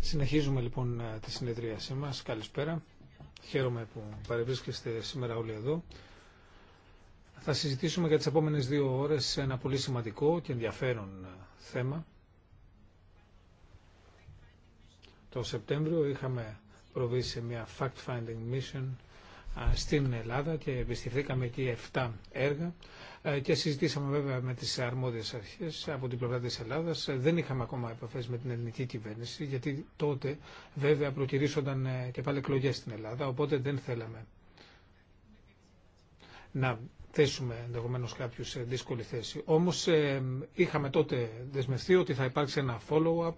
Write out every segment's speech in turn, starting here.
Συνεχίζουμε λοιπόν ε, τη συνεδρίασή μας. Καλησπέρα. Χαίρομαι που παρευρίσκεστε σήμερα όλοι εδώ. Θα συζητήσουμε για τις επόμενες δύο ώρες ένα πολύ σημαντικό και ενδιαφέρον ε, θέμα. Το Σεπτέμβριο είχαμε προβεί σε μια fact-finding mission στην Ελλάδα και επισκεφθήκαμε εκεί 7 έργα και συζητήσαμε βέβαια με τις αρμόδιες αρχές από την πλευρά της Ελλάδας. Δεν είχαμε ακόμα επαφές με την ελληνική κυβέρνηση γιατί τότε βέβαια προκυρήσονταν ε, και πάλι εκλογέ στην Ελλάδα οπότε δεν θέλαμε να θέσουμε ενδεχομένω κάποιου σε δύσκολη θέση. Όμω ε, είχαμε τότε δεσμευτεί ότι θα υπάρξει ένα follow-up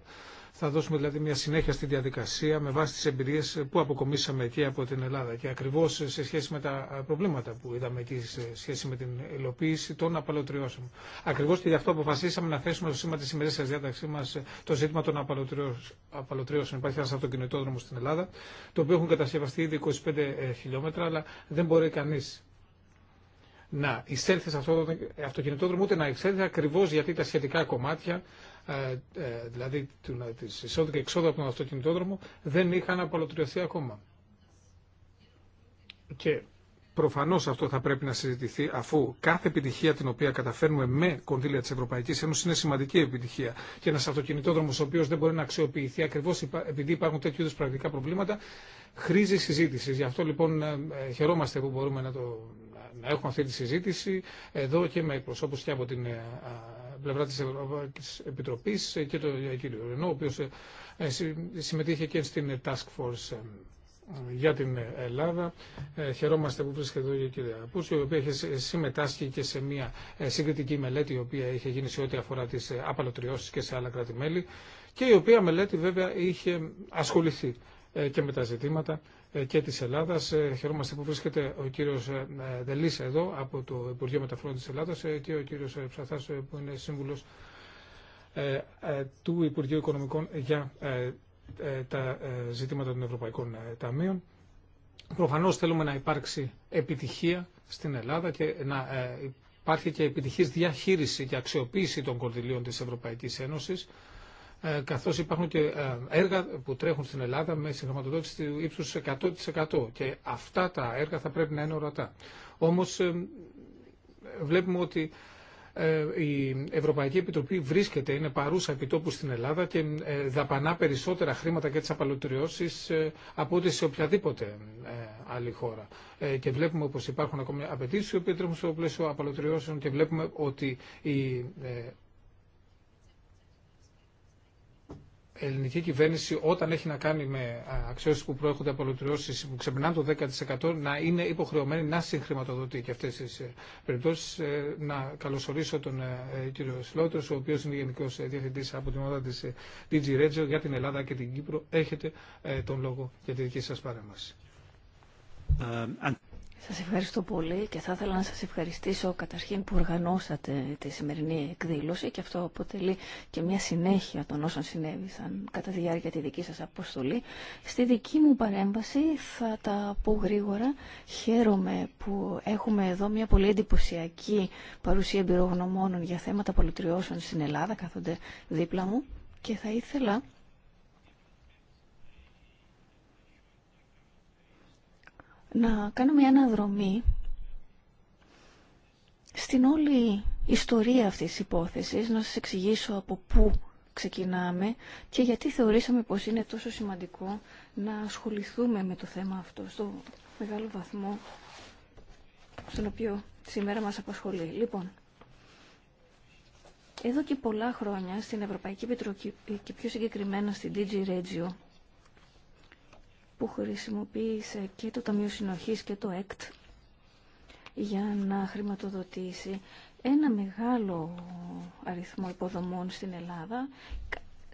θα δώσουμε δηλαδή μια συνέχεια στη διαδικασία με βάση τις εμπειρίες που αποκομίσαμε εκεί από την Ελλάδα και ακριβώς σε σχέση με τα προβλήματα που είδαμε εκεί σε σχέση με την υλοποίηση των απαλωτριώσεων. Ακριβώς και γι' αυτό αποφασίσαμε να θέσουμε στο σήμα της ημερήσιας διάταξή μας το ζήτημα των απαλωτριώσεων. Υπάρχει ένας αυτοκινητόδρομος στην Ελλάδα, το οποίο έχουν κατασκευαστεί ήδη 25 ε, χιλιόμετρα, αλλά δεν μπορεί κανείς να εισέλθει σε αυτό το αυτοκινητόδρομο, ούτε να εξέλθει ακριβώ γιατί τα σχετικά κομμάτια ε, ε, δηλαδή τη εισόδου και εξόδου από τον αυτοκινητόδρομο, δεν είχαν απολωτριωθεί ακόμα. Και προφανώ αυτό θα πρέπει να συζητηθεί αφού κάθε επιτυχία την οποία καταφέρνουμε με κονδύλια τη Ευρωπαϊκή Ένωση είναι σημαντική επιτυχία. Και ένα αυτοκινητόδρομο ο οποίο δεν μπορεί να αξιοποιηθεί ακριβώ επειδή υπάρχουν τέτοιου είδου πρακτικά προβλήματα χρήζει συζήτηση. Γι' αυτό λοιπόν ε, χαιρόμαστε που μπορούμε να, το, να έχουμε αυτή τη συζήτηση εδώ και με εκπροσώπου και από την πλευρά της Ευρωπαϊκής Επιτροπής και τον κύριο Ρενό, ο οποίος ε, ε, συμμετείχε και στην Task Force ε, για την Ελλάδα. Χαιρόμαστε που βρίσκεται εδώ η κυρία Πούσιο, η οποία έχει συμμετάσχει και σε μια συγκριτική μελέτη, η οποία είχε γίνει σε ό,τι αφορά τις απαλωτριώσεις και σε άλλα κράτη-μέλη και η οποία μελέτη βέβαια είχε ασχοληθεί και με τα ζητήματα ε, και της Ελλάδας. Ε, χαιρόμαστε που βρίσκεται ο κύριος ε, Δελής εδώ από το Υπουργείο Μεταφορών της Ελλάδας και ο κύριος Ψαθάς που είναι σύμβουλος του Υπουργείου Οικονομικών για τα ζητήματα των Ευρωπαϊκών Ταμείων. Προφανώς θέλουμε να υπάρξει επιτυχία στην Ελλάδα και να υπάρχει και επιτυχής διαχείριση και αξιοποίηση των κορδιλίων της Ευρωπαϊκής Ένωσης ε, καθώς υπάρχουν και ε, έργα που τρέχουν στην Ελλάδα με συγχρηματοδότηση του ύψους 100% και αυτά τα έργα θα πρέπει να είναι ορατά. Όμως ε, βλέπουμε ότι η Ευρωπαϊκή Επιτροπή βρίσκεται, είναι παρούσα επιτόπου στην Ελλάδα και δαπανά περισσότερα χρήματα για τις απαλωτριώσεις από ό,τι σε οποιαδήποτε άλλη χώρα. Και βλέπουμε πως υπάρχουν ακόμη απαιτήσει οι τρέχουν στο πλαίσιο απαλωτριώσεων και βλέπουμε ότι η ελληνική κυβέρνηση όταν έχει να κάνει με αξιώσει που προέρχονται από ολοκληρώσει που ξεπερνάνε το 10% να είναι υποχρεωμένη να συγχρηματοδοτεί και αυτέ τι ε, περιπτώσει. Ε, να καλωσορίσω τον ε, κύριο Σλότερος, ο οποίο είναι γενικό διευθυντή από την ομάδα τη DG Regio για την Ελλάδα και την Κύπρο. Έχετε τον λόγο για τη δική σα παρέμβαση. Σας ευχαριστώ πολύ και θα ήθελα να σας ευχαριστήσω καταρχήν που οργανώσατε τη σημερινή εκδήλωση και αυτό αποτελεί και μια συνέχεια των όσων συνέβησαν κατά τη διάρκεια τη δική σας αποστολή. Στη δική μου παρέμβαση θα τα πω γρήγορα. Χαίρομαι που έχουμε εδώ μια πολύ εντυπωσιακή παρουσία εμπειρογνωμόνων για θέματα πολιτριώσεων στην Ελλάδα, κάθονται δίπλα μου και θα ήθελα να κάνω μια αναδρομή στην όλη ιστορία αυτής της υπόθεσης, να σας εξηγήσω από πού ξεκινάμε και γιατί θεωρήσαμε πως είναι τόσο σημαντικό να ασχοληθούμε με το θέμα αυτό στο μεγάλο βαθμό στον οποίο σήμερα μας απασχολεί. Λοιπόν, εδώ και πολλά χρόνια στην Ευρωπαϊκή Επιτροπή και πιο συγκεκριμένα στην DG Regio που χρησιμοποίησε και το Ταμείο Συνοχής και το ΕΚΤ για να χρηματοδοτήσει ένα μεγάλο αριθμό υποδομών στην Ελλάδα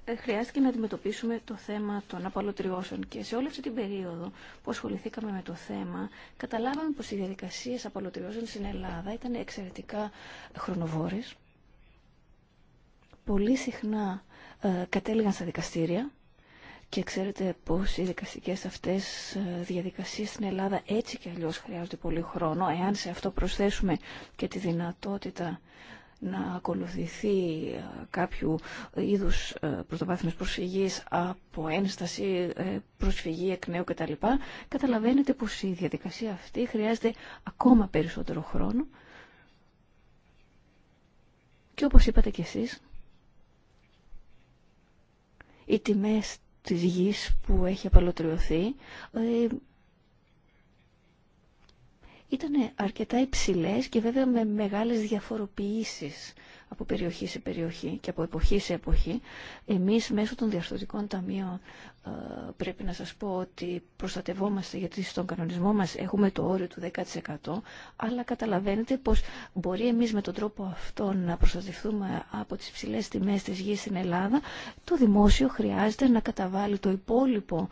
ε, χρειάστηκε να αντιμετωπίσουμε το θέμα των απαλωτριώσεων και σε όλη αυτή την περίοδο που ασχοληθήκαμε με το θέμα καταλάβαμε πως οι διαδικασίες απαλωτριώσεων στην Ελλάδα ήταν εξαιρετικά χρονοβόρες πολύ συχνά ε, κατέληγαν στα δικαστήρια και ξέρετε πως οι δικαστικές αυτές ε, διαδικασίες στην Ελλάδα έτσι και αλλιώς χρειάζονται πολύ χρόνο. Εάν σε αυτό προσθέσουμε και τη δυνατότητα να ακολουθηθεί ε, κάποιου είδους ε, πρωτοβάθμιας προσφυγής από ένσταση, προσφυγή εκ νέου κτλ. Καταλαβαίνετε πως η διαδικασία αυτή χρειάζεται ακόμα περισσότερο χρόνο. Και όπως είπατε κι εσείς, οι τιμές της γης που έχει απαλωτριωθεί ε, ήταν αρκετά υψηλές και βέβαια με μεγάλες διαφοροποιήσεις από περιοχή σε περιοχή και από εποχή σε εποχή. Εμείς μέσω των διαρθωτικών ταμείων ε, πρέπει να σας πω ότι προστατευόμαστε γιατί στον κανονισμό μας έχουμε το όριο του 10% αλλά καταλαβαίνετε πως μπορεί εμείς με τον τρόπο αυτό να προστατευτούμε από τις ψηλές τιμές της γης στην Ελλάδα το δημόσιο χρειάζεται να καταβάλει το υπόλοιπο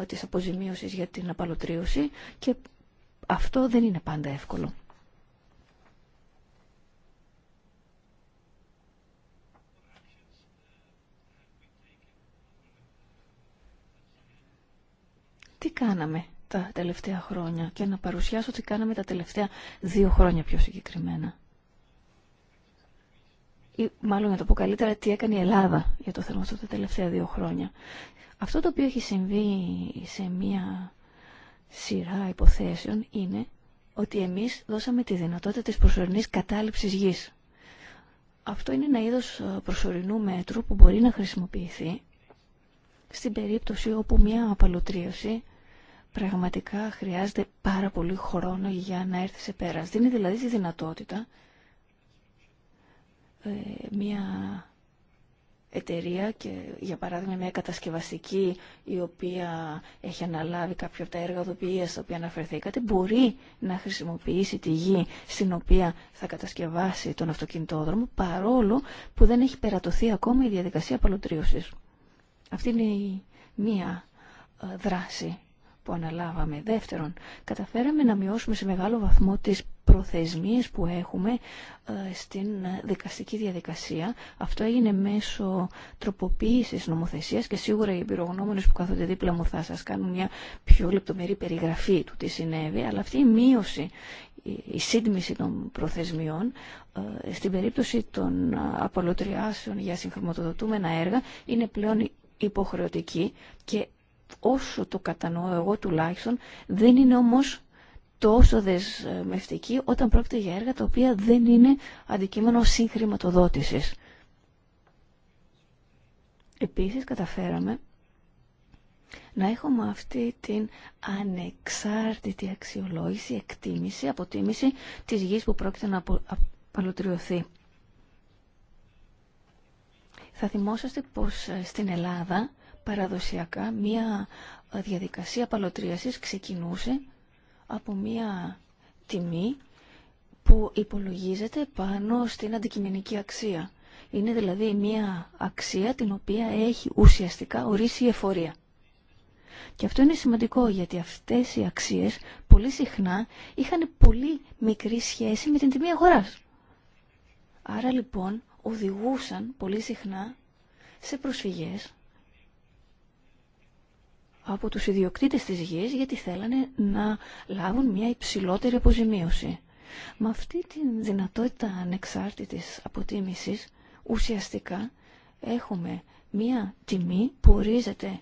ε, της αποζημίωσης για την απαλωτρίωση και αυτό δεν είναι πάντα εύκολο. τι κάναμε τα τελευταία χρόνια και να παρουσιάσω τι κάναμε τα τελευταία δύο χρόνια πιο συγκεκριμένα. Ή μάλλον να το πω καλύτερα τι έκανε η Ελλάδα για το θέμα αυτό τα τελευταία δύο χρόνια. Αυτό το οποίο έχει συμβεί σε μία σειρά υποθέσεων είναι ότι εμείς δώσαμε τη δυνατότητα της προσωρινής κατάληψης γης. Αυτό είναι ένα είδος ε, προσωρινού μέτρου που μπορεί να χρησιμοποιηθεί στην περίπτωση όπου μία απαλωτρίωση πραγματικά χρειάζεται πάρα πολύ χρόνο για να έρθει σε πέρας. Δίνει δηλαδή τη δυνατότητα ε, μια εταιρεία και για παράδειγμα μια κατασκευαστική η οποία έχει αναλάβει κάποια από τα έργα οδοποιίας στα οποία αναφερθήκατε μπορεί να χρησιμοποιήσει τη γη στην οποία θα κατασκευάσει τον αυτοκινητόδρομο παρόλο που δεν έχει περατωθεί ακόμα η διαδικασία παλωτρίωσης. Αυτή είναι η μία ε, δράση που αναλάβαμε. Δεύτερον, καταφέραμε να μειώσουμε σε μεγάλο βαθμό τις προθεσμίες που έχουμε ε, στην δικαστική διαδικασία. Αυτό έγινε μέσω τροποποίησης νομοθεσίας και σίγουρα οι εμπειρογνώμονες που κάθονται δίπλα μου θα σας κάνουν μια πιο λεπτομερή περιγραφή του τι συνέβη, αλλά αυτή η μείωση η σύντμηση των προθεσμιών ε, στην περίπτωση των απολωτριάσεων για συγχρηματοδοτούμενα έργα είναι πλέον υποχρεωτική και όσο το κατανοώ εγώ τουλάχιστον, δεν είναι όμως τόσο δεσμευτική όταν πρόκειται για έργα τα οποία δεν είναι αντικείμενο συγχρηματοδότησης. Επίσης καταφέραμε να έχουμε αυτή την ανεξάρτητη αξιολόγηση, εκτίμηση, αποτίμηση της γης που πρόκειται να απαλωτριωθεί. Θα θυμόσαστε πως ε, στην Ελλάδα παραδοσιακά μια ε, διαδικασία παλωτρίασης ξεκινούσε από μια τιμή που υπολογίζεται πάνω στην αντικειμενική αξία. Είναι δηλαδή μια αξία την οποία έχει ουσιαστικά ορίσει η εφορία. Και αυτό είναι σημαντικό γιατί αυτές οι αξίες πολύ συχνά είχαν πολύ μικρή σχέση με την τιμή αγοράς. Άρα λοιπόν οδηγούσαν πολύ συχνά σε προσφυγές από τους ιδιοκτήτες της γης γιατί θέλανε να λάβουν μια υψηλότερη αποζημίωση. Με αυτή τη δυνατότητα ανεξάρτητης αποτίμησης ουσιαστικά έχουμε μια τιμή που ορίζεται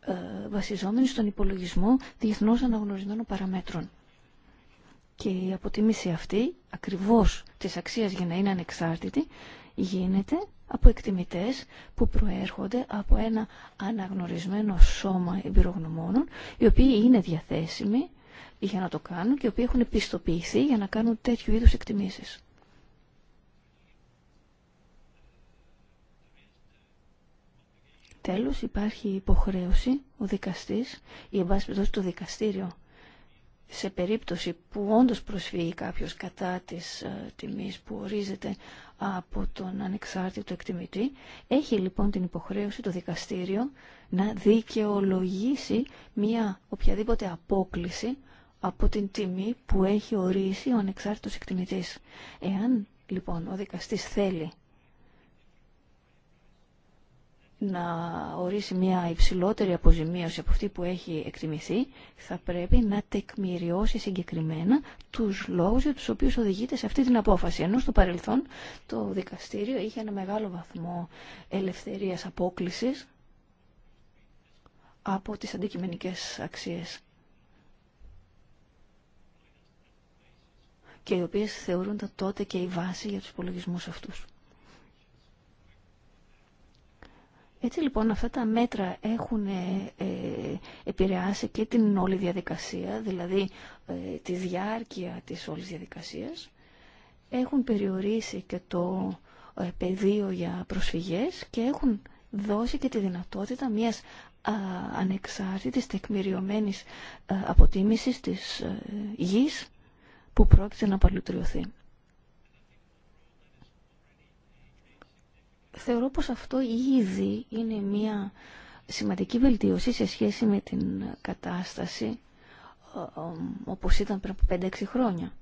ε, βασιζόμενη στον υπολογισμό διεθνώς αναγνωρισμένων παραμέτρων. Και η αποτίμηση αυτή, ακριβώς της αξίας για να είναι ανεξάρτητη, γίνεται από εκτιμητές που προέρχονται από ένα αναγνωρισμένο σώμα εμπειρογνωμόνων, οι οποίοι είναι διαθέσιμοι για να το κάνουν και οι οποίοι έχουν επιστοποιηθεί για να κάνουν τέτοιου είδους εκτιμήσεις. Τέλος υπάρχει υποχρέωση ο δικαστής ή εν του το δικαστήριο σε περίπτωση που όντως προσφύγει κάποιος κατά της ε, τιμής που ορίζεται από τον ανεξάρτητο εκτιμητή. Έχει λοιπόν την υποχρέωση το δικαστήριο να δικαιολογήσει μια οποιαδήποτε απόκληση από την τιμή που έχει ορίσει ο ανεξάρτητος εκτιμητής. Εάν λοιπόν ο δικαστής θέλει να ορίσει μια υψηλότερη αποζημίωση από αυτή που έχει εκτιμηθεί, θα πρέπει να τεκμηριώσει συγκεκριμένα τους λόγους για τους οποίους οδηγείται σε αυτή την απόφαση. Ενώ στο παρελθόν το δικαστήριο είχε ένα μεγάλο βαθμό ελευθερίας απόκλησης από τις αντικειμενικές αξίες. και οι οποίες θεωρούνται τότε και η βάση για τους υπολογισμού αυτούς. Έτσι λοιπόν αυτά τα μέτρα έχουν ε, ε, επηρεάσει και την όλη διαδικασία, δηλαδή ε, τη διάρκεια της όλης διαδικασίας. Έχουν περιορίσει και το πεδίο για προσφυγές και έχουν δώσει και τη δυνατότητα μιας ανεξάρτητης τεκμηριωμένης αποτίμησης της γης που πρόκειται να παλουτριωθεί. θεωρώ πως αυτό ήδη είναι μια σημαντική βελτίωση σε σχέση με την κατάσταση όπως ήταν πριν από 5-6 χρόνια.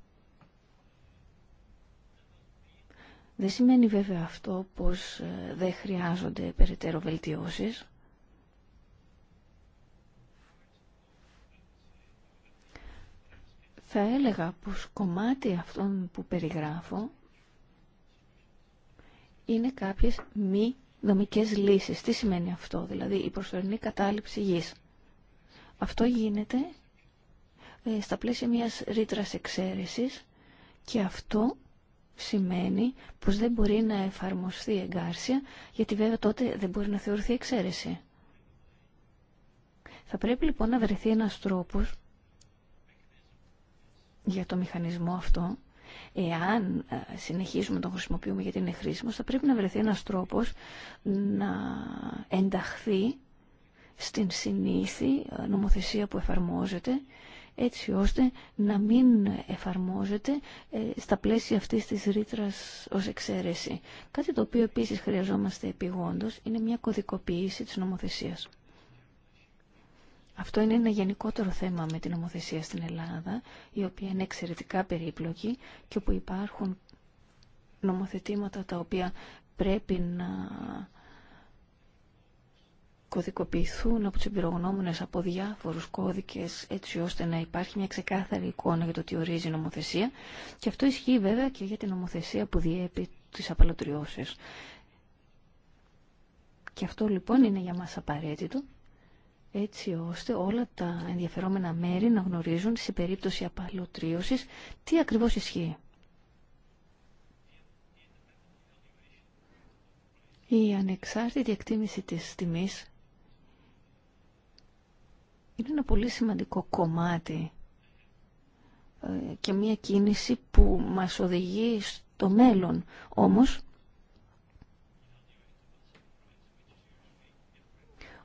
Δεν σημαίνει βέβαια αυτό πως ε, δεν χρειάζονται περαιτέρω βελτιώσεις. Θα έλεγα πως κομμάτι αυτών που περιγράφω είναι κάποιες μη δομικές λύσεις. Τι σημαίνει αυτό, δηλαδή η προσωρινή κατάληψη γης. Αυτό γίνεται ε, στα πλαίσια μιας ρήτρα εξαίρεσης και αυτό σημαίνει πως δεν μπορεί να εφαρμοστεί εγκάρσια, γιατί βέβαια τότε δεν μπορεί να θεωρηθεί εξαίρεση. Θα πρέπει λοιπόν να βρεθεί ένας τρόπος για το μηχανισμό αυτό, εάν ε, συνεχίζουμε να τον χρησιμοποιούμε γιατί είναι χρήσιμος, θα πρέπει να βρεθεί ένας τρόπος να ενταχθεί στην συνήθη ε, νομοθεσία που εφαρμόζεται έτσι ώστε να μην εφαρμόζεται ε, στα πλαίσια αυτής της ρήτρα ως εξαίρεση. Κάτι το οποίο επίσης χρειαζόμαστε επιγόντως είναι μια κωδικοποίηση της νομοθεσίας. Αυτό είναι ένα γενικότερο θέμα με την νομοθεσία στην Ελλάδα, η οποία είναι εξαιρετικά περίπλοκη και όπου υπάρχουν νομοθετήματα τα οποία πρέπει να κωδικοποιηθούν από τους εμπειρογνώμονες από διάφορους κώδικες έτσι ώστε να υπάρχει μια ξεκάθαρη εικόνα για το τι ορίζει η νομοθεσία και αυτό ισχύει βέβαια και για την νομοθεσία που διέπει τις απαλωτριώσεις. Και αυτό λοιπόν είναι για μας απαραίτητο έτσι ώστε όλα τα ενδιαφερόμενα μέρη να γνωρίζουν σε περίπτωση απαλωτρίωσης τι ακριβώς ισχύει. Η ανεξάρτητη εκτίμηση της τιμής είναι ένα πολύ σημαντικό κομμάτι ε, και μια κίνηση που μας οδηγεί στο μέλλον. Όμως,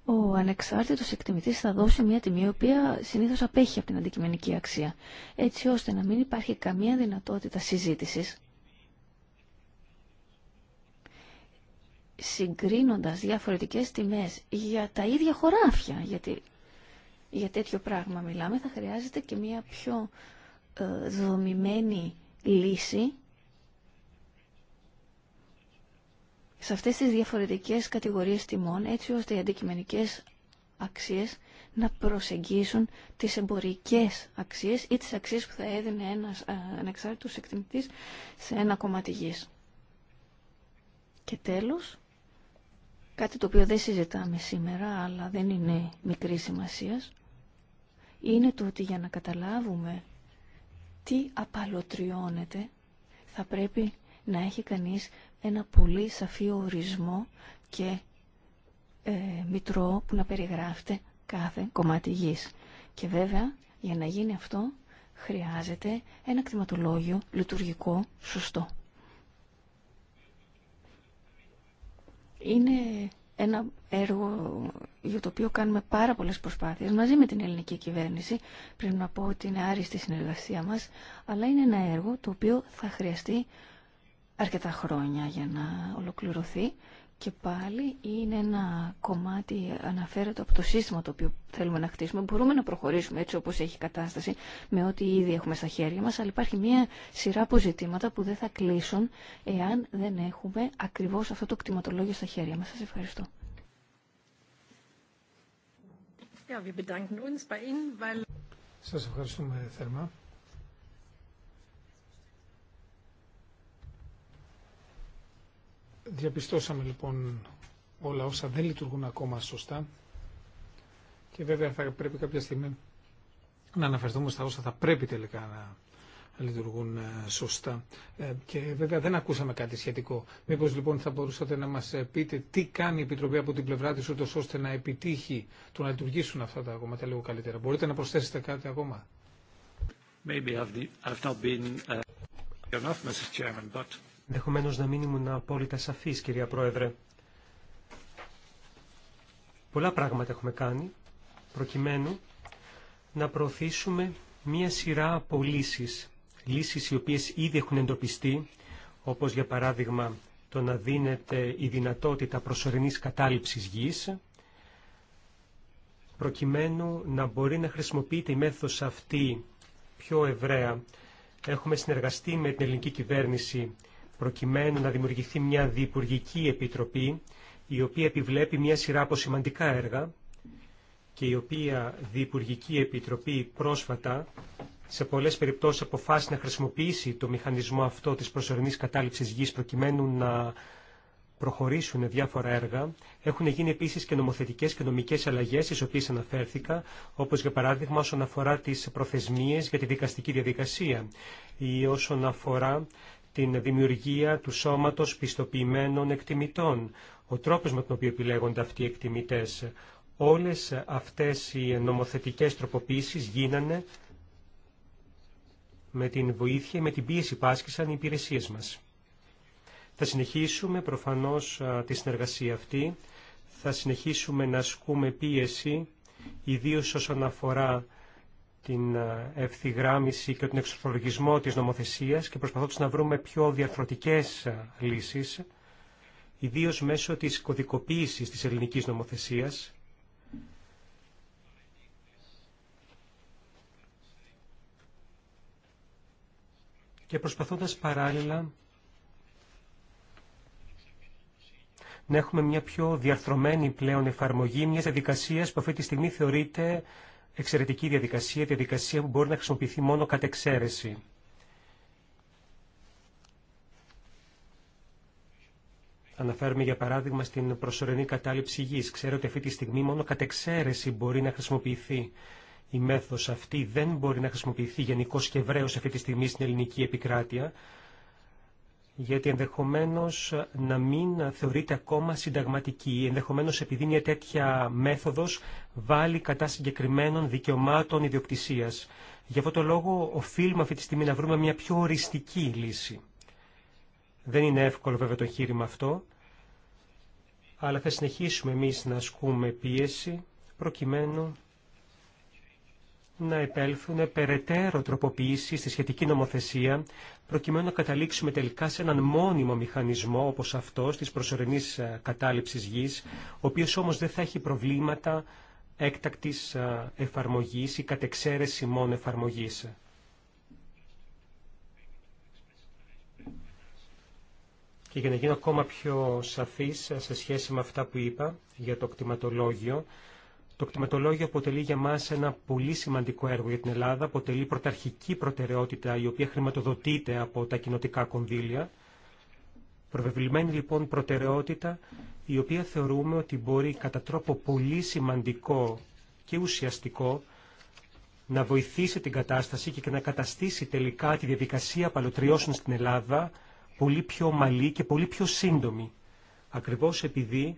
ο ανεξάρτητος εκτιμητής θα δώσει μια τιμή η οποία συνήθως απέχει από την αντικειμενική αξία, έτσι ώστε να μην υπάρχει καμία δυνατότητα συζήτησης. Συγκρίνοντας διαφορετικές τιμές για τα ίδια χωράφια, γιατί για τέτοιο πράγμα μιλάμε, θα χρειάζεται και μια πιο ε, δομημένη λύση σε αυτές τις διαφορετικές κατηγορίες τιμών έτσι ώστε οι αντικειμενικές αξίες να προσεγγίσουν τις εμπορικές αξίες ή τις αξίες που θα έδινε ένας ε, ανεξάρτητος εκτιμητής σε ένα κομμάτι γης. Και τέλος, κάτι το οποίο δεν συζητάμε σήμερα αλλά δεν είναι μικρή σημασία, είναι το ότι για να καταλάβουμε τι απαλωτριώνεται θα πρέπει να έχει κανείς ένα πολύ σαφή ορισμό και ε, μητρό που να περιγράφεται κάθε κομμάτι γης. Και βέβαια, για να γίνει αυτό, χρειάζεται ένα κτηματολόγιο λειτουργικό σωστό. Είναι ένα έργο για το οποίο κάνουμε πάρα πολλές προσπάθειες μαζί με την ελληνική κυβέρνηση. πριν να πω ότι είναι άριστη συνεργασία μας, αλλά είναι ένα έργο το οποίο θα χρειαστεί αρκετά χρόνια για να ολοκληρωθεί και πάλι είναι ένα κομμάτι αναφέρεται από το σύστημα το οποίο θέλουμε να χτίσουμε. Μπορούμε να προχωρήσουμε έτσι όπως έχει κατάσταση με ό,τι ήδη έχουμε στα χέρια μας, αλλά υπάρχει μια σειρά από ζητήματα που δεν θα κλείσουν εάν δεν έχουμε ακριβώς αυτό το κτηματολόγιο στα χέρια μας. Σας ευχαριστώ. Σας ευχαριστούμε θερμά. Διαπιστώσαμε λοιπόν όλα όσα δεν λειτουργούν ακόμα σωστά και βέβαια θα πρέπει κάποια στιγμή να αναφερθούμε στα όσα θα πρέπει τελικά να λειτουργούν ε, σωστά. Ε, και βέβαια δεν ακούσαμε κάτι σχετικό. Μήπως λοιπόν θα μπορούσατε να μας ε, πείτε τι κάνει η Επιτροπή από την πλευρά της ούτως ώστε να επιτύχει το να λειτουργήσουν αυτά τα κόμματα λίγο καλύτερα. Μπορείτε να προσθέσετε κάτι ακόμα. Maybe not been uh, enough, Chairman, but Δεχομένως να μην ήμουν απόλυτα σαφή, κυρία Πρόεδρε. Πολλά πράγματα έχουμε κάνει προκειμένου να προωθήσουμε μία σειρά από λύσεις. Λύσεις οι οποίες ήδη έχουν εντοπιστεί, όπως για παράδειγμα το να δίνεται η δυνατότητα προσωρινής κατάληψης γης, προκειμένου να μπορεί να χρησιμοποιείται η μέθοδος αυτή πιο ευραία. Έχουμε συνεργαστεί με την ελληνική κυβέρνηση προκειμένου να δημιουργηθεί μια διπουργική επιτροπή η οποία επιβλέπει μια σειρά από σημαντικά έργα και η οποία διπουργική επιτροπή πρόσφατα σε πολλές περιπτώσεις αποφάσισε να χρησιμοποιήσει το μηχανισμό αυτό της προσωρινής κατάληψης γης προκειμένου να προχωρήσουν διάφορα έργα. Έχουν γίνει επίσης και νομοθετικές και νομικές αλλαγές, στις οποίες αναφέρθηκα, όπως για παράδειγμα όσον αφορά τις προθεσμίες για τη δικαστική διαδικασία ή όσον αφορά την δημιουργία του σώματος πιστοποιημένων εκτιμητών, ο τρόπος με τον οποίο επιλέγονται αυτοί οι εκτιμητές. Όλες αυτές οι νομοθετικές τροποποίησεις γίνανε με την βοήθεια, με την πίεση που άσκησαν οι υπηρεσίες μας. Θα συνεχίσουμε προφανώς τη συνεργασία αυτή, θα συνεχίσουμε να ασκούμε πίεση, ιδίως όσον αφορά την ε, ευθυγράμμιση και τον εξορθολογισμό της νομοθεσίας και προσπαθώντας να βρούμε πιο διαρθρωτικές ε, λύσεις, ιδίως μέσω της κωδικοποίησης της ελληνικής νομοθεσίας. Και προσπαθώντας παράλληλα να έχουμε μια πιο διαρθρωμένη πλέον εφαρμογή μιας διαδικασίας που αυτή τη στιγμή θεωρείται εξαιρετική διαδικασία, διαδικασία που μπορεί να χρησιμοποιηθεί μόνο κατ' εξαίρεση. Αναφέρουμε για παράδειγμα στην προσωρινή κατάληψη γης. Ξέρω ότι αυτή τη στιγμή μόνο κατ' εξαίρεση μπορεί να χρησιμοποιηθεί η μέθοδος αυτή. Δεν μπορεί να χρησιμοποιηθεί γενικώ και ευρέω αυτή τη στιγμή στην ελληνική επικράτεια γιατί ενδεχομένως να μην θεωρείται ακόμα συνταγματική, ενδεχομένως επειδή μια τέτοια μέθοδος βάλει κατά συγκεκριμένων δικαιωμάτων ιδιοκτησίας. Γι' αυτό το λόγο οφείλουμε αυτή τη στιγμή να βρούμε μια πιο οριστική λύση. Δεν είναι εύκολο βέβαια το χείρημα αυτό, αλλά θα συνεχίσουμε εμείς να ασκούμε πίεση προκειμένου να επέλθουν περαιτέρω τροποποιήσεις στη σχετική νομοθεσία, προκειμένου να καταλήξουμε τελικά σε έναν μόνιμο μηχανισμό όπως αυτός της προσωρινής ε, κατάληψης γης, ο οποίος όμως δεν θα έχει προβλήματα έκτακτης ε, εφαρμογής ή κατεξαίρεση μόνο εφαρμογής. Και για να γίνω ακόμα πιο σαφής ε, σε σχέση με αυτά που είπα για το κτηματολόγιο, το κτηματολόγιο αποτελεί για μας ένα πολύ σημαντικό έργο για την Ελλάδα, αποτελεί πρωταρχική προτεραιότητα η οποία χρηματοδοτείται από τα κοινοτικά κονδύλια. Προβεβλημένη λοιπόν προτεραιότητα η οποία θεωρούμε ότι μπορεί κατά τρόπο πολύ σημαντικό και ουσιαστικό να βοηθήσει την κατάσταση και να καταστήσει τελικά τη διαδικασία παλωτριώσεων στην Ελλάδα πολύ πιο ομαλή και πολύ πιο σύντομη. Ακριβώς επειδή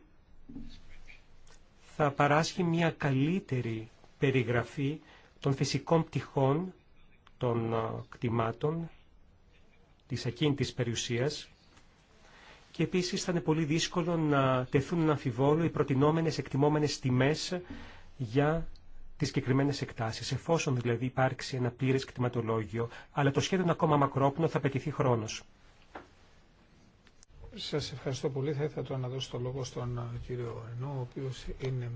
θα παράσχει μια καλύτερη περιγραφή των φυσικών πτυχών των ε, κτημάτων της ακίνητης περιουσίας και επίσης θα είναι πολύ δύσκολο να τεθούν να αμφιβόλου οι προτινόμενες εκτιμόμενες τιμές για τις συγκεκριμένε εκτάσεις, εφόσον δηλαδή υπάρξει ένα πλήρες κτηματολόγιο, αλλά το σχέδιο είναι ακόμα μακρόπνο, θα απαιτηθεί χρόνος. Σας ευχαριστώ πολύ. Θα ήθελα τώρα να δώσω το λόγο στον ε, κύριο Ρενό, ο οποίος είναι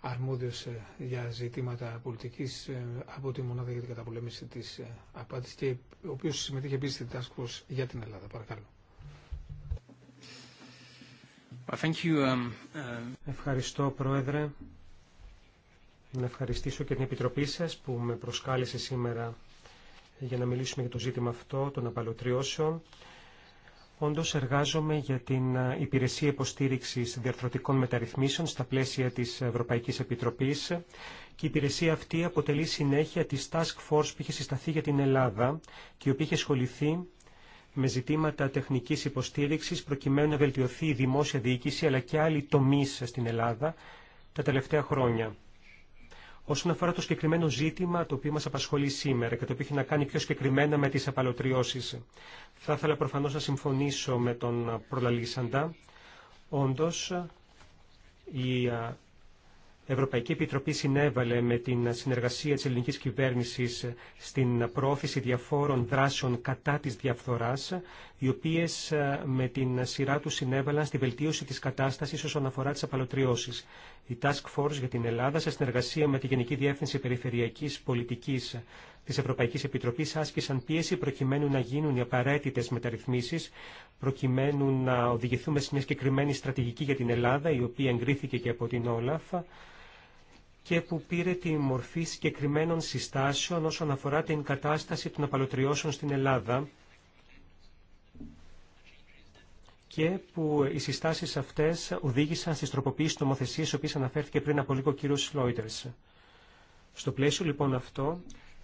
αρμόδιος ε, για ζητήματα πολιτικής ε, από τη Μονάδα για την Καταπολέμηση της Απάτης και ο οποίος συμμετείχε επίσης στην Task για την Ελλάδα. Παρακαλώ. Thank you. Um, uh, ευχαριστώ, Πρόεδρε. Να ευχαριστήσω και την Επιτροπή σας που με προσκάλεσε σήμερα για να μιλήσουμε για το ζήτημα αυτό των απαλωτριώσεων. Όντω εργάζομαι για την ε, υπηρεσία υποστήριξη διαρθρωτικών μεταρρυθμίσεων στα πλαίσια τη Ευρωπαϊκή Επιτροπή και η υπηρεσία αυτή αποτελεί συνέχεια τη Task Force που είχε συσταθεί για την Ελλάδα και η οποία είχε ασχοληθεί με ζητήματα τεχνική υποστήριξη προκειμένου να βελτιωθεί η δημόσια διοίκηση αλλά και άλλοι τομεί στην Ελλάδα τα τελευταία χρόνια. Όσον αφορά το συγκεκριμένο ζήτημα το οποίο μας απασχολεί σήμερα και το οποίο έχει να κάνει πιο συγκεκριμένα με τις απαλωτριώσεις, θα ήθελα προφανώς να συμφωνήσω με τον προλαλήσαντα. Όντως, η Ευρωπαϊκή Επιτροπή συνέβαλε με την συνεργασία της ελληνικής κυβέρνησης στην προώθηση διαφόρων δράσεων κατά της διαφθοράς, οι οποίες με την σειρά του συνέβαλαν στη βελτίωση της κατάστασης όσον αφορά τις απαλωτριώσεις η Task Force για την Ελλάδα σε συνεργασία με τη Γενική Διεύθυνση Περιφερειακής Πολιτικής της Ευρωπαϊκής Επιτροπής άσκησαν πίεση προκειμένου να γίνουν οι απαραίτητες μεταρρυθμίσεις, προκειμένου να οδηγηθούμε σε μια συγκεκριμένη στρατηγική για την Ελλάδα, η οποία εγκρίθηκε και από την Όλαφ και που πήρε τη μορφή συγκεκριμένων συστάσεων όσον αφορά την κατάσταση των απαλωτριώσεων στην Ελλάδα και που οι συστάσεις αυτές οδήγησαν στις τροποποίησεις νομοθεσίες, οποίες αναφέρθηκε πριν από λίγο ο κύριος Λόιτερς. Στο πλαίσιο λοιπόν αυτό,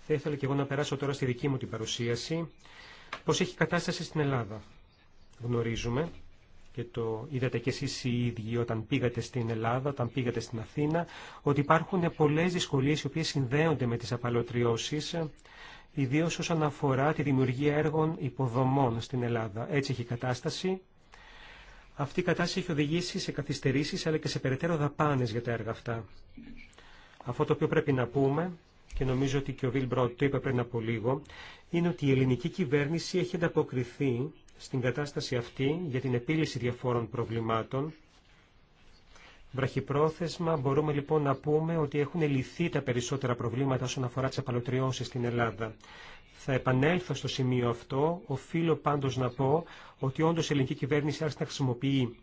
θα ήθελα και εγώ να περάσω τώρα στη δική μου την παρουσίαση, πώς έχει κατάσταση στην Ελλάδα. Γνωρίζουμε και το είδατε κι εσείς οι ίδιοι όταν πήγατε στην Ελλάδα, όταν πήγατε στην Αθήνα, ότι υπάρχουν πολλές δυσκολίες οι οποίες συνδέονται με τις απαλωτριώσεις, ιδίως όσον αφορά τη δημιουργία έργων υποδομών στην Ελλάδα. Έτσι έχει κατάσταση αυτή η κατάσταση έχει οδηγήσει σε καθυστερήσεις αλλά και σε περαιτέρω δαπάνες για τα έργα αυτά. Αυτό το οποίο πρέπει να πούμε και νομίζω ότι και ο Βιλ Μπροτ το είπε πριν από λίγο, είναι ότι η ελληνική κυβέρνηση έχει ανταποκριθεί στην κατάσταση αυτή για την επίλυση διαφόρων προβλημάτων. Βραχυπρόθεσμα μπορούμε λοιπόν να πούμε ότι έχουν λυθεί τα περισσότερα προβλήματα όσον αφορά τις απαλωτριώσεις στην Ελλάδα. Θα επανέλθω στο σημείο αυτό. Οφείλω πάντως να πω ότι όντως η ελληνική κυβέρνηση άρχισε να χρησιμοποιεί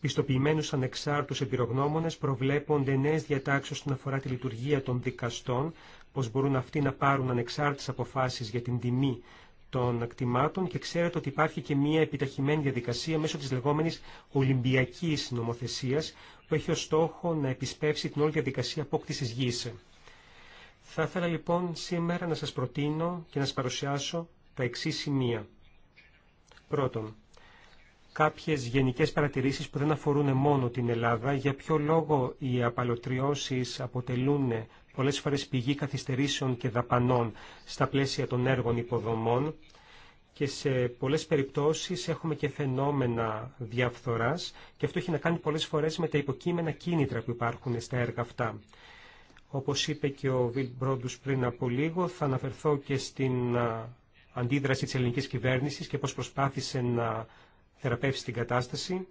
πιστοποιημένους ανεξάρτητους εμπειρογνώμονες προβλέπονται νέες διατάξεις όσον αφορά τη λειτουργία των δικαστών, πώς μπορούν αυτοί να πάρουν ανεξάρτητες αποφάσεις για την τιμή των ακτιμάτων και ξέρετε ότι υπάρχει και μια επιταχυμένη διαδικασία μέσω της λεγόμενης Ολυμπιακής νομοθεσίας που έχει ως στόχο να επισπεύσει την όλη διαδικασία απόκτησης γης. Θα ήθελα λοιπόν σήμερα να σας προτείνω και να σας παρουσιάσω τα εξή σημεία. Πρώτον, κάποιες γενικές παρατηρήσεις που δεν αφορούν μόνο την Ελλάδα, για ποιο λόγο οι απαλωτριώσεις αποτελούν πολλές φορές πηγή καθυστερήσεων και δαπανών στα πλαίσια των έργων υποδομών και σε πολλές περιπτώσεις έχουμε και φαινόμενα διαφθοράς και αυτό έχει να κάνει πολλές φορές με τα υποκείμενα κίνητρα που υπάρχουν στα έργα αυτά. Όπως είπε και ο Βιλ Μπρόντους πριν από λίγο, θα αναφερθώ και στην αντίδραση της ελληνικής κυβέρνησης και πώς προσπάθησε να θεραπεύσει την κατάσταση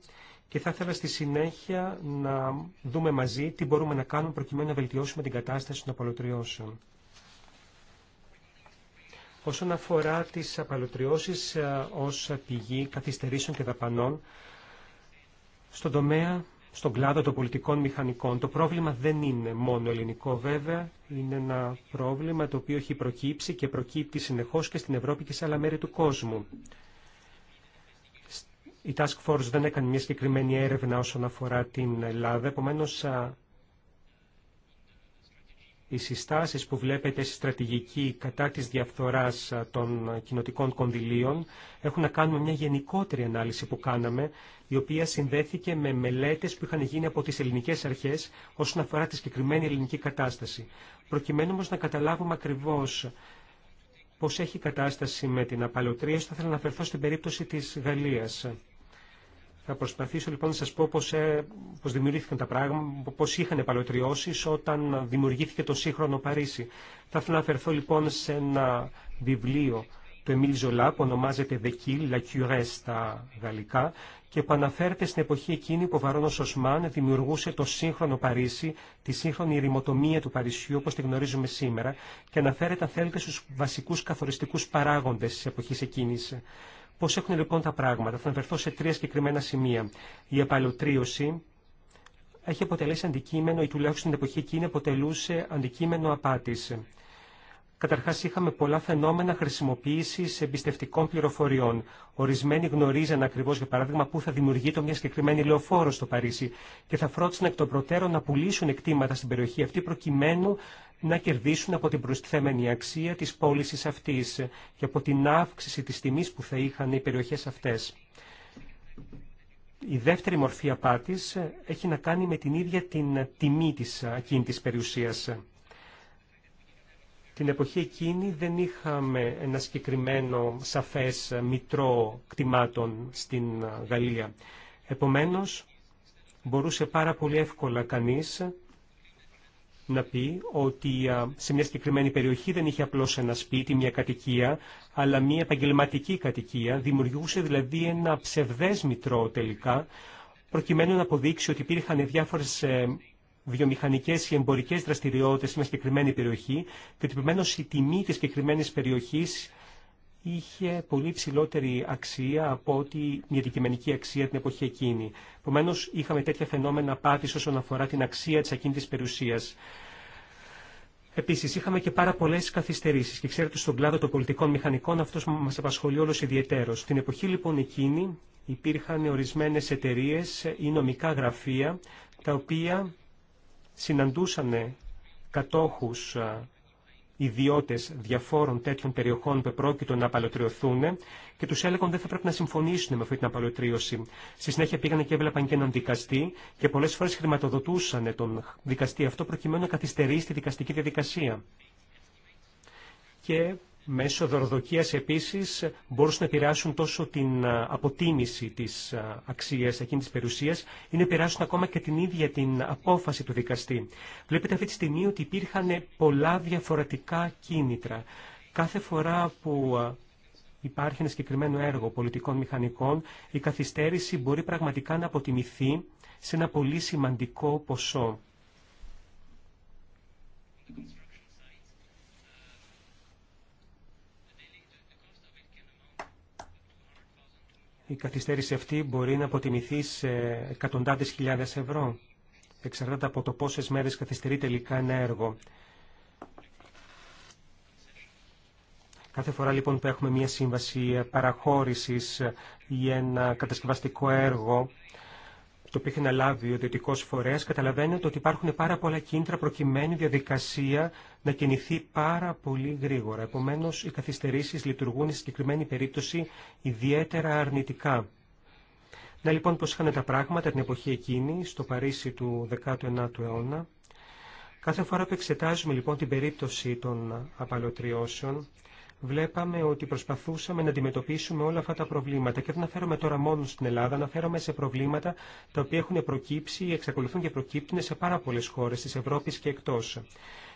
και θα ήθελα στη συνέχεια να δούμε μαζί τι μπορούμε να κάνουμε προκειμένου να βελτιώσουμε την κατάσταση των απαλωτριώσεων. Όσον αφορά τις απαλωτριώσεις ε, ως πηγή καθυστερήσεων και δαπανών, στον τομέα στον κλάδο των πολιτικών μηχανικών. Το πρόβλημα δεν είναι μόνο ελληνικό βέβαια, είναι ένα πρόβλημα το οποίο έχει προκύψει και προκύπτει συνεχώς και στην Ευρώπη και σε άλλα μέρη του κόσμου. Η Task Force δεν έκανε μια συγκεκριμένη έρευνα όσον αφορά την Ελλάδα, επομένως οι συστάσεις που βλέπετε στη στρατηγική κατά της διαφθοράς των κοινοτικών κονδυλίων έχουν να κάνουν μια γενικότερη ανάλυση που κάναμε, η οποία συνδέθηκε με μελέτες που είχαν γίνει από τις ελληνικές αρχές όσον αφορά τη συγκεκριμένη ελληνική κατάσταση. Προκειμένου όμως να καταλάβουμε ακριβώς πώς έχει κατάσταση με την απαλωτρία, θα ήθελα να αφαιρθώ στην περίπτωση της Γαλλίας. Θα προσπαθήσω λοιπόν να σας πω πώς, ε, πώς δημιουργήθηκαν τα πράγματα, πώς είχαν παλαιοτριώσεις όταν δημιουργήθηκε το σύγχρονο Παρίσι. Θα ήθελα να αφαιρθώ λοιπόν σε ένα βιβλίο του Εμίλ Ζολά που ονομάζεται «The Kill, La Cure» στα γαλλικά και που αναφέρεται στην εποχή εκείνη που ο Βαρόνος Οσμάν δημιουργούσε το σύγχρονο Παρίσι, τη σύγχρονη ρημοτομία του Παρισιού όπως τη γνωρίζουμε σήμερα και αναφέρεται αν θέλετε στους βασικούς καθοριστικούς παράγοντες της εποχής εκείνης. Πώς έχουν λοιπόν τα πράγματα, θα αναφερθώ σε τρία συγκεκριμένα σημεία. Η απαλωτρίωση έχει αποτελέσει αντικείμενο, ή τουλάχιστον την εποχή εκείνη αποτελούσε αντικείμενο απάτη. Καταρχά είχαμε πολλά φαινόμενα χρησιμοποίησης εμπιστευτικών πληροφοριών. Ορισμένοι γνωρίζαν ακριβώ, για παράδειγμα πού θα δημιουργείται μια συγκεκριμένη λεωφόρο στο Παρίσι και θα φρόντισαν εκ των προτέρων να πουλήσουν εκτήματα στην περιοχή αυτή προκειμένου να κερδίσουν από την προστιθέμενη αξία της πώληση αυτής και από την αύξηση της τιμής που θα είχαν οι περιοχές αυτές. Η δεύτερη μορφή απάτης έχει να πουλησουν εκτηματα στην περιοχη αυτη προκειμενου να κερδισουν απο την προστιθεμενη αξια τη πωληση αυτή και απο την αυξηση τη τιμή που θα ειχαν οι περιοχέ αυτέ. η δευτερη μορφη απατης εχει να κανει με την ίδια την τιμή της ακίνητης περιουσίας. Την εποχή εκείνη δεν είχαμε ένα συγκεκριμένο σαφές μητρό κτημάτων στην Γαλλία. Επομένως, μπορούσε πάρα πολύ εύκολα κανείς να πει ότι σε μια συγκεκριμένη περιοχή δεν είχε απλώς ένα σπίτι, μια κατοικία, αλλά μια επαγγελματική κατοικία. Δημιουργούσε δηλαδή ένα ψευδές μητρό τελικά, προκειμένου να αποδείξει ότι υπήρχαν διάφορες ε, βιομηχανικές ή εμπορικές δραστηριότητες σε μια συγκεκριμένη περιοχή και ότι η τιμή της συγκεκριμένη περιοχής είχε πολύ ψηλότερη αξία από ότι η αντικειμενική αξία την εποχή εκείνη. Επομένω, είχαμε τέτοια φαινόμενα πάθη όσον αφορά την αξία τη ακίνητη περιουσία. Επίση, είχαμε και πάρα πολλέ καθυστερήσει και ξέρετε στον κλάδο των πολιτικών μηχανικών αυτό μα απασχολεί όλο ιδιαίτερο. Στην εποχή λοιπόν εκείνη υπήρχαν ορισμένε εταιρείε ή νομικά γραφεία τα οποία Συναντούσαν κατόχους ιδιώτες διαφόρων τέτοιων περιοχών που επρόκειτο να απαλωτριωθούν και τους έλεγαν δεν θα πρέπει να συμφωνήσουν με αυτή την απαλωτρίωση. Στη συνέχεια πήγαν και έβλεπαν και έναν δικαστή και πολλές φορές χρηματοδοτούσαν τον δικαστή αυτό προκειμένου να καθυστερήσει τη δικαστική διαδικασία. Και Μέσω δωροδοκίας επίσης μπορούν να επηρεάσουν τόσο την αποτίμηση της αξίας εκείνης της περιουσίας ή να επηρεάσουν ακόμα και την ίδια την απόφαση του δικαστή. Βλέπετε αυτή τη στιγμή ότι υπήρχαν πολλά διαφορετικά κίνητρα. Κάθε φορά που υπάρχει ένα συγκεκριμένο έργο πολιτικών μηχανικών, η καθυστέρηση μπορεί πραγματικά να αποτιμηθεί σε ένα πολύ σημαντικό ποσό. Η καθυστέρηση αυτή μπορεί να αποτιμηθεί σε εκατοντάδες χιλιάδες ευρώ. Εξαρτάται από το πόσες μέρες καθυστερεί τελικά ένα έργο. Κάθε φορά λοιπόν που έχουμε μια σύμβαση παραχώρησης ή ένα κατασκευαστικό έργο το οποίο έχει αναλάβει ο ιδιωτικό φορέα, καταλαβαίνετε ότι υπάρχουν πάρα πολλά κίνητρα προκειμένου η διαδικασία να κινηθεί πάρα πολύ γρήγορα. Επομένω, οι καθυστερήσει λειτουργούν σε συγκεκριμένη περίπτωση ιδιαίτερα αρνητικά. Να λοιπόν πώ είχαν τα πράγματα την εποχή εκείνη, στο Παρίσι του 19ου αιώνα. Κάθε φορά που εξετάζουμε λοιπόν την περίπτωση των απαλωτριώσεων, βλέπαμε ότι προσπαθούσαμε να αντιμετωπίσουμε όλα αυτά τα προβλήματα. Και δεν αναφέρομαι τώρα μόνο στην Ελλάδα, αναφέρομαι σε προβλήματα τα οποία έχουν προκύψει ή εξακολουθούν και προκύπτουν σε πάρα πολλέ χώρε τη Ευρώπη και εκτό.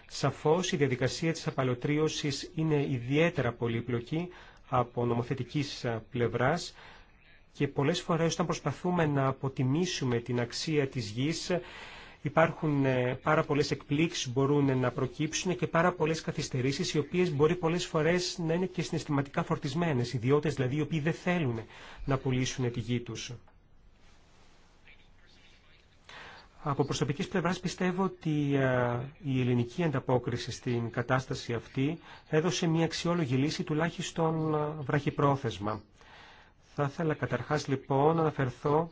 Σαφώ η διαδικασία τη απαλωτρίωση είναι ιδιαίτερα πολύπλοκη από νομοθετική ε, πλευρά και πολλέ φορέ όταν προσπαθούμε να αποτιμήσουμε την αξία τη γη, Υπάρχουν ε, πάρα πολλέ εκπλήξει που μπορούν να προκύψουν και πάρα πολλέ καθυστερήσει, οι οποίε μπορεί πολλέ φορέ να είναι και συναισθηματικά φορτισμένε. Ιδιώτε δηλαδή οι οποίοι δεν θέλουν να πουλήσουν τη γη του. Από προσωπική πλευράς πιστεύω ότι ε, η ελληνική ανταπόκριση στην κατάσταση αυτή έδωσε μια αξιόλογη λύση τουλάχιστον ε, βραχυπρόθεσμα. Θα ήθελα καταρχάς λοιπόν να αναφερθώ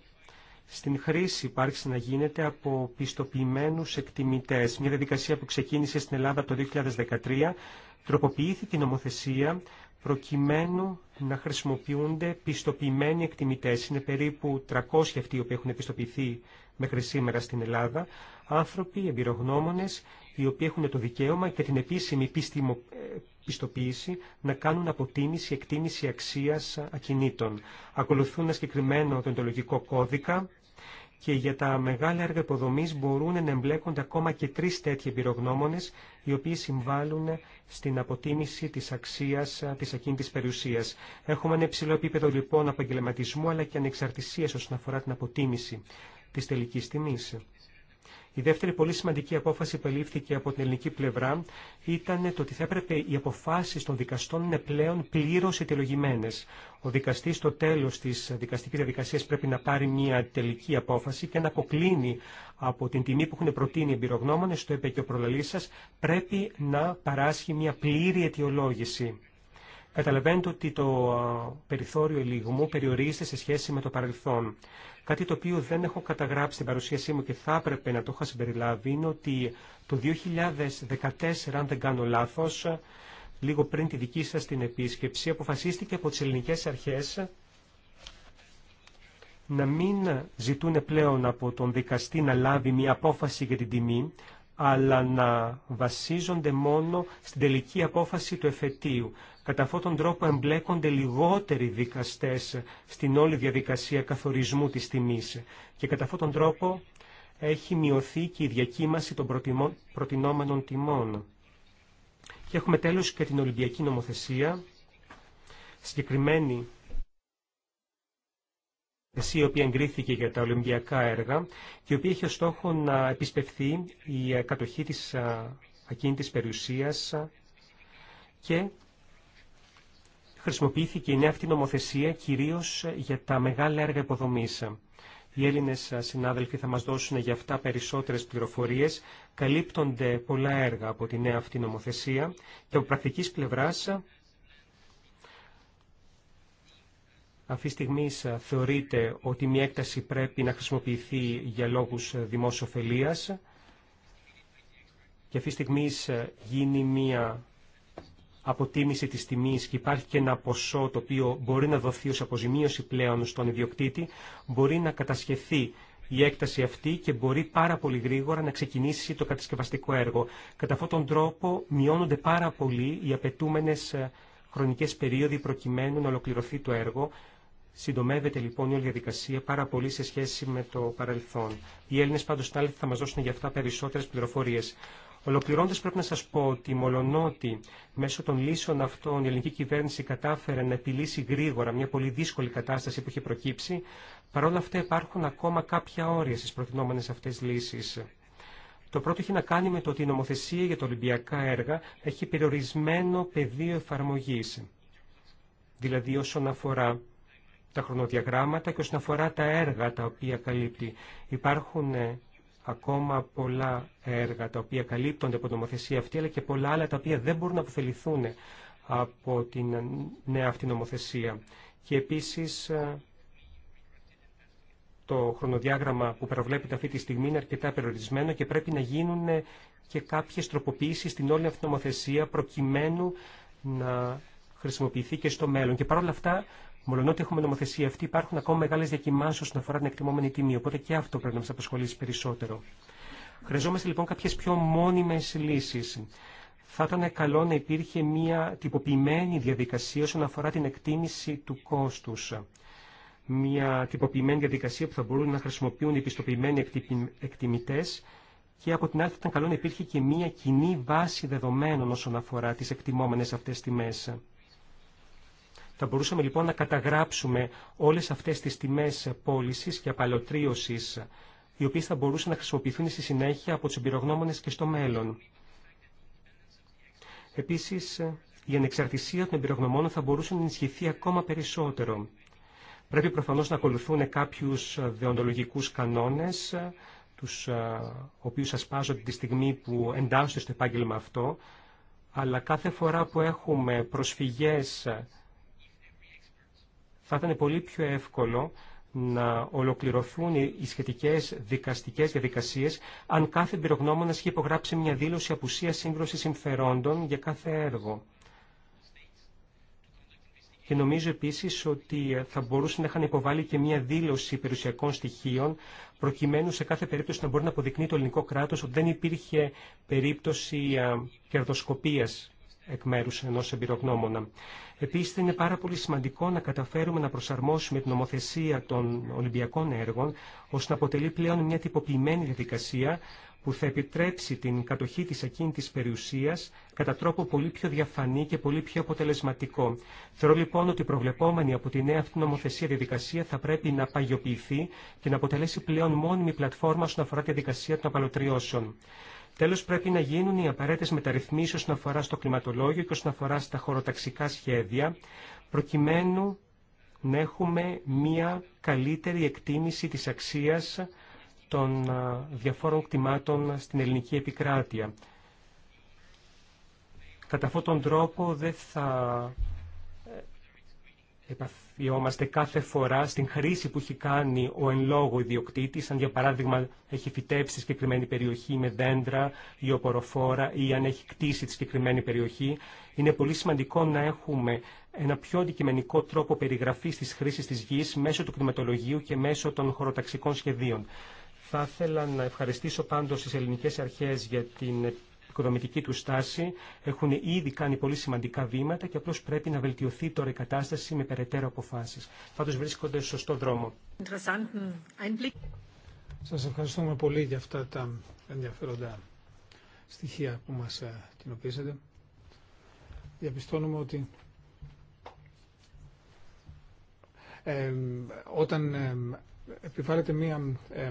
στην χρήση υπάρξει να γίνεται από πιστοποιημένους εκτιμητές. Μια διαδικασία που ξεκίνησε στην Ελλάδα το 2013 τροποποιήθηκε η νομοθεσία προκειμένου να χρησιμοποιούνται πιστοποιημένοι εκτιμητές. Είναι περίπου 300 αυτοί οι οποίοι έχουν πιστοποιηθεί μέχρι σήμερα στην Ελλάδα, άνθρωποι, εμπειρογνώμονες, οι οποίοι έχουν το δικαίωμα και την επίσημη πιστημο... Ε, πιστοποίηση να κάνουν αποτίμηση, εκτίμηση αξίας ακινήτων. Ακολουθούν ένα συγκεκριμένο δοντολογικό κώδικα, και για τα μεγάλα έργα υποδομή μπορούν να εμπλέκονται ακόμα και τρει τέτοιοι εμπειρογνώμονε, οι οποίοι συμβάλλουν στην αποτίμηση τη αξία τη ακίνητη περιουσία. Έχουμε ένα υψηλό επίπεδο λοιπόν επαγγελματισμού αλλά και ανεξαρτησία όσον αφορά την αποτίμηση τη τελική τιμή. Η δεύτερη πολύ σημαντική απόφαση που ελήφθηκε από την ελληνική πλευρά ήταν το ότι θα έπρεπε οι αποφάσει των δικαστών είναι πλέον πλήρω αιτιολογημένε. Ο δικαστή στο τέλο τη δικαστική διαδικασία πρέπει να πάρει μια τελική απόφαση και να αποκλίνει από την τιμή που έχουν προτείνει οι εμπειρογνώμονε, το είπε και ο προλαλή σα, πρέπει να παράσχει μια πλήρη αιτιολόγηση. Καταλαβαίνετε ότι το περιθώριο μου περιορίζεται σε σχέση με το παρελθόν. Κάτι το οποίο δεν έχω καταγράψει στην παρουσίασή μου και θα έπρεπε να το είχα συμπεριλάβει είναι ότι το 2014, αν δεν κάνω λάθος, λίγο πριν τη δική σας την επίσκεψη, αποφασίστηκε από τις ελληνικές αρχές να μην ζητούν πλέον από τον δικαστή να λάβει μια απόφαση για την τιμή, αλλά να βασίζονται μόνο στην τελική απόφαση του εφετείου. Κατά αυτόν τον τρόπο εμπλέκονται λιγότεροι δικαστές στην όλη διαδικασία καθορισμού της τιμής και κατά αυτόν τον τρόπο έχει μειωθεί και η διακύμαση των προτινόμενων τιμών. Και έχουμε τέλος και την Ολυμπιακή νομοθεσία, συγκεκριμένη η οποία εγκρίθηκε για τα Ολυμπιακά έργα και η οποία είχε ως στόχο να επισπευθεί η ε, κατοχή της ε, ακίνητης περιουσίας και χρησιμοποιήθηκε η νέα αυτή νομοθεσία κυρίως για τα μεγάλα έργα υποδομής. Οι Έλληνες ε, συνάδελφοι θα μας δώσουν για αυτά περισσότερες πληροφορίες. Καλύπτονται πολλά έργα από τη νέα αυτή νομοθεσία και από πρακτικής πλευράς Αυτή τη στιγμή θεωρείται ότι μια έκταση πρέπει να χρησιμοποιηθεί για λόγους δημόσιοφελίας και αυτή τη στιγμή γίνει μια αποτίμηση της τιμής και υπάρχει και ένα ποσό το οποίο μπορεί να δοθεί ως αποζημίωση πλέον στον ιδιοκτήτη, μπορεί να κατασχεθεί η έκταση αυτή και μπορεί πάρα πολύ γρήγορα να ξεκινήσει το κατασκευαστικό έργο. Κατά αυτόν τον τρόπο μειώνονται πάρα πολύ οι απαιτούμενε ε, χρονικές περίοδοι προκειμένου να ολοκληρωθεί το έργο, Συντομεύεται λοιπόν η όλη διαδικασία πάρα πολύ σε σχέση με το παρελθόν. Οι Έλληνε πάντω θα μα δώσουν για αυτά περισσότερε πληροφορίε. Ολοκληρώνοντα, πρέπει να σα πω ότι μολονότι μέσω των λύσεων αυτών η ελληνική κυβέρνηση κατάφερε να επιλύσει γρήγορα μια πολύ δύσκολη κατάσταση που είχε προκύψει, παρόλα αυτά υπάρχουν ακόμα κάποια όρια στι προτινόμενε αυτέ λύσει. Το πρώτο έχει να κάνει με το ότι η νομοθεσία για τα Ολυμπιακά έργα έχει περιορισμένο πεδίο εφαρμογή. Δηλαδή όσον αφορά τα χρονοδιαγράμματα και όσον αφορά τα έργα τα οποία καλύπτει. Υπάρχουν ε, ακόμα πολλά έργα τα οποία καλύπτονται από νομοθεσία αυτή, αλλά και πολλά άλλα τα οποία δεν μπορούν να αποφεληθούν από την νέα αυτή νομοθεσία. Και επίσης ε, το χρονοδιάγραμμα που προβλέπεται αυτή τη στιγμή είναι αρκετά περιορισμένο και πρέπει να γίνουν ε, και κάποιες τροποποιήσεις στην όλη αυτή νομοθεσία προκειμένου να χρησιμοποιηθεί και στο μέλλον. Και παρόλα αυτά Μολονότι έχουμε νομοθεσία αυτή, υπάρχουν ακόμα μεγάλε διακοιμάνσει όσον αφορά την εκτιμόμενη τιμή, οπότε και αυτό πρέπει να μα απασχολήσει περισσότερο. Χρειαζόμαστε λοιπόν κάποιε πιο μόνιμε λύσει. Θα ήταν καλό να υπήρχε μια τυποποιημένη διαδικασία όσον αφορά την εκτίμηση του κόστου. Μια τυποποιημένη διαδικασία που θα μπορούν να χρησιμοποιούν οι πιστοποιημένοι εκτιμητέ και από την άλλη θα ήταν καλό να υπήρχε και μια κοινή βάση δεδομένων όσον αφορά τι εκτιμόμενε αυτέ τιμέ. Θα μπορούσαμε λοιπόν να καταγράψουμε όλες αυτές τις τιμές πώληση και απαλωτρίωσης, οι οποίες θα μπορούσαν να χρησιμοποιηθούν στη συνέχεια από τους εμπειρογνώμονες και στο μέλλον. Επίσης, η ανεξαρτησία των εμπειρογνωμόνων θα μπορούσε να ενισχυθεί ακόμα περισσότερο. Πρέπει προφανώς να ακολουθούν κάποιους δεοντολογικούς κανόνες, τους οποίους ασπάζονται τη στιγμή που εντάσσονται στο επάγγελμα αυτό, αλλά κάθε φορά που έχουμε προσφυγές θα ήταν πολύ πιο εύκολο να ολοκληρωθούν οι σχετικέ δικαστικέ διαδικασίε αν κάθε εμπειρογνώμονα είχε υπογράψει μια δήλωση απουσία σύγκρουση συμφερόντων για κάθε έργο. Και νομίζω επίση ότι θα μπορούσαν να είχαν υποβάλει και μια δήλωση περιουσιακών στοιχείων, προκειμένου σε κάθε περίπτωση να μπορεί να αποδεικνύει το ελληνικό κράτο ότι δεν υπήρχε περίπτωση κερδοσκοπία εκ μέρου ενό εμπειρογνώμονα. Επίση, είναι πάρα πολύ σημαντικό να καταφέρουμε να προσαρμόσουμε την νομοθεσία των Ολυμπιακών έργων ώστε να αποτελεί πλέον μια τυποποιημένη διαδικασία που θα επιτρέψει την κατοχή της ακίνητης περιουσίας κατά τρόπο πολύ πιο διαφανή και πολύ πιο αποτελεσματικό. Θεωρώ λοιπόν ότι η προβλεπόμενη από τη νέα αυτή νομοθεσία διαδικασία θα πρέπει να παγιοποιηθεί και να αποτελέσει πλέον μόνιμη πλατφόρμα όσον αφορά τη διαδικασία των απαλωτριώσεων. Τέλος, πρέπει να γίνουν οι απαραίτητες μεταρρυθμίσεις όσον αφορά στο κλιματολόγιο και όσον αφορά στα χωροταξικά σχέδια, προκειμένου να έχουμε μία καλύτερη εκτίμηση της αξίας των διαφόρων κτημάτων στην ελληνική επικράτεια. Κατά αυτόν τον τρόπο δεν θα επαφιόμαστε κάθε φορά στην χρήση που έχει κάνει ο εν λόγω ιδιοκτήτης, αν για παράδειγμα έχει φυτέψει συγκεκριμένη περιοχή με δέντρα ή οποροφόρα ή αν έχει κτίσει τη συγκεκριμένη περιοχή. Είναι πολύ σημαντικό να έχουμε ένα πιο αντικειμενικό τρόπο περιγραφής της χρήσης της γης μέσω του κτηματολογίου και μέσω των χωροταξικών σχεδίων. Θα ήθελα να ευχαριστήσω πάντως τις ελληνικές αρχές για την οικοδομητική του στάση, έχουν ήδη κάνει πολύ σημαντικά βήματα και απλώς πρέπει να βελτιωθεί τώρα η κατάσταση με περαιτέρω αποφάσεις. Φάτος βρίσκονται στο σωστό δρόμο. Σας ευχαριστούμε πολύ για αυτά τα ενδιαφέροντα στοιχεία που μας ε, κοινοποιήσατε. Διαπιστώνουμε ότι ε, όταν επιβάλλεται μια ε,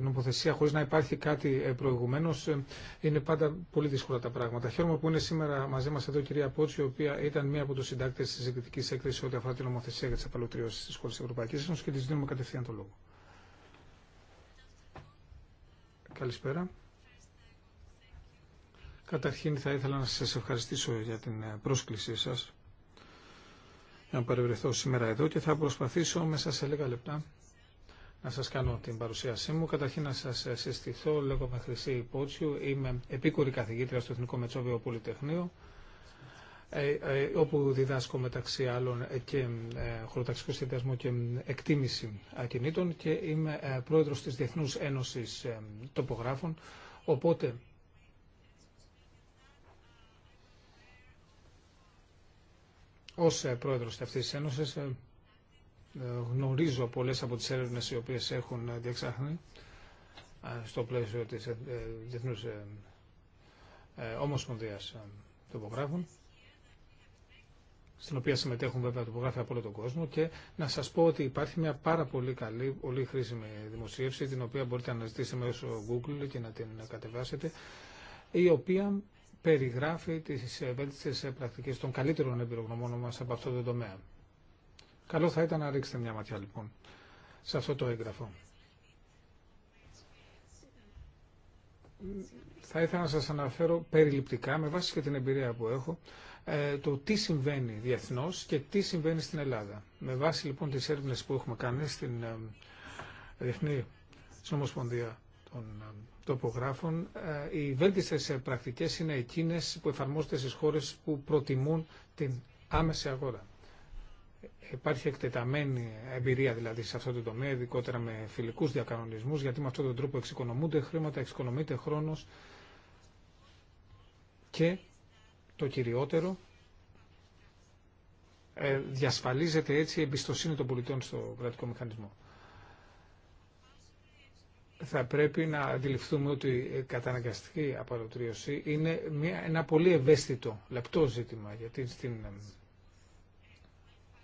νομοθεσία χωρίς να υπάρχει κάτι ε, προηγουμένως ε, είναι πάντα πολύ δύσκολα τα πράγματα. Χαίρομαι που είναι σήμερα μαζί μας εδώ η κυρία Πότση, η οποία ήταν μία από τους συντάκτες της εκδικής έκθεσης ό,τι αφορά την νομοθεσία για τις απαλωτριώσεις της χώρας της Ευρωπαϊκής Ένωσης και της δίνουμε κατευθείαν το λόγο. Καλησπέρα. Καταρχήν θα ήθελα να σας ευχαριστήσω για την πρόσκλησή σας να παρευρεθώ σήμερα εδώ και θα προσπαθήσω μέσα σε λίγα λεπτά να σας κάνω την παρουσίασή μου. Καταρχήν να σας συστηθώ, λέγομαι Χρυσή Πότσιου, είμαι επίκουρη καθηγήτρια στο Εθνικό Μετσόβιο Πολυτεχνείο, ε, ε, όπου διδάσκω μεταξύ άλλων και ε, χωροταξικό συνδυασμό και εκτίμηση ακινήτων και είμαι πρόεδρος της Διεθνούς Ένωσης Τοπογράφων, οπότε ως πρόεδρος αυτής της Ένωσης ε, γνωρίζω πολλές από τις έρευνες οι οποίες έχουν ε, διεξάχνει ε, στο πλαίσιο της Διεθνούς Ομοσπονδίας Τοπογράφων στην οποία συμμετέχουν βέβαια τοπογράφοι από όλο τον κόσμο και να σας πω ότι υπάρχει μια πάρα πολύ καλή, πολύ χρήσιμη δημοσίευση την οποία μπορείτε να αναζητήσετε μέσω Google και να την κατεβάσετε η οποία περιγράφει τις ευέλτιστες πρακτικές των καλύτερων εμπειρογνωμών μας από αυτό το τομέα. Καλό θα ήταν να ρίξετε μια ματιά λοιπόν σε αυτό το έγγραφο. Θα ήθελα να σας αναφέρω περιληπτικά, με βάση και την εμπειρία που έχω, ε, το τι συμβαίνει διεθνώς και τι συμβαίνει στην Ελλάδα. Με βάση λοιπόν τις έρευνες που έχουμε κάνει στην ε, Διεθνή Συνομοσπονδία των ε, τοπογράφων, οι βέλτιστες πρακτικές είναι εκείνες που εφαρμόζονται στις χώρες που προτιμούν την άμεση αγορά. Υπάρχει εκτεταμένη εμπειρία δηλαδή σε αυτό το τομέα, ειδικότερα με φιλικούς διακανονισμούς, γιατί με αυτόν τον τρόπο εξοικονομούνται χρήματα, εξοικονομείται χρόνος και το κυριότερο ε, διασφαλίζεται έτσι η εμπιστοσύνη των πολιτών στο κρατικό μηχανισμό. Θα πρέπει να αντιληφθούμε ότι η καταναγκαστική απαλωτρίωση είναι μια, ένα πολύ ευαίσθητο, λεπτό ζήτημα, γιατί στην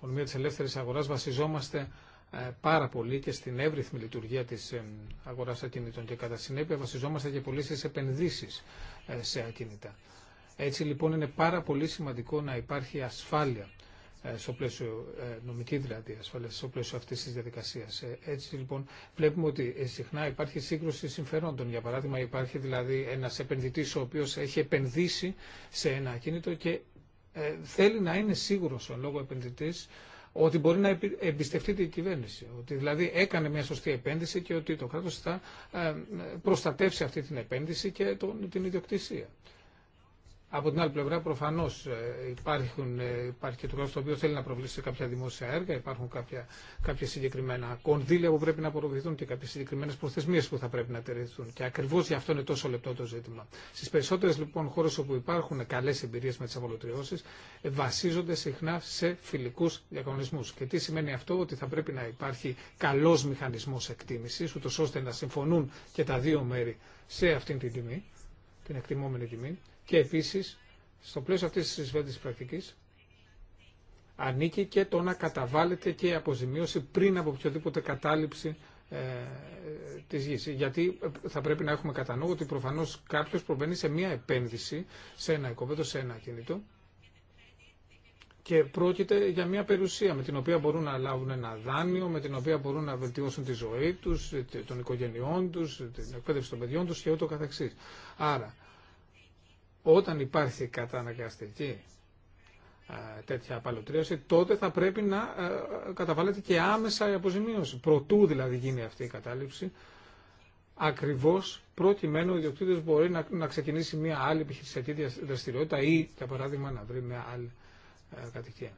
οικονομία της ελεύθερης αγοράς βασιζόμαστε ε, πάρα πολύ και στην εύρυθμη λειτουργία της ε, αγοράς ακινήτων και κατά συνέπεια βασιζόμαστε και πολύ στις επενδύσεις ε, σε ακινητά. Έτσι λοιπόν είναι πάρα πολύ σημαντικό να υπάρχει ασφάλεια στο πλαίσιο νομική δηλαδή ασφάλεια, στο πλαίσιο αυτή τη διαδικασία. Έτσι λοιπόν βλέπουμε ότι συχνά υπάρχει σύγκρουση συμφερόντων. Για παράδειγμα, υπάρχει δηλαδή ένα επενδυτή ο οποίο έχει επενδύσει σε ένα ακίνητο και ε, θέλει να είναι σίγουρος ο λόγο επενδυτής ότι μπορεί να εμπιστευτεί την κυβέρνηση. Ότι δηλαδή έκανε μια σωστή επένδυση και ότι το κράτος θα ε, προστατεύσει αυτή την επένδυση και την ιδιοκτησία. Από την άλλη πλευρά, προφανώ ε, ε, υπάρχει και το κράτο το οποίο θέλει να προβλήσει σε κάποια δημόσια έργα, υπάρχουν κάποια, κάποια συγκεκριμένα κονδύλια που πρέπει να απορροφηθούν και κάποιε συγκεκριμένε προθεσμίε που θα πρέπει να τηρηθούν. Και ακριβώ γι' αυτό είναι τόσο λεπτό το ζήτημα. Στι περισσότερε λοιπόν χώρε όπου υπάρχουν καλέ εμπειρίε με τι απολωτριώσει, ε, βασίζονται συχνά σε φιλικού διαγωνισμού. Και τι σημαίνει αυτό, ότι θα πρέπει να υπάρχει καλό μηχανισμό εκτίμηση, ούτω ώστε να συμφωνούν και τα δύο μέρη σε αυτήν την τιμή, την εκτιμόμενη τιμή και επίση, στο πλαίσιο αυτή τη συσβέντη πρακτική ανήκει και το να καταβάλλεται και η αποζημίωση πριν από οποιοδήποτε κατάληψη ε, τη γη. Γιατί ε, θα πρέπει να έχουμε κατά ότι προφανώ κάποιο προβαίνει σε μια επένδυση σε ένα οικόπεδο, σε ένα κινητό και πρόκειται για μια περιουσία με την οποία μπορούν να λάβουν ένα δάνειο, με την οποία μπορούν να βελτιώσουν τη ζωή τους, των οικογενειών τους, την εκπαίδευση των παιδιών τους και ούτω καθεξής. Άρα, όταν υπάρχει καταναγκαστική ε, τέτοια απαλωτρίωση, τότε θα πρέπει να ε, καταβάλλεται και άμεσα η αποζημίωση. Προτού δηλαδή γίνει αυτή η κατάληψη, Ακριβώ προκειμένου ο ιδιοκτήτη μπορεί να, ξεκινήσει μια άλλη επιχειρησιακή δραστηριότητα ή, για παράδειγμα, να βρει μια άλλη ε, κατοικία.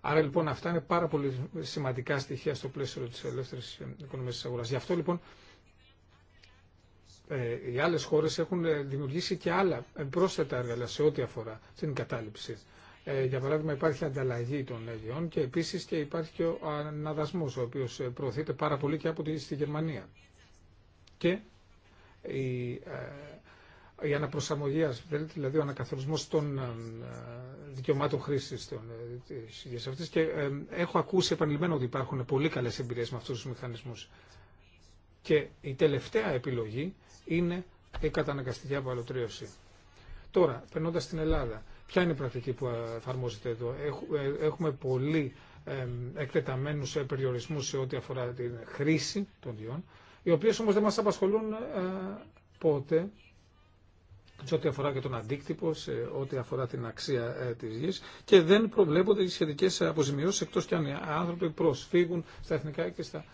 Άρα λοιπόν αυτά είναι πάρα πολύ σημαντικά στοιχεία στο πλαίσιο της ελεύθερης οικονομίας της αγοράς. Γι' αυτό λοιπόν ε, οι άλλες χώρες έχουν ε, δημιουργήσει και άλλα πρόσθετα εργαλεία σε ό,τι αφορά την κατάληψη. Ε, για παράδειγμα υπάρχει ανταλλαγή των Αγιών και επίσης και υπάρχει και ο αναδασμός ο οποίος προωθείται πάρα πολύ και από τη Γερμανία. Και η, η δηλαδή ο ανακαθορισμός των δικαιωμάτων χρήσης των, της υγείας αυτής και έχω ακούσει επανειλημμένο ότι υπάρχουν πολύ καλές εμπειρίες με αυτούς τους μηχανισμούς. Και η τελευταία επιλογή είναι η καταναγκαστική απαλωτρίωση. Τώρα, περνώντα στην Ελλάδα, ποια είναι η πρακτική που εφαρμόζεται εδώ. Ε, έχουμε πολύ εκτεταμένους ε, περιορισμούς σε ό,τι αφορά την χρήση των διών, οι οποίες όμως δεν μας απασχολούν πότε σε ό,τι αφορά και τον αντίκτυπο, σε ό,τι αφορά την αξία ε, τη γη και δεν προβλέπονται οι σχετικέ αποζημιώσει εκτό κι αν οι άνθρωποι προσφύγουν στα εθνικά και στα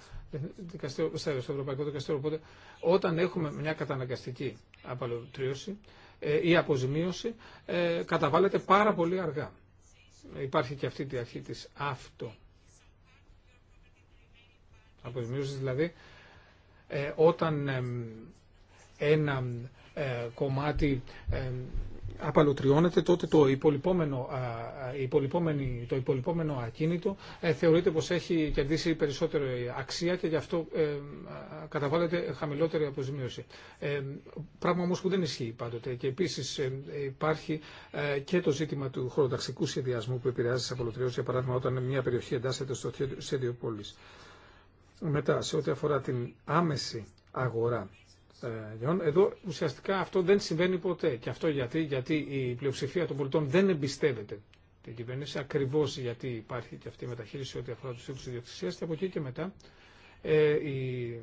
δικαστήριο, στο Ευρωπαϊκό Δικαστήριο. Οπότε, όταν έχουμε μια καταναγκαστική απαλωτρίωση ε, ή αποζημίωση, ε, καταβάλλεται πάρα πολύ αργά. Υπάρχει και αυτή η αποζημιωση καταβαλλεται παρα πολυ αργα υπαρχει και αυτη τη αρχη της αυτό. Αποζημίωσης δηλαδή, ε, όταν ένα κομμάτι απαλωτριώνεται, τότε το υπολοιπόμενο, το υπολοιπόμενο ακίνητο ε, θεωρείται πως έχει κερδίσει περισσότερη αξία και γι' αυτό ε, καταβάλλεται χαμηλότερη αποζημίωση. Ε, πράγμα όμως που δεν ισχύει πάντοτε. Και επίσης υπάρχει και το ζήτημα του χωροταξικού σχεδιασμού που επηρεάζει τις απαλωτριώσεις, για παράδειγμα όταν μια περιοχή εντάσσεται στο σχέδιο πόλης. Μετά, σε ό,τι αφορά την άμεση αγορά ε, εδώ ουσιαστικά αυτό δεν συμβαίνει ποτέ. Και αυτό γιατί, γιατί η πλειοψηφία των πολιτών δεν εμπιστεύεται την κυβέρνηση, ακριβώ γιατί υπάρχει και αυτή η μεταχείριση ό,τι αφορά του τύπου ιδιοκτησία. Και από εκεί και μετά ε, οι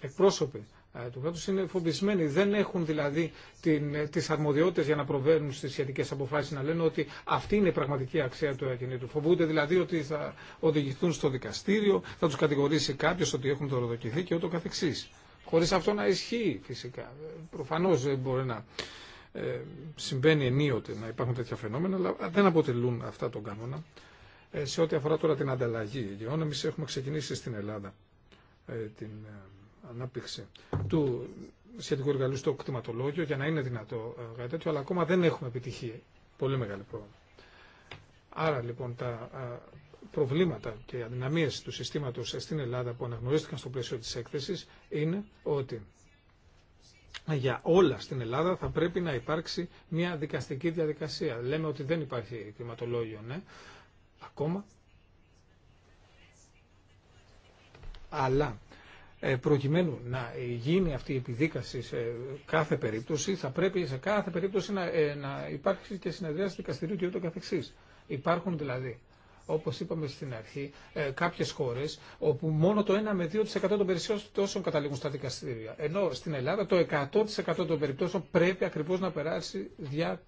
εκπρόσωποι ε, του κράτου είναι φοβισμένοι. Δεν έχουν δηλαδή ε, τι αρμοδιότητε για να προβαίνουν στι σχετικέ αποφάσει, να λένε ότι αυτή είναι η πραγματική αξία του ακινήτου. Φοβούνται δηλαδή ότι θα οδηγηθούν στο δικαστήριο, θα του κατηγορήσει κάποιο ότι έχουν δωροδοκηθεί και ούτω Χωρίς αυτό να ισχύει φυσικά. Προφανώς μπορεί να ε, συμβαίνει ενίοτε να υπάρχουν τέτοια φαινόμενα, αλλά δεν αποτελούν αυτά τον κανόνα. Ε, σε ό,τι αφορά τώρα την ανταλλαγή γεών, εμεί έχουμε ξεκινήσει στην Ελλάδα ε, την ανάπτυξη του σχετικού εργαλείου στο κτηματολόγιο για να είναι δυνατό κάτι τέτοιο, αλλά ακόμα δεν έχουμε επιτυχία. Πολύ μεγάλη πρόβλημα. Άρα λοιπόν τα προβλήματα και αδυναμίες του συστήματος στην Ελλάδα που αναγνωρίστηκαν στο πλαίσιο της έκθεσης είναι ότι για όλα στην Ελλάδα θα πρέπει να υπάρξει μια δικαστική διαδικασία. Λέμε ότι δεν υπάρχει κλιματολόγιο, ναι, ακόμα. Αλλά ε, προκειμένου να γίνει αυτή η επιδίκαση σε κάθε περίπτωση, θα πρέπει σε κάθε περίπτωση να, ε, υπάρξει και συνεδρίαση δικαστηρίου και ούτω καθεξής. Υπάρχουν δηλαδή όπως είπαμε στην αρχή, ε, κάποιες χώρες όπου μόνο το 1 με 2% των περιπτώσεων καταλήγουν στα δικαστήρια. Ενώ στην Ελλάδα το 100% των περιπτώσεων πρέπει ακριβώς να περάσει δια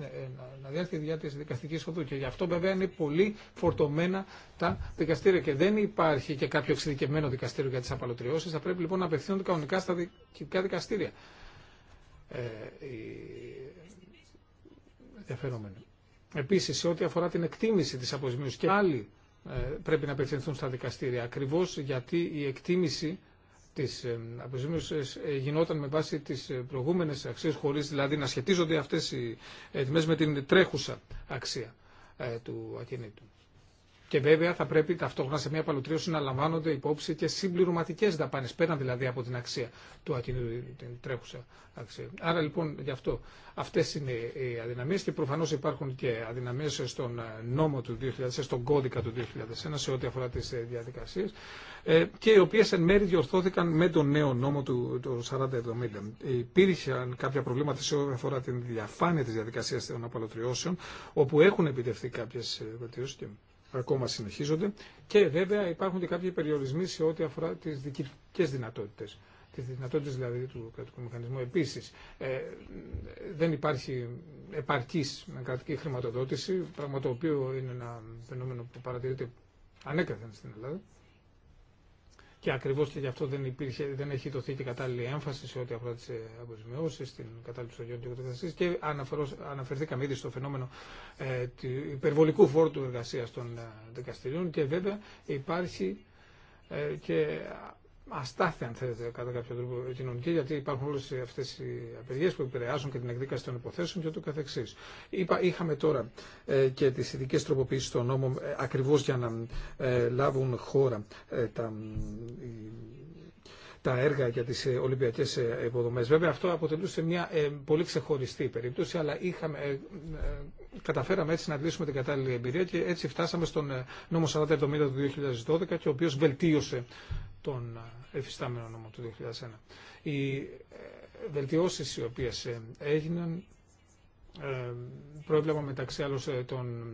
ε, ε, να διέρχεται διά της δικαστικής οδού και γι' αυτό βέβαια είναι πολύ φορτωμένα τα δικαστήρια και δεν υπάρχει και κάποιο εξειδικευμένο δικαστήριο για τις απαλωτριώσεις θα πρέπει λοιπόν να απευθύνονται κανονικά στα δικαστικά δικαστήρια ε, Επίση, σε ό,τι αφορά την εκτίμηση τη αποζημίωση, και άλλοι ε, πρέπει να απευθυνθούν στα δικαστήρια. Ακριβώς γιατί η εκτίμηση της ε, αποζημίωσης ε, γινόταν με βάση τις προηγούμενες αξίες χωρίς δηλαδή να σχετίζονται αυτές οι τιμές με την τρέχουσα αξία του ακινήτου. Και βέβαια θα πρέπει ταυτόχρονα σε μια παλωτρίωση να λαμβάνονται υπόψη και συμπληρωματικέ δαπάνε, πέραν δηλαδή από την αξία του ακινήτου, την τρέχουσα αξία. Άρα λοιπόν γι' αυτό αυτέ είναι οι αδυναμίε και προφανώ υπάρχουν και αδυναμίε στον νόμο του 2000, στον κώδικα του 2001 σε ό,τι αφορά τι ε, διαδικασίε ε, και οι οποίε εν μέρει διορθώθηκαν με τον νέο νόμο του, του 4070. Υπήρχαν κάποια προβλήματα σε ό,τι αφορά την διαφάνεια τη διαδικασία των απαλωτριώσεων, όπου έχουν επιτευχθεί κάποιε βελτιώσει ακόμα συνεχίζονται και βέβαια υπάρχουν και κάποιοι περιορισμοί σε ό,τι αφορά τις διοικητικέ δυνατότητες τι δυνατότητε δηλαδή του κρατικού μηχανισμού. Επίση, ε, δεν υπάρχει επαρκή κρατική χρηματοδότηση, πράγμα το οποίο είναι ένα φαινόμενο που παρατηρείται ανέκαθεν στην Ελλάδα και ακριβώ και γι' αυτό δεν, δεν έχει δοθεί και κατάλληλη έμφαση σε ό,τι αφορά τι ε, αποζημιώσει, την κατάλληλη του γεών και Και αναφερθήκαμε ήδη στο φαινόμενο ε, του υπερβολικού φόρτου εργασία των ε, δικαστηρίων. Και βέβαια υπάρχει ε, και αστάθεια, αν θέλετε, κατά κάποιο τρόπο κοινωνική, γιατί υπάρχουν όλε αυτέ οι απεργίε που επηρεάζουν και την εκδίκαση των υποθέσεων και ούτω καθεξή. Είχαμε τώρα ε, και τι ειδικέ τροποποιήσει των νόμων ε, ακριβώ για να ε, λάβουν χώρα τα τα έργα για τις Ολυμπιακές υποδομές. Βέβαια αυτό αποτελούσε μια πολύ ξεχωριστή περίπτωση, αλλά είχαμε, καταφέραμε έτσι να κλείσουμε την κατάλληλη εμπειρία και έτσι φτάσαμε στον νόμο 4070 του 2012 και ο οποίος βελτίωσε τον εφιστάμενο νόμο του 2001. Οι ε, βελτιώσεις οι οποίες ε, έγιναν ε, πρόβλημα μεταξύ άλλων τον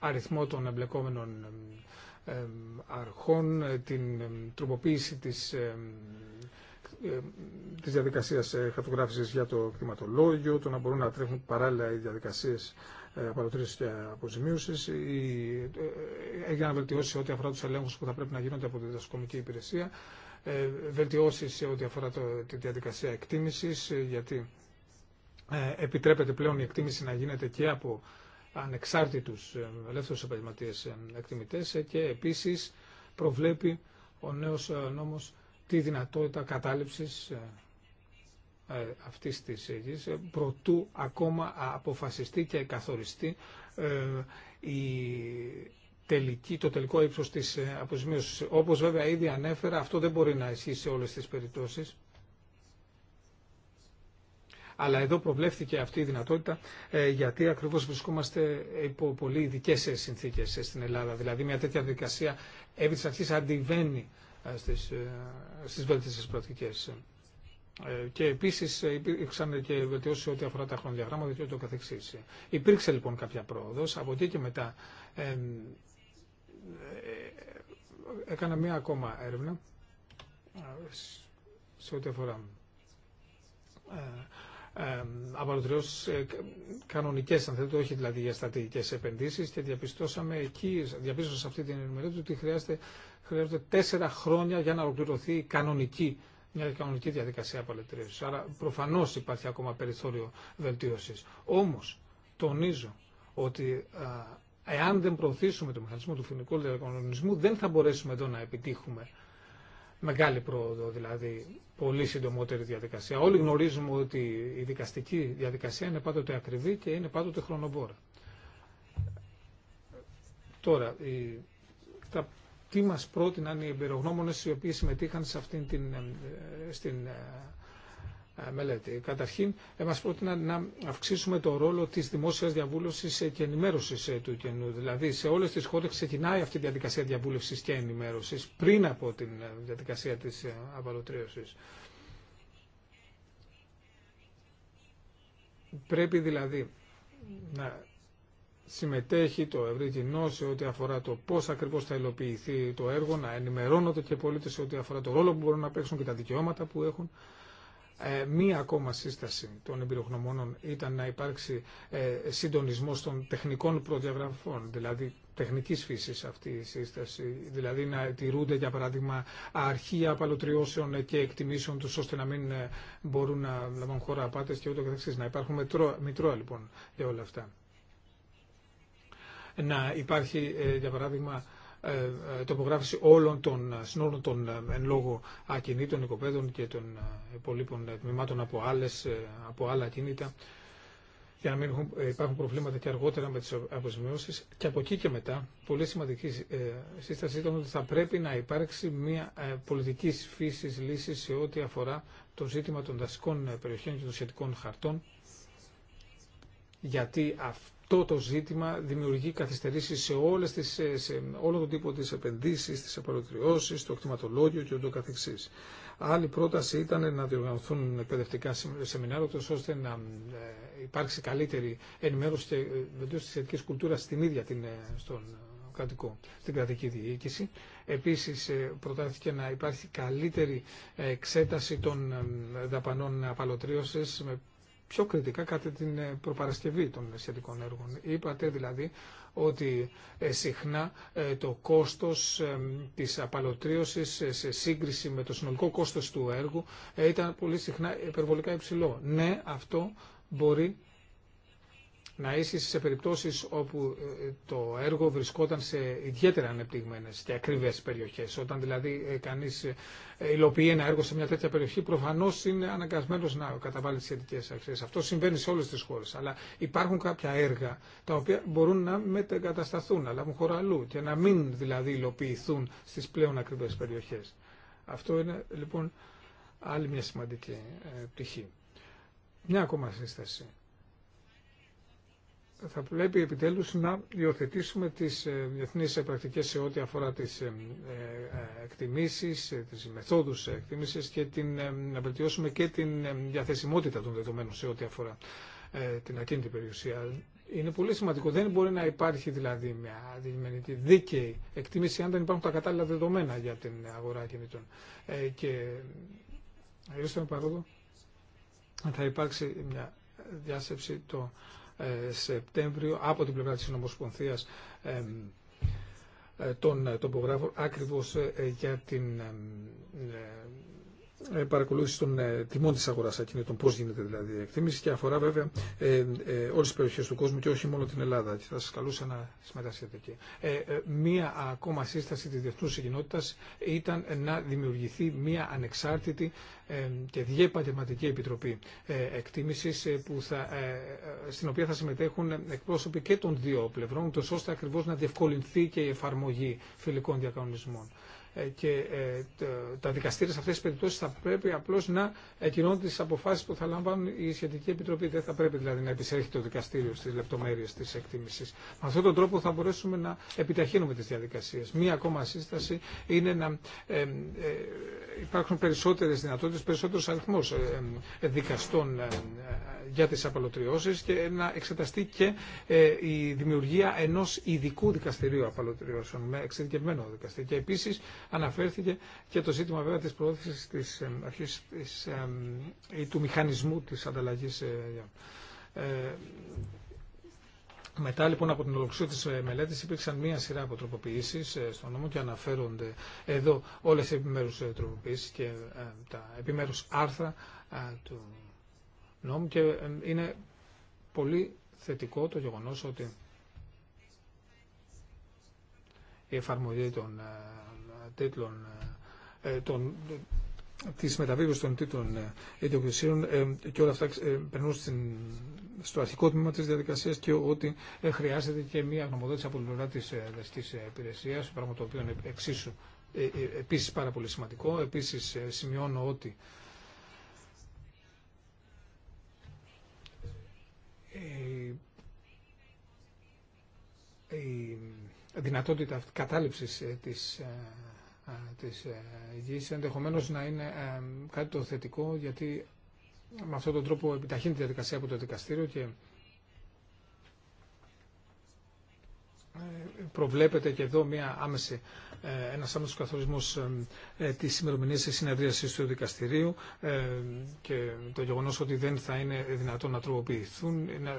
αριθμό των εμπλεκόμενων αρχών, την τροποποίηση της τη διαδικασία χαρτογράφηση για το κτηματολόγιο, το να μπορούν να τρέχουν παράλληλα οι διαδικασίε παροτρύνση και αποζημίωση, έγιναν βελτιώσει ό,τι αφορά του ελέγχου που θα πρέπει να γίνονται από τη διδασκομική υπηρεσία ε, βελτιώσει σε ό,τι αφορά τη διαδικασία εκτίμησης, ε, γιατί ε, επιτρέπεται πλέον η εκτίμηση να γίνεται και από ανεξάρτητους ελεύθερους επαγγελματίες εκτιμητές και επίσης προβλέπει ο νέος νόμος τη δυνατότητα κατάληψης αυτής της γης προτού ακόμα αποφασιστεί και καθοριστεί η τελική, το τελικό ύψος της ε, αποζημίωσης. Όπως βέβαια ήδη ανέφερα, αυτό δεν μπορεί να ισχύει σε όλες τις περιπτώσεις. Αλλά εδώ προβλέφθηκε αυτή η δυνατότητα ε, γιατί ακριβώ βρισκόμαστε υπό πολύ ειδικέ ε, συνθήκε στην Ελλάδα. Δηλαδή μια τέτοια δικασία επί τη αρχή αντιβαίνει στι βέλτιστε πρακτικέ. Και επίση υπήρξαν και βελτιώσει ό,τι αφορά τα χρονοδιαγράμματα και ό,τι καθεξή. Υπήρξε λοιπόν κάποια πρόοδο. Από εκεί και μετά ε, ε, ε, έκανα μία ακόμα έρευνα σε ό,τι αφορά απαλωτριώσεις κανονικές, αν θέλετε, όχι δηλαδή για στατικές επενδύσεις και διαπιστώσαμε εκεί, διαπίστωσα σε αυτή την ενημερίδα ότι χρειάζεται, χρειάζεται τέσσερα χρόνια για να ολοκληρωθεί κανονική μια κανονική διαδικασία απαλωτρίωσης. Άρα προφανώς υπάρχει ακόμα περιθώριο βελτίωσης. Όμως τονίζω ότι εάν δεν προωθήσουμε το μηχανισμό του φοινικού οικονομισμού, δεν θα μπορέσουμε εδώ να επιτύχουμε μεγάλη πρόοδο, δηλαδή πολύ συντομότερη διαδικασία. Όλοι γνωρίζουμε ότι η δικαστική διαδικασία είναι πάντοτε ακριβή και είναι πάντοτε χρονοβόρα. Τώρα, η, τα, τι μας πρότειναν οι εμπειρογνώμονες οι οποίοι συμμετείχαν σε αυτήν την, ε, στην ε, μελέτη. Καταρχήν, ε, μας πρότειναν να αυξήσουμε το ρόλο της δημόσιας διαβούλευσης ε, και ενημέρωσης ε, του κενού. Δηλαδή, σε όλες τις χώρες ξεκινάει αυτή η διαδικασία διαβούλευσης και ενημέρωσης πριν από την διαδικασία της απαλωτρίωσης. Πρέπει δηλαδή να συμμετέχει το ευρύ κοινό σε ό,τι αφορά το πώ ακριβώ θα υλοποιηθεί το έργο, να ενημερώνονται και οι πολίτε σε ό,τι αφορά το ρόλο που μπορούν να παίξουν και τα δικαιώματα που έχουν. Ε, μία ακόμα σύσταση των εμπειρογνωμόνων ήταν να υπάρξει ε, συντονισμός των τεχνικών προδιαγραφών, δηλαδή τεχνικής φύσης αυτή η σύσταση, δηλαδή να τηρούνται για παράδειγμα αρχεία απαλωτριώσεων και εκτιμήσεων του ώστε να μην ε, μπορούν να λαμβάνουν χώρα απάτες και ούτω καθεξής. Να υπάρχουν μητρώα, λοιπόν για όλα αυτά. Να υπάρχει ε, για παράδειγμα ε, ε, τοπογράφηση όλων των ε, συνόρων των εν λόγω ακινήτων, οικοπαίδων και των υπολείπων τμήματων από, άλλες, από άλλα ακινήτα για να μην υπάρχουν προβλήματα και αργότερα με τις αποζημιώσεις. Και από εκεί και μετά, πολύ σημαντική σύσταση ήταν ότι θα πρέπει να υπάρξει μια πολιτική φύση λύση σε ό,τι αφορά το ζήτημα των δασικών περιοχών και των σχετικών χαρτών, γιατί αυτό αυτό το ζήτημα δημιουργεί καθυστερήσεις σε, όλες τις, σε όλο τον τύπο της επενδύσεις, της απαλωτριώσης, το κτηματολόγιο και ούτω καθεξής. Άλλη πρόταση ήταν να διοργανωθούν εκπαιδευτικά σεμινάρια, ώστε να ε, υπάρξει καλύτερη ενημέρωση και ε, βελτίωση της ειδικής κουλτούρας στην ίδια την, ε, στον κρατικό, στην κρατική διοίκηση. Επίσης προτάθηκε να υπάρχει καλύτερη εξέταση των δαπανών απαλωτρίωσης με πιο κριτικά κατά την ε, προπαρασκευή των σχετικών έργων. Είπατε δηλαδή ότι ε, συχνά ε, το κόστος της απαλωτρίωσης σε σύγκριση με το συνολικό κόστος του έργου ήταν πολύ συχνά υπερβολικά υψηλό. Ναι, αυτό μπορεί να ίσχυσε σε περιπτώσεις όπου ε, το έργο βρισκόταν σε ιδιαίτερα ανεπτυγμένες και ακριβές περιοχές. Όταν δηλαδή ε, κανείς ε, υλοποιεί ένα έργο σε μια τέτοια περιοχή, προφανώς είναι αναγκασμένος να καταβάλει τις σχετικές αξίες. Αυτό συμβαίνει σε όλες τις χώρες. Αλλά υπάρχουν κάποια έργα τα οποία μπορούν να μετεγκατασταθούν, να λάβουν χώρα αλλού και να μην δηλαδή υλοποιηθούν στις πλέον ακριβές περιοχές. Αυτό είναι λοιπόν άλλη μια σημαντική πτυχή. Μια ακόμα σύσταση θα πρέπει επιτέλους να υιοθετήσουμε τις ε, διεθνείς ε, πρακτικές σε ό,τι αφορά τις ε, εκτιμήσεις, τις μεθόδους εκτιμήσεις και την, να βελτιώσουμε και την διαθεσιμότητα των δεδομένων σε ό,τι αφορά την ακίνητη περιουσία. Είναι πολύ σημαντικό. Δεν μπορεί να υπάρχει δηλαδή μια δίκαιη εκτίμηση αν δεν υπάρχουν τα κατάλληλα δεδομένα για την αγορά κινητών. και παρόλο θα υπάρξει μια διάσεψη το ε, Σεπτέμβριο από την πλευρά της Νομοσπονθίας ε, των ε, τοπογράφων ακριβώς για την ε, παρακολούθηση των ε, τιμών της αγοράς ακινήτων, πώς γίνεται δηλαδή η εκτίμηση και αφορά βέβαια ε, ε, όλες τις περιοχές του κόσμου και όχι μόνο την Ελλάδα και θα σας καλούσα να συμμετάσχετε εκεί. Ε, ε μία ακόμα σύσταση της διεθνούς κοινοτητα ήταν να δημιουργηθεί μία ανεξάρτητη και διεπαγγελματική επιτροπή εκτίμησης που θα, στην οποία θα συμμετέχουν εκπρόσωποι και των δύο πλευρών, ώστε ακριβώς να διευκολυνθεί και η εφαρμογή φιλικών διακανονισμών. Ε, και ε, τα δικαστήρια σε αυτές τις περιπτώσεις θα πρέπει απλώς να εκκοινώνουν τις αποφάσεις που θα λαμβάνουν η σχετική επιτροπή. Δεν θα πρέπει δηλαδή να επισέρχεται το δικαστήριο στις λεπτομέρειες της εκτίμησης. Με αυτόν τον τρόπο θα μπορέσουμε να επιταχύνουμε τις διαδικασίες. Μία ακόμα σύσταση είναι να ε, υπάρχουν περισσότερες δυνατότητες, περισσότερος αριθμός δικαστών για τις απαλωτριώσεις και να εξεταστεί και η δημιουργία ενός ειδικού δικαστηρίου απαλωτριώσεων με εξειδικευμένο δικαστή. επίσης αναφέρθηκε και το ζήτημα βέβαια της προώθησης της ε, αρχής της, ε, του μηχανισμού της ανταλλαγής ε, μετά λοιπόν από την ολοκλήρωση τη μελέτη υπήρξαν μία σειρά από τροποποιήσει στον νόμο και αναφέρονται εδώ όλε οι επιμέρου τροποποιήσει και τα επιμέρου άρθρα του νόμου και είναι πολύ θετικό το γεγονός ότι η εφαρμογή των τίτλων ε, ε, των, της μεταβίβασης των τίτλων ε, ιδιοκτησίων και όλα αυτά περνούν στο αρχικό τμήμα της διαδικασίας και ότι χρειάζεται και μια γνωμοδότηση από την πλευρά της υπηρεσίας, πράγμα το οποίο είναι εξίσου επίσης πάρα πολύ σημαντικό. Επίσης σημειώνω ότι η δυνατότητα κατάληψης της της ε, γης ενδεχομένως να είναι ε, κάτι το θετικό γιατί με αυτόν τον τρόπο επιταχύνει τη διαδικασία από το δικαστήριο και ε, προβλέπεται και εδώ μία άμεση ε, ένας άμεσος καθορισμός ε, ε, της ημερομηνία της συνεδρίασης του δικαστηρίου και το γεγονός ότι δεν θα είναι δυνατόν να τροποποιηθούν, να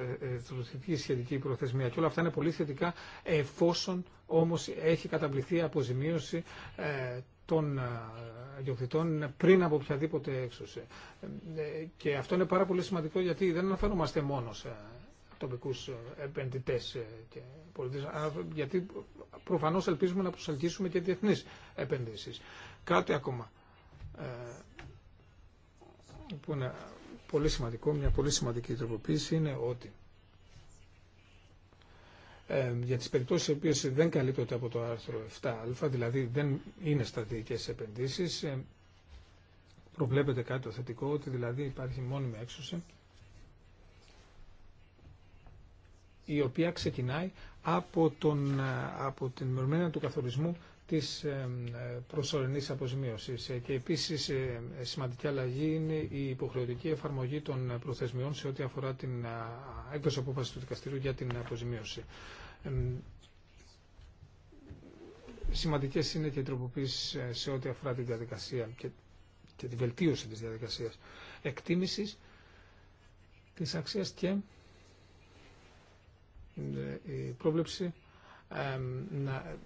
τροποποιηθεί η σχετική προθεσμία και όλα αυτά είναι πολύ θετικά εφόσον όμως έχει καταβληθεί αποζημίωση των ιδιοκτητών πριν από οποιαδήποτε έξωση. Και αυτό είναι πάρα πολύ σημαντικό γιατί δεν αναφέρομαστε μόνο σε τοπικού ε, επενδυτέ ε, και πολιτέ. γιατί προφανώς ελπίζουμε να προσελκύσουμε και διεθνεί επενδύσεις. Κάτι ακόμα ε, που είναι πολύ σημαντικό, μια πολύ σημαντική τροποποίηση είναι ότι για τις περιπτώσεις οι οποίες δεν καλύπτονται από το άρθρο 7α, δηλαδή δεν είναι στρατηγικές επενδύσεις, προβλέπεται κάτι το θετικό, ότι δηλαδή υπάρχει μόνιμη έξωση η οποία ξεκινάει από, τον, ε, από την μερμένα του καθορισμού της ε, προσωρινής αποζημίωσης. Ε, και επίσης σημαντική αλλαγή είναι η υποχρεωτική εφαρμογή των προθεσμιών σε ό,τι αφορά την έκδοση απόφαση του δικαστηρίου για την αποζημίωση. Σημαντικές είναι και οι τροποποίησεις σε ό,τι αφορά την διαδικασία και, τη βελτίωση της διαδικασίας εκτίμησης της αξίας και η πρόβλεψη να,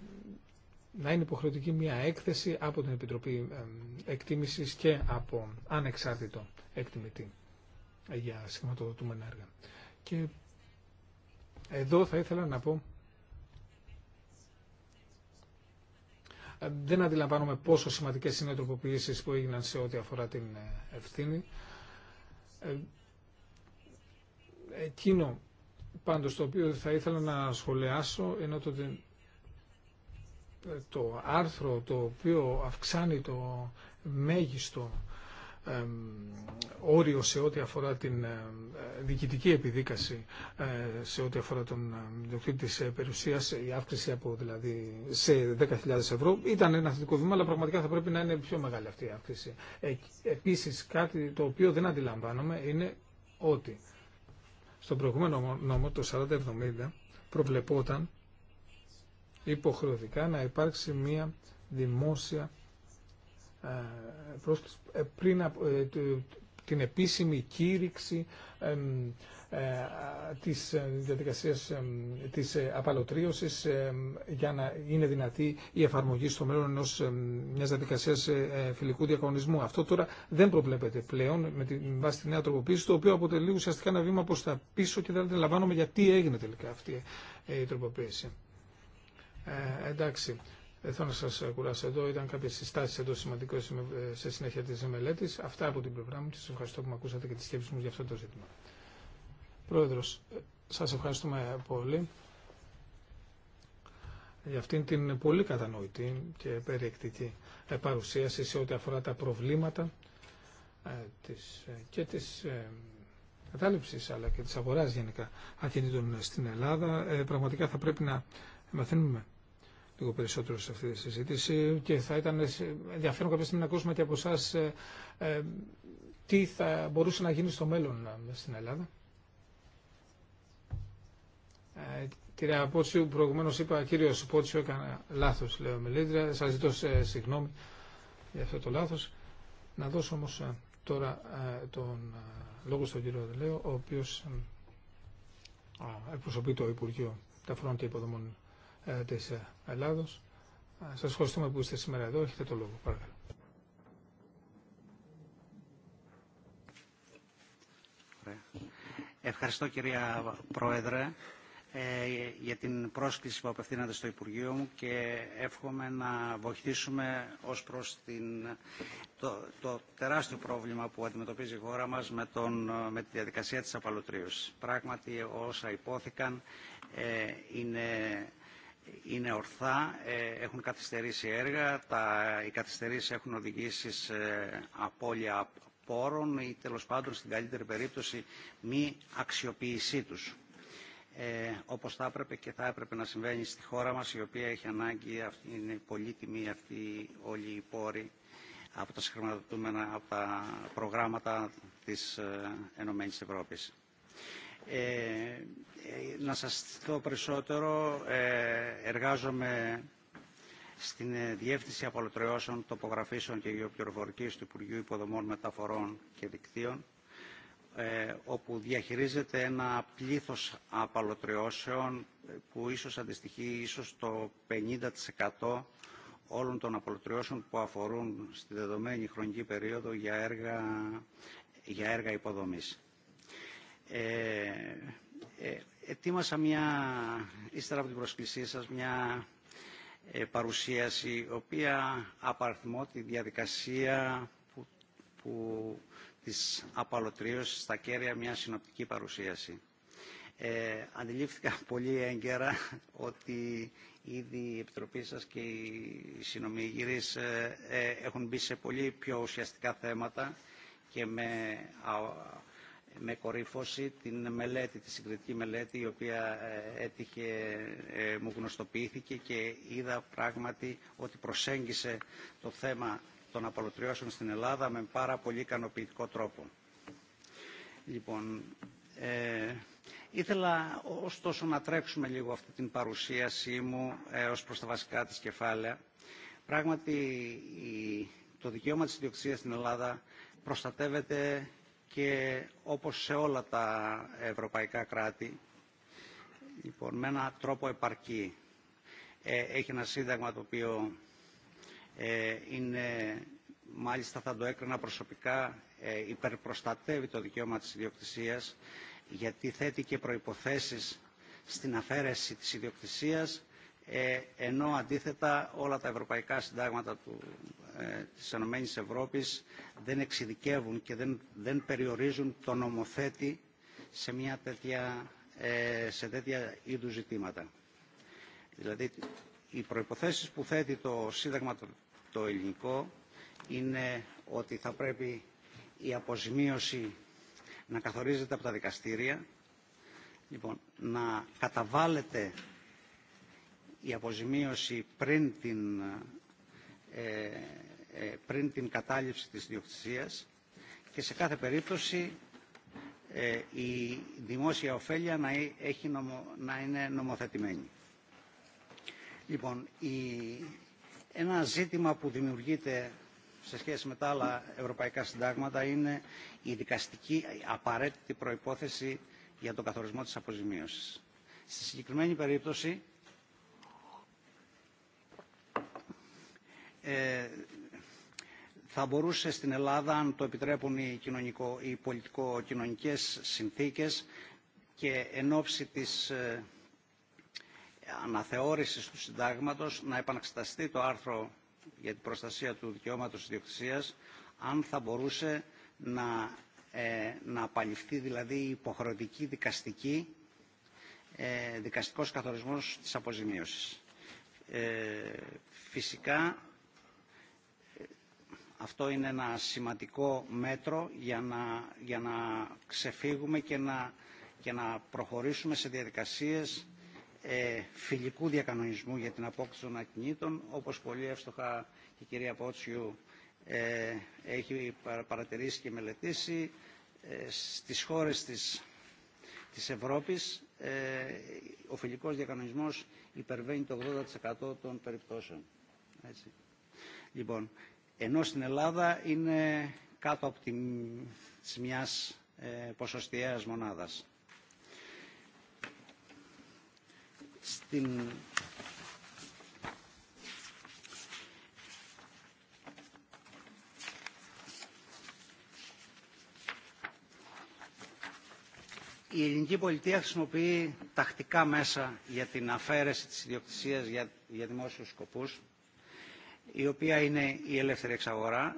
είναι υποχρεωτική μια έκθεση από την Επιτροπή Εκτίμησης και από ανεξάρτητο εκτιμητή για σχηματοδοτούμενα έργα. Και εδώ θα ήθελα να πω δεν αντιλαμβάνομαι πόσο σημαντικές είναι οι τροποποιήσεις που έγιναν σε ό,τι αφορά την ε, ευθύνη. Ε, εκείνο Πάντως το οποίο θα ήθελα να σχολιάσω είναι ότι το άρθρο το οποίο αυξάνει το μέγιστο όριο σε ό,τι αφορά την ε, διοικητική επιδίκαση ε, σε ό,τι αφορά τον ε, διοκτήτη της περιουσίας η αύξηση από δηλαδή σε 10.000 ευρώ ήταν ένα θετικό βήμα αλλά πραγματικά θα πρέπει να είναι πιο μεγάλη αυτή η αύξηση. Ε, επίσης κάτι το οποίο δεν αντιλαμβάνομαι είναι ότι στον προηγούμενο νόμο, το 4070, προβλεπόταν υποχρεωτικά να υπάρξει μία δημόσια ε, πρόσκληση ε, πριν από ε, την επίσημη κήρυξη ε, της ε, διαδικασίας της ε, απαλωτρίωσης για να είναι δυνατή η εφαρμογή στο μέλλον ενός μιας διαδικασίας φιλικού διακονισμού. Αυτό τώρα δεν προβλέπεται πλέον με τη βάση τη νέα τροποποίηση, το οποίο αποτελεί ουσιαστικά ένα βήμα προς τα πίσω και δεν αντιλαμβάνομαι γιατί έγινε τελικά αυτή η τροποποίηση. Ε, εντάξει. Δεν θέλω να σα ε, κουράσω εδώ. Ήταν κάποιε συστάσει εδώ σημαντικέ ε, σε συνέχεια τη μελέτη. Αυτά από την πλευρά μου σα ευχαριστώ που με ακούσατε και τι σκέψει μου για αυτό το ζήτημα. Πρόεδρο, ε, σα ευχαριστούμε πολύ για αυτήν την πολύ κατανοητή και περιεκτική παρουσίαση σε ό,τι αφορά τα προβλήματα και της κατάληψης αλλά και της αγοράς γενικά ακινήτων στην Ελλάδα. πραγματικά θα πρέπει να μαθαίνουμε λίγο περισσότερο σε αυτή τη συζήτηση και θα ήταν ενδιαφέρον κάποια στιγμή να ακούσουμε και από εσά ε, ε, τι θα μπορούσε να γίνει στο μέλλον ε, στην Ελλάδα. Κυρία Απότσιου, προηγουμένω είπα κύριο Πότσιου, έκανα λάθο, λέω λίτρα, Σα ζητώ συγγνώμη για αυτό το λάθο. Να δώσω όμω τώρα τον λόγο στον κύριο Δελέο, ο οποίο εκπροσωπεί το Υπουργείο Ταφρών και Υποδομών της Ελλάδος. Σας ευχαριστούμε που είστε σήμερα εδώ. Έχετε το λόγο. Παρακαλώ. Ευχαριστώ κυρία Πρόεδρε ε, για την πρόσκληση που απευθύνατε στο Υπουργείο μου και εύχομαι να βοηθήσουμε ως προς την, το, το τεράστιο πρόβλημα που αντιμετωπίζει η χώρα μας με, τον, με τη διαδικασία της απαλωτρίωσης. Πράγματι όσα υπόθηκαν ε, είναι είναι ορθά, ε, έχουν καθυστερήσει έργα, τα, οι καθυστερήσεις έχουν οδηγήσει σε απώλεια πόρων ή τέλος πάντων στην καλύτερη περίπτωση μη αξιοποίησή τους. Ε, όπως θα έπρεπε και θα έπρεπε να συμβαίνει στη χώρα μας η οποία έχει ανάγκη, αυτή, είναι πολύτιμη αυτή όλη η πόρη από τα συγχρηματοδοτούμενα από τα προγράμματα της ΕΕ. Ε, ε, να σας το περισσότερο, ε, εργάζομαι στην Διεύθυνση Απολωτριώσεων, Τοπογραφήσεων και Γεωπληροφορικής του Υπουργείου Υποδομών Μεταφορών και Δικτύων, όπου διαχειρίζεται ένα πλήθος απαλωτριώσεων που ίσως αντιστοιχεί ίσως το 50% όλων των απολωτριώσεων που αφορούν στη δεδομένη χρονική περίοδο για έργα, για έργα υποδομής. Ε, ε, ετοίμασα μια, ύστερα από την προσκλησία σας, μια ε, παρουσίαση, η οποία απαριθμώ τη διαδικασία που, που της απαλωτρίωσης στα κέρια μια συνοπτική παρουσίαση. Ε, αντιλήφθηκα πολύ έγκαιρα ότι ήδη η Επιτροπή σας και οι συνομιγυρίες έχουν μπει σε πολύ πιο ουσιαστικά θέματα και με με κορύφωση την μελέτη, τη συγκριτική μελέτη η οποία ε, έτυχε, ε, μου γνωστοποιήθηκε και είδα πράγματι ότι προσέγγισε το θέμα των απολωτριώσεων στην Ελλάδα με πάρα πολύ ικανοποιητικό τρόπο. Λοιπόν, ε, ήθελα ωστόσο να τρέξουμε λίγο αυτή την παρουσίασή μου ε, ως προς τα βασικά της κεφάλαια. Πράγματι, το δικαίωμα της ιδιοκτησίας στην Ελλάδα προστατεύεται και όπως σε όλα τα ευρωπαϊκά κράτη, λοιπόν, με έναν τρόπο επαρκή. Ε, έχει ένα σύνταγμα το οποίο ε, είναι, μάλιστα θα το έκρινα προσωπικά, ε, υπερπροστατεύει το δικαίωμα της ιδιοκτησίας, γιατί θέτει και προϋποθέσεις στην αφαίρεση της ιδιοκτησίας ε, ενώ αντίθετα όλα τα ευρωπαϊκά συντάγματα του, ε, της Ευρώπης δεν εξειδικεύουν και δεν, δεν περιορίζουν τον νομοθέτη σε, μια τέτοια, ε, σε τέτοια είδου ζητήματα. Δηλαδή, οι προϋποθέσεις που θέτει το Σύνταγμα το, ελληνικό είναι ότι θα πρέπει η αποζημίωση να καθορίζεται από τα δικαστήρια, λοιπόν, να καταβάλλεται η αποζημίωση πριν την, ε, ε, πριν κατάληψη της διοκτησίας και σε κάθε περίπτωση ε, η δημόσια ωφέλεια να, έχει να είναι νομοθετημένη. Λοιπόν, η, ένα ζήτημα που δημιουργείται σε σχέση με τα άλλα ευρωπαϊκά συντάγματα είναι η δικαστική απαραίτητη προϋπόθεση για τον καθορισμό της αποζημίωσης. Στη συγκεκριμένη περίπτωση Ε, θα μπορούσε στην Ελλάδα, αν το επιτρέπουν οι, κοινωνικο, οι κοινωνικες συνθήκες και εν ώψη της ε, αναθεώρησης του συντάγματος να επαναξεταστεί το άρθρο για την προστασία του δικαιώματος ιδιοκτησίας αν θα μπορούσε να, ε, να απαλληφθεί δηλαδή η υποχρεωτική δικαστική ε, δικαστικός καθορισμός της αποζημίωσης. φυσικά αυτό είναι ένα σημαντικό μέτρο για να, για να ξεφύγουμε και να, και να προχωρήσουμε σε διαδικασίες ε, φιλικού διακανονισμού για την απόκτηση των ακινήτων, όπως πολύ εύστοχα η κυρία Πότσιου ε, έχει παρατηρήσει και μελετήσει, ε, στις χώρες της, της Ευρώπης ε, ο φιλικός διακανονισμός υπερβαίνει το 80% των περιπτώσεων. Έτσι. Λοιπόν, ενώ στην Ελλάδα είναι κάτω από τη μιας ε, ποσοστιαίας μονάδας. Στην... Η ελληνική πολιτεία χρησιμοποιεί τακτικά μέσα για την αφαίρεση της ιδιοκτησίας για δημόσιους σκοπούς η οποία είναι η ελεύθερη εξαγορά,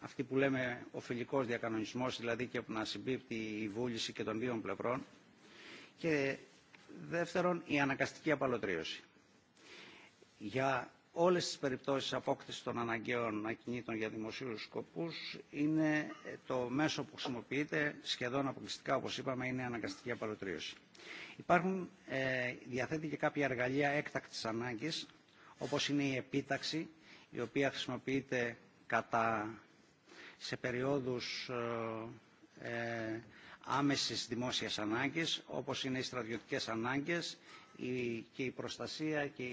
αυτή που λέμε ο φιλικός διακανονισμός, δηλαδή και που να συμπίπτει η βούληση και των δύο πλευρών, και δεύτερον η αναγκαστική απαλωτρίωση. Για όλες τις περιπτώσεις απόκτηση των αναγκαίων ακινήτων για δημοσίους σκοπούς είναι το μέσο που χρησιμοποιείται σχεδόν αποκλειστικά όπως είπαμε είναι η αναγκαστική απαλωτρίωση. Υπάρχουν, ε, διαθέτει και κάποια εργαλεία έκτακτης ανάγκης όπως είναι η επίταξη, η οποία χρησιμοποιείται κατά, σε περιόδους ε, ε, άμεσης δημόσιας ανάγκης, όπως είναι οι στρατιωτικές ανάγκες η, και η προστασία, και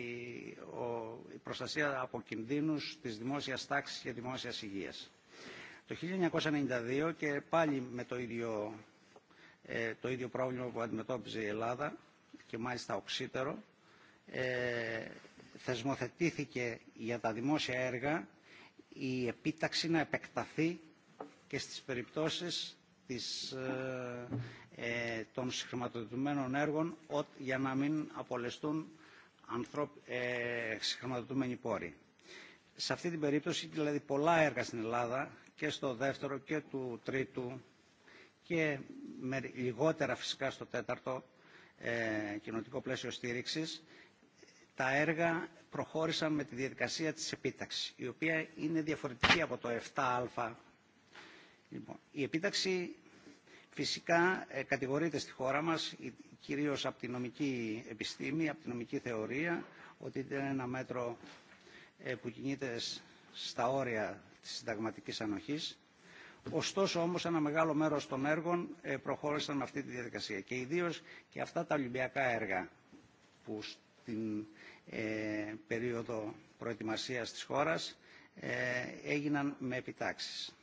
ο, η προστασία από κινδύνους της δημόσιας τάξης και δημόσιας υγείας. Το 1992 και πάλι με το ίδιο, ε, το ίδιο πρόβλημα που αντιμετώπιζε η Ελλάδα και μάλιστα οξύτερο, ε, θεσμοθετήθηκε για τα δημόσια έργα η επίταξη να επεκταθεί και στις περιπτώσεις της, ε, ε των συγχρηματοδοτημένων έργων ό, για να μην απολεστούν ανθρωπ, ε, συγχρηματοδοτημένοι πόροι. Σε αυτή την περίπτωση, δηλαδή πολλά έργα στην Ελλάδα και στο δεύτερο και του τρίτου και με λιγότερα φυσικά στο τέταρτο ε, πλαίσιο στήριξης τα έργα προχώρησαν με τη διαδικασία της επίταξης, η οποία είναι διαφορετική από το 7α. Λοιπόν, η επίταξη φυσικά ε, κατηγορείται στη χώρα μας, κυρίως από τη νομική επιστήμη, από τη νομική θεωρία, ότι είναι ένα μέτρο ε, που κινείται στα όρια της συνταγματικής ανοχής. Ωστόσο όμως ένα μεγάλο μέρος των έργων ε, προχώρησαν με αυτή τη διαδικασία και ιδίως και αυτά τα Ολυμπιακά έργα που την ε, περίοδο προετοιμασίας της χώρας ε, έγιναν με επιτάξεις.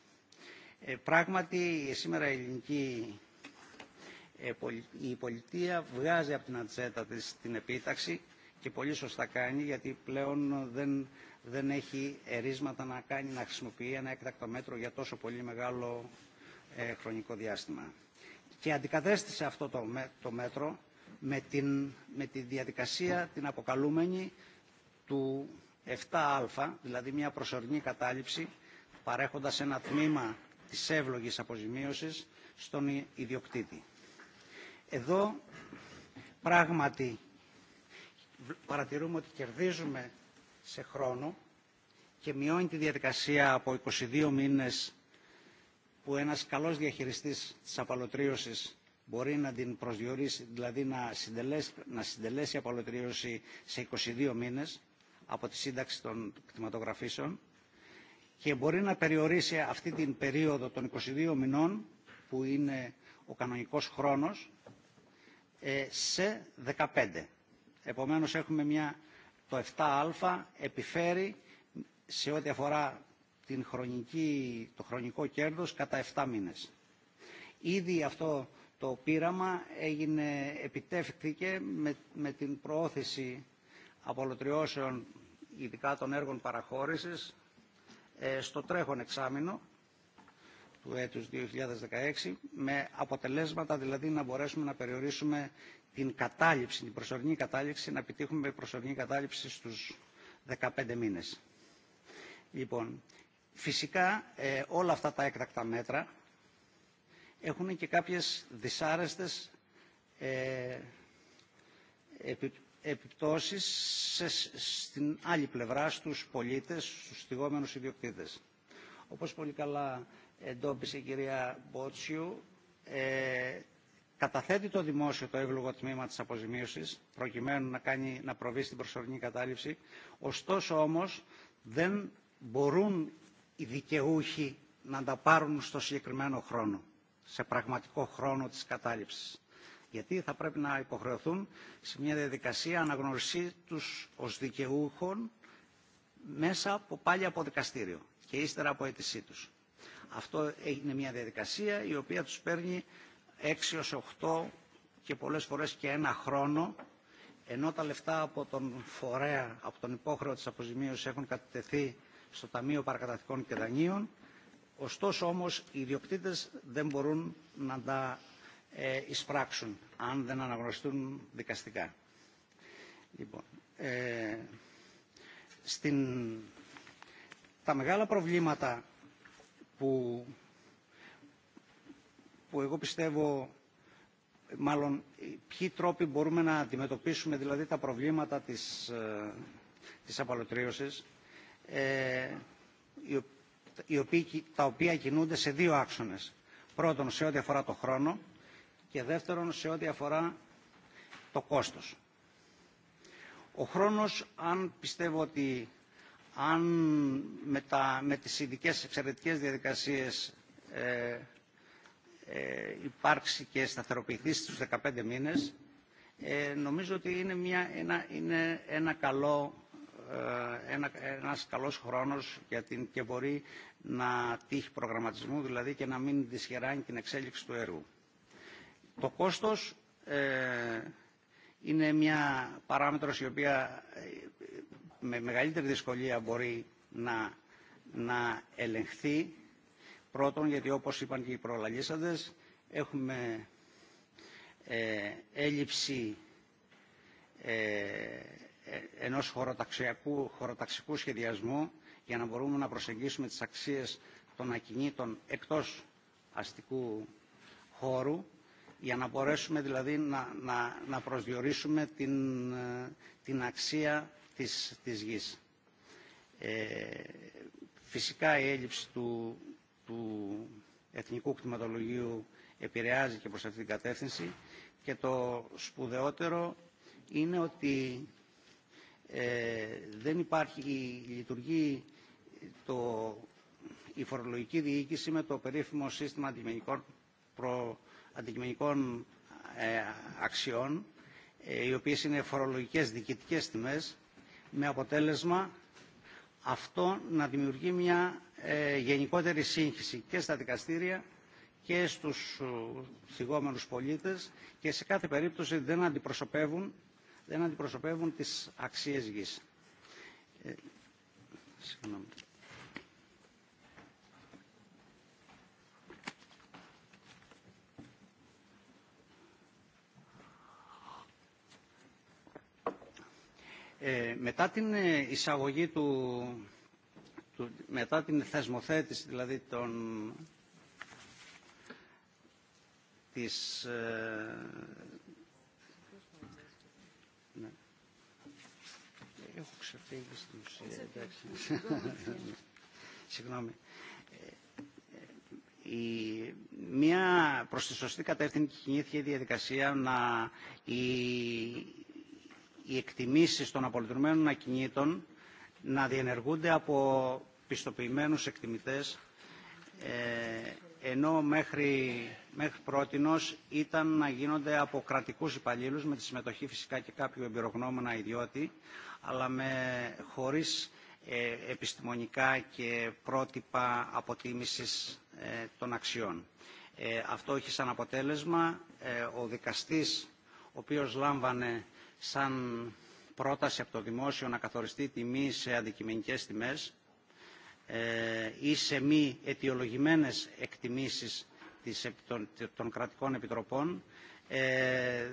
Ε, πράγματι, σήμερα η ελληνική η πολιτεία βγάζει από την ατζέτα της την επίταξη και πολύ σωστά κάνει γιατί πλέον δεν, δεν έχει ερίσματα να κάνει να χρησιμοποιεί ένα έκτακτο μέτρο για τόσο πολύ μεγάλο χρονικό διάστημα. Και αντικατέστησε αυτό το μέτρο με, την, με τη διαδικασία την αποκαλούμενη του 7α, δηλαδή μια προσωρινή κατάληψη, παρέχοντας ένα τμήμα της εύλογης αποζημίωσης στον ιδιοκτήτη. Εδώ πράγματι παρατηρούμε ότι κερδίζουμε σε χρόνο και μειώνει τη διαδικασία από 22 μήνες που ένας καλός διαχειριστής της απαλωτρίωσης μπορεί να την προσδιορίσει, δηλαδή να συντελέσει, να συντελέσει απολωτρίωση σε 22 μήνες από τη σύνταξη των κτηματογραφήσεων και μπορεί να περιορίσει αυτή την περίοδο των 22 μηνών που είναι ο κανονικός χρόνος ε, σε 15. Επομένως έχουμε μια, το 7α επιφέρει σε ό,τι αφορά την χρονική, το χρονικό κέρδος κατά 7 μήνες. Ήδη αυτό το πείραμα έγινε, επιτεύχθηκε με, με την προώθηση απολωτριώσεων ειδικά των έργων παραχώρησης ε, στο τρέχον εξάμεινο του έτους 2016 με αποτελέσματα δηλαδή να μπορέσουμε να περιορίσουμε την κατάληψη, την προσωρινή κατάληψη, να επιτύχουμε προσωρινή κατάληψη στους 15 μήνες. Λοιπόν, φυσικά ε, όλα αυτά τα έκτακτα μέτρα έχουν και κάποιες δυσάρεστες ε, επιπτώσεις σε, στην άλλη πλευρά στους πολίτες, στους στιγόμενους ιδιοκτήτες. Όπως πολύ καλά εντόπισε η κυρία Μπότσιου, ε, καταθέτει το δημόσιο το εύλογο τμήμα της αποζημίωσης, προκειμένου να, κάνει, να προβεί στην προσωρινή κατάληψη. Ωστόσο όμως δεν μπορούν οι δικαιούχοι να τα πάρουν στο συγκεκριμένο χρόνο σε πραγματικό χρόνο της κατάληψης. Γιατί θα πρέπει να υποχρεωθούν σε μια διαδικασία αναγνωρισή τους ως δικαιούχων μέσα από πάλι από δικαστήριο και ύστερα από αίτησή τους. Αυτό είναι μια διαδικασία η οποία τους παίρνει 6 ως 8 και πολλές φορές και ένα χρόνο ενώ τα λεφτά από τον φορέα, από τον υπόχρεο της αποζημίωσης έχουν κατατεθεί στο Ταμείο Παρακαταθήκων και Δανείων Ωστόσο όμως οι ιδιοκτήτες δεν μπορούν να τα ε, εισπράξουν αν δεν αναγνωριστούν δικαστικά. Λοιπόν, ε, στην... Τα μεγάλα προβλήματα που, που εγώ πιστεύω μάλλον ποιοι τρόποι μπορούμε να αντιμετωπίσουμε δηλαδή τα προβλήματα της, ε, της απαλωτρίωσης ε, τα οποία κινούνται σε δύο άξονες. Πρώτον, σε ό,τι αφορά το χρόνο και δεύτερον, σε ό,τι αφορά το κόστος. Ο χρόνος, αν πιστεύω ότι αν με, τα, με τις ειδικέ εξαιρετικές διαδικασίες ε, ε, υπάρξει και σταθεροποιηθεί στους 15 μήνες, ε, νομίζω ότι είναι, μια, ένα, είναι ένα καλό ε, ένα, ένας καλός χρόνος για την, και μπορεί να τύχει προγραμματισμού δηλαδή και να μην δυσχεράνει την εξέλιξη του έργου. Το κόστος ε, είναι μια παράμετρος η οποία ε, με μεγαλύτερη δυσκολία μπορεί να, να ελεγχθεί. Πρώτον, γιατί όπως είπαν και οι προλαλήσαντες, έχουμε ε, έλλειψη ενός χωροταξιακού, χωροταξικού σχεδιασμού για να μπορούμε να προσεγγίσουμε τις αξίες των ακινήτων εκτός αστικού χώρου για να μπορέσουμε δηλαδή να, προσδιορίσουμε την, αξία της, της γης. Ε, φυσικά η έλλειψη του, εθνικού κτηματολογίου επηρεάζει και προς αυτή την κατεύθυνση και το σπουδαιότερο είναι ότι ε, δεν υπάρχει, λειτουργεί το, η φορολογική διοίκηση με το περίφημο σύστημα αντικειμενικών, προ, ε, αξιών, ε, οι οποίες είναι φορολογικές διοικητικές τιμές, με αποτέλεσμα αυτό να δημιουργεί μια γενικότερη σύγχυση και στα δικαστήρια και στους θυγόμενους πολίτες και σε κάθε περίπτωση δεν αντιπροσωπεύουν δεν αντιπροσωπεύουν τις αξίες γης. Ε, ε, μετά την ε, εισαγωγή του, του, μετά την θεσμοθέτηση δηλαδή των, της, έχω ξεφύγει στην εντάξει. Συγγνώμη. Ε, η, μια προς τη σωστή κατεύθυνση κινήθηκε η διαδικασία να οι, οι εκτιμήσεις των απολυτρωμένων ακινήτων να διενεργούνται από πιστοποιημένους εκτιμητές ε, ενώ μέχρι, μέχρι πρότινος ήταν να γίνονται από κρατικούς υπαλλήλους με τη συμμετοχή φυσικά και κάποιου εμπειρογνώμονα ιδιώτη αλλά με, χωρίς ε, επιστημονικά και πρότυπα αποτίμησης ε, των αξιών. Ε, αυτό έχει σαν αποτέλεσμα ο δικαστής, ο οποίος λάμβανε σαν πρόταση από το δημόσιο να καθοριστεί τιμή σε αντικειμενικές τιμές ή σε μη αιτιολογημένες εκτιμήσεις των κρατικών επιτροπών ε, ε,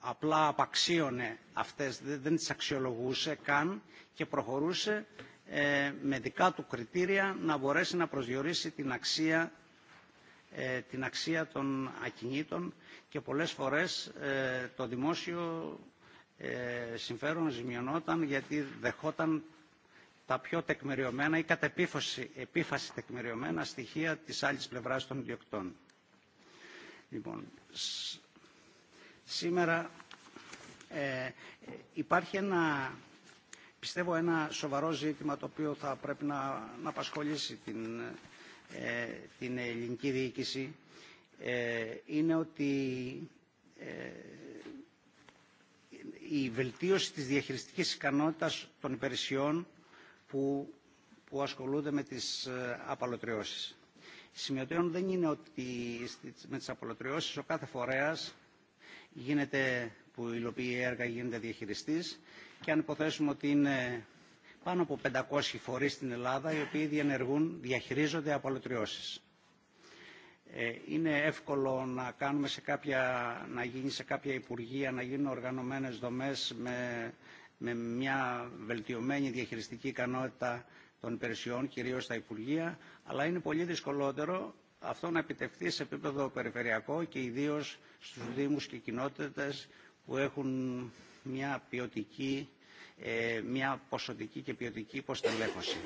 απλά απαξίωνε αυτές, δεν τις αξιολογούσε καν και προχωρούσε ε, με δικά του κριτήρια να μπορέσει να προσδιορίσει την αξία, την αξία των ακινήτων και πολλές φορές το δημόσιο συμφέρον ζημιωνόταν γιατί δεχόταν τα πιο τεκμηριωμένα ή κατ' επίφαση, επίφαση τεκμηριωμένα στοιχεία της άλλης πλευράς των ιδιοκτών. Λοιπόν, σήμερα ε, υπάρχει ένα, πιστεύω, ένα σοβαρό ζήτημα το οποίο θα πρέπει να, να απασχολήσει την, ε, την ελληνική διοίκηση. Ε, είναι ότι ε, η βελτίωση της διαχειριστικής ικανότητας των υπηρεσιών που, που ασχολούνται με τις απαλωτριώσεις. Σημειωτέων δεν είναι ότι με τις απολωτριώσεις ο κάθε φορέας γίνεται, που υλοποιεί έργα γίνεται διαχειριστής και αν υποθέσουμε ότι είναι πάνω από 500 φορείς στην Ελλάδα οι οποίοι διενεργούν, διαχειρίζονται απολωτριώσεις. Ε, είναι εύκολο να, κάνουμε σε κάποια, να γίνει σε κάποια υπουργεία, να γίνουν οργανωμένες δομές με, με μια βελτιωμένη διαχειριστική ικανότητα των υπηρεσιών, κυρίως στα Υπουργεία, αλλά είναι πολύ δυσκολότερο αυτό να επιτευχθεί σε επίπεδο περιφερειακό και ιδίως στους Δήμους και κοινότητες που έχουν μια ποιοτική, ε, μια ποσοτική και ποιοτική υποστελέχωση.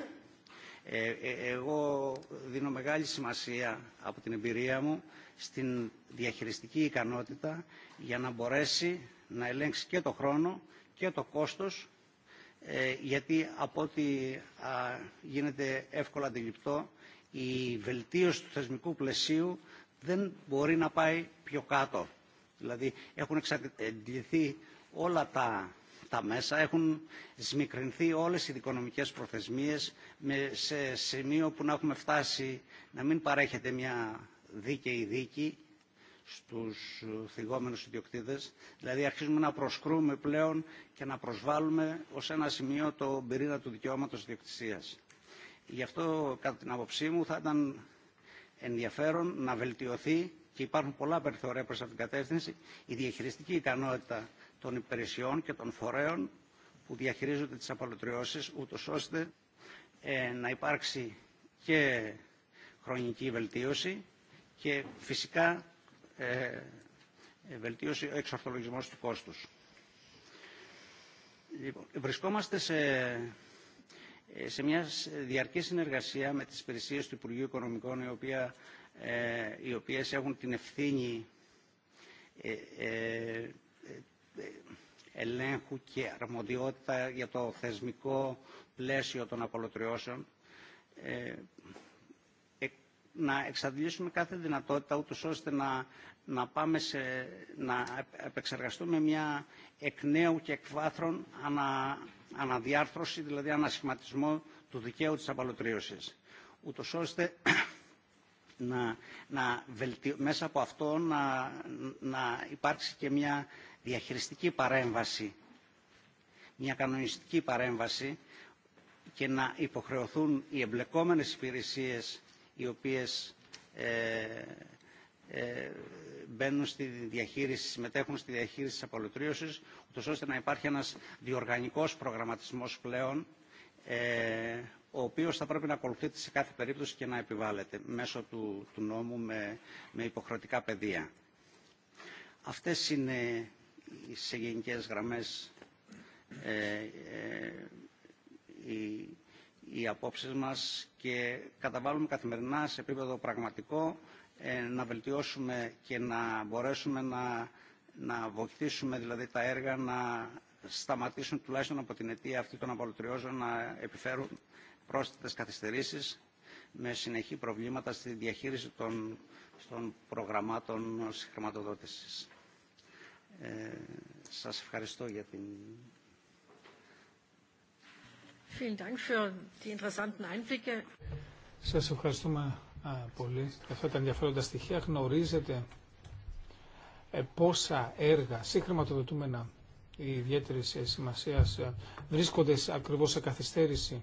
Ε, ε, εγώ δίνω μεγάλη σημασία από την εμπειρία μου στην διαχειριστική ικανότητα για να μπορέσει να ελέγξει και το χρόνο και το κόστος ε, γιατί από ό,τι γίνεται εύκολα αντιληπτό η βελτίωση του θεσμικού πλαισίου δεν μπορεί να πάει πιο κάτω. Δηλαδή έχουν εξαντληθεί όλα τα, μέσα, έχουν σμικρινθεί όλες οι δικονομικές προθεσμίες με, σε σημείο που να έχουμε φτάσει να μην παρέχεται μια δίκαιη δίκη στους ε, θυγόμενους ιδιοκτήτες. Δηλαδή αρχίζουμε να προσκρούμε πλέον και να προσβάλλουμε ως ένα σημείο το πυρήνα του δικαιώματος ιδιοκτησίας. Γι' αυτό κατά την άποψή μου θα ήταν ενδιαφέρον να βελτιωθεί και υπάρχουν πολλά περιθώρια προς αυτήν την κατεύθυνση η διαχειριστική ικανότητα των υπηρεσιών και των φορέων που διαχειρίζονται τις απολωτριώσει, ούτως ώστε ε, να υπάρξει και χρονική βελτίωση και φυσικά ε, ε, βελτίωση ο εξορθολογισμός του κόστους. Λοιπόν, βρισκόμαστε σε, ε, σε μια διαρκή συνεργασία με τις υπηρεσίες του Υπουργείου Οικονομικών, οι, οποία, ε, οι οποίες έχουν την ευθύνη ε, ελέγχου και αρμοδιότητα για το θεσμικό πλαίσιο των απολωτριώσεων να εξαντλήσουμε κάθε δυνατότητα ούτως ώστε να, να, πάμε να επεξεργαστούμε μια εκ νέου και εκ βάθρων ανα, αναδιάρθρωση, δηλαδή ανασχηματισμό του δικαίου της απαλωτρίωσης. Ούτως ώστε να, να μέσα από αυτό να, να υπάρξει και μια διαχειριστική παρέμβαση, μια κανονιστική παρέμβαση και να υποχρεωθούν οι εμπλεκόμενες υπηρεσίες οι οποίες ε, ε, μπαίνουν στη διαχείριση, συμμετέχουν στη διαχείριση της απολυτρίωσης, ούτως ώστε να υπάρχει ένας διοργανικός προγραμματισμός πλέον, ε, ο οποίος θα πρέπει να ακολουθείται σε κάθε περίπτωση και να επιβάλλεται μέσω του, του νόμου με, με υποχρεωτικά πεδία. Αυτές είναι σε γενικέ γραμμές ε, ε, οι απόψεις μας και καταβάλουμε καθημερινά σε επίπεδο πραγματικό ε, να βελτιώσουμε και να μπορέσουμε να, να βοηθήσουμε δηλαδή τα έργα να σταματήσουν τουλάχιστον από την αιτία αυτή των απολυτριώσεων να επιφέρουν πρόσθετες καθυστερήσεις με συνεχή προβλήματα στη διαχείριση των, των προγραμμάτων συγχρηματοδότησης. Ε, σας ευχαριστώ για την σας ευχαριστούμε πολύ για αυτά τα ενδιαφέροντα στοιχεία. Γνωρίζετε ε, πόσα έργα συγχρηματοδοτούμενα ιδιαίτερη ε, σημασία ε, βρίσκονται ακριβώ σε καθυστέρηση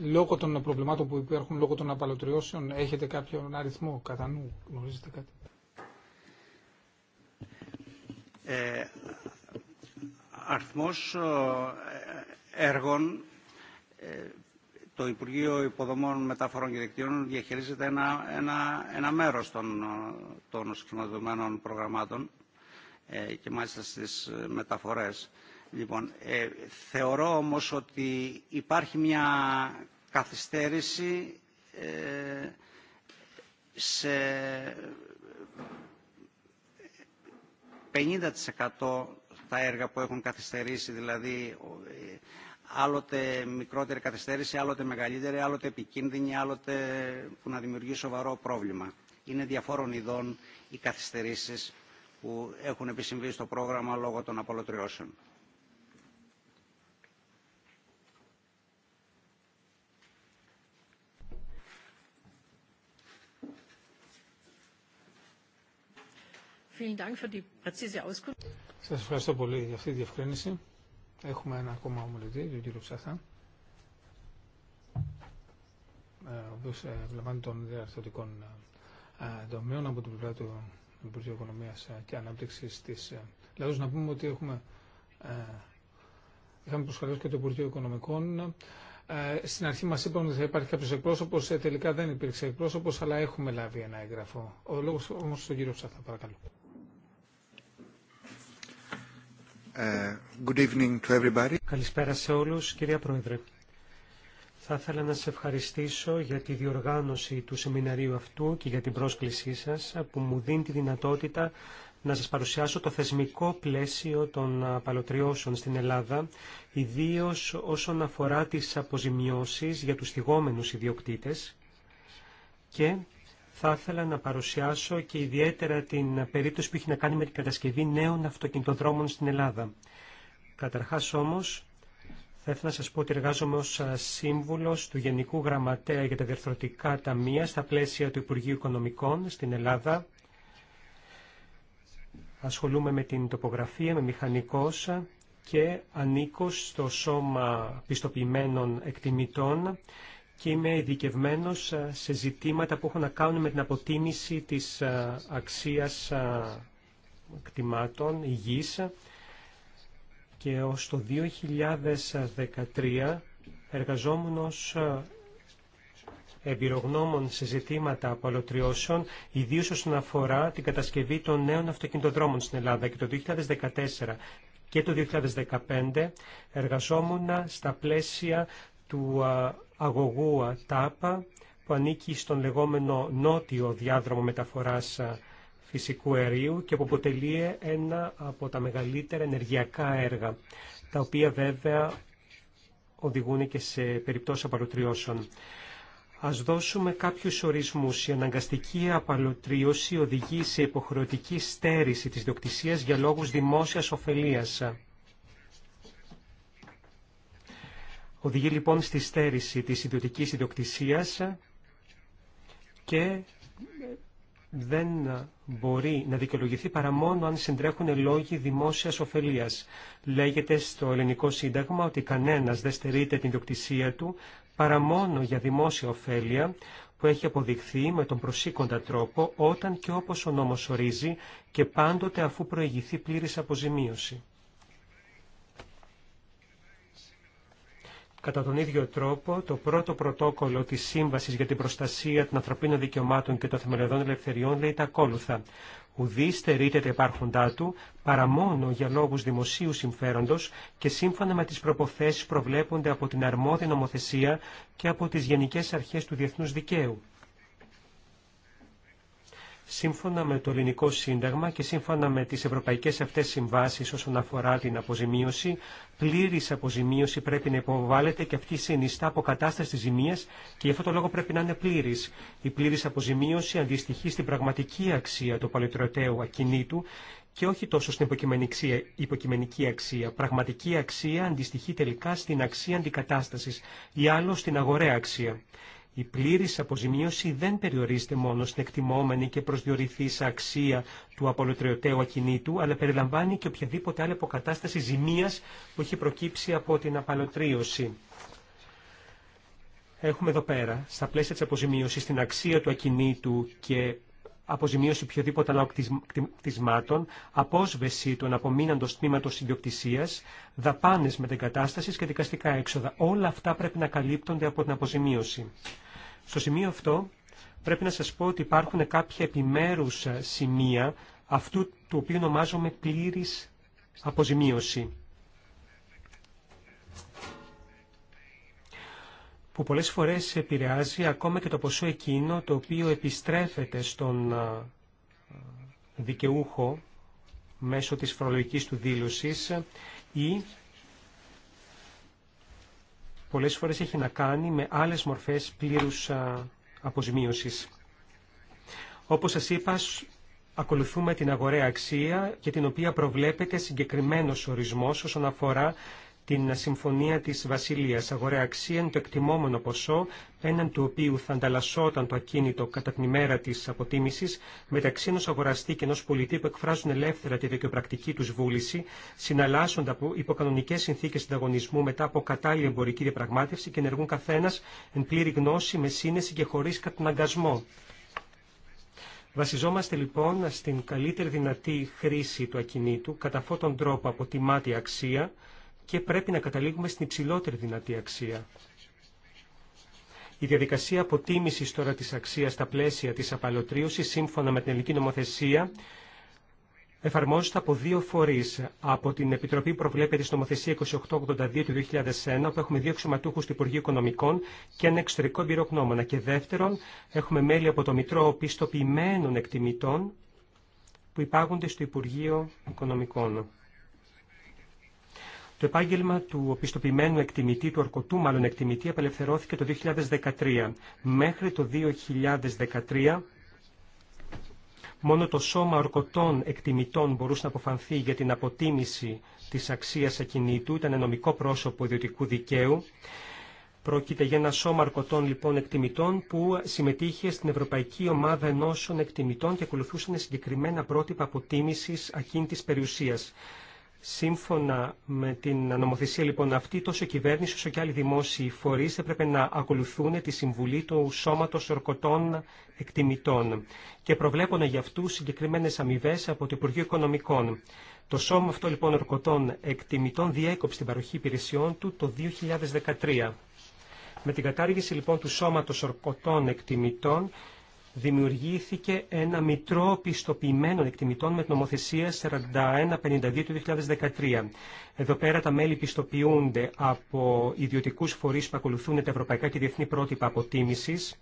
λόγω των προβλημάτων που υπάρχουν, λόγω των απαλωτριώσεων. Έχετε κάποιον αριθμό κατά νου, γνωρίζετε κάτι. αριθμός έργων ε, το Υπουργείο Υποδομών Μεταφορών και Δικτύων διαχειρίζεται ένα, ένα, μέρος των, ε, των προγραμμάτων ε, και μάλιστα στις μεταφορές. Λοιπόν, θεωρώ όμως ότι υπάρχει μια καθυστέρηση σε 50% τα έργα που έχουν καθυστερήσει, δηλαδή άλλοτε μικρότερη καθυστέρηση, άλλοτε μεγαλύτερη, άλλοτε επικίνδυνη, άλλοτε που να δημιουργεί σοβαρό πρόβλημα. Είναι διαφόρων ειδών οι καθυστερήσεις που έχουν επισυμβεί στο πρόγραμμα λόγω των απολωτριώσεων. Σας ευχαριστώ πολύ για αυτή τη διευκρίνηση. Έχουμε ένα ακόμα ομιλητή, τον κύριο Ψαθά, ε, ο οποίο ε, βλαμβάνει των διαρθρωτικών ε, δομίων από την πλευρά του Υπουργείου Οικονομίας και ανάπτυξη τη. Λέω Να πούμε ότι έχουμε, είχαμε προσκαλέσει και το Υπουργείο Οικονομικών. Στην αρχή μα είπαμε ότι θα υπάρχει κάποιο εκπρόσωπο, τελικά δεν υπήρξε εκπρόσωπο, αλλά έχουμε λάβει ένα έγγραφο. Ο λόγο όμω στον κύριο Ψαθά, παρακαλώ. Ε, Καλησπέρα σε όλους, κυρία Πρόεδρε. Θα ήθελα να σας ευχαριστήσω για τη διοργάνωση του σεμιναρίου αυτού και για την πρόσκλησή σας που μου δίνει τη δυνατότητα να σας παρουσιάσω το θεσμικό πλαίσιο των παλωτριώσεων στην Ελλάδα, ιδίως όσον αφορά τις αποζημιώσεις για τους θυγόμενους ιδιοκτήτες και θα ήθελα να παρουσιάσω και ιδιαίτερα την περίπτωση που έχει να κάνει με την κατασκευή νέων αυτοκινητοδρόμων στην Ελλάδα. Καταρχάς όμως, θα ήθελα να σας πω ότι εργάζομαι ως σύμβουλος του Γενικού Γραμματέα για τα Διαρθρωτικά Ταμεία στα πλαίσια του Υπουργείου Οικονομικών στην Ελλάδα. Ασχολούμαι με την τοπογραφία, με μηχανικός και ανήκω στο σώμα πιστοποιημένων εκτιμητών και είμαι ειδικευμένο ε, σε ζητήματα που έχουν να κάνουν με την αποτίμηση της ε, αξίας ε, κτημάτων υγιής και ως το 2013 εργαζόμουν ως εμπειρογνώμων σε ζητήματα απολωτριώσεων, ιδίω όσον αφορά την κατασκευή των νέων αυτοκινητοδρόμων στην Ελλάδα και το 2014 και το 2015 εργαζόμουν στα πλαίσια του Αγωγούα ΤΑΠΑ που ανήκει στον λεγόμενο νότιο διάδρομο μεταφοράς ε, φυσικού αερίου και που αποτελεί ένα από τα μεγαλύτερα ενεργειακά έργα, τα οποία βέβαια οδηγούν και σε περιπτώσεις απαλωτριώσεων. Ας δώσουμε κάποιους ορισμούς. Η αναγκαστική απαλωτρίωση οδηγεί σε υποχρεωτική στέρηση της διοκτησίας για λόγους δημόσιας ωφελίας. Οδηγεί λοιπόν στη στέρηση της ιδιωτικής ιδιοκτησίας και δεν μπορεί να δικαιολογηθεί παρά μόνο αν συντρέχουν λόγοι δημόσια ωφελία. Λέγεται στο ελληνικό σύνταγμα ότι κανένας δεν στερείται την ιδιοκτησία του παρά μόνο για δημόσια ωφέλεια που έχει αποδειχθεί με τον προσήκοντα τρόπο όταν και όπως ο νόμος ορίζει και πάντοτε αφού προηγηθεί πλήρης αποζημίωση. Κατά τον ίδιο τρόπο, το πρώτο πρωτόκολλο της Σύμβασης για την Προστασία των Ανθρωπίνων Δικαιωμάτων και των Θεμελιωδών Ελευθεριών λέει τα ακόλουθα. Ουδή στερείται τα υπάρχοντά του παρά μόνο για λόγους δημοσίου συμφέροντος και σύμφωνα με τις προποθέσεις προβλέπονται από την αρμόδια νομοθεσία και από τις γενικές αρχές του διεθνούς δικαίου. Σύμφωνα με το ελληνικό σύνταγμα και σύμφωνα με τις ευρωπαϊκές αυτές συμβάσεις όσον αφορά την αποζημίωση, πλήρης αποζημίωση πρέπει να υποβάλλεται και αυτή συνιστά αποκατάσταση της ζημίας και γι' αυτό το λόγο πρέπει να είναι πλήρης. Η πλήρης αποζημίωση αντιστοιχεί στην πραγματική αξία του παλαιτρωταίου ακινήτου και όχι τόσο στην υποκειμενική αξία. Πραγματική αξία αντιστοιχεί τελικά στην αξία αντικατάστασης ή άλλο στην αγοραία αξία. Η πλήρης αποζημίωση δεν περιορίζεται μόνο στην εκτιμόμενη και προσδιοριθήσα αξία του απολυτριωτέου ακινήτου, αλλά περιλαμβάνει και οποιαδήποτε άλλη αποκατάσταση ζημίας που έχει προκύψει από την απαλωτρίωση. Έχουμε εδώ πέρα, στα πλαίσια της αποζημίωσης, την αξία του ακινήτου και αποζημίωση οποιοδήποτε κτισμάτων, απόσβεση των απομείναντος τμήματος ιδιοκτησίας, δαπάνες μετεγκατάστασης και δικαστικά έξοδα. Όλα αυτά πρέπει να καλύπτονται από την αποζημίωση. Στο σημείο αυτό πρέπει να σας πω ότι υπάρχουν κάποια επιμέρους ε, σημεία αυτού του οποίου ονομάζομαι πλήρης αποζημίωση. που πολλές φορές επηρεάζει ακόμα και το ποσό εκείνο το οποίο επιστρέφεται στον ε, δικαιούχο μέσω της φορολογικής του δήλωσης ή πολλές φορές έχει να κάνει με άλλες μορφές πλήρους αποζημίωσης. Όπως σας είπα, ακολουθούμε την αγοραία αξία ...και την οποία προβλέπεται συγκεκριμένος ορισμός όσον αφορά την συμφωνία της Βασιλείας. Αγορέ αξία το εκτιμόμενο ποσό, έναν του οποίου θα ανταλλασσόταν το ακίνητο κατά την ημέρα της αποτίμησης, μεταξύ ενός αγοραστή και ενός πολιτή που εκφράζουν ελεύθερα τη δικαιοπρακτική τους βούληση, συναλλάσσονται από υποκανονικές συνθήκες συνταγωνισμού μετά από κατάλληλη εμπορική διαπραγμάτευση και ενεργούν καθένας εν πλήρη γνώση, με σύνεση και χωρίς καταναγκασμό. Βασιζόμαστε λοιπόν στην καλύτερη δυνατή χρήση του ακινήτου, κατά αυτόν τον τρόπο αποτιμάται η αξία, και πρέπει να καταλήγουμε στην υψηλότερη δυνατή αξία. Η διαδικασία αποτίμησης τώρα της αξίας στα πλαίσια της απαλωτρίωσης σύμφωνα με την ελληνική νομοθεσία εφαρμόζεται από δύο φορεί. Από την Επιτροπή προβλέπεται στη νομοθεσία 2882 του 2001, όπου έχουμε δύο αξιωματούχου του Υπουργείου Οικονομικών και ένα εξωτερικό εμπειρογνώμονα. Και δεύτερον, έχουμε μέλη από το Μητρό Πιστοποιημένων Εκτιμητών που υπάγονται στο Υπουργείο Οικονομικών. Το επάγγελμα του οπισθοποιημένου εκτιμητή, του ορκωτού μάλλον εκτιμητή, απελευθερώθηκε το 2013. Μέχρι το 2013 μόνο το σώμα ορκωτών εκτιμητών μπορούσε να αποφανθεί για την αποτίμηση της αξίας ακινήτου, ήταν νομικό πρόσωπο ιδιωτικού δικαίου. Πρόκειται για ένα σώμα αρκωτών λοιπόν εκτιμητών που συμμετείχε στην Ευρωπαϊκή Ομάδα Ενώσεων Εκτιμητών και ακολουθούσαν συγκεκριμένα πρότυπα αποτίμησης ακίνητης περιουσίας. Σύμφωνα με την νομοθεσία λοιπόν αυτή, τόσο η κυβέρνηση όσο και άλλοι δημόσιοι φορείς έπρεπε να ακολουθούν τη συμβουλή του σώματος ορκωτών εκτιμητών και προβλέπουν για αυτού συγκεκριμένες αμοιβέ από το Υπουργείο Οικονομικών. Το σώμα αυτό λοιπόν ορκωτών εκτιμητών διέκοψε την παροχή υπηρεσιών του το 2013. Με την κατάργηση λοιπόν του σώματος ορκωτών εκτιμητών, δημιουργήθηκε ένα μητρό πιστοποιημένων εκτιμητών με νομοθεσία 4152 του 2013. Εδώ πέρα τα μέλη πιστοποιούνται από ιδιωτικούς φορείς που ακολουθούν τα ευρωπαϊκά και διεθνή πρότυπα αποτίμησης.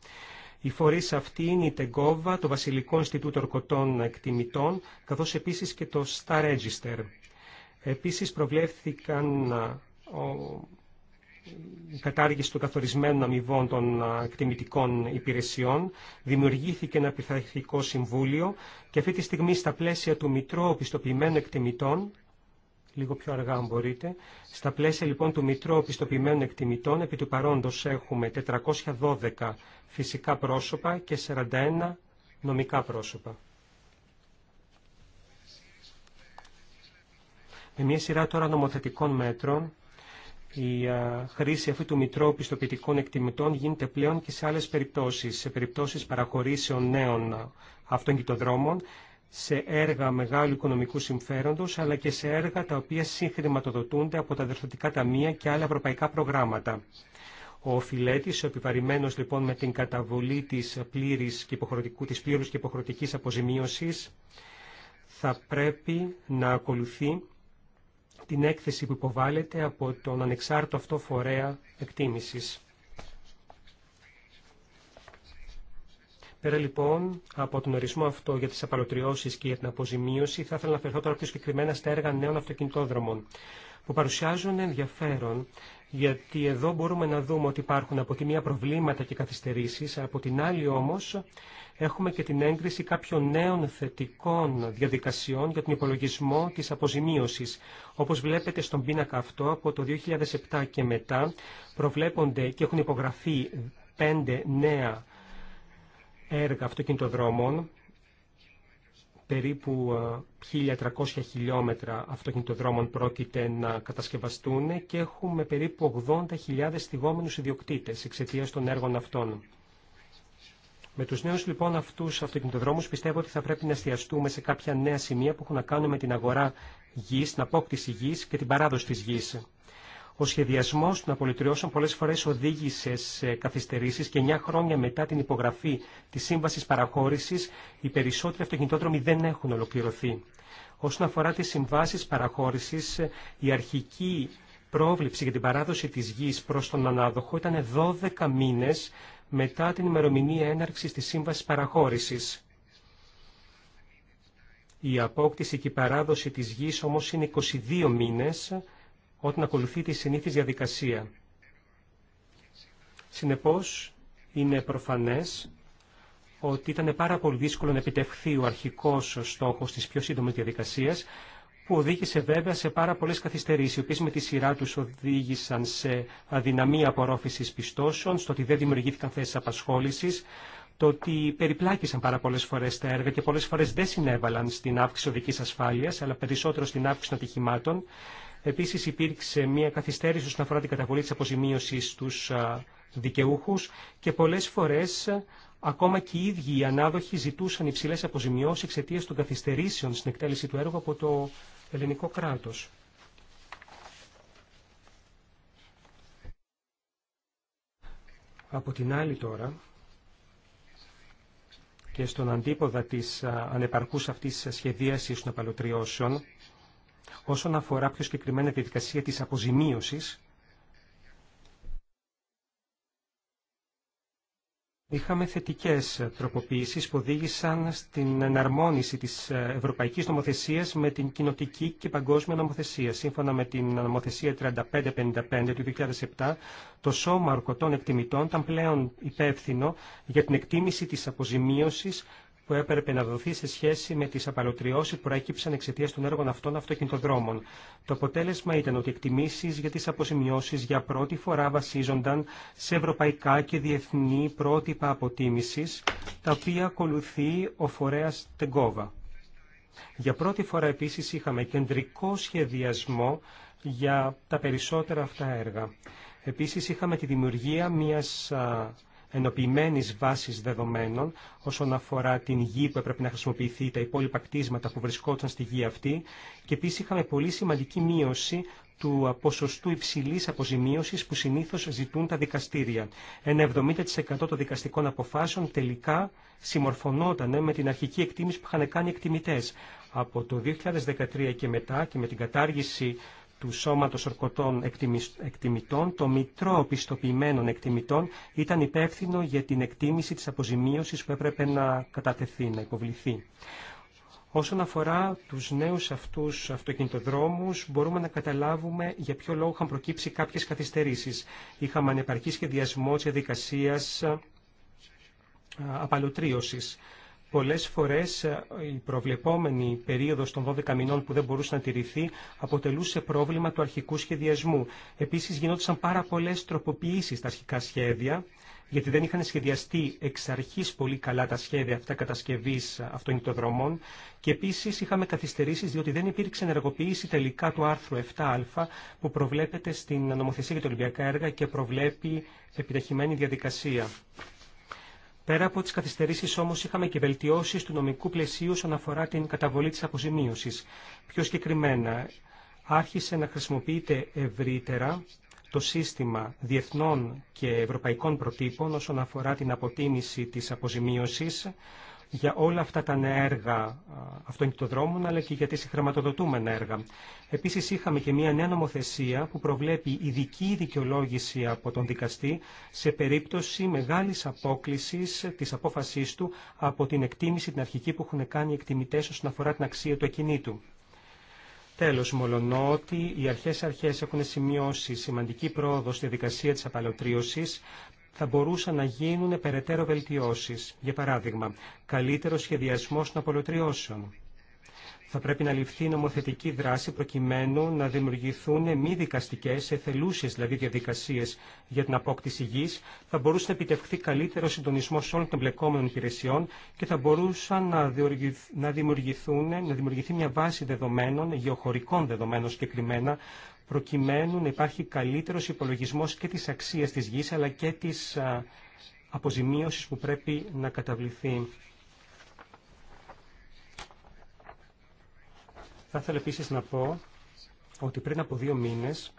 Οι φορείς αυτοί είναι η Τεγκόβα, το Βασιλικό Ινστιτούτο Ορκωτών Εκτιμητών, καθώς επίσης και το Star Register. Επίσης προβλέφθηκαν κατάργηση των καθορισμένων αμοιβών των εκτιμητικών υπηρεσιών, δημιουργήθηκε ένα πειθαρχικό συμβούλιο και αυτή τη στιγμή στα πλαίσια του Μητρώου Πιστοποιημένων Εκτιμητών, λίγο πιο αργά αν μπορείτε, στα πλαίσια λοιπόν του Μητρώου Πιστοποιημένων Εκτιμητών, επί του παρόντος έχουμε 412 φυσικά πρόσωπα και 41 νομικά πρόσωπα. Με μια σειρά τώρα νομοθετικών μέτρων, η χρήση αυτού του Μητρώου Πιστοποιητικών Εκτιμητών γίνεται πλέον και σε άλλες περιπτώσεις, σε περιπτώσεις παραχωρήσεων νέων αυτοκινητοδρόμων, σε έργα μεγάλου οικονομικού συμφέροντος, αλλά και σε έργα τα οποία συγχρηματοδοτούνται από τα δερθωτικά ταμεία και άλλα ευρωπαϊκά προγράμματα. Ο Φιλέτης, ο επιβαρημένος λοιπόν με την καταβολή της, πλήρης και της πλήρους θα πρέπει να ακολουθεί την έκθεση που υποβάλλεται από τον ανεξάρτητο αυτό φορέα εκτίμησης. Πέρα λοιπόν από τον ορισμό αυτό για τις απαλωτριώσεις και για την αποζημίωση, θα ήθελα να αφαιρθώ τώρα πιο συγκεκριμένα στα έργα νέων αυτοκινητόδρομων, που παρουσιάζουν ενδιαφέρον, γιατί εδώ μπορούμε να δούμε ότι υπάρχουν από τη μία προβλήματα και καθυστερήσεις, από την άλλη όμως έχουμε και την έγκριση κάποιων νέων θετικών διαδικασιών για τον υπολογισμό της αποζημίωσης. Όπως βλέπετε στον πίνακα αυτό, από το 2007 και μετά προβλέπονται και έχουν υπογραφεί πέντε νέα έργα αυτοκινητοδρόμων, περίπου 1.300 ε, χιλιόμετρα αυτοκινητοδρόμων πρόκειται να κατασκευαστούν και έχουμε περίπου 80.000 στιγόμενους ιδιοκτήτες εξαιτία των έργων αυτών. Με τους νέους λοιπόν αυτούς αυτοκινητοδρόμους πιστεύω ότι θα πρέπει να εστιαστούμε σε κάποια νέα σημεία που έχουν να κάνουν με την αγορά γης, την απόκτηση γης και την παράδοση της γης. Ο σχεδιασμό των απολυτριώσεων πολλέ φορέ οδήγησε σε καθυστερήσει και 9 χρόνια μετά την υπογραφή τη σύμβαση παραχώρηση, οι περισσότεροι αυτοκινητόδρομοι δεν έχουν ολοκληρωθεί. Όσον αφορά τι συμβάσει παραχώρηση, η αρχική πρόβληψη για την παράδοση της γη προς τον ανάδοχο ήταν 12 μήνες μετά την ημερομηνία έναρξης της σύμβασης παραχώρησης. Η απόκτηση και η παράδοση της γης όμως είναι 22 μήνες όταν ακολουθεί τη συνήθις διαδικασία. Συνεπώς, είναι προφανές ότι ήταν πάρα πολύ δύσκολο να επιτευχθεί ο αρχικός στόχος της πιο σύντομης διαδικασίας που οδήγησε βέβαια σε πάρα πολλές καθυστερήσεις, οι οποίες με τη σειρά τους οδήγησαν σε αδυναμία απορρόφησης πιστώσεων, στο ότι δεν δημιουργήθηκαν θέσεις απασχόλησης, το ότι περιπλάκησαν πάρα πολλέ φορέ τα έργα και πολλέ φορέ δεν συνέβαλαν στην αύξηση οδική ασφάλεια, αλλά περισσότερο στην αύξηση των ατυχημάτων. Επίση, υπήρξε μια καθυστέρηση όσον αφορά την καταβολή τη αποζημίωση στου δικαιούχου και πολλέ φορέ ακόμα και οι ίδιοι οι ανάδοχοι ζητούσαν υψηλέ αποζημιώσει εξαιτία των καθυστερήσεων στην εκτέλεση του έργου από το ελληνικό κράτος. Από την άλλη τώρα, και στον αντίποδα της ανεπαρκούς αυτής σχεδίασης των απαλωτριώσεων, όσον αφορά πιο συγκεκριμένα τη δικασία της αποζημίωσης, Είχαμε θετικές τροποποιήσεις που οδήγησαν στην εναρμόνιση της ευρωπαϊκής νομοθεσίας με την κοινοτική και παγκόσμια νομοθεσία. Σύμφωνα με την νομοθεσία 3555 του 2007, το Σώμα Ορκωτών Εκτιμητών ήταν πλέον υπεύθυνο για την εκτίμηση της αποζημίωσης που έπρεπε να δοθεί σε σχέση με τι απαλωτριώσει που προέκυψαν εξαιτία των έργων αυτών αυτοκινητοδρόμων. Το αποτέλεσμα ήταν ότι εκτιμήσει για τι αποζημιώσει για πρώτη φορά βασίζονταν σε ευρωπαϊκά και διεθνή πρότυπα αποτίμηση, τα οποία ακολουθεί ο φορέα Τεγκόβα. Για πρώτη φορά επίσης είχαμε κεντρικό σχεδιασμό για τα περισσότερα αυτά έργα. Επίσης είχαμε τη δημιουργία μιας ενοποιημένης βάσης δεδομένων όσον αφορά την γη που έπρεπε να χρησιμοποιηθεί, τα υπόλοιπα κτίσματα που βρισκόταν στη γη αυτή και επίση είχαμε πολύ σημαντική μείωση του ποσοστού υψηλή αποζημίωση που συνήθω ζητούν τα δικαστήρια. Ένα 70% των δικαστικών αποφάσεων τελικά συμμορφωνόταν με την αρχική εκτίμηση που είχαν κάνει εκτιμητέ. Από το 2013 και μετά και με την κατάργηση του σώματος ορκωτών εκτιμητών, το μητρό πιστοποιημένων εκτιμητών ήταν υπεύθυνο για την εκτίμηση της αποζημίωσης που έπρεπε να κατατεθεί, να υποβληθεί. Όσον αφορά τους νέους αυτούς αυτοκινητοδρόμους, μπορούμε να καταλάβουμε για ποιο λόγο είχαν προκύψει κάποιες καθυστερήσεις. Είχαμε ανεπαρκή σχεδιασμό της διαδικασία Πολλές φορές ε, η προβλεπόμενη περίοδος των 12 μηνών που δεν μπορούσε να τηρηθεί αποτελούσε πρόβλημα του αρχικού σχεδιασμού. Επίσης γινόντουσαν πάρα πολλές τροποποιήσεις στα αρχικά σχέδια γιατί δεν είχαν σχεδιαστεί εξ αρχής πολύ καλά τα σχέδια αυτά κατασκευής αυτοκινητοδρομών και επίσης είχαμε καθυστερήσεις διότι δεν υπήρξε ενεργοποίηση τελικά του άρθρου 7α που προβλέπεται στην νομοθεσία για τα Ολυμπιακά έργα και προβλέπει επιταχυμένη διαδικασία. Πέρα από τι καθυστερήσει όμω, είχαμε και βελτιώσει του νομικού πλαισίου όσον αφορά την καταβολή τη αποζημίωση. Πιο συγκεκριμένα, άρχισε να χρησιμοποιείται ευρύτερα το σύστημα διεθνών και ευρωπαϊκών προτύπων όσον αφορά την αποτίμηση της αποζημίωσης για όλα αυτά τα νέα έργα αυτοκινητοδρόμων, αλλά και για τις χρηματοδοτούμενα έργα. Επίσης είχαμε και μια νέα νομοθεσία που προβλέπει ειδική δικαιολόγηση από τον δικαστή σε περίπτωση μεγάλης απόκλησης της απόφασής του από την εκτίμηση την αρχική που έχουν κάνει οι εκτιμητές όσον αφορά την αξία του ακινήτου. Τέλος, ότι οι αρχές αρχές έχουν σημειώσει σημαντική πρόοδο στη δικασία της απαλωτρίωσης, θα μπορούσαν να γίνουν περαιτέρω βελτιώσεις. Για παράδειγμα, καλύτερο σχεδιασμός των απολωτριώσεων. Θα πρέπει να ληφθεί νομοθετική δράση προκειμένου να δημιουργηθούν μη δικαστικέ, εθελούσιε δηλαδή διαδικασίε για την απόκτηση γη, θα μπορούσε να επιτευχθεί καλύτερο συντονισμό όλων των μπλεκόμενων υπηρεσιών και θα μπορούσαν να, δημιουργηθούν, να δημιουργηθεί μια βάση δεδομένων, γεωχωρικών δεδομένων συγκεκριμένα, προκειμένου να υπάρχει καλύτερος υπολογισμός και της αξίας της γης αλλά και της αποζημίωσης που πρέπει να καταβληθεί. Θα ήθελα επίσης να πω ότι πριν από δύο μήνες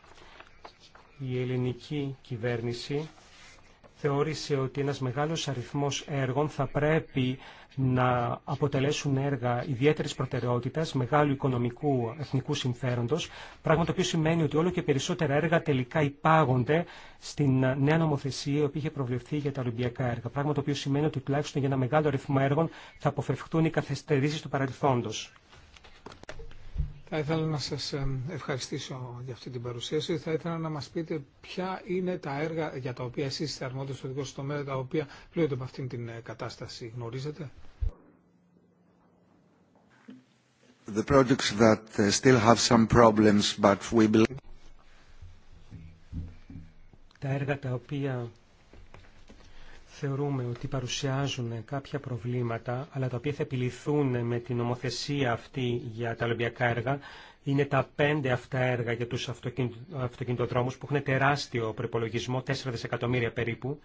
η ελληνική κυβέρνηση θεώρησε ότι ένας μεγάλος αριθμός έργων θα πρέπει να αποτελέσουν έργα ιδιαίτερη προτεραιότητα, μεγάλου οικονομικού εθνικού συμφέροντο, πράγμα το οποίο σημαίνει ότι όλο και περισσότερα έργα τελικά υπάγονται στην νέα νομοθεσία η οποία είχε προβλεφθεί για τα Ολυμπιακά έργα. Πράγμα το οποίο σημαίνει ότι τουλάχιστον για ένα μεγάλο αριθμό έργων θα αποφευχτούν οι καθυστερήσει του παρελθόντο. Θα ήθελα να σας ευχαριστήσω για αυτή την παρουσίαση. Θα ήθελα να μας πείτε ποια είναι τα έργα για τα οποία εσεί είστε αρμόδιος στο δικό τομέα, τα οποία πλήττονται από αυτήν την ε, κατάσταση. Γνωρίζετε. the that uh, still have some problems, but we Τα έργα τα οποία θεωρούμε ότι παρουσιάζουν κάποια προβλήματα, αλλά τα οποία θα επιληθούν με την νομοθεσία αυτή για τα Ολυμπιακά έργα, είναι τα πέντε αυτά έργα για τους αυτοκινητοδρόμους που έχουν τεράστιο προπολογισμό, 4 δισεκατομμύρια περίπου,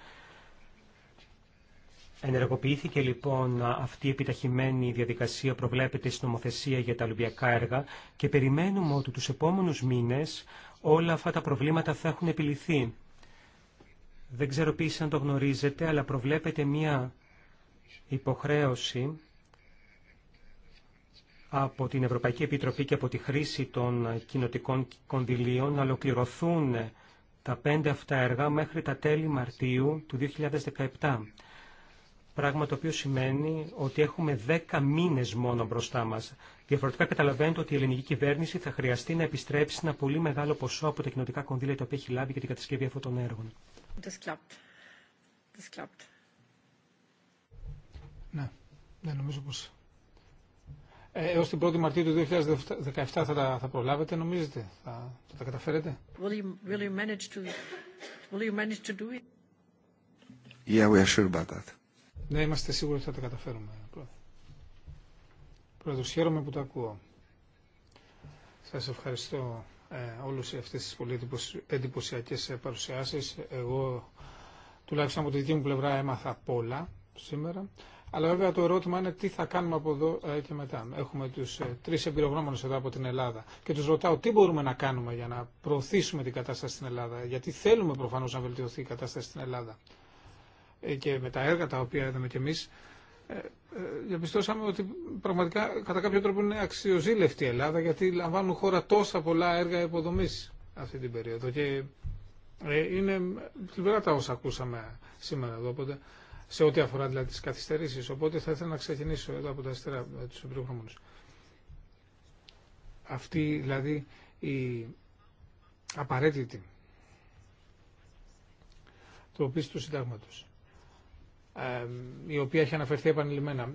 Ενεργοποιήθηκε λοιπόν αυτή η επιταχυμένη διαδικασία προβλέπεται στην νομοθεσία για τα Ολυμπιακά έργα και περιμένουμε ότι τους επόμενους μήνες όλα αυτά τα προβλήματα θα έχουν επιληθεί. Δεν ξέρω ποιος αν το γνωρίζετε, αλλά προβλέπεται μία υποχρέωση από την Ευρωπαϊκή Επιτροπή και από τη χρήση των κοινοτικών κονδυλίων να ολοκληρωθούν τα πέντε αυτά έργα μέχρι τα τέλη Μαρτίου του 2017. Πράγμα το οποίο σημαίνει ότι έχουμε 10 μήνε μόνο μπροστά μα. Διαφορετικά καταλαβαίνετε ότι η ελληνική κυβέρνηση θα χρειαστεί να επιστρέψει ένα πολύ μεγάλο ποσό από τα κοινοτικά κονδύλια τα οποία έχει λάβει για την κατασκευή αυτών των έργων. Ναι, ναι, νομίζω πως ε, έως την 1η Μαρτίου του 2017 θα τα θα προλάβετε, νομίζετε, θα, θα τα καταφέρετε. Will you, will you manage to, will you manage to do it? Yeah, we are sure about that. Ναι, είμαστε σίγουροι ότι θα τα καταφέρουμε. Πρόεδρο, χαίρομαι που τα ακούω. Σας ευχαριστώ ε, όλους αυτές τις πολύ εντυπωσιακέ ε, παρουσιάσεις. Εγώ, τουλάχιστον από τη δική μου πλευρά, έμαθα πολλά σήμερα. Αλλά βέβαια το ερώτημα είναι τι θα κάνουμε από εδώ ε, και μετά. Έχουμε του ε, τρει εμπειρογνώμονε εδώ από την Ελλάδα και του ρωτάω τι μπορούμε να κάνουμε για να προωθήσουμε την κατάσταση στην Ελλάδα. Γιατί θέλουμε προφανώ να βελτιωθεί η κατάσταση στην Ελλάδα. Ε, και με τα έργα τα οποία είδαμε κι εμείς, ε, ε, διαπιστώσαμε ότι πραγματικά κατά κάποιο τρόπο είναι αξιοζήλευτη η Ελλάδα γιατί λαμβάνουν χώρα τόσα πολλά έργα υποδομής αυτή την περίοδο και είναι πλημμυρά τα όσα ακούσαμε σήμερα εδώ οπότε, σε ό,τι αφορά δηλαδή τις καθυστερήσεις οπότε θα ήθελα να ξεκινήσω εδώ από τα αριστερά τους προηγούμενους αυτή δηλαδή η απαραίτητη τροπή του συντάγματος η οποία έχει αναφερθεί επανειλημμένα.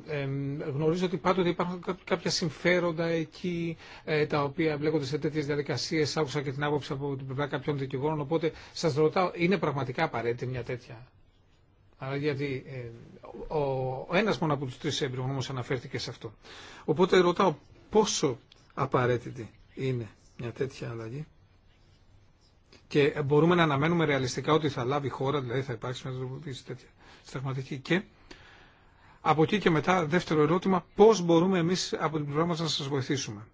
γνωρίζω ότι πάντοτε υπάρχουν κάποια συμφέροντα εκεί ε, τα οποία εμπλέκονται σε τέτοιε διαδικασίε. Άκουσα και την άποψη από την πλευρά κάποιων δικηγόρων. Οπότε σα ρωτάω, είναι πραγματικά απαραίτητη μια τέτοια. Αλλά γιατί ο, ο ένα μόνο από του τρει εμπειρογνώμου αναφέρθηκε σε αυτό. Οπότε ρωτάω πόσο απαραίτητη είναι μια τέτοια αλλαγή. Και μπορούμε να αναμένουμε ρεαλιστικά ότι θα λάβει χώρα, δηλαδή θα υπάρξει μια τροποποίηση τέτοια συνταγματική. Και από εκεί και μετά, δεύτερο ερώτημα, πώς μπορούμε εμείς από την πλευρά να σας βοηθήσουμε.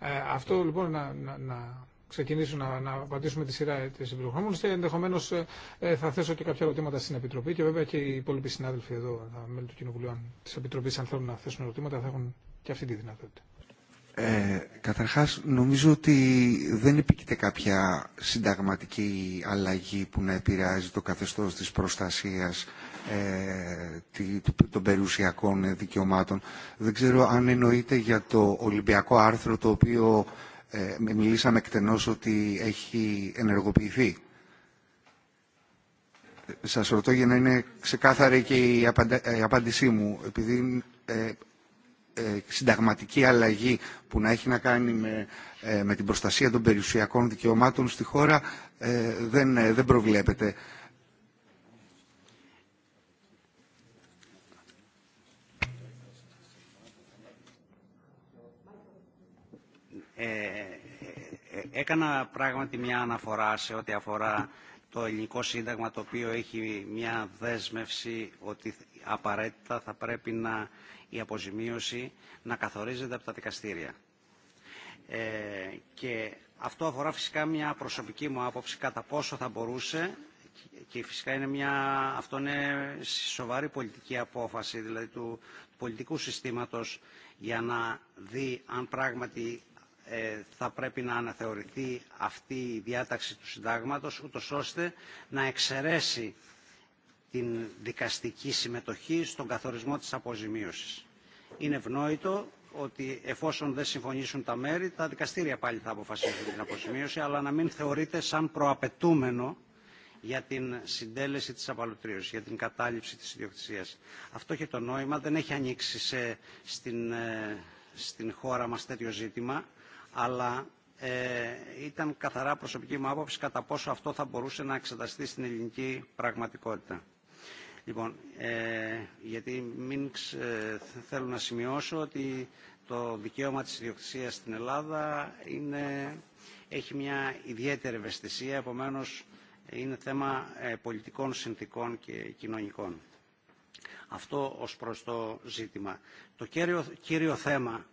Ε, αυτό λοιπόν να, να, να ξεκινήσω να, να απαντήσουμε τη σειρά τη συμπληρωμόνων και ενδεχομένω ε, ε, θα θέσω και κάποια ερωτήματα στην Επιτροπή και βέβαια και οι υπόλοιποι συνάδελφοι εδώ, τα μέλη του Κοινοβουλίου τη Επιτροπή, αν θέλουν να θέσουν ερωτήματα, θα έχουν και αυτή τη δυνατότητα. Ε, καταρχάς, νομίζω ότι δεν υπήρχε κάποια συνταγματική αλλαγή που να επηρεάζει το καθεστώς της προστασίας ε, των περιουσιακών ε, δικαιωμάτων. Δεν ξέρω αν εννοείται για το Ολυμπιακό άρθρο το οποίο ε, μιλήσαμε εκτενώς ότι έχει ενεργοποιηθεί. Ε, σας ρωτώ για να είναι ξεκάθαρη και η, απαντήσή μου, επειδή ε, συνταγματική αλλαγή που να έχει να κάνει με, ε, με την προστασία των περιουσιακών δικαιωμάτων στη χώρα ε, δεν, δεν προβλέπεται. Ε, έκανα πράγματι μια αναφορά σε ό,τι αφορά το ελληνικό σύνταγμα το οποίο έχει μια δέσμευση ότι απαραίτητα θα πρέπει να η αποζημίωση να καθορίζεται από τα δικαστήρια. Ε, και αυτό αφορά φυσικά μια προσωπική μου άποψη κατά πόσο θα μπορούσε και φυσικά είναι μια, αυτό είναι σοβαρή πολιτική απόφαση δηλαδή του, πολιτικού συστήματος για να δει αν πράγματι ε, θα πρέπει να αναθεωρηθεί αυτή η διάταξη του συντάγματος ούτως ώστε να εξαιρέσει την δικαστική συμμετοχή στον καθορισμό της αποζημίωσης. Είναι ευνόητο ότι εφόσον δεν συμφωνήσουν τα μέρη, τα δικαστήρια πάλι θα αποφασίζουν την αποζημίωση, αλλά να μην θεωρείται σαν προαπαιτούμενο για την συντέλεση της απαλουτρίωσης, για την κατάληψη της ιδιοκτησίας. Αυτό έχει το νόημα, δεν έχει ανοίξει στην, ε, στην χώρα μας τέτοιο ζήτημα, αλλά ε, ήταν καθαρά προσωπική μου άποψη κατά πόσο αυτό θα μπορούσε να εξεταστεί στην ελληνική πραγματικότητα. Λοιπόν, ε, γιατί μην ε, θέλω να σημειώσω ότι το δικαίωμα της ιδιοκτησίας στην Ελλάδα είναι, έχει μια ιδιαίτερη ευαισθησία, επομένως είναι θέμα ε, πολιτικών συνθήκων και κοινωνικών. Αυτό ως προς το ζήτημα. Το κύριο, κύριο θέμα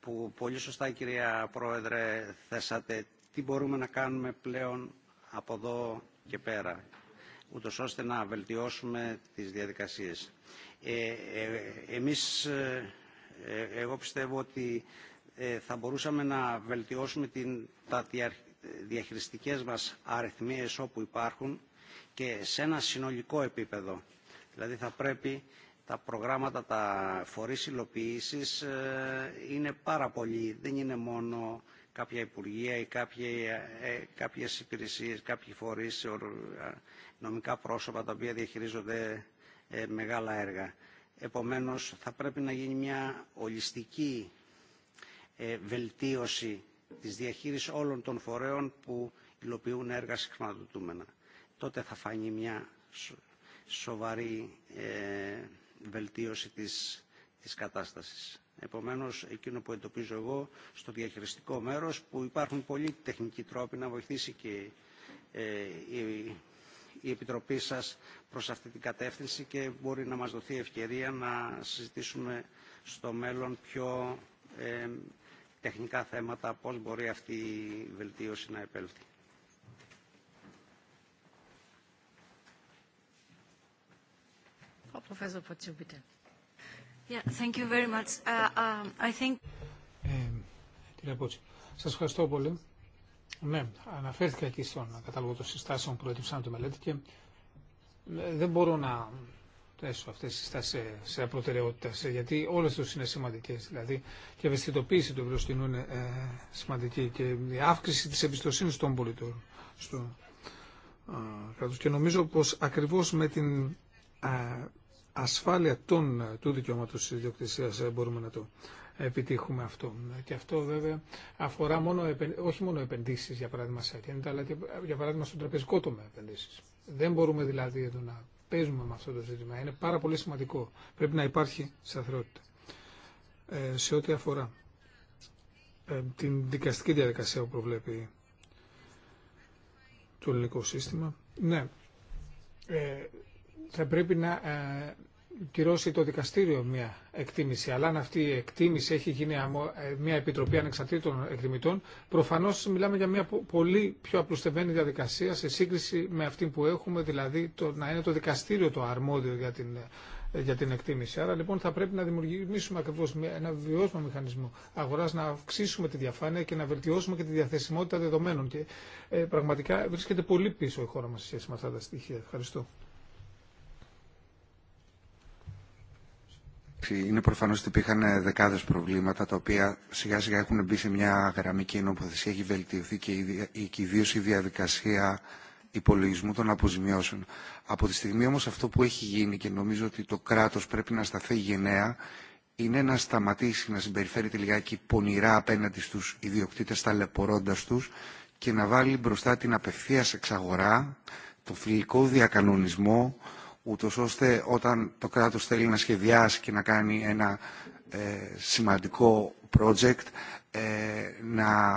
που πολύ σωστά κυρία Πρόεδρε θέσατε, τι μπορούμε να κάνουμε πλέον από εδώ και πέρα ούτω ώστε να βελτιώσουμε τις διαδικασίες. Ε, ε εμείς, ε, ε, εγώ πιστεύω ότι θα μπορούσαμε να βελτιώσουμε την, τα διαχειριστικές μας αριθμίες όπου υπάρχουν και σε ένα συνολικό επίπεδο. Δηλαδή θα πρέπει τα προγράμματα, τα φορείς υλοποίησης είναι πάρα πολλοί. Δεν είναι μόνο κάποια υπουργεία ή κάποιες υπηρεσίες, κάποιοι φορείς νομικά πρόσωπα τα οποία διαχειρίζονται ε, μεγάλα έργα. Επομένως, θα πρέπει να γίνει μια ολιστική ε, βελτίωση της διαχείρισης όλων των φορέων που υλοποιούν έργα συγχρηματοδοτούμενα. Τότε θα φανεί μια σοβαρή ε, βελτίωση της, της κατάστασης. Επομένως, εκείνο που εντοπίζω εγώ στο διαχειριστικό μέρος, που υπάρχουν πολλοί τεχνικοί τρόποι να βοηθήσει και η η Επιτροπή σας προς αυτή την κατεύθυνση και μπορεί να μας δοθεί ευκαιρία να συζητήσουμε στο μέλλον πιο ε, τεχνικά θέματα, πώς μπορεί αυτή η βελτίωση να επέλθει. σας ευχαριστώ πολύ. Ναι, αναφέρθηκα εκεί στον κατάλογο των συστάσεων που προέκυψαν από τη μελέτη και ε, δεν μπορώ να θέσω αυτέ τι συστάσει σε προτεραιότητα, γιατί όλε του είναι σημαντικέ. Δηλαδή και η ευαισθητοποίηση του ευρωστηνού είναι ε, σημαντική και η αύξηση τη εμπιστοσύνη των πολιτών στο ε, κράτο. Και νομίζω πω ακριβώ με την ασφάλεια του δικαιώματο ιδιοκτησία μπορούμε να το επιτύχουμε αυτό. Και αυτό βέβαια αφορά μόνο, όχι μόνο επενδύσεις για παράδειγμα σε ακίνητα, αλλά και για παράδειγμα στον τραπεζικό τομέα επενδύσεις. Δεν μπορούμε δηλαδή εδώ να παίζουμε με αυτό το ζήτημα. Είναι πάρα πολύ σημαντικό. Πρέπει να υπάρχει σταθερότητα. Ε, σε ό,τι αφορά ε, την δικαστική διαδικασία που προβλέπει το ελληνικό σύστημα, ναι, ε, θα πρέπει να ε, κυρώσει το δικαστήριο μια εκτίμηση. Αλλά αν αυτή η εκτίμηση έχει γίνει ε, μια επιτροπή ανεξαρτήτων εκτιμητών, προφανώ μιλάμε για μια πολύ πιο απλουστευμένη διαδικασία σε σύγκριση με αυτή που έχουμε, δηλαδή το, να είναι το δικαστήριο το αρμόδιο για την, για την εκτίμηση. Άρα λοιπόν θα πρέπει να δημιουργήσουμε ακριβώ ένα βιώσιμο μηχανισμό αγορά, να αυξήσουμε τη διαφάνεια και να βελτιώσουμε και τη διαθεσιμότητα δεδομένων. Και ε, πραγματικά βρίσκεται πολύ πίσω η χώρα μα σε σχέση με αυτά τα στοιχεία. Ευχαριστώ. Είναι προφανώς ότι υπήρχαν ε, δεκάδες προβλήματα τα οποία σιγά σιγά έχουν μπει σε μια γραμμική νομοθεσία, έχει βελτιωθεί και ιδίω η διαδικασία υπολογισμού των αποζημιώσεων. Από τη στιγμή όμως αυτό που έχει γίνει και νομίζω ότι το κράτος πρέπει να σταθεί γενναία είναι να σταματήσει να συμπεριφέρεται λιγάκι πονηρά απέναντι στους ιδιοκτήτες ταλαιπωρώντας τους και να βάλει μπροστά την απευθείας εξαγορά, τον φιλικό διακανονισμό, ούτως ώστε όταν το κράτος θέλει να σχεδιάσει και να κάνει ένα ε, σημαντικό project ε, να,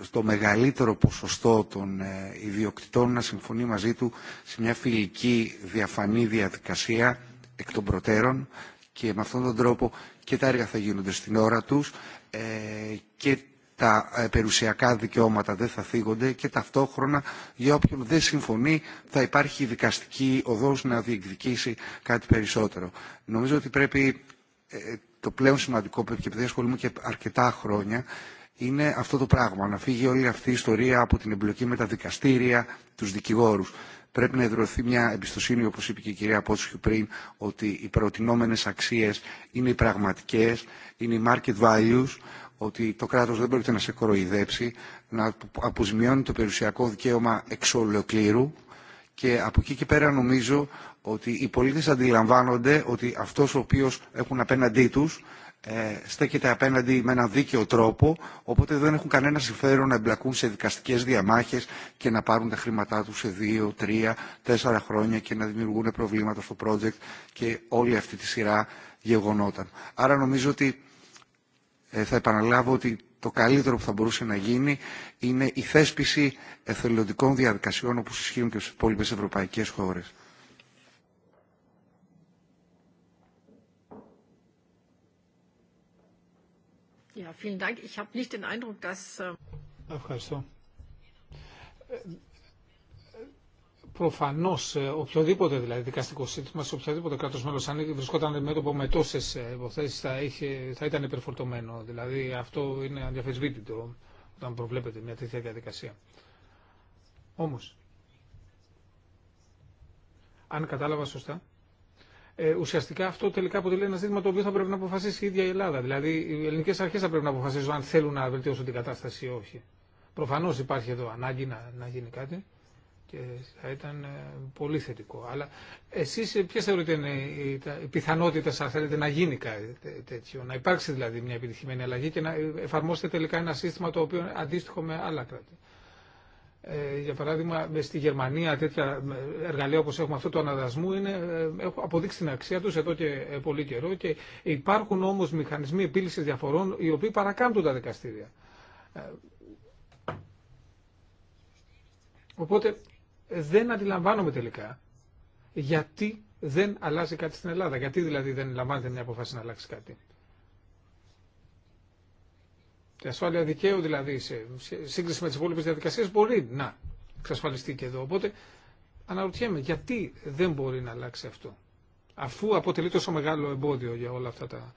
στο μεγαλύτερο ποσοστό των ε, ιδιοκτητών να συμφωνεί μαζί του σε μια φιλική διαφανή διαδικασία εκ των προτέρων και με αυτόν τον τρόπο και τα έργα θα γίνονται στην ώρα τους και τα ε, περιουσιακά δικαιώματα δεν θα θίγονται και ταυτόχρονα για όποιον δεν συμφωνεί θα υπάρχει δικαστική οδός να διεκδικήσει κάτι περισσότερο. Νομίζω ότι πρέπει ε, το πλέον σημαντικό που επειδή ασχολούμαι και αρκετά χρόνια είναι αυτό το πράγμα, να φύγει όλη αυτή η ιστορία από την εμπλοκή με τα δικαστήρια, τους δικηγόρους. Πρέπει να εδρωθεί μια εμπιστοσύνη, όπως είπε και η κυρία Πότσου πριν, ότι οι προτινόμενες αξίες είναι οι πραγματικές, είναι οι market values, ότι το κράτος δεν πρόκειται να σε κοροϊδέψει, να αποζημιώνει το περιουσιακό δικαίωμα εξ ολοκλήρου και από εκεί και πέρα νομίζω ότι οι πολίτες αντιλαμβάνονται ότι αυτός ο οποίος έχουν απέναντί τους ε, στέκεται απέναντι με έναν δίκαιο τρόπο, οπότε δεν έχουν κανένα συμφέρον να εμπλακούν σε δικαστικές διαμάχες και να πάρουν τα χρήματά τους σε δύο, τρία, τέσσερα χρόνια και να δημιουργούν προβλήματα στο project και όλη αυτή τη σειρά γεγονόταν. Άρα νομίζω ότι ε, θα επαναλάβω ότι το καλύτερο που θα μπορούσε να γίνει είναι η θέσπιση εθελοντικών διαδικασιών όπως ισχύουν και στις υπόλοιπες ευρωπαϊκές χώρες. Äh, Ευχαριστώ προφανώ ε, οποιοδήποτε δηλαδή δικαστικό σύστημα σε οποιοδήποτε κράτο μέλο, αν βρισκόταν μέτωπο με τόσε υποθέσει, θα, θα, ήταν υπερφορτωμένο. Δηλαδή αυτό είναι αδιαφεσβήτητο όταν προβλέπεται μια τέτοια διαδικασία. Όμω, αν κατάλαβα σωστά, ε, ουσιαστικά αυτό τελικά αποτελεί ένα ζήτημα το οποίο θα πρέπει να αποφασίσει η ίδια η Ελλάδα. Δηλαδή, οι ελληνικέ αρχέ θα πρέπει να αποφασίσουν αν θέλουν να βελτιώσουν την κατάσταση ή όχι. Προφανώ υπάρχει εδώ ανάγκη να γίνει κάτι και θα ήταν ε, πολύ θετικό. Αλλά εσείς ε, ποιες θεωρείτε είναι οι πιθανότητες αν θέλετε να γίνει κάτι τέτοιο, να υπάρξει δηλαδή μια επιτυχημένη αλλαγή και να ε, εφαρμόσετε τελικά ένα σύστημα το οποίο είναι αντίστοιχο με άλλα κράτη. για παράδειγμα, στη Γερμανία τέτοια εργαλεία όπως έχουμε αυτό του αναδασμού είναι, έχουν αποδείξει την αξία τους εδώ και πολύ καιρό και υπάρχουν όμως μηχανισμοί επίλυσης διαφορών οι οποίοι παρακάμπτουν τα δικαστήρια δεν αντιλαμβάνομαι τελικά γιατί δεν αλλάζει κάτι στην Ελλάδα. Γιατί δηλαδή δεν λαμβάνεται μια αποφάση να αλλάξει κάτι. Η ασφάλεια δικαίου δηλαδή σε σύγκριση με τις υπόλοιπες διαδικασίες μπορεί να εξασφαλιστεί και εδώ. Οπότε αναρωτιέμαι γιατί δεν μπορεί να αλλάξει αυτό. Αφού αποτελεί τόσο μεγάλο εμπόδιο για όλα αυτά τα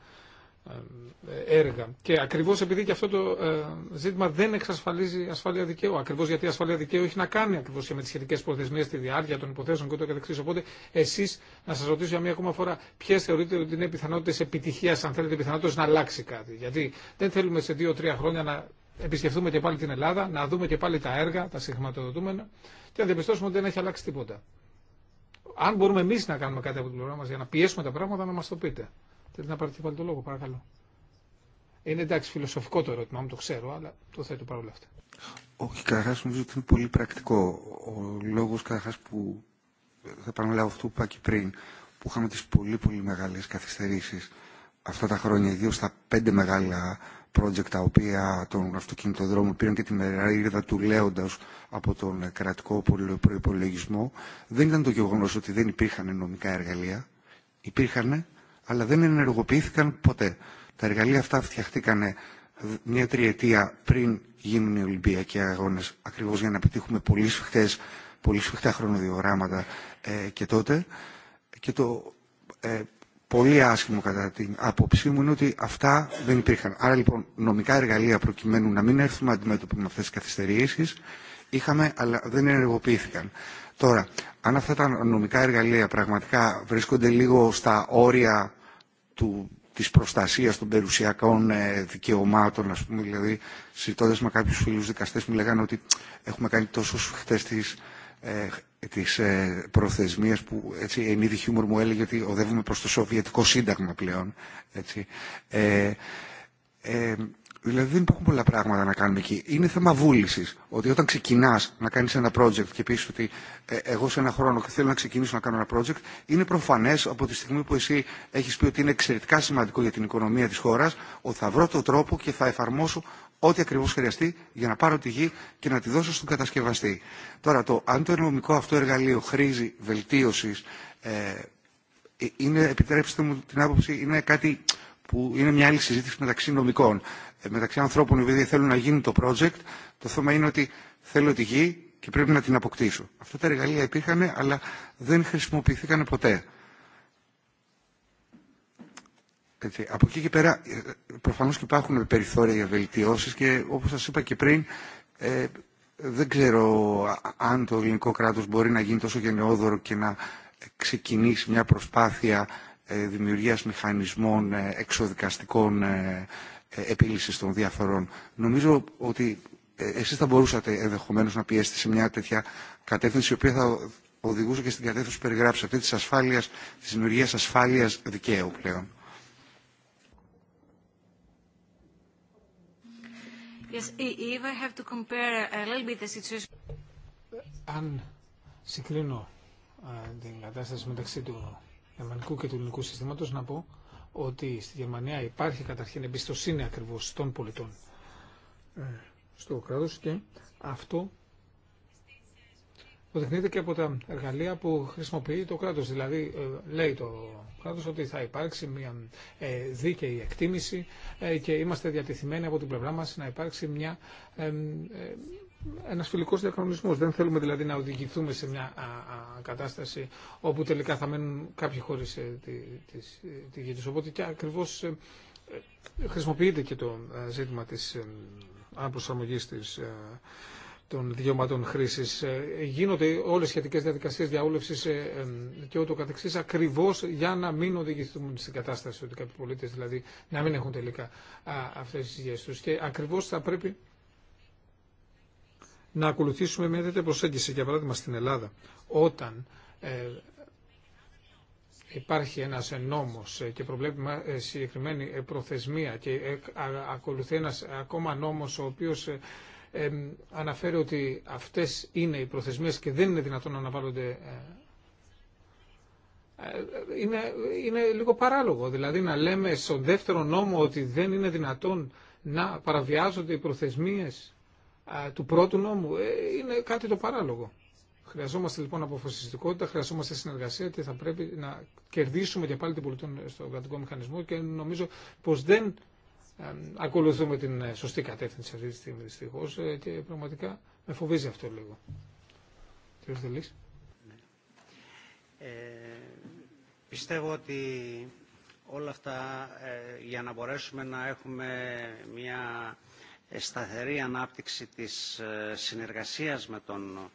ε, έργα. Και ακριβώ επειδή και αυτό το ε, ζήτημα δεν εξασφαλίζει ασφάλεια δικαίου. Ακριβώ γιατί η ασφάλεια δικαίου έχει να κάνει ακριβώ και με τι σχετικέ προθεσμίε, τη διάρκεια των υποθέσεων κ.ο.κ. Οπότε εσεί να σα ρωτήσω για μία ακόμα φορά ποιε θεωρείτε ότι είναι πιθανότητε επιτυχία, αν θέλετε, πιθανότητε να αλλάξει κάτι. Γιατί δεν θέλουμε σε δύο-τρία χρόνια να επισκεφθούμε και πάλι την Ελλάδα, να δούμε και πάλι τα έργα, τα συγχρηματοδοτούμενα και να διαπιστώσουμε ότι δεν έχει αλλάξει τίποτα. Αν μπορούμε εμεί να κάνουμε κάτι από την πλευρά μα για να πιέσουμε τα πράγματα, να μα το πείτε. Θέλει να πάρετε πάλι το λόγο, παρακαλώ. Είναι εντάξει φιλοσοφικό το ερώτημα, μου το ξέρω, αλλά το θέτω παρόλα αυτά. Όχι, καταρχά νομίζω ότι είναι πολύ πρακτικό. Ο λόγο καταρχά που θα επαναλάβω αυτό που είπα και πριν, που είχαμε τι πολύ πολύ μεγάλε καθυστερήσει αυτά τα χρόνια, ιδίω στα πέντε μεγάλα project τα οποία τον αυτοκινητοδρόμο πήραν και τη μερίδα του λέοντα από τον κρατικό προπολογισμό, δεν ήταν το γεγονό ότι δεν υπήρχαν νομικά εργαλεία. Υπήρχαν, αλλά δεν ενεργοποιήθηκαν ποτέ. Τα εργαλεία αυτά φτιαχτήκαν μια τριετία πριν γίνουν οι Ολυμπιακοί Αγώνες, ακριβώς για να πετύχουμε πολύ σφιχτέ πολύ χρονοδιογράμματα ε, και τότε. Και το ε, πολύ άσχημο κατά την άποψή μου είναι ότι αυτά δεν υπήρχαν. Άρα λοιπόν νομικά εργαλεία προκειμένου να μην έρθουμε αντιμέτωποι με αυτές τις καθυστερήσεις είχαμε αλλά δεν ενεργοποιήθηκαν. Τώρα, αν αυτά τα νομικά εργαλεία πραγματικά βρίσκονται λίγο στα όρια του, της προστασίας των περιουσιακών ε, δικαιωμάτων, ας πούμε, δηλαδή συζητώντας με κάποιους φίλους δικαστές μου λέγανε ότι έχουμε κάνει τόσο σφιχτές τις, ε, τις ε, προθεσμίες που έτσι εν είδη χιούμορ μου έλεγε ότι οδεύουμε προς το Σοβιετικό Σύνταγμα πλέον. Έτσι. Ε, ε, Δηλαδή δεν υπάρχουν πολλά πράγματα να κάνουμε εκεί. Είναι θέμα βούληση. Ότι όταν ξεκινά να κάνει ένα project και πει ότι ε, εγώ σε ένα χρόνο θέλω να ξεκινήσω να κάνω ένα project, είναι προφανέ από τη στιγμή που εσύ έχει πει ότι είναι εξαιρετικά σημαντικό για την οικονομία τη χώρα, ότι θα βρω τον τρόπο και θα εφαρμόσω ό,τι ακριβώ χρειαστεί για να πάρω τη γη και να τη δώσω στον κατασκευαστή. Τώρα, το αν το νομικό αυτό εργαλείο χρήζει βελτίωση, ε, ε, είναι, επιτρέψτε μου την άποψη, είναι κάτι που είναι μια άλλη συζήτηση μεταξύ νομικών. Ε, μεταξύ ανθρώπων οι οποίοι θέλουν να γίνει το project. Το θέμα είναι ότι θέλω τη γη και πρέπει να την αποκτήσω. Αυτά τα εργαλεία υπήρχαν, αλλά δεν χρησιμοποιηθήκαν ποτέ. Έτσι. Από εκεί και πέρα, ε, προφανώ και υπάρχουν περιθώρια για βελτιώσει και όπω σα είπα και πριν, ε, δεν ξέρω αν το ελληνικό κράτο μπορεί να γίνει τόσο γενναιόδωρο και να ξεκινήσει μια προσπάθεια ε, δημιουργίας μηχανισμών εξοδικαστικών ε, επίλυση των διαφορών. Νομίζω ότι ε, εσείς θα μπορούσατε ενδεχομένως να πιέσετε σε μια τέτοια κατεύθυνση, η οποία θα οδηγούσε και στην κατεύθυνση που περιγράψα, αυτή της ασφάλειας, της δημιουργίας ασφάλειας δικαίου πλέον. Αν συγκρίνω ε, την κατάσταση μεταξύ του γερμανικού και του ελληνικού συστήματος, να πω ότι στη Γερμανία υπάρχει καταρχήν εμπιστοσύνη ακριβώς των πολιτών ε, στο κράτος και αυτό Υποδεικνύεται και από τα εργαλεία που χρησιμοποιεί το κράτος. Δηλαδή ε, λέει το κράτος ότι θα υπάρξει μια ε, δίκαιη εκτίμηση και είμαστε διατεθειμένοι από την πλευρά μας να υπάρξει μια ένα φιλικό διακανονισμός. Δεν θέλουμε δηλαδή να οδηγηθούμε σε μια κατάσταση όπου τελικά θα μένουν κάποιοι χώρε ε, τη γη τους. Οπότε και ακριβώς ε, ε, χρησιμοποιείται και το ζήτημα της αναπροσαρμογής των δικαιωμάτων χρήση. Γίνονται όλε σχετικέ διαδικασίε διαούλευση και ούτω καθεξή ακριβώ για να μην οδηγηθούμε στην κατάσταση ότι κάποιοι πολίτε δηλαδή να μην έχουν τελικά αυτέ τι γη του. Και ακριβώ θα πρέπει να ακολουθήσουμε μια τέτοια προσέγγιση. Για παράδειγμα στην Ελλάδα, όταν ε, υπάρχει ένας νόμος ε, και προβλέπει ε, συγκεκριμένη προθεσμία και ακολουθεί ένας ακόμα νόμος ο οποίος αναφέρει ότι αυτές είναι οι προθεσμίες και δεν είναι δυνατόν να αναβάλλονται είναι, είναι λίγο παράλογο. Δηλαδή να λέμε στον δεύτερο νόμο ότι δεν είναι δυνατόν να παραβιάζονται οι προθεσμίες του πρώτου νόμου ε, είναι κάτι το παράλογο. Χρειαζόμαστε λοιπόν αποφασιστικότητα, χρειαζόμαστε συνεργασία και θα πρέπει να κερδίσουμε και πάλι την πολιτών στο κρατικό μηχανισμό και νομίζω πως δεν ακολουθούμε την ε, σωστή κατεύθυνση αυτή τη στιγμή δυστυχώ ε, και πραγματικά με φοβίζει αυτό λίγο. Τι θέλεις; Ε, πιστεύω ότι όλα αυτά για να μπορέσουμε να έχουμε μια σταθερή ανάπτυξη της ε, συνεργασίας με τον,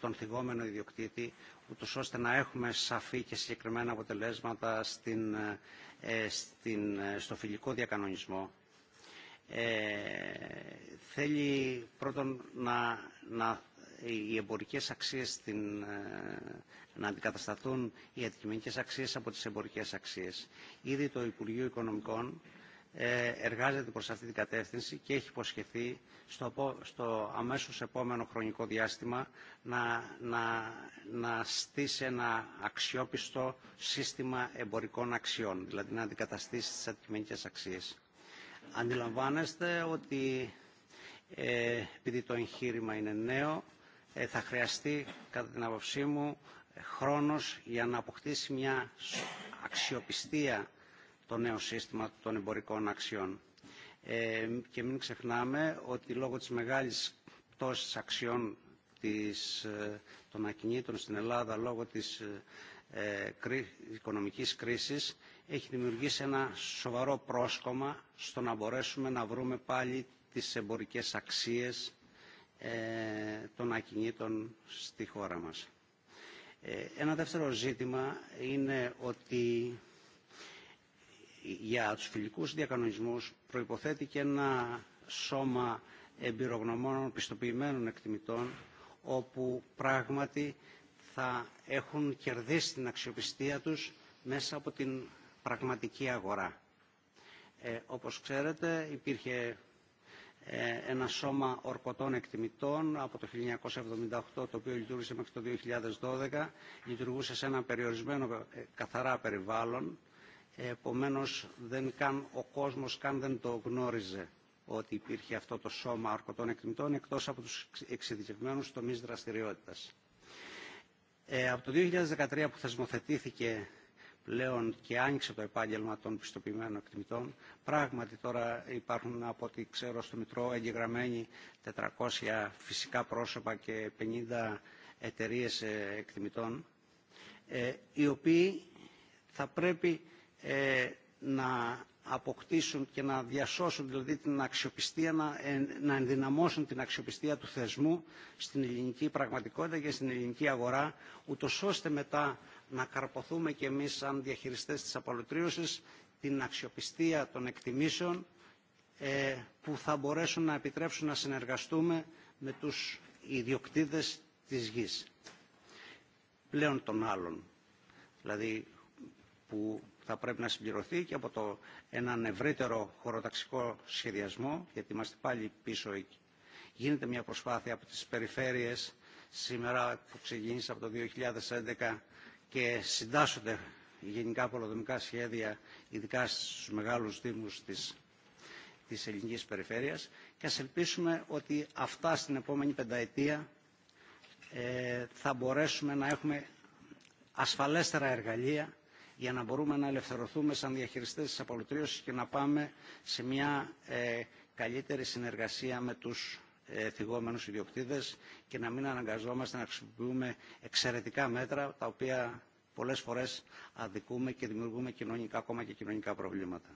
τον θυγόμενο ιδιοκτήτη, ούτως ώστε να έχουμε σαφή και συγκεκριμένα αποτελέσματα στην, ε, ε, στην, στο φιλικό διακανονισμό. Ε, θέλει πρώτον να, να οι εμπορικές αξίες να αντικατασταθούν οι αντικειμενικές αξίες από τις εμπορικές αξίες. Ήδη το Υπουργείο Οικονομικών ε, εργάζεται προς αυτή την κατεύθυνση και έχει υποσχεθεί στο, στο αμέσως επόμενο χρονικό διάστημα να, να, να στήσει ένα αξιόπιστο σύστημα εμπορικών αξιών, δηλαδή να αντικαταστήσει τις αντικειμενικές αξίες. Αντιλαμβάνεστε ότι ε, επειδή το εγχείρημα είναι νέο, ε, θα χρειαστεί κατά την άποψή μου χρόνος για να αποκτήσει μια αξιοπιστία το νέο σύστημα των εμπορικών αξιών. Ε, και μην ξεχνάμε ότι λόγω της μεγάλης πτώσης αξιών της, ε, των ακινήτων στην Ελλάδα λόγω της ε, οικονομικής κρίσης έχει δημιουργήσει ένα σοβαρό πρόσκομα στο να μπορέσουμε να βρούμε πάλι τις εμπορικές αξίες ε, των ακινήτων στη χώρα μας. Ένα δεύτερο ζήτημα είναι ότι για τους φιλικούς διακανονισμούς προϋποθέτει και ένα σώμα εμπειρογνωμόνων πιστοποιημένων εκτιμητών όπου πράγματι θα έχουν κερδίσει την αξιοπιστία τους μέσα από την πραγματική αγορά. Ε, όπως ξέρετε υπήρχε ε, ένα σώμα ορκωτών εκτιμητών από το 1978 το οποίο λειτουργούσε μέχρι το 2012 λειτουργούσε σε ένα περιορισμένο ε, καθαρά περιβάλλον Επομένως δεν καν, ο κόσμος καν δεν το γνώριζε ότι υπήρχε αυτό το σώμα αρκωτών εκτιμητών εκτός από τους εξειδικευμένους τομείς δραστηριότητας. Ε, από το 2013 που θεσμοθετήθηκε πλέον και άνοιξε το επάγγελμα των πιστοποιημένων εκτιμητών. Πράγματι τώρα υπάρχουν από ό,τι ξέρω στο Μητρό εγγεγραμμένοι 400 φυσικά πρόσωπα και 50 εταιρείε ε, εκτιμητών, ε, οι οποίοι θα πρέπει ε, να αποκτήσουν και να διασώσουν δηλαδή την αξιοπιστία, να, ενδυναμώσουν την αξιοπιστία του θεσμού στην ελληνική πραγματικότητα και στην ελληνική αγορά, ούτω ώστε μετά να καρποθούμε και εμείς σαν διαχειριστές της απολυτρίωσης την αξιοπιστία των εκτιμήσεων ε, που θα μπορέσουν να επιτρέψουν να συνεργαστούμε με τους ιδιοκτήτες της γης. Πλέον των άλλων, δηλαδή που θα πρέπει να συμπληρωθεί και από το, έναν ευρύτερο χωροταξικό σχεδιασμό, γιατί είμαστε πάλι πίσω εκεί. Γίνεται μια προσπάθεια από τις περιφέρειες σήμερα που ξεκίνησε από το 2011 και συντάσσονται γενικά πολυδομικά σχέδια, ειδικά στους μεγάλους δήμους της, της ελληνικής περιφέρειας και ας ελπίσουμε ότι αυτά στην επόμενη πενταετία ε, θα μπορέσουμε να έχουμε ασφαλέστερα εργαλεία για να μπορούμε να ελευθερωθούμε σαν διαχειριστές της απολυτρίωσης και να πάμε σε μια ε, καλύτερη συνεργασία με τους ε, θυγόμενους ιδιοκτήτες και να μην αναγκαζόμαστε να χρησιμοποιούμε εξαιρετικά μέτρα τα οποία πολλές φορές αδικούμε και δημιουργούμε κοινωνικά ακόμα και κοινωνικά προβλήματα.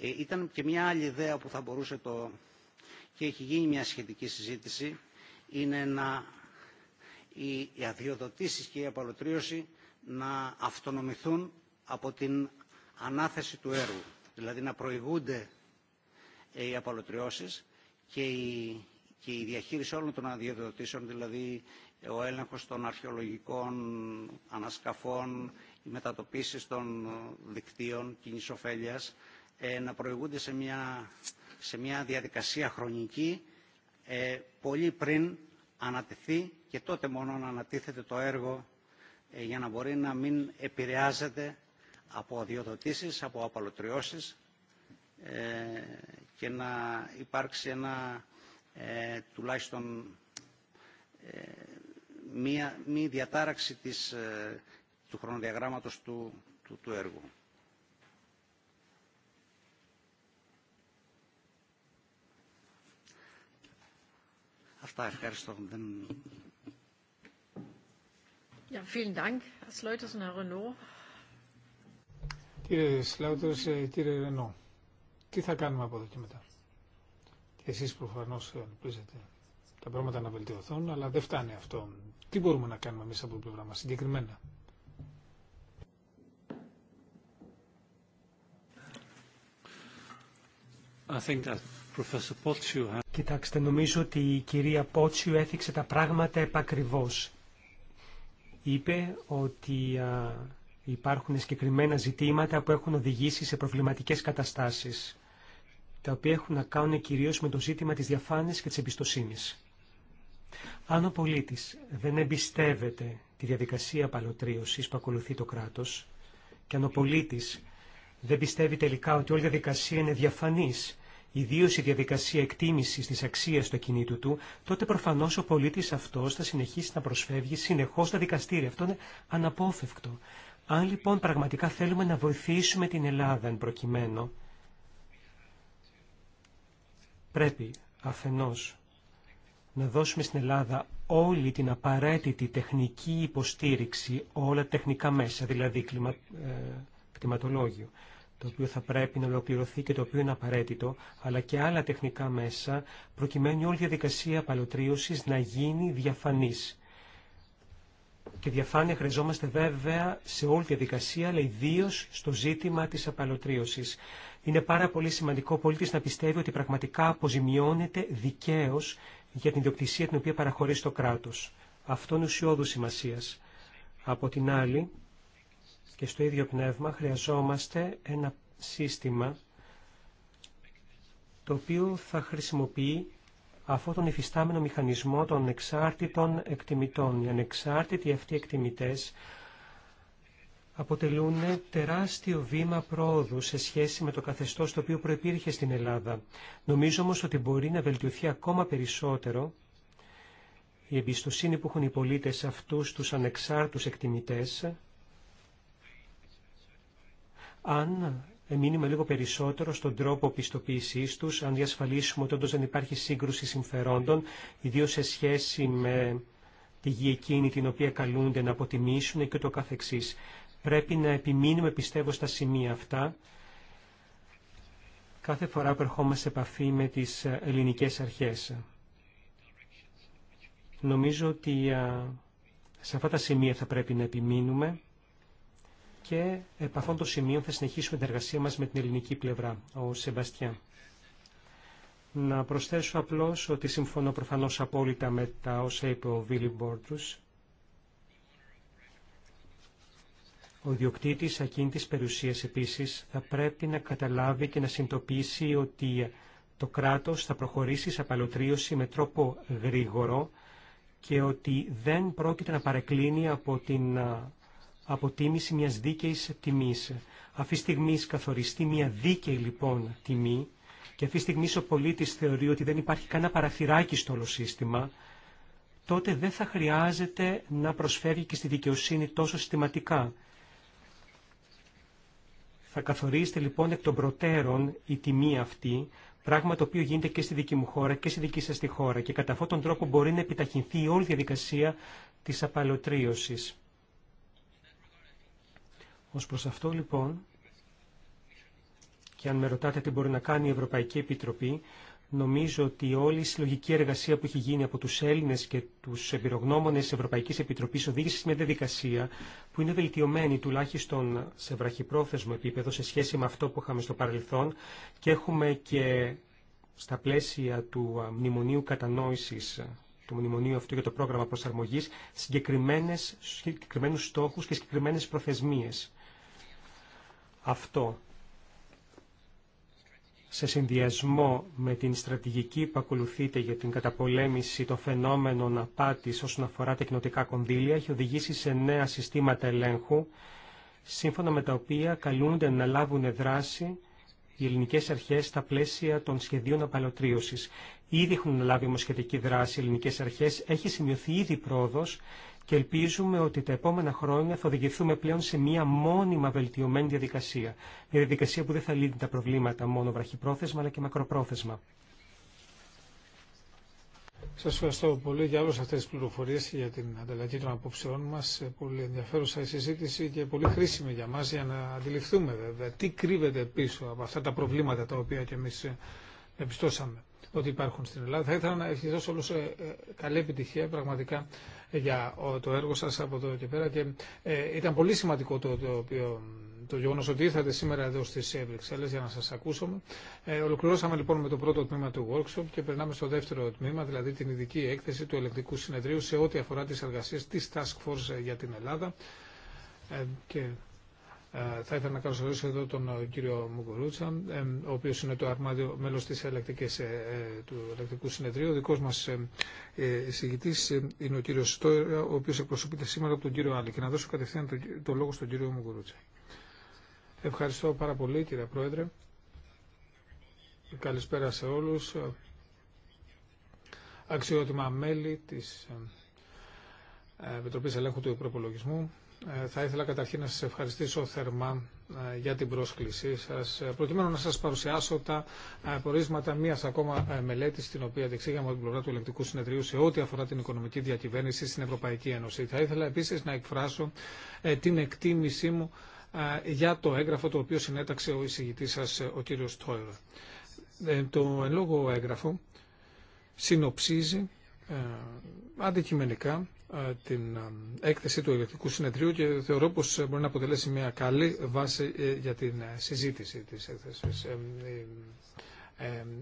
Ε, ήταν και μια άλλη ιδέα που θα μπορούσε το... και έχει γίνει μια σχετική συζήτηση είναι να οι, οι και η απαλωτρίωση να αυτονομηθούν από την ανάθεση του έργου. Δηλαδή να προηγούνται ε, οι απαλωτριώσεις και η, και η διαχείριση όλων των αδειοδοτήσεων, δηλαδή ε, ο έλεγχος των αρχαιολογικών ανασκαφών, οι μετατοπίσεις των δικτύων κοινής ωφέλειας, ε, να προηγούνται σε μια, σε μια διαδικασία χρονική πολύ πριν ανατεθεί και τότε μόνο να ανατίθεται το έργο ε, για να μπορεί να μην επηρεάζεται από αδειοδοτήσεις, από απαλωτριώσεις ε, και να υπάρξει ένα ε, τουλάχιστον μία μη διατάραξη της, του χρονοδιαγράμματος του, του, του έργου. Αυτά ευχαριστώ. Ja, vielen Dank, Renault. Κύριε Σλάουτερς, ε, κύριε Ρενό, τι θα κάνουμε από εδώ και μετά. Και εσείς προφανώς ε, ελπίζετε τα πράγματα να βελτιωθούν, αλλά δεν φτάνει αυτό. Τι μπορούμε να κάνουμε εμείς από την πλευρά μας συγκεκριμένα. I think that Professor Potsu has... Κοιτάξτε, νομίζω ότι η κυρία Πότσιου έθιξε τα πράγματα επακριβώς. Είπε ότι υπάρχουν συγκεκριμένα ζητήματα που έχουν οδηγήσει σε προβληματικές καταστάσεις, τα οποία έχουν να κάνουν κυρίως με το ζήτημα της διαφάνειας και της εμπιστοσύνης. Αν ο πολίτης δεν εμπιστεύεται τη διαδικασία παλωτρίωσης που ακολουθεί το κράτος και αν ο πολίτης δεν πιστεύει τελικά ότι όλη η διαδικασία είναι διαφανής Ιδίω η διαδικασία εκτίμησης της αξίας του ακινήτου του, τότε προφανώς ο πολίτης αυτός θα συνεχίσει να προσφεύγει συνεχώς στα δικαστήρια. Αυτό είναι αναπόφευκτο. Αν λοιπόν πραγματικά θέλουμε να βοηθήσουμε την Ελλάδα εν προκειμένου, πρέπει αφενός να δώσουμε στην Ελλάδα όλη την απαραίτητη τεχνική υποστήριξη, όλα τεχνικά μέσα, δηλαδή κλιμα, ε, κτηματολόγιο το οποίο θα πρέπει να ολοκληρωθεί και το οποίο είναι απαραίτητο, αλλά και άλλα τεχνικά μέσα, προκειμένου όλη η διαδικασία απαλωτρίωσης να γίνει διαφανής. Και διαφάνεια χρειαζόμαστε βέβαια σε όλη τη διαδικασία, αλλά ιδίω στο ζήτημα της απαλωτρίωσης. Είναι πάρα πολύ σημαντικό ο πολίτης να πιστεύει ότι πραγματικά αποζημιώνεται δικαίω για την ιδιοκτησία την οποία παραχωρεί στο κράτος. Αυτό είναι ουσιώδου σημασίας. Από την άλλη, και στο ίδιο πνεύμα χρειαζόμαστε ένα σύστημα το οποίο θα χρησιμοποιεί αυτόν τον υφιστάμενο μηχανισμό των εξάρτητων εκτιμητών. Οι ανεξάρτητοι αυτοί εκτιμητές αποτελούν τεράστιο βήμα πρόοδου σε σχέση με το καθεστώς το οποίο προϋπήρχε στην Ελλάδα. Νομίζω όμως ότι μπορεί να βελτιωθεί ακόμα περισσότερο η εμπιστοσύνη που έχουν οι πολίτες αυτούς τους ανεξάρτητους εκτιμητές αν μείνουμε λίγο περισσότερο στον τρόπο πιστοποίησή του, αν διασφαλίσουμε ότι όντω δεν υπάρχει σύγκρουση συμφερόντων, ιδίω σε σχέση με τη γη εκείνη την οποία καλούνται να αποτιμήσουν και το καθεξής. Πρέπει να επιμείνουμε πιστεύω στα σημεία αυτά. Κάθε φορά που ερχόμαστε σε επαφή με τις ελληνικές αρχές. Νομίζω ότι σε αυτά τα σημεία θα πρέπει να επιμείνουμε και επ' αυτών των σημείων θα συνεχίσουμε την εργασία μας με την ελληνική πλευρά, ο Σεβαστιάν. Να προσθέσω απλώς ότι συμφωνώ προφανώς απόλυτα με τα όσα είπε ο Βίλι Ο διοκτήτης, ακίνητης περιουσίας επίσης θα πρέπει να καταλάβει και να συνειδητοποιήσει ότι το κράτος θα προχωρήσει σε απαλωτρίωση με τρόπο γρήγορο και ότι δεν πρόκειται να παρεκκλίνει από την αποτίμηση μιας δίκαιης τιμής. Αυτή τη στιγμή καθοριστεί μια δίκαιη λοιπόν τιμή και αυτή τη στιγμή ο πολίτης θεωρεί ότι δεν υπάρχει κανένα παραθυράκι στο όλο σύστημα, τότε δεν θα χρειάζεται να προσφεύγει και στη δικαιοσύνη τόσο συστηματικά. Θα καθορίζεται λοιπόν εκ των προτέρων η τιμή αυτή, πράγμα το οποίο γίνεται και στη δική μου χώρα και στη δική σας τη χώρα και κατά αυτόν τον τρόπο μπορεί να επιταχυνθεί η όλη διαδικασία της απαλωτρίωσης. Ως προς αυτό λοιπόν, και αν με ρωτάτε τι μπορεί να κάνει η Ευρωπαϊκή Επιτροπή, νομίζω ότι όλη η συλλογική εργασία που έχει γίνει από τους Έλληνες και τους εμπειρογνώμονες της Ευρωπαϊκής Επιτροπής οδήγησε σε μια διαδικασία που είναι βελτιωμένη τουλάχιστον σε βραχυπρόθεσμο επίπεδο σε σχέση με αυτό που είχαμε στο παρελθόν και έχουμε και στα πλαίσια του μνημονίου κατανόησης του μνημονίου αυτού για το πρόγραμμα προσαρμογής συγκεκριμένους στόχους και συγκεκριμένες προθεσμίες. Αυτό σε συνδυασμό με την στρατηγική που ακολουθείται για την καταπολέμηση των φαινόμενων απάτης όσον αφορά τα κοινοτικά κονδύλια έχει οδηγήσει σε νέα συστήματα ελέγχου, σύμφωνα με τα οποία καλούνται να λάβουν δράση οι ελληνικές αρχές στα πλαίσια των σχεδίων απαλωτρίωσης. Ήδη έχουν λάβει όμως σχετική δράση οι ελληνικές αρχές, έχει σημειωθεί ήδη πρόοδος και ελπίζουμε ότι τα επόμενα χρόνια θα οδηγηθούμε πλέον σε μία μόνιμα βελτιωμένη διαδικασία. Μια διαδικασία που δεν θα λύνει τα προβλήματα μόνο βραχυπρόθεσμα αλλά και μακροπρόθεσμα. Σα ευχαριστώ πολύ για όλε αυτέ τι πληροφορίε και για την ανταλλαγή των απόψεών μα. Ε, πολύ ενδιαφέρουσα η συζήτηση και πολύ χρήσιμη για μα για να αντιληφθούμε βέβαια τι κρύβεται πίσω από αυτά τα προβλήματα τα οποία και εμεί ε, εμπιστώσαμε ότι υπάρχουν στην Ελλάδα. Θα ήθελα να ευχηθώ σε όλου ε, καλή επιτυχία. Πραγματικά για το έργο σας από εδώ και πέρα και ε, ήταν πολύ σημαντικό το, το οποίο το γεγονό ότι ήρθατε σήμερα εδώ στι ε, Βρυξέλλε για να σα ακούσουμε. Ε, ολοκληρώσαμε λοιπόν με το πρώτο τμήμα του workshop και περνάμε στο δεύτερο τμήμα, δηλαδή την ειδική έκθεση του ελεκτικού συνεδρίου σε ό,τι αφορά τι εργασίε τη Task Force για την Ελλάδα. Ε, και ε, θα ήθελα να καλωσορίσω εδώ τον ε, κύριο Μουγκουρούτσα, ε, ο οποίο είναι το αρμάδιο μέλο του Ελεκτικού Συνεδρίου. Ο δικό μα εισηγητή είναι ο κύριο Στόιρα, ο οποίο εκπροσωπείται σήμερα από τον κύριο Άλλη. Και να δώσω κατευθείαν το λόγο στον κύριο Μουγκουρούτσα. Ευχαριστώ πάρα πολύ κύριε Πρόεδρε. Καλησπέρα σε όλου. Αξιότιμα μέλη τη Επιτροπή Ελέγχου του Προπολογισμού. Ε, θα ήθελα καταρχήν να σας ευχαριστήσω θερμά ε, για την πρόσκλησή σας ε, προκειμένου να σας παρουσιάσω τα πορίσματα μιας ακόμα μελέτης την οποία διεξήγαμε από την πλευρά του Ελεκτικού Συνεδρίου σε ό,τι αφορά την οικονομική διακυβέρνηση στην Ευρωπαϊκή Ένωση. Θα ήθελα επίσης να εκφράσω την εκτίμησή μου για το έγγραφο το οποίο συνέταξε ο εισηγητής σας ο κύριος Τόιρο. Το εν λόγω έγγραφο συνοψίζει αντικειμενικά ε, την ε, έκθεση του Ελεκτικού Συνεδρίου και θεωρώ πως ε, μπορεί να αποτελέσει μια καλή βάση για την συζήτηση της έκθεσης.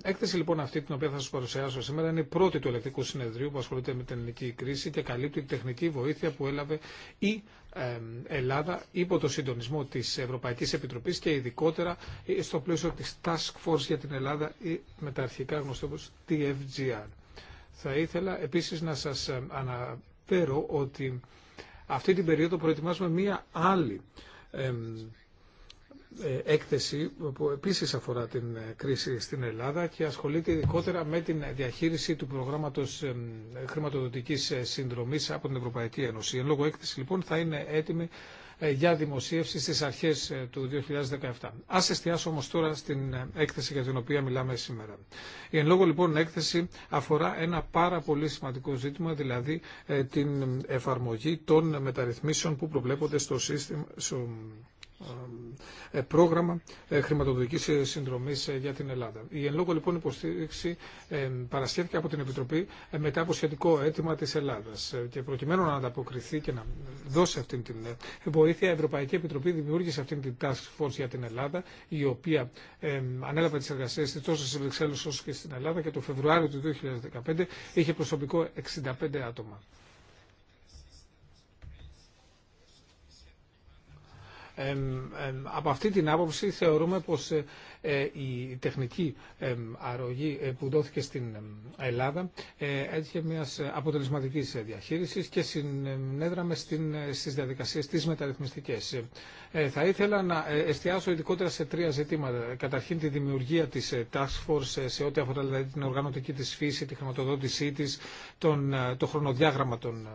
Έκθεση λοιπόν αυτή την οποία θα σας παρουσιάσω σήμερα είναι η πρώτη του Ελεκτικού Συνεδρίου που ασχολείται με την ελληνική κρίση και καλύπτει την τεχνική βοήθεια που έλαβε η Ελλάδα υπό το συντονισμό της Ευρωπαϊκής Επιτροπής και ειδικότερα στο πλαίσιο της Task Force για την Ελλάδα ή με τα αρχικά γνωστό TFGR. Θα ήθελα επίσης να σας ανα πέρο ότι αυτή την περίοδο προετοιμάζουμε μία άλλη ε, έκθεση που επίσης αφορά την ε, κρίση στην Ελλάδα και ασχολείται ειδικότερα με την διαχείριση του προγράμματος χρηματοδοτικής ε, συνδρομής από την Ευρωπαϊκή Ένωση. Εν λόγω έκθεση λοιπόν θα είναι έτοιμη ε, για δημοσίευση στις αρχές ε, του 2017. Ας εστιάσω όμως τώρα στην ε, έκθεση για την οποία μιλάμε σήμερα. Η εν λόγω λοιπόν έκθεση αφορά ένα πάρα πολύ σημαντικό ζήτημα, δηλαδή την εφαρμογή των μεταρρυθμίσεων που προβλέπονται στο σύστημα, ε, πρόγραμμα ε, χρηματοδοτικής ε, συνδρομής για την Ελλάδα. Η εν λόγω λοιπόν υποστήριξη παρασχέθηκε από την Επιτροπή μετά από σχετικό αίτημα της Ελλάδας και προκειμένου να ανταποκριθεί και να δώσει αυτή την βοήθεια η Ευρωπαϊκή Επιτροπή δημιούργησε αυτή την Task Force για την Ελλάδα η οποία ανέλαβε τις εργασίες της τόσο στις Βρυξέλλες όσο και στην Ελλάδα και το Φεβρουάριο του 2015 είχε προσωπικό 65 άτομα. από αυτή την άποψη θεωρούμε πως ε, ε, η τεχνική αρρωγή ε, που δόθηκε στην Ελλάδα έτυχε μιας αποτελεσματικής διαχείρισης και συνέδραμε στις διαδικασίες της μεταρρυθμιστικές. Θα ήθελα να εστιάσω ειδικότερα σε τρία ζητήματα. Καταρχήν τη δημιουργία της Task Force σε ό,τι αφορά δηλαδή, την οργανωτική της φύση, τη χρηματοδότησή της, τον, το χρονοδιάγραμμα των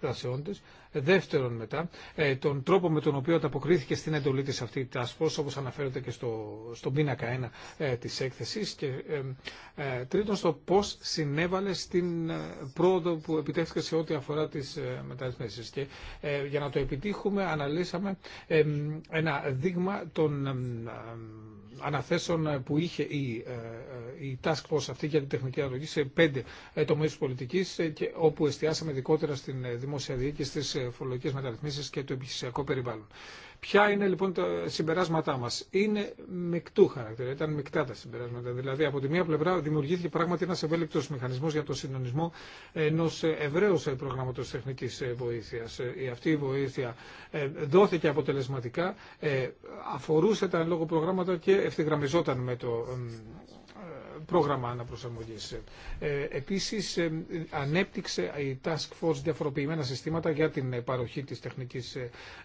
δρασιών Δεύτερον μετά, ε, τον τρόπο με τον οποίο ανταποκρίθηκε στην εντολή της αυτή η Task Force, όπως αναφέρεται και στο, στον πίνακα 1 ε, της έκθεσης. Και ε, τρίτον, στο πώς συνέβαλε στην πρόοδο που επιτέθηκε σε ό,τι αφορά τις μεταρρυθμίσεις. Και για να το επιτύχουμε αναλύσαμε ένα δείγμα των αναθέσεων που είχε η, η Task Force αυτή για την τεχνική αναλογή σε πέντε τομείς πολιτικής και όπου εστιάσαμε ειδικότερα στην δημόσια διοίκηση, φορολογικέ μεταρρυθμίσει και το επιχειρησιακό περιβάλλον. Ποια είναι λοιπόν τα συμπεράσματά μα. Είναι μεικτού χαρακτήρα, ήταν μεικτά τα συμπεράσματα. Δηλαδή, από τη μία πλευρά δημιουργήθηκε πράγματι ένα ευέλικτο μηχανισμό για τον συντονισμό ενό ευρέω προγράμματο τεχνική βοήθεια. Ε, αυτή η βοήθεια ε, δόθηκε αποτελεσματικά, ε, αφορούσε τα λόγω προγράμματα και ευθυγραμμιζόταν με το πρόγραμμα αναπροσαρμογής. Ε, επίσης, ε, ανέπτυξε η Task Force διαφοροποιημένα συστήματα για την παροχή της τεχνικής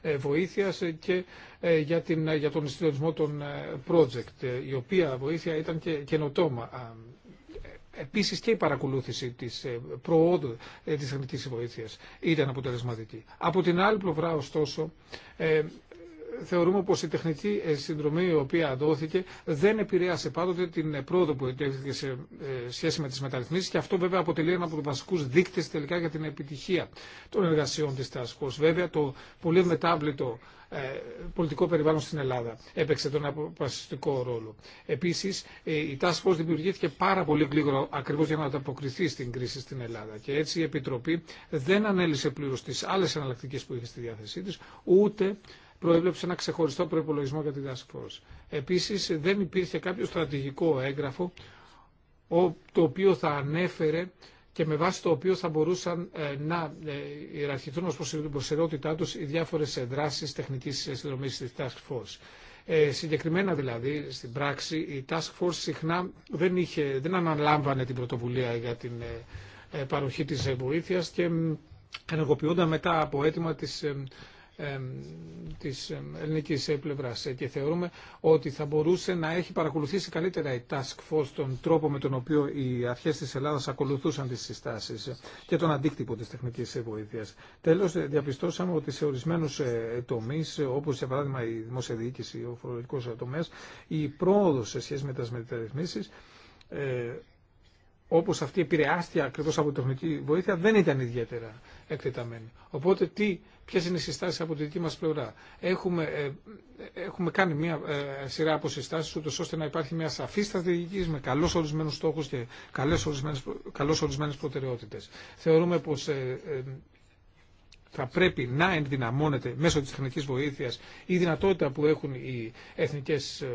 ε, βοήθεια και για, την, για τον συντονισμό των project, η οποία βοήθεια ήταν και καινοτόμα Επίσης και η παρακολούθηση της προόδου της τεχνική βοήθειας ήταν αποτελεσματική. Από την άλλη πλευρά ωστόσο θεωρούμε πως η τεχνική ε, συνδρομή η οποία δόθηκε δεν επηρέασε πάντοτε την ε, πρόοδο που επιτέχθηκε σε ε, σχέση με τις μεταρρυθμίσεις και αυτό βέβαια αποτελεί ένα από τους βασικούς δείκτες τελικά για την επιτυχία των εργασιών της Task Βέβαια το πολύ μετάβλητο πολιτικό περιβάλλον στην Ελλάδα έπαιξε τον αποφασιστικό ρόλο. Επίσης η Task δημιουργήθηκε πάρα πολύ γλίγορα ακριβώς για να ανταποκριθεί στην κρίση στην Ελλάδα και έτσι η Επιτροπή δεν ανέλησε πλήρως τις άλλες εναλλακτικές που είχε στη διάθεσή της ούτε προέβλεψε ένα ξεχωριστό προπολογισμό για την Task Force. Επίση, δεν υπήρχε κάποιο στρατηγικό έγγραφο το οποίο θα ανέφερε και με βάση το οποίο θα μπορούσαν ε, να ε, ιεραρχηθούν ως προς την τους οι διάφορες δράσεις τεχνικής συνδρομής της Task Force. Ε, συγκεκριμένα δηλαδή στην πράξη η Task Force συχνά δεν, είχε, δεν αναλάμβανε την πρωτοβουλία για την ε, παροχή της βοήθειας και ενεργοποιούνταν μετά από αίτημα της της ελληνικής ε, πλευράς ε, και θεωρούμε ότι θα μπορούσε να έχει παρακολουθήσει καλύτερα η Task Force τον τρόπο με τον οποίο οι αρχές της Ελλάδας ακολουθούσαν τις συστάσεις και τον αντίκτυπο της τεχνικής ε, βοήθειας. Τέλος, διαπιστώσαμε ότι σε ορισμένους τομείς, όπως για παράδειγμα η δημόσια διοίκηση, ο φορολογικός τομέας, η πρόοδος σε σχέση με τις μεταρρυθμίσεις όπως αυτή επηρεάστηκε ακριβώς από τη τεχνική βοήθεια, δεν ήταν ιδιαίτερα εκτεταμένη. Οπότε τι ποιε είναι οι συστάσει από τη δική μα πλευρά. Έχουμε, ε, έχουμε κάνει μια ε, σειρά από συστάσει, ούτω ώστε να υπάρχει μια σαφή στρατηγική με καλώ ορισμένου στόχου και καλώ ορισμένε προτεραιότητε. Θεωρούμε πω ε, θα πρέπει να ενδυναμώνεται μέσω της τεχνικής βοήθειας η δυνατότητα που έχουν οι εθνικές ε,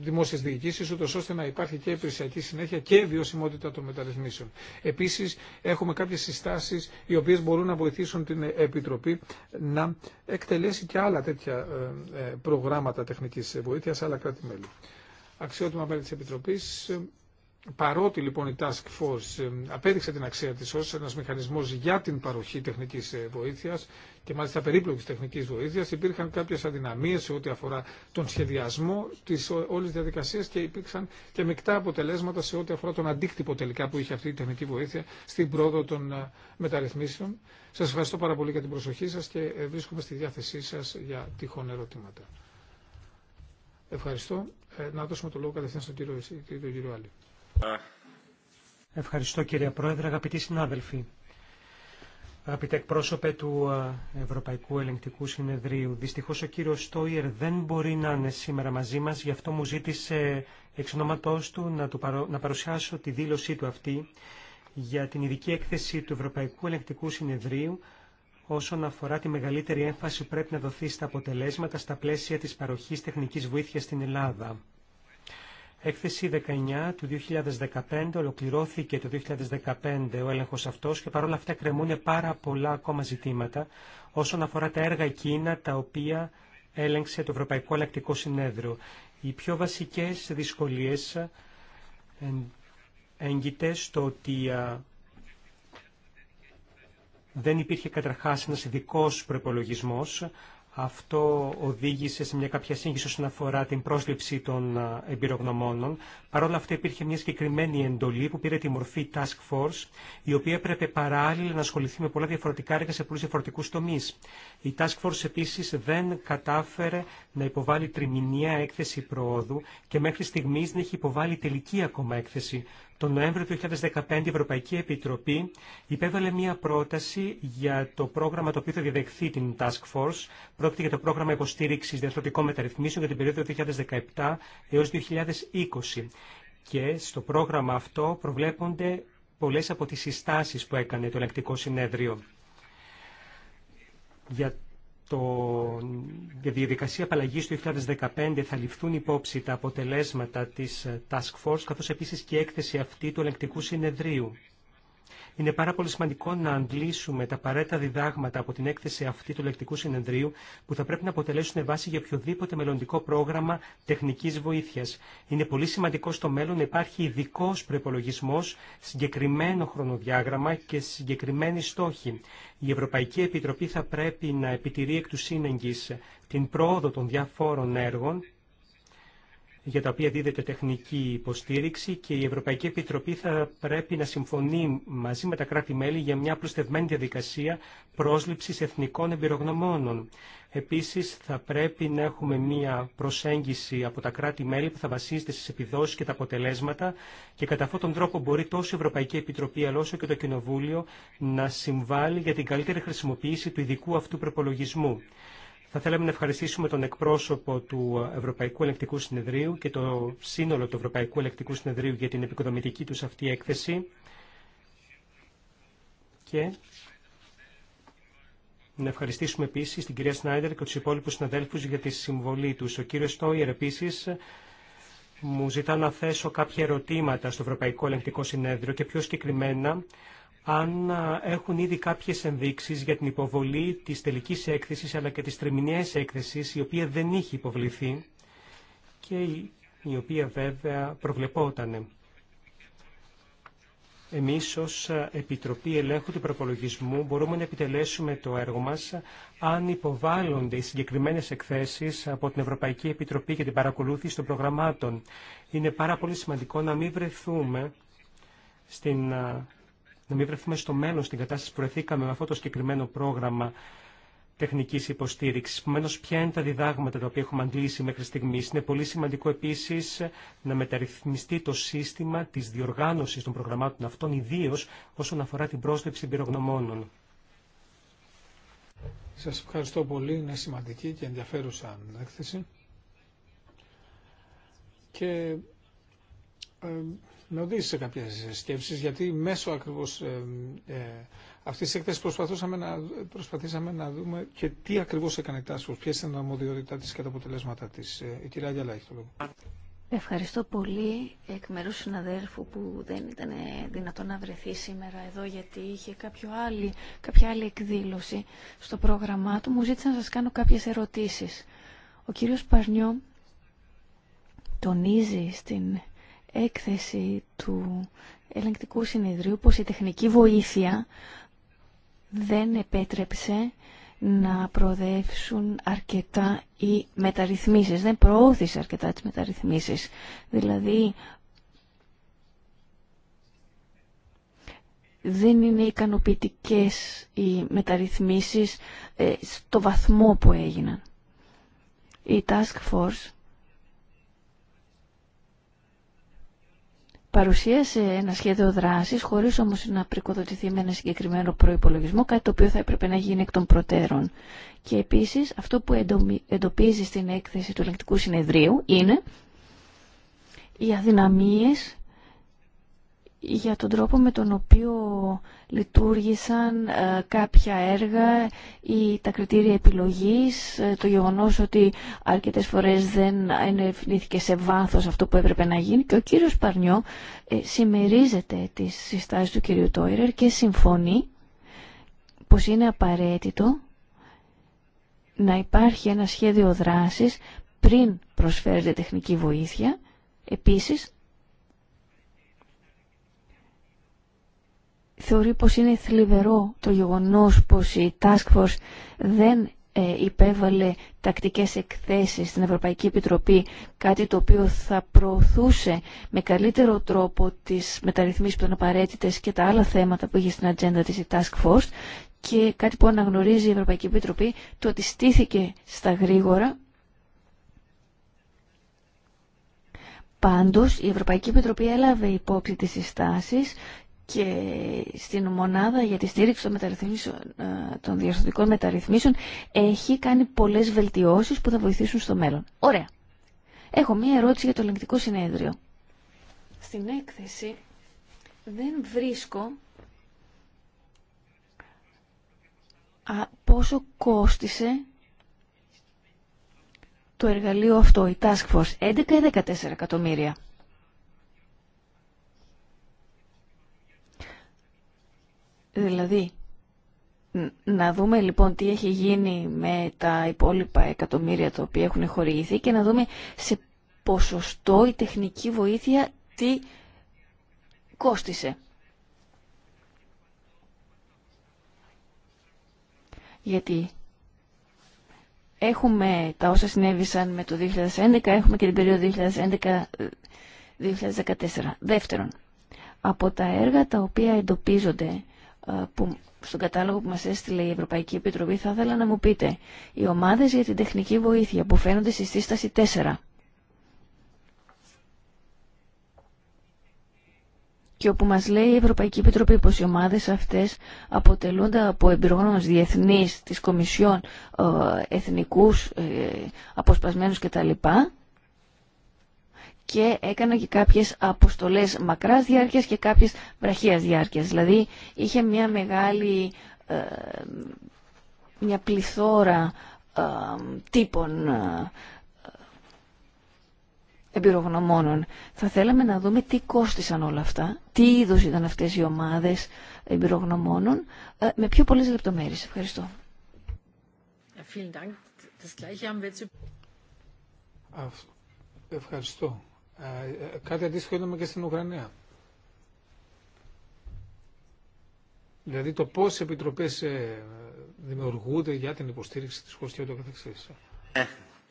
δημόσιες διοικήσεις, ώστε να υπάρχει και υπηρεσιακή συνέχεια και βιωσιμότητα των μεταρρυθμίσεων. Επίσης, έχουμε κάποιες συστάσεις οι οποίες μπορούν να βοηθήσουν την Επιτροπή να εκτελέσει και άλλα τέτοια ε, ε, προγράμματα τεχνικής βοήθειας, άλλα κράτη-μέλη. Αξιότιμα μέλη της Επιτροπής, Παρότι λοιπόν η Task Force ε, απέδειξε την αξία της ως ένας μηχανισμός για την παροχή τεχνικής ε, βοήθειας και μάλιστα περίπλοκης τεχνικής βοήθειας, υπήρχαν κάποιες αδυναμίες σε ό,τι αφορά τον σχεδιασμό της όλης διαδικασίας και υπήρξαν και μεικτά αποτελέσματα σε ό,τι αφορά τον αντίκτυπο τελικά που είχε αυτή η τεχνική βοήθεια στην πρόοδο των ε, μεταρρυθμίσεων. Σας ευχαριστώ πάρα πολύ για την προσοχή σας και βρίσκομαι στη διάθεσή σας για τυχόν ερωτήματα. Ευχαριστώ. Να δώσουμε το λόγο κατευθείαν στον κύριο, κύριο Άλλη. Ευχαριστώ κύριε Πρόεδρε, αγαπητοί συνάδελφοι. Αγαπητέ εκπρόσωπε του Ευρωπαϊκού Ελεγκτικού Συνεδρίου, δυστυχώς ο κύριος Στόιερ δεν μπορεί να είναι σήμερα μαζί μας, γι' αυτό μου ζήτησε εξ ονόματός του να, να παρουσιάσω τη δήλωσή του αυτή για την ειδική έκθεση του Ευρωπαϊκού Ελεγκτικού Συνεδρίου όσον αφορά τη μεγαλύτερη έμφαση πρέπει να δοθεί στα αποτελέσματα στα πλαίσια της παροχής τεχνικής βοήθειας στην Ελλάδα. Έκθεση 19 του 2015 ολοκληρώθηκε το 2015 ο έλεγχος αυτός και παρόλα αυτά κρεμούν πάρα πολλά ακόμα ζητήματα όσον αφορά τα έργα εκείνα τα οποία έλεγξε το Ευρωπαϊκό Αλλακτικό Συνέδριο. Οι πιο βασικές δυσκολίες έγκυται στο ότι δεν υπήρχε καταρχάς ένας ειδικό προπολογισμό, αυτό οδήγησε σε μια κάποια σύγχυση όσον αφορά την πρόσληψη των εμπειρογνωμόνων. Παρόλα όλα αυτά υπήρχε μια συγκεκριμένη εντολή που πήρε τη μορφή Task Force, η οποία έπρεπε παράλληλα να ασχοληθεί με πολλά διαφορετικά έργα σε πολλού διαφορετικού τομεί. Η Task Force επίση δεν κατάφερε να υποβάλει τριμηνία έκθεση προόδου και μέχρι στιγμή δεν έχει υποβάλει τελική ακόμα έκθεση τον Νοέμβριο του 2015 η Ευρωπαϊκή Επιτροπή υπέβαλε μία πρόταση για το πρόγραμμα το οποίο θα διαδεχθεί την Task Force. Πρόκειται για το πρόγραμμα υποστήριξης διαστροτικών μεταρρυθμίσεων για την περίοδο 2017 έως 2020. Και στο πρόγραμμα αυτό προβλέπονται πολλές από τις συστάσεις που έκανε το ελεκτικό συνέδριο το, τη διαδικασία απαλλαγή του 2015 θα ληφθούν υπόψη τα αποτελέσματα της ε, Task Force, καθώς επίσης και η έκθεση αυτή του ελεγκτικού συνεδρίου. Είναι πάρα πολύ σημαντικό να αντλήσουμε τα παρέτα διδάγματα από την έκθεση αυτή του λεκτικού συνεδρίου που θα πρέπει να αποτελέσουν βάση για οποιοδήποτε μελλοντικό πρόγραμμα τεχνική βοήθεια. Είναι πολύ σημαντικό στο μέλλον να υπάρχει ειδικό προπολογισμό, συγκεκριμένο χρονοδιάγραμμα και συγκεκριμένοι στόχοι. Η Ευρωπαϊκή Επιτροπή θα πρέπει να επιτηρεί εκ του σύνεγγυ την πρόοδο των διαφόρων έργων για τα οποία δίδεται τεχνική υποστήριξη και η Ευρωπαϊκή Επιτροπή θα πρέπει να συμφωνεί μαζί με τα κράτη-μέλη για μια απλουστευμένη διαδικασία πρόσληψης εθνικών εμπειρογνωμόνων. Επίσης, θα πρέπει να έχουμε μια προσέγγιση από τα κράτη-μέλη που θα βασίζεται στις επιδόσεις και τα αποτελέσματα και κατά αυτόν τον τρόπο μπορεί τόσο η Ευρωπαϊκή Επιτροπή αλλά όσο και το Κοινοβούλιο να συμβάλλει για την καλύτερη χρησιμοποίηση του ειδικού αυτού προπολογισμού. Θα θέλαμε να ευχαριστήσουμε τον εκπρόσωπο του Ευρωπαϊκού Ελεκτικού Συνεδρίου και το σύνολο του Ευρωπαϊκού Ελεκτικού Συνεδρίου για την επικοδομητική τους αυτή έκθεση και να ευχαριστήσουμε επίση την κυρία Σνάιντερ και του υπόλοιπου συναδέλφου για τη συμβολή του. Ο κύριο Στόιερ επίση μου ζητά να θέσω κάποια ερωτήματα στο Ευρωπαϊκό Ελεγκτικό Συνέδριο και πιο συγκεκριμένα αν έχουν ήδη κάποιες ενδείξεις για την υποβολή της τελικής έκθεσης αλλά και της τριμηνιαίας έκθεσης η οποία δεν είχε υποβληθεί και η οποία βέβαια προβλεπότανε. Εμείς ως Επιτροπή Ελέγχου του Προπολογισμού μπορούμε να επιτελέσουμε το έργο μας αν υποβάλλονται οι συγκεκριμένες εκθέσεις από την Ευρωπαϊκή Επιτροπή για την παρακολούθηση των προγραμμάτων. Είναι πάρα πολύ σημαντικό να μην βρεθούμε στην να μην βρεθούμε στο μέλλον στην κατάσταση που βρεθήκαμε με αυτό το συγκεκριμένο πρόγραμμα τεχνική υποστήριξη. Επομένω, ποια είναι τα διδάγματα τα οποία έχουμε αντλήσει μέχρι στιγμή. Είναι πολύ σημαντικό επίση να μεταρρυθμιστεί το σύστημα τη διοργάνωση των προγραμμάτων αυτών, ιδίω όσον αφορά την πρόσληψη πυρογνωμόνων. Σα ευχαριστώ πολύ. Είναι σημαντική και ενδιαφέρουσα έκθεση. Και ε, με οδήγησε σε κάποιες σκέψεις, γιατί μέσω ακριβώς ε, ε, αυτής της έκθεσης προσπαθούσαμε να, προσπαθήσαμε να δούμε και τι ακριβώς έκανε η Task ποιες ήταν τα αρμοδιότητά της και τα αποτελέσματα της. Ε, η κυρία Γιαλά έχει το λόγο. Ευχαριστώ πολύ εκ μέρους συναδέλφου που δεν ήταν δυνατό να βρεθεί σήμερα εδώ γιατί είχε κάποιο άλλη, κάποια άλλη εκδήλωση στο πρόγραμμά του. Μου ζήτησε να σας κάνω κάποιες ερωτήσεις. Ο κύριος Παρνιό τονίζει στην έκθεση του ελεγκτικού συνεδρίου πως η τεχνική βοήθεια δεν επέτρεψε να προοδεύσουν αρκετά οι μεταρρυθμίσεις, δεν προώθησε αρκετά τις μεταρρυθμίσεις. Δηλαδή, δεν είναι ικανοποιητικές οι μεταρρυθμίσεις ε, στο βαθμό που έγιναν. Η Task Force παρουσίασε ένα σχέδιο δράσης χωρίς όμως να πρικοδοτηθεί με ένα συγκεκριμένο προϋπολογισμό, κάτι το οποίο θα έπρεπε να γίνει εκ των προτέρων. Και επίσης αυτό που εντοπίζει στην έκθεση του ελεγκτικού συνεδρίου είναι οι αδυναμίε για τον τρόπο με τον οποίο λειτουργήσαν ε, κάποια έργα ή τα κριτήρια επιλογής, ε, το γεγονός ότι αρκετές φορές δεν ενευνήθηκε σε βάθος αυτό που έπρεπε να γίνει και ο κύριος Παρνιό ε, συμμερίζεται τις συστάσεις του κύριου Τόιρερ και συμφωνεί πως είναι απαραίτητο να υπάρχει ένα σχέδιο δράσης πριν προσφέρεται τεχνική βοήθεια. Επίσης, θεωρεί πως είναι θλιβερό το γεγονός πως η Task Force δεν ε, υπέβαλε τακτικές εκθέσεις στην Ευρωπαϊκή Επιτροπή, κάτι το οποίο θα προωθούσε με καλύτερο τρόπο τις μεταρρυθμίσεις που ήταν απαραίτητε και τα άλλα θέματα που είχε στην ατζέντα της η Task Force και κάτι που αναγνωρίζει η Ευρωπαϊκή Επιτροπή, το ότι στήθηκε στα γρήγορα Πάντως, η Ευρωπαϊκή Επιτροπή έλαβε υπόψη τις συστάσεις και στην μονάδα για τη στήριξη των, ε, των διαστατικών μεταρρυθμίσεων έχει κάνει πολλές βελτιώσεις που θα βοηθήσουν στο μέλλον. Ωραία. Έχω μία ερώτηση για το ελεγκτικό συνέδριο. Στην έκθεση δεν βρίσκω α, πόσο κόστισε το εργαλείο αυτό, η Task Force. 11 ή 14 εκατομμύρια. Δηλαδή, να δούμε λοιπόν τι έχει γίνει με τα υπόλοιπα εκατομμύρια τα οποία έχουν χορηγηθεί και να δούμε σε ποσοστό η τεχνική βοήθεια τι κόστησε. Γιατί έχουμε τα όσα συνέβησαν με το 2011, έχουμε και την περίοδο 2011-2014. Ε, Δεύτερον, από τα έργα τα οποία εντοπίζονται ε, που, στον κατάλογο που μας έστειλε η Ευρωπαϊκή Επιτροπή θα ήθελα να μου πείτε οι ομάδες για την τεχνική βοήθεια που φαίνονται στη σύσταση 4 και όπου μας λέει η Ευρωπαϊκή Επιτροπή πως οι ομάδες αυτές αποτελούνται από εμπειρογνώμους διεθνείς της Κομισιόν, ε, εθνικούς, ε, αποσπασμένους κτλ και έκανα και κάποιες αποστολές μακράς διάρκειας και κάποιες βραχίας διάρκειας. Δηλαδή είχε μια μεγάλη, ε, μια πληθώρα ε, τύπων ε, εμπειρογνωμόνων. Θα θέλαμε να δούμε τι κόστησαν όλα αυτά, τι είδους ήταν αυτές οι ομάδες εμπειρογνωμόνων, ε, με πιο πολλές λεπτομέρειες. Ευχαριστώ. Ε, Ευχαριστώ. Ε, κάτι αντίστοιχο είδαμε και στην Ουκρανία. Δηλαδή το πώς επιτροπές ε, δημιουργούνται για την υποστήριξη της χώρας και ούτω ε,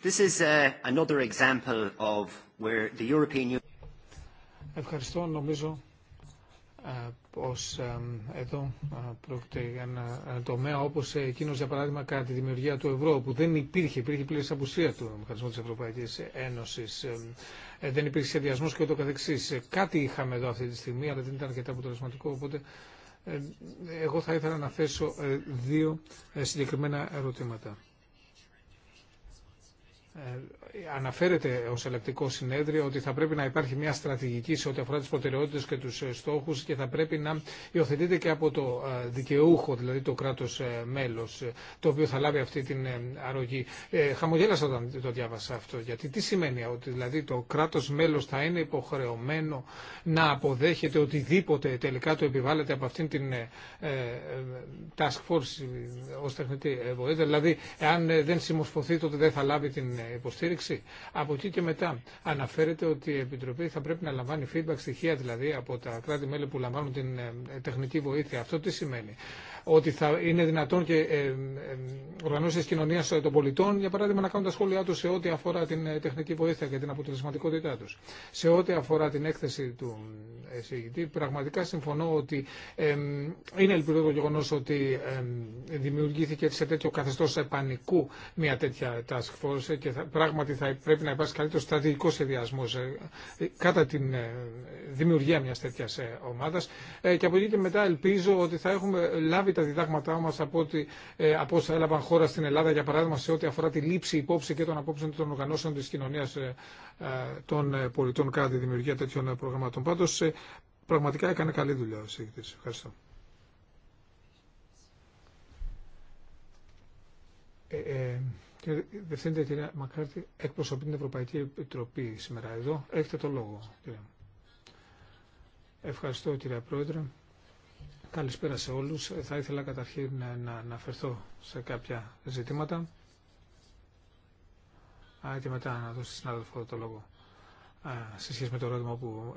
This is another example of where the European Ευχαριστώ. Νομίζω πως εδώ πρόκειται για ένα ε, τομέα όπως εκείνος για παράδειγμα κατά τη δημιουργία του ευρώ που δεν υπήρχε, υπήρχε πλήρης απουσία του μηχανισμού της Ευρωπαϊκής Ένωσης ε, δεν υπήρχε σχεδιασμό και ούτω καθεξής ε, κάτι είχαμε εδώ αυτή τη στιγμή αλλά δεν ήταν αρκετά αποτελεσματικό οπότε εγώ θα ήθελα να θέσω δύο συγκεκριμένα ερωτήματα ε, αναφέρεται ω ελεκτικό συνέδριο ότι θα πρέπει να υπάρχει μια στρατηγική σε ό,τι αφορά τι προτεραιότητε και του ε, στόχου και θα πρέπει να υιοθετείται και από το ε, δικαιούχο, δηλαδή το κράτο μέλο, το οποίο θα λάβει αυτή την αρρωγή. χαμογέλασα όταν το διάβασα αυτό, γιατί τι σημαίνει ότι δηλαδή το κράτο μέλο θα είναι υποχρεωμένο να αποδέχεται οτιδήποτε τελικά το επιβάλλεται από αυτήν την task force ω τεχνητή βοήθεια. Δηλαδή, εάν δεν συμμορφωθεί, τότε δεν θα λάβει την υποστήριξη. Από εκεί και μετά αναφέρεται ότι η Επιτροπή θα πρέπει να λαμβάνει feedback στοιχεία δηλαδή από τα κράτη-μέλη που λαμβάνουν την ε, τεχνική βοήθεια. Αυτό τι σημαίνει ότι θα είναι δυνατόν και ε, ε, οργανώσει τη κοινωνία των πολιτών, για παράδειγμα, να κάνουν τα σχόλιά του σε ό,τι αφορά την ε, τεχνική βοήθεια και την αποτελεσματικότητά του. Σε ό,τι αφορά την έκθεση του εισηγητή, πραγματικά συμφωνώ ότι είναι ελπιδό το γεγονό ότι δημιουργήθηκε σε τέτοιο καθεστώ επανικού μια τέτοια task force και πράγματι θα πρέπει να υπάρξει καλύτερο στρατηγικό σχεδιασμό κατά την δημιουργία μια τέτοια ομάδα. Και από εκεί και μετά ελπίζω ότι θα έχουμε λάβει τα διδάγματά μα από, ε, όσα έλαβαν χώρα στην Ελλάδα, για παράδειγμα, σε ό,τι αφορά τη λήψη υπόψη και των απόψεων των οργανώσεων τη κοινωνία ε, ε, των ε, πολιτών κατά τη δημιουργία τέτοιων προγραμμάτων. Πάντω, πραγματικά έκανε καλή δουλειά ο συγκεκριτή. Ευχαριστώ. Ε, Κύριε κυρία Μακάρτη, εκπροσωπεί την Ευρωπαϊκή Επιτροπή σήμερα εδώ. Έχετε το λόγο, κύριε. Ευχαριστώ, κύριε Πρόεδρε. Καλησπέρα σε όλους. Ε, θα ήθελα καταρχήν ε, να αναφερθώ σε κάποια ζητήματα και μετά να δώσω στον συνάδελφο το λόγο σε σχέση με το ερώτημα που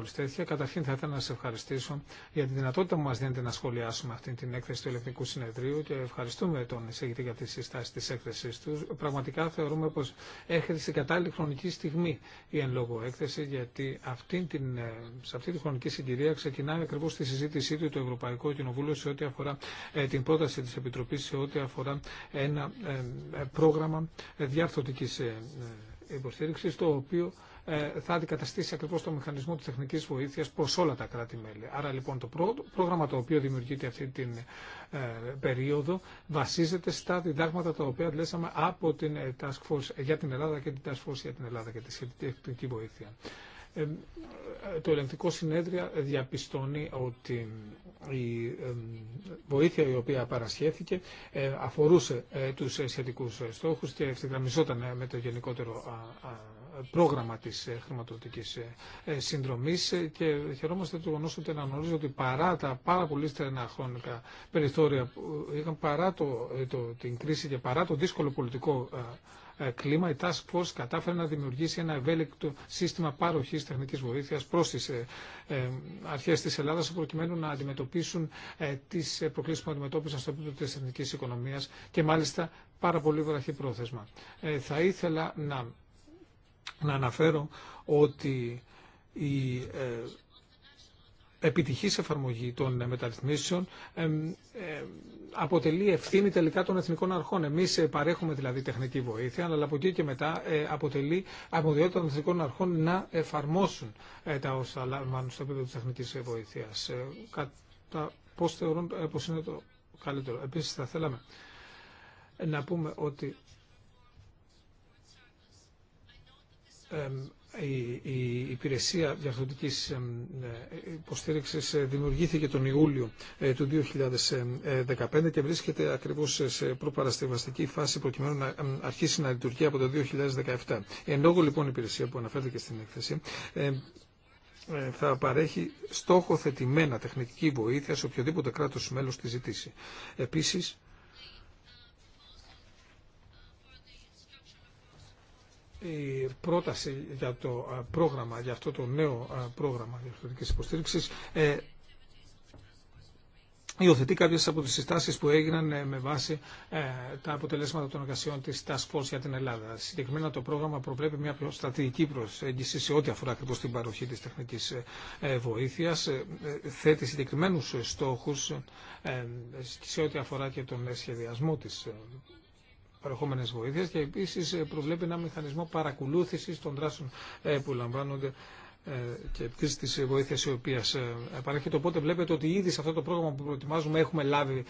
ε, τέθηκε. Καταρχήν θα ήθελα να σας ευχαριστήσω για τη δυνατότητα που μας δίνετε να σχολιάσουμε αυτή την έκθεση του Ελεκτρικού Συνεδρίου και ευχαριστούμε τον εισηγητή για τη συστάση της έκθεσης του. Πραγματικά θεωρούμε πως έρχεται σε κατάλληλη χρονική στιγμή η εν λόγω έκθεση γιατί αυτή την, ε, σε αυτή τη χρονική συγκυρία ξεκινάει ακριβώς τη συζήτησή του το Ευρωπαϊκό Κοινοβούλιο σε ό,τι αφορά ε, την πρόταση της Επιτροπής σε ό,τι αφορά ένα ε, πρόγραμμα διαρθωτικής υποστήριξης το οποίο ε, θα αντικαταστήσει ακριβώ το μηχανισμό τη τεχνική βοήθεια προ όλα τα κράτη-μέλη. Άρα λοιπόν το πρόγραμμα το οποίο δημιουργείται αυτή την ε, περίοδο βασίζεται στα διδάγματα τα οποία αντλέσαμε από την ε, Task Force για την Ελλάδα και την Task Force για την Ελλάδα και τη σχετική τεχνική βοήθεια. Το ελεγκτικό συνέδριο διαπιστώνει ότι η βοήθεια η οποία παρασχέθηκε αφορούσε τους σχετικούς στόχους και ευθυγραμμιζόταν με το γενικότερο πρόγραμμα της ε, χρηματοδοτικής ε, ε, συνδρομής και χαιρόμαστε το γεγονό ότι αναγνωρίζω ότι παρά τα πάρα πολύ στενά χρονικά περιθώρια που είχαν παρά το, το, την κρίση και παρά το δύσκολο πολιτικό κλίμα, η Task Force κατάφερε να δημιουργήσει ένα ευέλικτο σύστημα παροχή τεχνική βοήθεια προ τι αρχέ τη Ελλάδα, προκειμένου να αντιμετωπίσουν τι προκλήσει που αντιμετώπισαν στο επίπεδο τη εθνική οικονομία και μάλιστα πάρα πολύ Ε, Θα ήθελα να να αναφέρω ότι η ε, επιτυχής εφαρμογή των μεταρρυθμίσεων ε, ε, αποτελεί ευθύνη τελικά των εθνικών αρχών. Εμείς παρέχουμε δηλαδή τεχνική βοήθεια, αλλά από εκεί και μετά αποτελεί αρμοδιότητα των εθνικών αρχών να εφαρμόσουν τα όσα λαμβάνουν στο επίπεδο της τεχνικής βοήθειας. Κατά πώς θεωρούν πως είναι το καλύτερο. Επίσης θα θέλαμε να πούμε ότι η υπηρεσία διαρθρωτικής ε, υποστήριξης ε, δημιουργήθηκε τον Ιούλιο ε, του 2015 και βρίσκεται ακριβώς σε προπαρασκευαστική φάση προκειμένου να αρχίσει να λειτουργεί από το 2017. Εν λόγω λοιπόν η υπηρεσία που αναφέρθηκε στην έκθεση θα παρέχει στόχοθετημένα τεχνική βοήθεια σε οποιοδήποτε κράτος μέλος τη ζητήσει. Επίσης, η πρόταση για το πρόγραμμα, για αυτό το νέο πρόγραμμα διορθωτικής υποστήριξης ε, υιοθετεί κάποιες από τις συστάσεις που έγιναν ε, με βάση ε, τα αποτελέσματα των εργασιών της Task Force για την Ελλάδα. Συγκεκριμένα το πρόγραμμα προβλέπει μια πιο στρατηγική προσέγγιση σε ό,τι αφορά ακριβώ την παροχή της τεχνικής βοήθειας. θέτει συγκεκριμένους στόχους σε ό,τι αφορά και τον σχεδιασμό της παρεχόμενε βοήθειε και επίση ε, προβλέπει ένα μηχανισμό παρακολούθηση των δράσεων ε, που λαμβάνονται ε, και επίση τη βοήθεια η οποία παρέχεται. Οπότε βλέπετε ότι ήδη σε αυτό το πρόγραμμα που προετοιμάζουμε έχουμε λάβει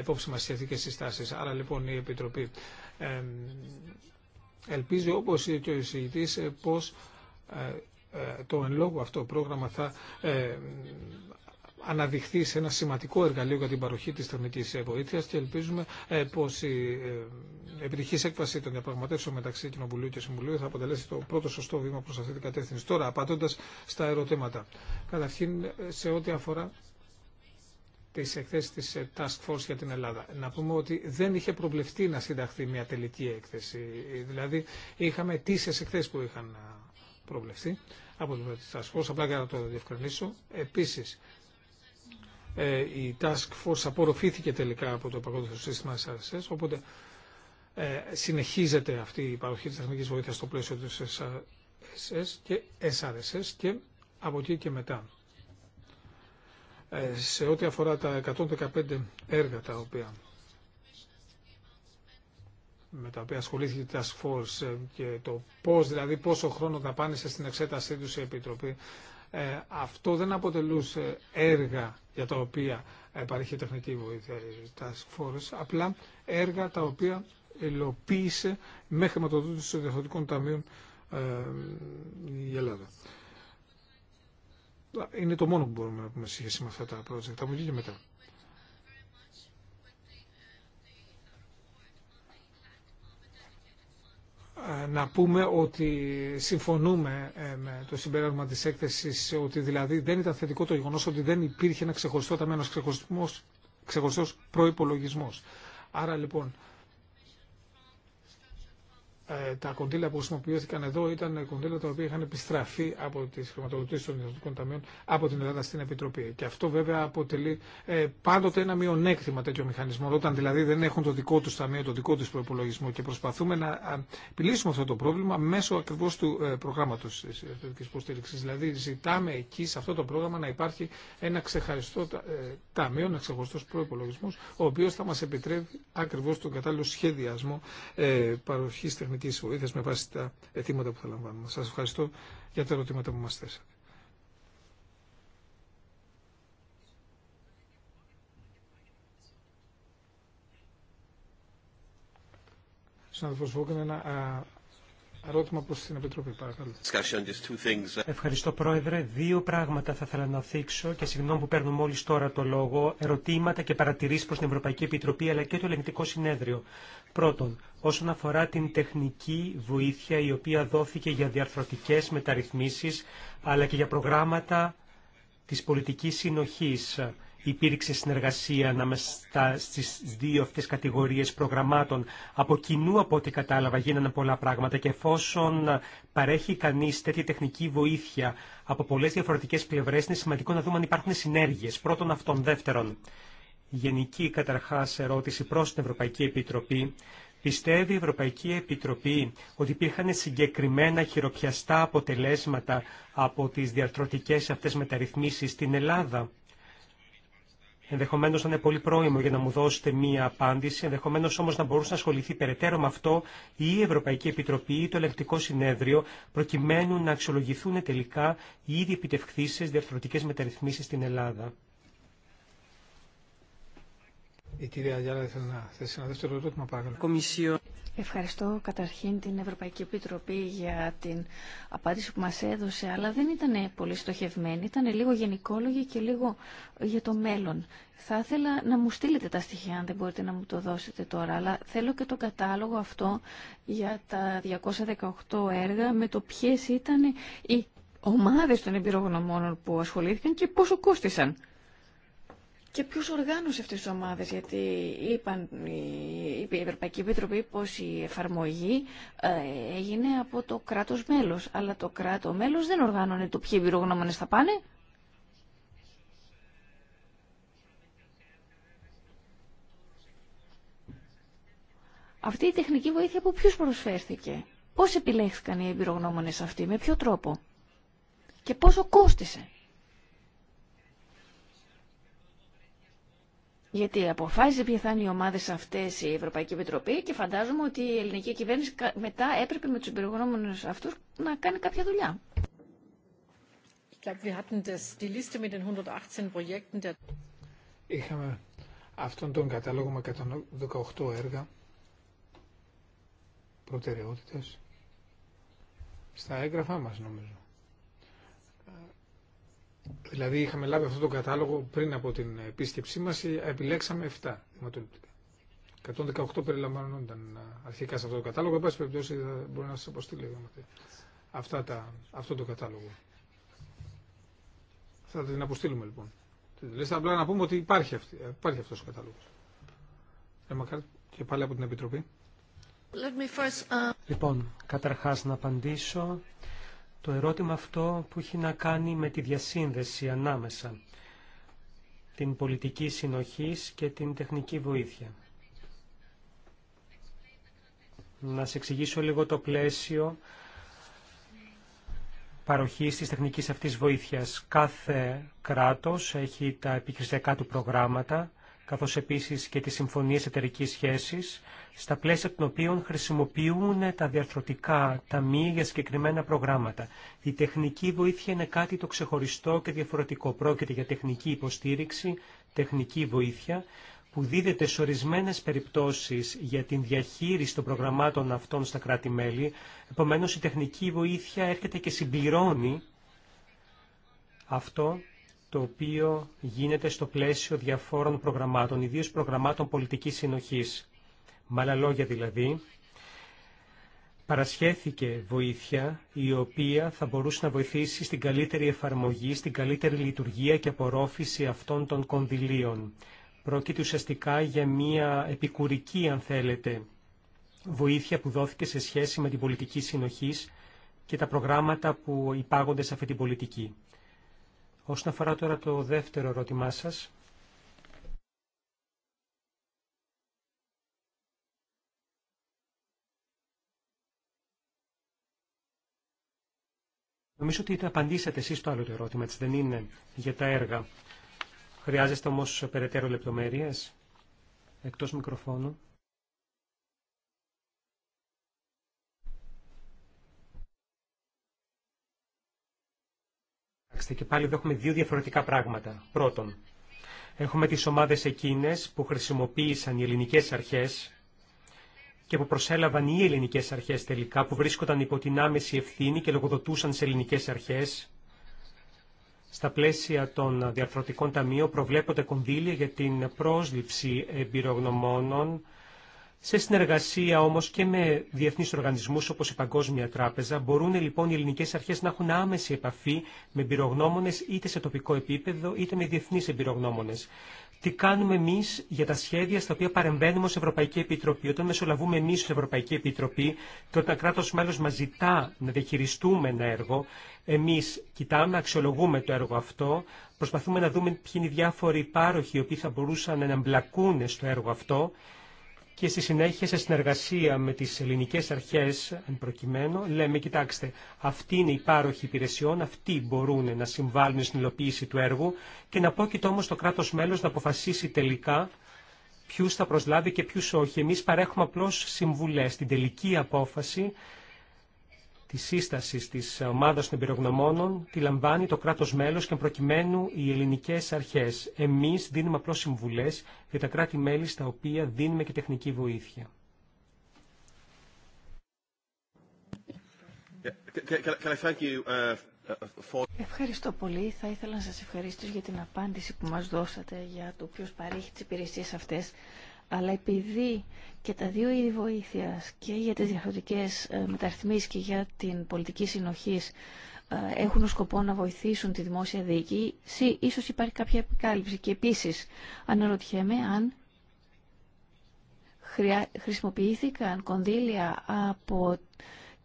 υπόψη μα σχετικέ συστάσει. Άρα λοιπόν η Επιτροπή ελπίζει όπω και ο εισηγητή πω το εν λόγω αυτό πρόγραμμα θα αναδειχθεί σε ένα σημαντικό εργαλείο για την παροχή της θερμικής βοήθειας και ελπίζουμε πως επιτυχή έκβαση των διαπραγματεύσεων μεταξύ Κοινοβουλίου και Συμβουλίου θα αποτελέσει το πρώτο σωστό βήμα προ αυτή την κατεύθυνση. Τώρα, απαντώντα στα ερωτήματα. Καταρχήν, σε ό,τι αφορά τι εκθέσει τη ε, Task Force για την Ελλάδα. Να πούμε ότι δεν είχε προβλεφτεί να συνταχθεί μια τελική έκθεση. Δηλαδή, είχαμε τίσσε εκθέσει που είχαν ε, προβλεφθεί από την Task Force, απλά για να το διευκρινίσω. Επίση, ε, η Task Force απορροφήθηκε τελικά από το Παγκόσμιο Σύστημα SRSS, οπότε ε, συνεχίζεται αυτή η παροχή της τεχνικής βοήθειας στο πλαίσιο του SRSS και SRSS και από εκεί και μετά. Ε, σε ό,τι αφορά τα 115 έργα τα οποία με τα οποία ασχολήθηκε η Task Force ε, και το πώς, δηλαδή πόσο χρόνο δαπάνησε στην εξέτασή του η Επιτροπή. Ε, αυτό δεν αποτελούσε έργα για τα οποία υπάρχει τεχνική βοήθεια η Task Force, απλά έργα τα οποία ελοποίησε με χρηματοδότηση των διαφορετικών ταμείων ε, η Ελλάδα. Είναι το μόνο που μπορούμε να πούμε σχέση με αυτά τα project. Από εκεί και μετά. Ε, να πούμε ότι συμφωνούμε ε, με το συμπέρασμα της έκθεσης ότι δηλαδή δεν ήταν θετικό το γεγονός ότι δεν υπήρχε ένα ξεχωριστό ταμείο, ένας ξεχωριστός προϋπολογισμός. Άρα λοιπόν ε, τα κονδύλια που χρησιμοποιήθηκαν εδώ ήταν κονδύλια τα οποία είχαν επιστραφεί από τι χρηματοδοτήσει των ιδιωτικών ταμείων από την Ελλάδα στην Επιτροπή. Και αυτό βέβαια αποτελεί ε, πάντοτε ένα μειονέκτημα τέτοιο μηχανισμό, όταν δηλαδή δεν έχουν το δικό του ταμείο, το δικό του προπολογισμό. Και προσπαθούμε να επιλύσουμε αυτό το πρόβλημα μέσω ακριβώ του ε, προγράμματο τη ιδιωτική Υποστήριξη. Δηλαδή ζητάμε εκεί σε αυτό το πρόγραμμα να υπάρχει ένα ε, ταμείο, ένα ξεχωριστό προπολογισμό, ο οποίο θα μα επιτρέπει ακριβώ τον κατάλληλο σχεδιασμό παροχή τεχνική τις βοήθεια με βάση τα αιτήματα που θα λαμβάνουμε. Σα ευχαριστώ για τα ερωτήματα που μα θέσατε. Συνάδελφος Βόγκεν, ένα ερώτημα προς την Επιτροπή, παρακαλώ. Ευχαριστώ, Πρόεδρε. Δύο πράγματα θα ήθελα να θίξω και συγγνώμη που παίρνω μόλις τώρα το λόγο. Ερωτήματα και παρατηρήσεις προ την Ευρωπαϊκή Επιτροπή αλλά και το Ελληνικό Συνέδριο. Πρώτον, όσον αφορά την τεχνική βοήθεια η οποία δόθηκε για διαρθρωτικές μεταρρυθμίσει, αλλά και για προγράμματα τη πολιτική συνοχή υπήρξε συνεργασία ανάμεσα στις δύο αυτές κατηγορίες προγραμμάτων. Από κοινού, από ό,τι κατάλαβα, γίνανε πολλά πράγματα και εφόσον παρέχει κανείς τέτοια τεχνική βοήθεια από πολλές διαφορετικές πλευρές, είναι σημαντικό να δούμε αν υπάρχουν συνέργειες. Πρώτον αυτών, δεύτερον. Γενική καταρχάς ερώτηση προς την Ευρωπαϊκή Επιτροπή. Πιστεύει η Ευρωπαϊκή Επιτροπή ότι υπήρχαν συγκεκριμένα χειροπιαστά αποτελέσματα από τις διαρθρωτικές αυτές μεταρρυθμίσεις στην Ελλάδα. Ενδεχομένως να είναι πολύ πρόημο για να μου δώσετε μία απάντηση, ενδεχομένως όμως να μπορούσε να ασχοληθεί περαιτέρω με αυτό ή η Ευρωπαϊκή Επιτροπή ή το Ελεκτικό Συνέδριο, προκειμένου να αξιολογηθούν τελικά οι ήδη επιτευχθήσεις διαρθρωτικές μεταρρυθμίσεις στην Ελλάδα. κυρία Γιάλα ήθελε να θέσει επιτευχθησεις διαρθρωτικε μεταρρυθμισεις στην ελλαδα η κυρια να θεσει Ευχαριστώ καταρχήν την Ευρωπαϊκή Επιτροπή για την απάντηση που μας έδωσε, αλλά δεν ήταν πολύ στοχευμένη, ήταν λίγο γενικόλογη και λίγο για το μέλλον. Θα ήθελα να μου στείλετε τα στοιχεία, αν δεν μπορείτε να μου το δώσετε τώρα, αλλά θέλω και το κατάλογο αυτό για τα 218 έργα, με το ποιες ήταν οι ομάδες των εμπειρογνωμόνων που ασχολήθηκαν και πόσο κόστησαν και ποιο οργάνωσε αυτέ τι ομάδε, γιατί είπαν, η Ευρωπαϊκή Επιτροπή πω η εφαρμογή ε, έγινε από το κράτος μέλος, αλλά το κράτο μέλος δεν οργάνωνε το ποιοι εμπειρογνώμονε θα πάνε. Αυτή η τεχνική βοήθεια από ποιους προσφέρθηκε. Πώς επιλέχθηκαν οι εμπειρογνώμονες αυτοί, με ποιο τρόπο και πόσο κόστησε. Γιατί αποφάσισε ποια θα είναι οι ομάδε αυτέ η Ευρωπαϊκή Επιτροπή και φαντάζομαι ότι η ελληνική κυβέρνηση μετά έπρεπε με του εμπειρογνώμονε αυτού να κάνει κάποια δουλειά. Είχαμε αυτόν τον κατάλογο με 118 έργα προτεραιότητες στα έγγραφά μας νομίζω. Δηλαδή είχαμε λάβει αυτό τον κατάλογο πριν από την επίσκεψή μας, ε, επιλέξαμε 7 αιματοληπτικά. 118 περιλαμβανόνταν ε, αρχικά σε αυτό το κατάλογο, εν πάση περιπτώσει θα μπορεί να σας αποστείλει αυτά τα, αυτό το κατάλογο. Θα την αποστείλουμε λοιπόν. Λες απλά να πούμε ότι υπάρχει, αυτή, ε, υπάρχει αυτός ο κατάλογος. Ε, και πάλι από την Επιτροπή. Uh, λοιπόν, καταρχάς να απαντήσω το ερώτημα αυτό που έχει να κάνει με τη διασύνδεση ανάμεσα την πολιτική συνοχής και την τεχνική βοήθεια. Να σε εξηγήσω λίγο το πλαίσιο παροχής της τεχνικής αυτής βοήθειας. Κάθε κράτος έχει τα επιχειρησιακά του προγράμματα καθώς επίσης και τι συμφωνίε εταιρική σχέσης, στα πλαίσια των οποίων χρησιμοποιούν τα διαρθρωτικά ταμεία για συγκεκριμένα προγράμματα. Η τεχνική βοήθεια είναι κάτι το ξεχωριστό και διαφορετικό. Πρόκειται για τεχνική υποστήριξη, τεχνική βοήθεια, που δίδεται σε ορισμένε περιπτώσει για την διαχείριση των προγραμμάτων αυτών στα κράτη-μέλη. Επομένω, η τεχνική βοήθεια έρχεται και συμπληρώνει αυτό το οποίο γίνεται στο πλαίσιο διαφόρων προγραμμάτων, ιδίω προγραμμάτων πολιτικής συνοχής. Με άλλα λόγια δηλαδή, παρασχέθηκε βοήθεια η οποία θα μπορούσε να βοηθήσει στην καλύτερη εφαρμογή, στην καλύτερη λειτουργία και απορρόφηση αυτών των κονδυλίων. Πρόκειται ουσιαστικά για μια επικουρική, αν θέλετε, βοήθεια που δόθηκε σε σχέση με την πολιτική συνοχής και τα προγράμματα που υπάγονται σε αυτή την πολιτική. Όσον αφορά τώρα το δεύτερο ερώτημά σας, Νομίζω ότι απαντήσατε εσείς το άλλο το ερώτημα, έτσι δεν είναι, για τα έργα. Χρειάζεστε όμως περαιτέρω λεπτομέρειες, εκτός μικροφώνου. Κοιτάξτε και πάλι εδώ έχουμε δύο διαφορετικά πράγματα. Πρώτον, έχουμε τις ομάδες εκείνες που χρησιμοποίησαν οι ελληνικές αρχές και που προσέλαβαν οι ελληνικές αρχές τελικά, που βρίσκονταν υπό την άμεση ευθύνη και λογοδοτούσαν σε ελληνικές αρχές. Στα πλαίσια των διαφορετικών ταμείων προβλέπονται κονδύλια για την πρόσληψη εμπειρογνωμόνων σε συνεργασία όμως και με διεθνείς οργανισμούς όπως η Παγκόσμια Τράπεζα μπορούν λοιπόν οι ελληνικές αρχές να έχουν άμεση επαφή με εμπειρογνώμονες είτε σε τοπικό επίπεδο είτε με διεθνείς εμπειρογνώμονες. Τι κάνουμε εμεί για τα σχέδια στα οποία παρεμβαίνουμε ω Ευρωπαϊκή Επιτροπή. Όταν μεσολαβούμε εμεί ω Ευρωπαϊκή Επιτροπή και όταν κράτο μέλο μα ζητά να διαχειριστούμε ένα έργο, εμεί κοιτάμε, αξιολογούμε το έργο αυτό, προσπαθούμε να δούμε ποιοι είναι οι διάφοροι πάροχοι οι οποίοι θα μπορούσαν να εμπλακούν στο έργο αυτό και στη συνέχεια σε συνεργασία με τις ελληνικές αρχές εν προκειμένου λέμε κοιτάξτε αυτοί είναι οι πάροχοι υπηρεσιών, αυτοί μπορούν να συμβάλλουν στην υλοποίηση του έργου και να πρόκειται όμως το κράτος μέλος να αποφασίσει τελικά ποιους θα προσλάβει και ποιους όχι. Εμείς παρέχουμε απλώς συμβουλές. Την τελική απόφαση τη σύσταση τη ομάδα των εμπειρογνωμόνων τη λαμβάνει το κράτο μέλο και προκειμένου οι ελληνικέ αρχέ. Εμεί δίνουμε απλώ συμβουλέ για τα κράτη-μέλη στα οποία δίνουμε και τεχνική βοήθεια. Ευχαριστώ πολύ. Θα ήθελα να σας ευχαριστήσω για την απάντηση που μας δώσατε για το ποιος παρέχει τις υπηρεσίες αυτές αλλά επειδή και τα δύο είδη βοήθειας και για τις διαφορετικές ε, μεταρρυθμίσεις και για την πολιτική συνοχής ε, έχουν ως σκοπό να βοηθήσουν τη δημόσια δίκη, ίσως υπάρχει κάποια επικάλυψη. Και επίσης αναρωτιέμαι αν χρησιμοποιήθηκαν κονδύλια από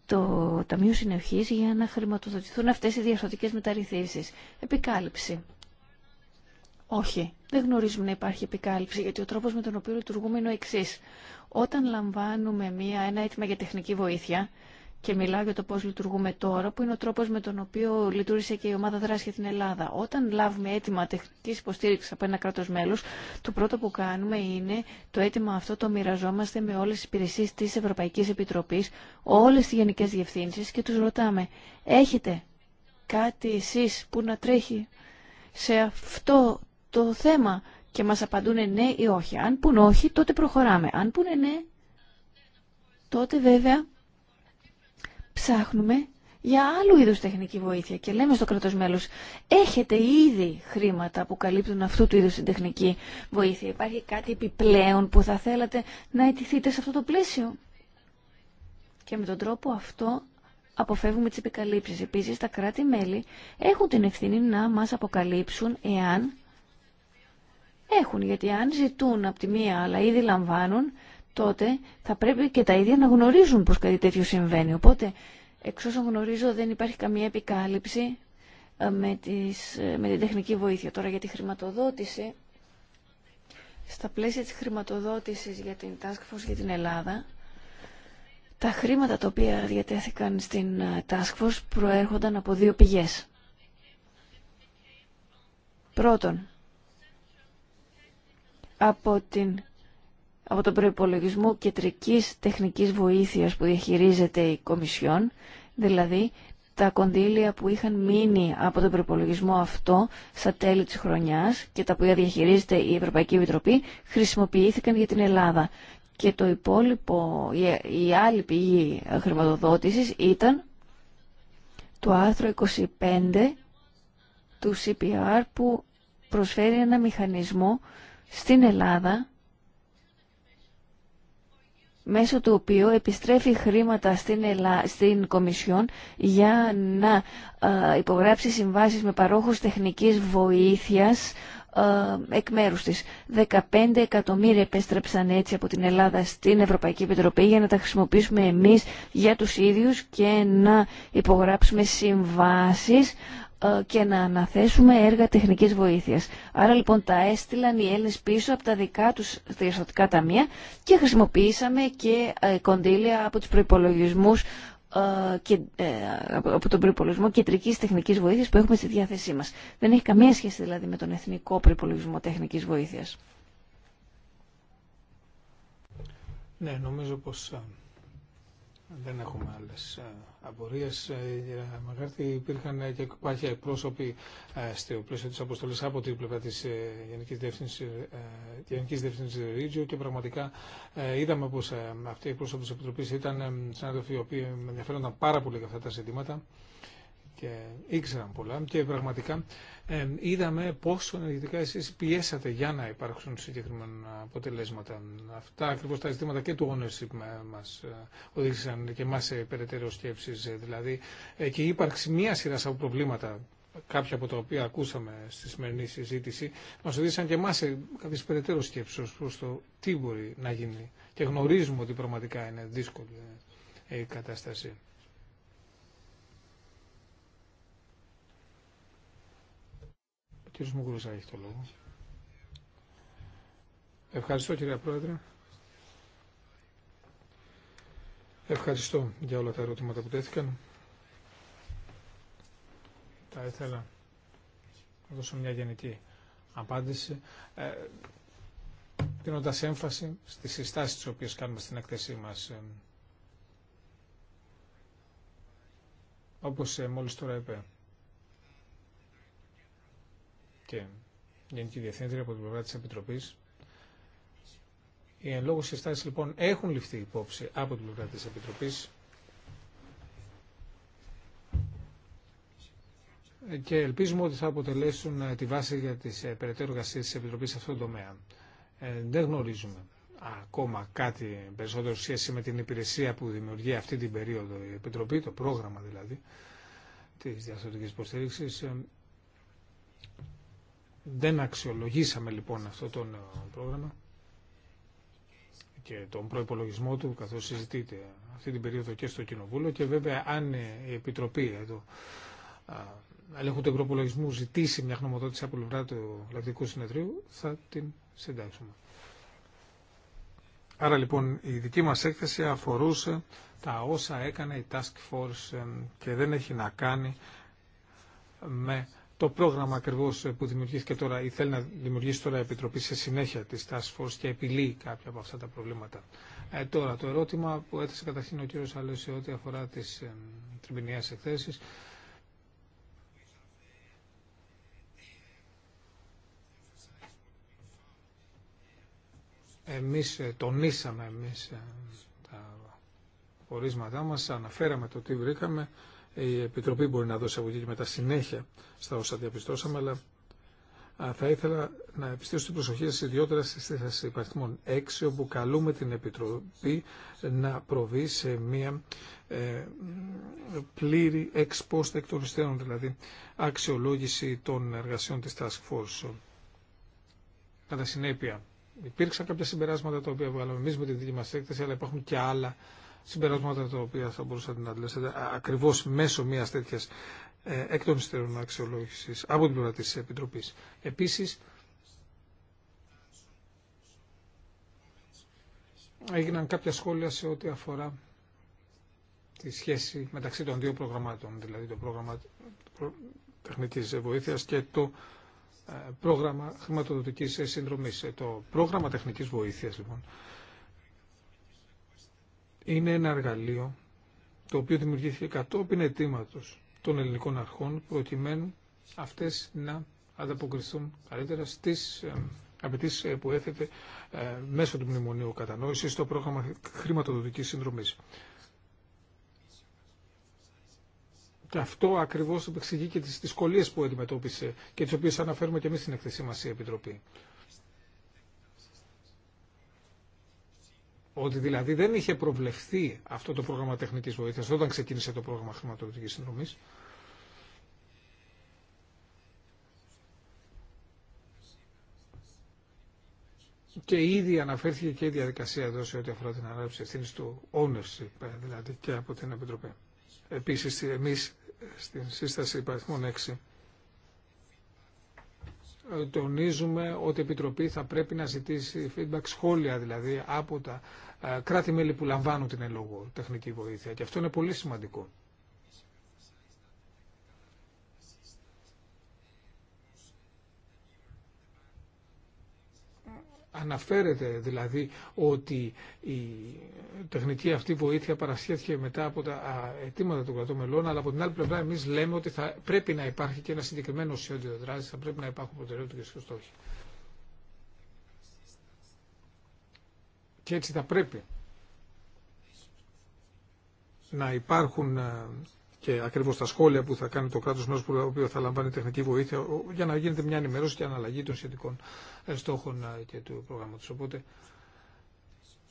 το Ταμείο Συνοχής για να χρηματοδοτηθούν αυτές οι διαφορετικές μεταρρυθμίσεις. Επικάλυψη. Όχι, δεν γνωρίζουμε να υπάρχει επικάλυψη, γιατί ο τρόπος με τον οποίο λειτουργούμε είναι ο εξή. Όταν λαμβάνουμε μία, ένα αίτημα για τεχνική βοήθεια, και μιλάω για το πώς λειτουργούμε τώρα, που είναι ο τρόπος με τον οποίο λειτουργήσε και η ομάδα δράση για την Ελλάδα. Όταν λάβουμε αίτημα τεχνικής υποστήριξης από ένα κράτος μέλος, το πρώτο που κάνουμε είναι το αίτημα αυτό το μοιραζόμαστε με όλες τις υπηρεσίες της Ευρωπαϊκής Επιτροπής, όλες τις γενικές διευθύνσεις και τους ρωτάμε, έχετε κάτι εσείς που να τρέχει σε αυτό το θέμα και μας απαντούν ναι ή όχι. Αν πούν όχι, τότε προχωράμε. Αν πούν ναι, τότε βέβαια ψάχνουμε για άλλου είδους τεχνική βοήθεια και λέμε στο κρατός μέλος έχετε ήδη χρήματα που καλύπτουν αυτού του είδους την τεχνική βοήθεια. Υπάρχει κάτι επιπλέον που θα θέλατε να ετηθείτε σε αυτό το πλαίσιο. Και με τον τρόπο αυτό αποφεύγουμε τις επικαλύψεις. Επίσης τα κράτη-μέλη έχουν την ευθύνη να μας αποκαλύψουν εάν έχουν. Γιατί αν ζητούν από τη μία αλλά ήδη λαμβάνουν, τότε θα πρέπει και τα ίδια να γνωρίζουν πως κάτι τέτοιο συμβαίνει. Οπότε, εξ όσων γνωρίζω, δεν υπάρχει καμία επικάλυψη ε, με, τις, ε, με την τεχνική βοήθεια. Τώρα για τη χρηματοδότηση, στα πλαίσια της χρηματοδότησης για την Task Force για την Ελλάδα, τα χρήματα τα οποία διατέθηκαν στην ε, Task Force προέρχονταν από δύο πηγές. Πρώτον, από, την, από τον προϋπολογισμό κεντρικής τεχνικής βοήθειας που διαχειρίζεται η Κομισιόν, δηλαδή τα κονδύλια που είχαν μείνει από τον προϋπολογισμό αυτό στα τέλη της χρονιάς και τα οποία διαχειρίζεται η Ευρωπαϊκή Επιτροπή χρησιμοποιήθηκαν για την Ελλάδα. Και το υπόλοιπο, η άλλη πηγή χρηματοδότησης ήταν το άρθρο 25 του CPR που προσφέρει ένα μηχανισμό στην Ελλάδα μέσω του οποίου επιστρέφει χρήματα στην, στην Κομισιόν για να ε, υπογράψει συμβάσεις με παρόχους τεχνικής βοήθειας ε, εκ μέρους της. 15 εκατομμύρια επέστρεψαν έτσι από την Ελλάδα στην Ευρωπαϊκή Επιτροπή για να τα χρησιμοποιήσουμε εμείς για τους ίδιους και να υπογράψουμε συμβάσεις ε, και να αναθέσουμε έργα τεχνικής βοήθειας. Άρα λοιπόν τα έστειλαν οι Έλληνες πίσω από τα δικά τους διαστατικά ταμεία και χρησιμοποιήσαμε και ε, κοντήλια από τους προϋπολογισμούς ε, και, από τον προπολογισμό κεντρική τεχνική βοήθεια που έχουμε στη διάθεσή μα. Δεν έχει καμία σχέση δηλαδή με τον εθνικό προπολογισμό τεχνική βοήθεια. Ναι, νομίζω πω δεν έχουμε άλλε απορίε. κύριε Μακάρτη, υπήρχαν και κάποια εκπρόσωποι ε, στο πλαίσιο τη αποστολή, από την πλευρά τη γενική Διεύθυνση Γενικής ε, Ρίτζιο και πραγματικά ε, είδαμε πω αυτοί οι εκπρόσωποι τη Επιτροπή ήταν συνάδελφοι οι οποίοι ενδιαφέρονταν πάρα πολύ για αυτά τα ζητήματα και ήξεραν πολλά και πραγματικά είδαμε πόσο ενεργητικά εσείς πιέσατε για να υπάρξουν συγκεκριμένα αποτελέσματα. Αυτά ακριβώς τα ζητήματα και του ownership μας ε, οδήγησαν και εμάς σε περαιτέρω σκέψεις. Ε, δηλαδή και η ύπαρξη μία σειρά από προβλήματα κάποια από τα οποία ακούσαμε στη σημερινή συζήτηση, μα οδήγησαν και εμά σε κάποιε περαιτέρω σκέψει ω προ το τι μπορεί να γίνει. Και γνωρίζουμε ότι πραγματικά είναι δύσκολη ε, η κατάσταση. κύριο έχει το λόγο. Ευχαριστώ κύριε Πρόεδρε. Ευχαριστώ για όλα τα ερωτήματα που τέθηκαν. Θα ήθελα να δώσω μια γενική απάντηση, ε, δίνοντα έμφαση στις συστάσεις τις οποίες κάνουμε στην εκθεσή μα. όπως ε, μόλις τώρα είπε και Γενική Διευθύντρια από την πλευρά τη Επιτροπή. Οι εν λόγω συστάσει λοιπόν έχουν ληφθεί υπόψη από την πλευρά τη Επιτροπή και ελπίζουμε ότι θα αποτελέσουν ε, τη βάση για τις ε, περαιτέρω εργασίες της Επιτροπής σε αυτόν τον τομέα. Ε, δεν γνωρίζουμε ακόμα κάτι περισσότερο σχέση με την υπηρεσία που δημιουργεί αυτή την περίοδο η Επιτροπή, το πρόγραμμα δηλαδή της διαστατικής υποστήριξης. Δεν αξιολογήσαμε λοιπόν αυτό το ε, πρόγραμμα και τον προϋπολογισμό του καθώς συζητείται αυτή την περίοδο και στο Κοινοβούλιο και βέβαια αν ε, η Επιτροπή εδώ ελέγχου του ζητήσει μια γνωμοδότηση από πλευρά του Λακτικού Συνεδρίου θα την συντάξουμε. Άρα λοιπόν η δική μας έκθεση αφορούσε τα όσα έκανε η Task Force ε, και δεν έχει να κάνει με το πρόγραμμα ακριβώ ε, που δημιουργήθηκε τώρα ή θέλει να δημιουργήσει τώρα η Επιτροπή σε συνέχεια τη Task Force και επιλύει κάποια από αυτά τα προβλήματα. Ε, τώρα, το ερώτημα που έθεσε καταρχήν ο κύριο ό,τι αφορά τι ε, τριμηνιαίε εκθέσει. Εμείς ε, τονίσαμε εμείς ε, τα ορίσματά μας, αναφέραμε το τι βρήκαμε η Επιτροπή μπορεί να δώσει από και μετά συνέχεια στα όσα διαπιστώσαμε, αλλά θα ήθελα να επιστήσω την προσοχή σας ιδιότερα στη θέση υπαριθμών 6, όπου καλούμε την Επιτροπή να προβεί σε μια ε, πλήρη εξπόστα εκ των υστέρων, δηλαδή αξιολόγηση των εργασιών της Task Force. Κατά συνέπεια, υπήρξαν κάποια συμπεράσματα τα οποία βγάλαμε εμείς με τη δική μα έκθεση, αλλά υπάρχουν και άλλα συμπεράσματα τα οποία θα μπορούσατε να αντιλέσετε ακριβώς μέσω μιας τέτοιας ε, εκ των υστέρων αξιολόγηση από την πλευρά της Επιτροπής. Επίσης, έγιναν κάποια σχόλια σε ό,τι αφορά τη σχέση μεταξύ των δύο προγραμμάτων, δηλαδή το πρόγραμμα τεχνικής βοήθειας και το ε, πρόγραμμα χρηματοδοτικής συνδρομής. Ε, το πρόγραμμα τεχνικής βοήθειας, λοιπόν, είναι ένα εργαλείο το οποίο δημιουργήθηκε κατόπιν αιτήματο των ελληνικών αρχών προκειμένου αυτές να ανταποκριθούν καλύτερα στις ε, απαιτήσει ε, που έθετε ε, μέσω του Μνημονίου Κατανόηση στο πρόγραμμα χρηματοδοτικής συνδρομής. Και αυτό ακριβώς επεξηγεί και τις δυσκολίε που αντιμετώπισε και τις οποίες αναφέρουμε και εμείς στην εκθεσή μας η Επιτροπή. Ότι δηλαδή δεν είχε προβλεφθεί αυτό το πρόγραμμα τεχνική βοήθεια όταν ξεκίνησε το πρόγραμμα χρηματοδοτική συνδρομή. Και ήδη αναφέρθηκε και η διαδικασία εδώ σε ό,τι αφορά την ανάληψη ευθύνη του ownership, ε, δηλαδή και από την Επιτροπή. Επίση, εμεί ε, στην σύσταση υπαριθμών 6 τονίζουμε ότι η Επιτροπή θα πρέπει να ζητήσει feedback σχόλια δηλαδή από τα ε, κράτη-μέλη που λαμβάνουν την ελόγω τεχνική βοήθεια και αυτό είναι πολύ σημαντικό. Αναφέρεται δηλαδή ότι η τεχνική αυτή βοήθεια παρασχέθηκε μετά από τα αιτήματα των κρατών μελών, αλλά από την άλλη πλευρά εμεί λέμε ότι θα πρέπει να υπάρχει και ένα συγκεκριμένο σχέδιο δράση, θα πρέπει να υπάρχουν προτεραιότητε και στόχοι. Και έτσι θα πρέπει να υπάρχουν και ακριβώ τα σχόλια που θα κάνει το κράτο μέλο που οποίο θα λαμβάνει τεχνική βοήθεια για να γίνεται μια ενημέρωση και αναλλαγή των σχετικών ε, στόχων ε, και του προγράμματο. Οπότε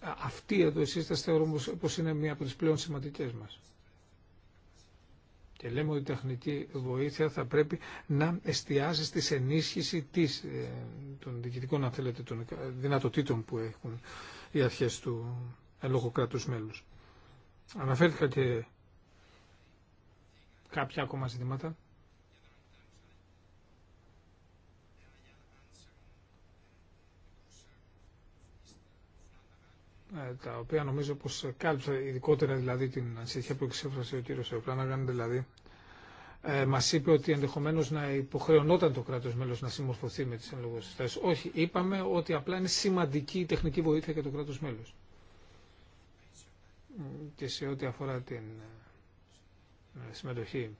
ε, αυτή εδώ η σύσταση θεωρούμε πω είναι μία από τι πλέον σημαντικέ μα. Και λέμε ότι η τεχνική βοήθεια θα πρέπει να εστιάζει στη ενίσχυση της, των διοικητικών αν θέλετε, δυνατοτήτων που έχουν οι αρχές του εν λόγω κράτους μέλους. Αναφέρθηκα και Κάποια ακόμα ζητήματα. Ε, τα οποία νομίζω πως κάλυψε ειδικότερα δηλαδή την ανησυχία που εξέφρασε ο κύριος Ευπλάναγκαν δηλαδή ε, μας είπε ότι ενδεχομένως να υποχρεωνόταν το κράτος μέλος να συμμορφωθεί με τις ενλογές Όχι, είπαμε ότι απλά είναι σημαντική η τεχνική βοήθεια για το κράτος μέλος. Και σε ό,τι αφορά την ε, συμμετοχή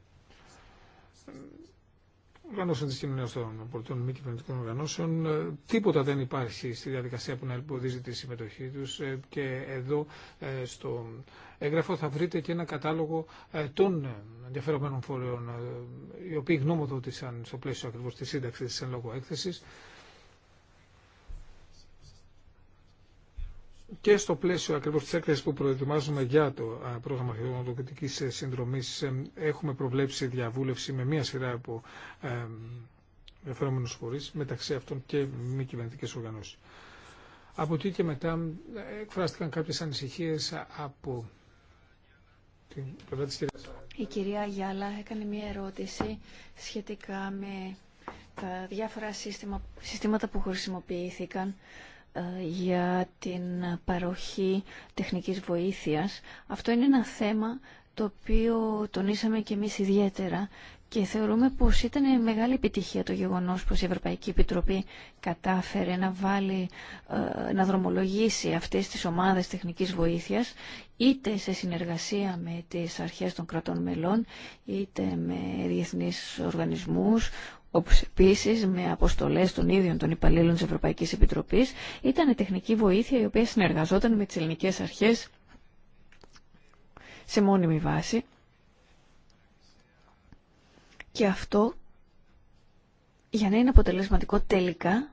οργανώσεων τη κοινωνία των πολιτών, μη κυβερνητικών οργανώσεων. Ε, τίποτα δεν υπάρχει στη διαδικασία που να εμποδίζει τη συμμετοχή του ε, και εδώ ε, στο έγγραφο θα βρείτε και ένα κατάλογο των ενδιαφερομένων φορέων, οι οποίοι γνώμοδοτησαν στο πλαίσιο ακριβώ τη σύνταξη τη εν λόγω έκθεση και στο πλαίσιο ακριβώ τη έκθεση που προετοιμάζουμε για το πρόγραμμα χρηματοδοτική ε, συνδρομή, ε, έχουμε προβλέψει διαβούλευση με μία σειρά από ε, ενδιαφερόμενου φορεί, μεταξύ αυτών και μη κυβερνητικέ οργανώσει. Από εκεί και μετά εκφράστηκαν κάποιες ανησυχίες από την πλευρά τη κυρία. Η κυρία Γιάλα έκανε μια ερώτηση σχετικά με τα διάφορα σύστημα, συστήματα που χρησιμοποιήθηκαν για την παροχή τεχνικής βοήθειας. Αυτό είναι ένα θέμα το οποίο τονίσαμε και εμείς ιδιαίτερα και θεωρούμε πως ήταν μεγάλη επιτυχία το γεγονός πως η Ευρωπαϊκή Επιτροπή κατάφερε να βάλει, ε, να δρομολογήσει αυτές τις ομάδες τεχνικής βοήθειας είτε σε συνεργασία με τις αρχές των κρατών μελών, είτε με διεθνείς οργανισμούς όπως επίσης με αποστολές των ίδιων των υπαλλήλων της Ευρωπαϊκής Επιτροπής, ήταν η τεχνική βοήθεια η οποία συνεργαζόταν με τις ελληνικές αρχές σε μόνιμη βάση. Και αυτό, για να είναι αποτελεσματικό τελικά,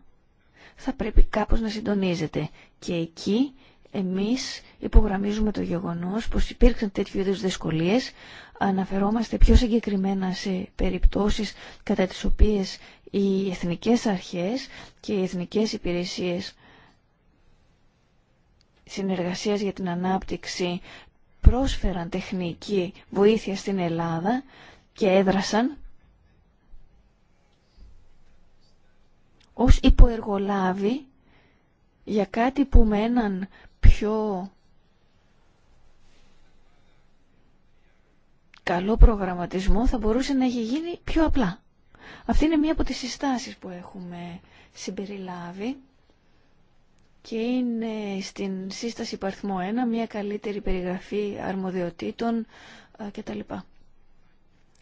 θα πρέπει κάπως να συντονίζεται. Και εκεί εμείς υπογραμμίζουμε το γεγονός πως υπήρξαν τέτοιου είδους δυσκολίες. Αναφερόμαστε πιο συγκεκριμένα σε περιπτώσεις κατά τις οποίες οι εθνικές αρχές και οι εθνικές υπηρεσίες συνεργασίας για την ανάπτυξη πρόσφεραν τεχνική βοήθεια στην Ελλάδα και έδρασαν ως υποεργολάβοι για κάτι που με έναν πιο καλό προγραμματισμό θα μπορούσε να έχει γίνει πιο απλά. Αυτή είναι μία από τις συστάσεις που έχουμε συμπεριλάβει και είναι στην σύσταση παρθμό 1 μία καλύτερη περιγραφή αρμοδιοτήτων κτλ.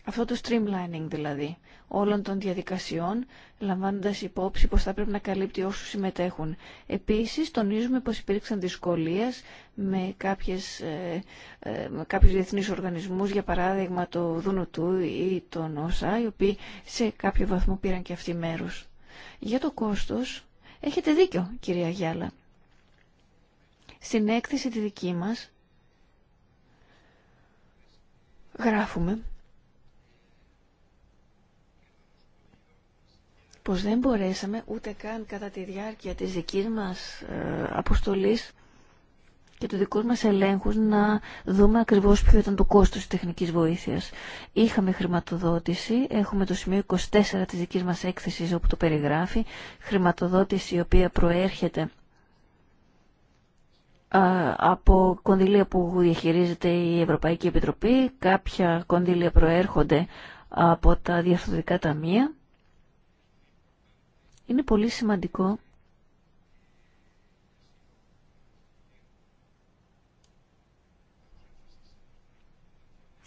Αυτό το streamlining δηλαδή όλων των διαδικασιών, λαμβάνοντας υπόψη πως θα πρέπει να καλύπτει όσους συμμετέχουν. Επίσης, τονίζουμε πως υπήρξαν δυσκολίες με, κάποιες, ε, ε, με κάποιους διεθνείς οργανισμούς, για παράδειγμα το Δουνουτού ή το ΝΟΣΑ... οι οποίοι σε κάποιο βαθμό πήραν και αυτοί μέρους. Για το κόστος, έχετε δίκιο, κυρία Γιάλα. Στην έκθεση τη δική μας, γράφουμε πως δεν μπορέσαμε ούτε καν κατά τη διάρκεια της δικής μας ε, αποστολής και του δικού μας ελέγχου να δούμε ακριβώς ποιο ήταν το κόστος της τεχνικής βοήθειας. Είχαμε χρηματοδότηση, έχουμε το σημείο 24 της δικής μας έκθεσης όπου το περιγράφει, χρηματοδότηση η οποία προέρχεται από κονδύλια που διαχειρίζεται η Ευρωπαϊκή Επιτροπή, κάποια κονδύλια προέρχονται από τα διαφορετικά ταμεία είναι πολύ σημαντικό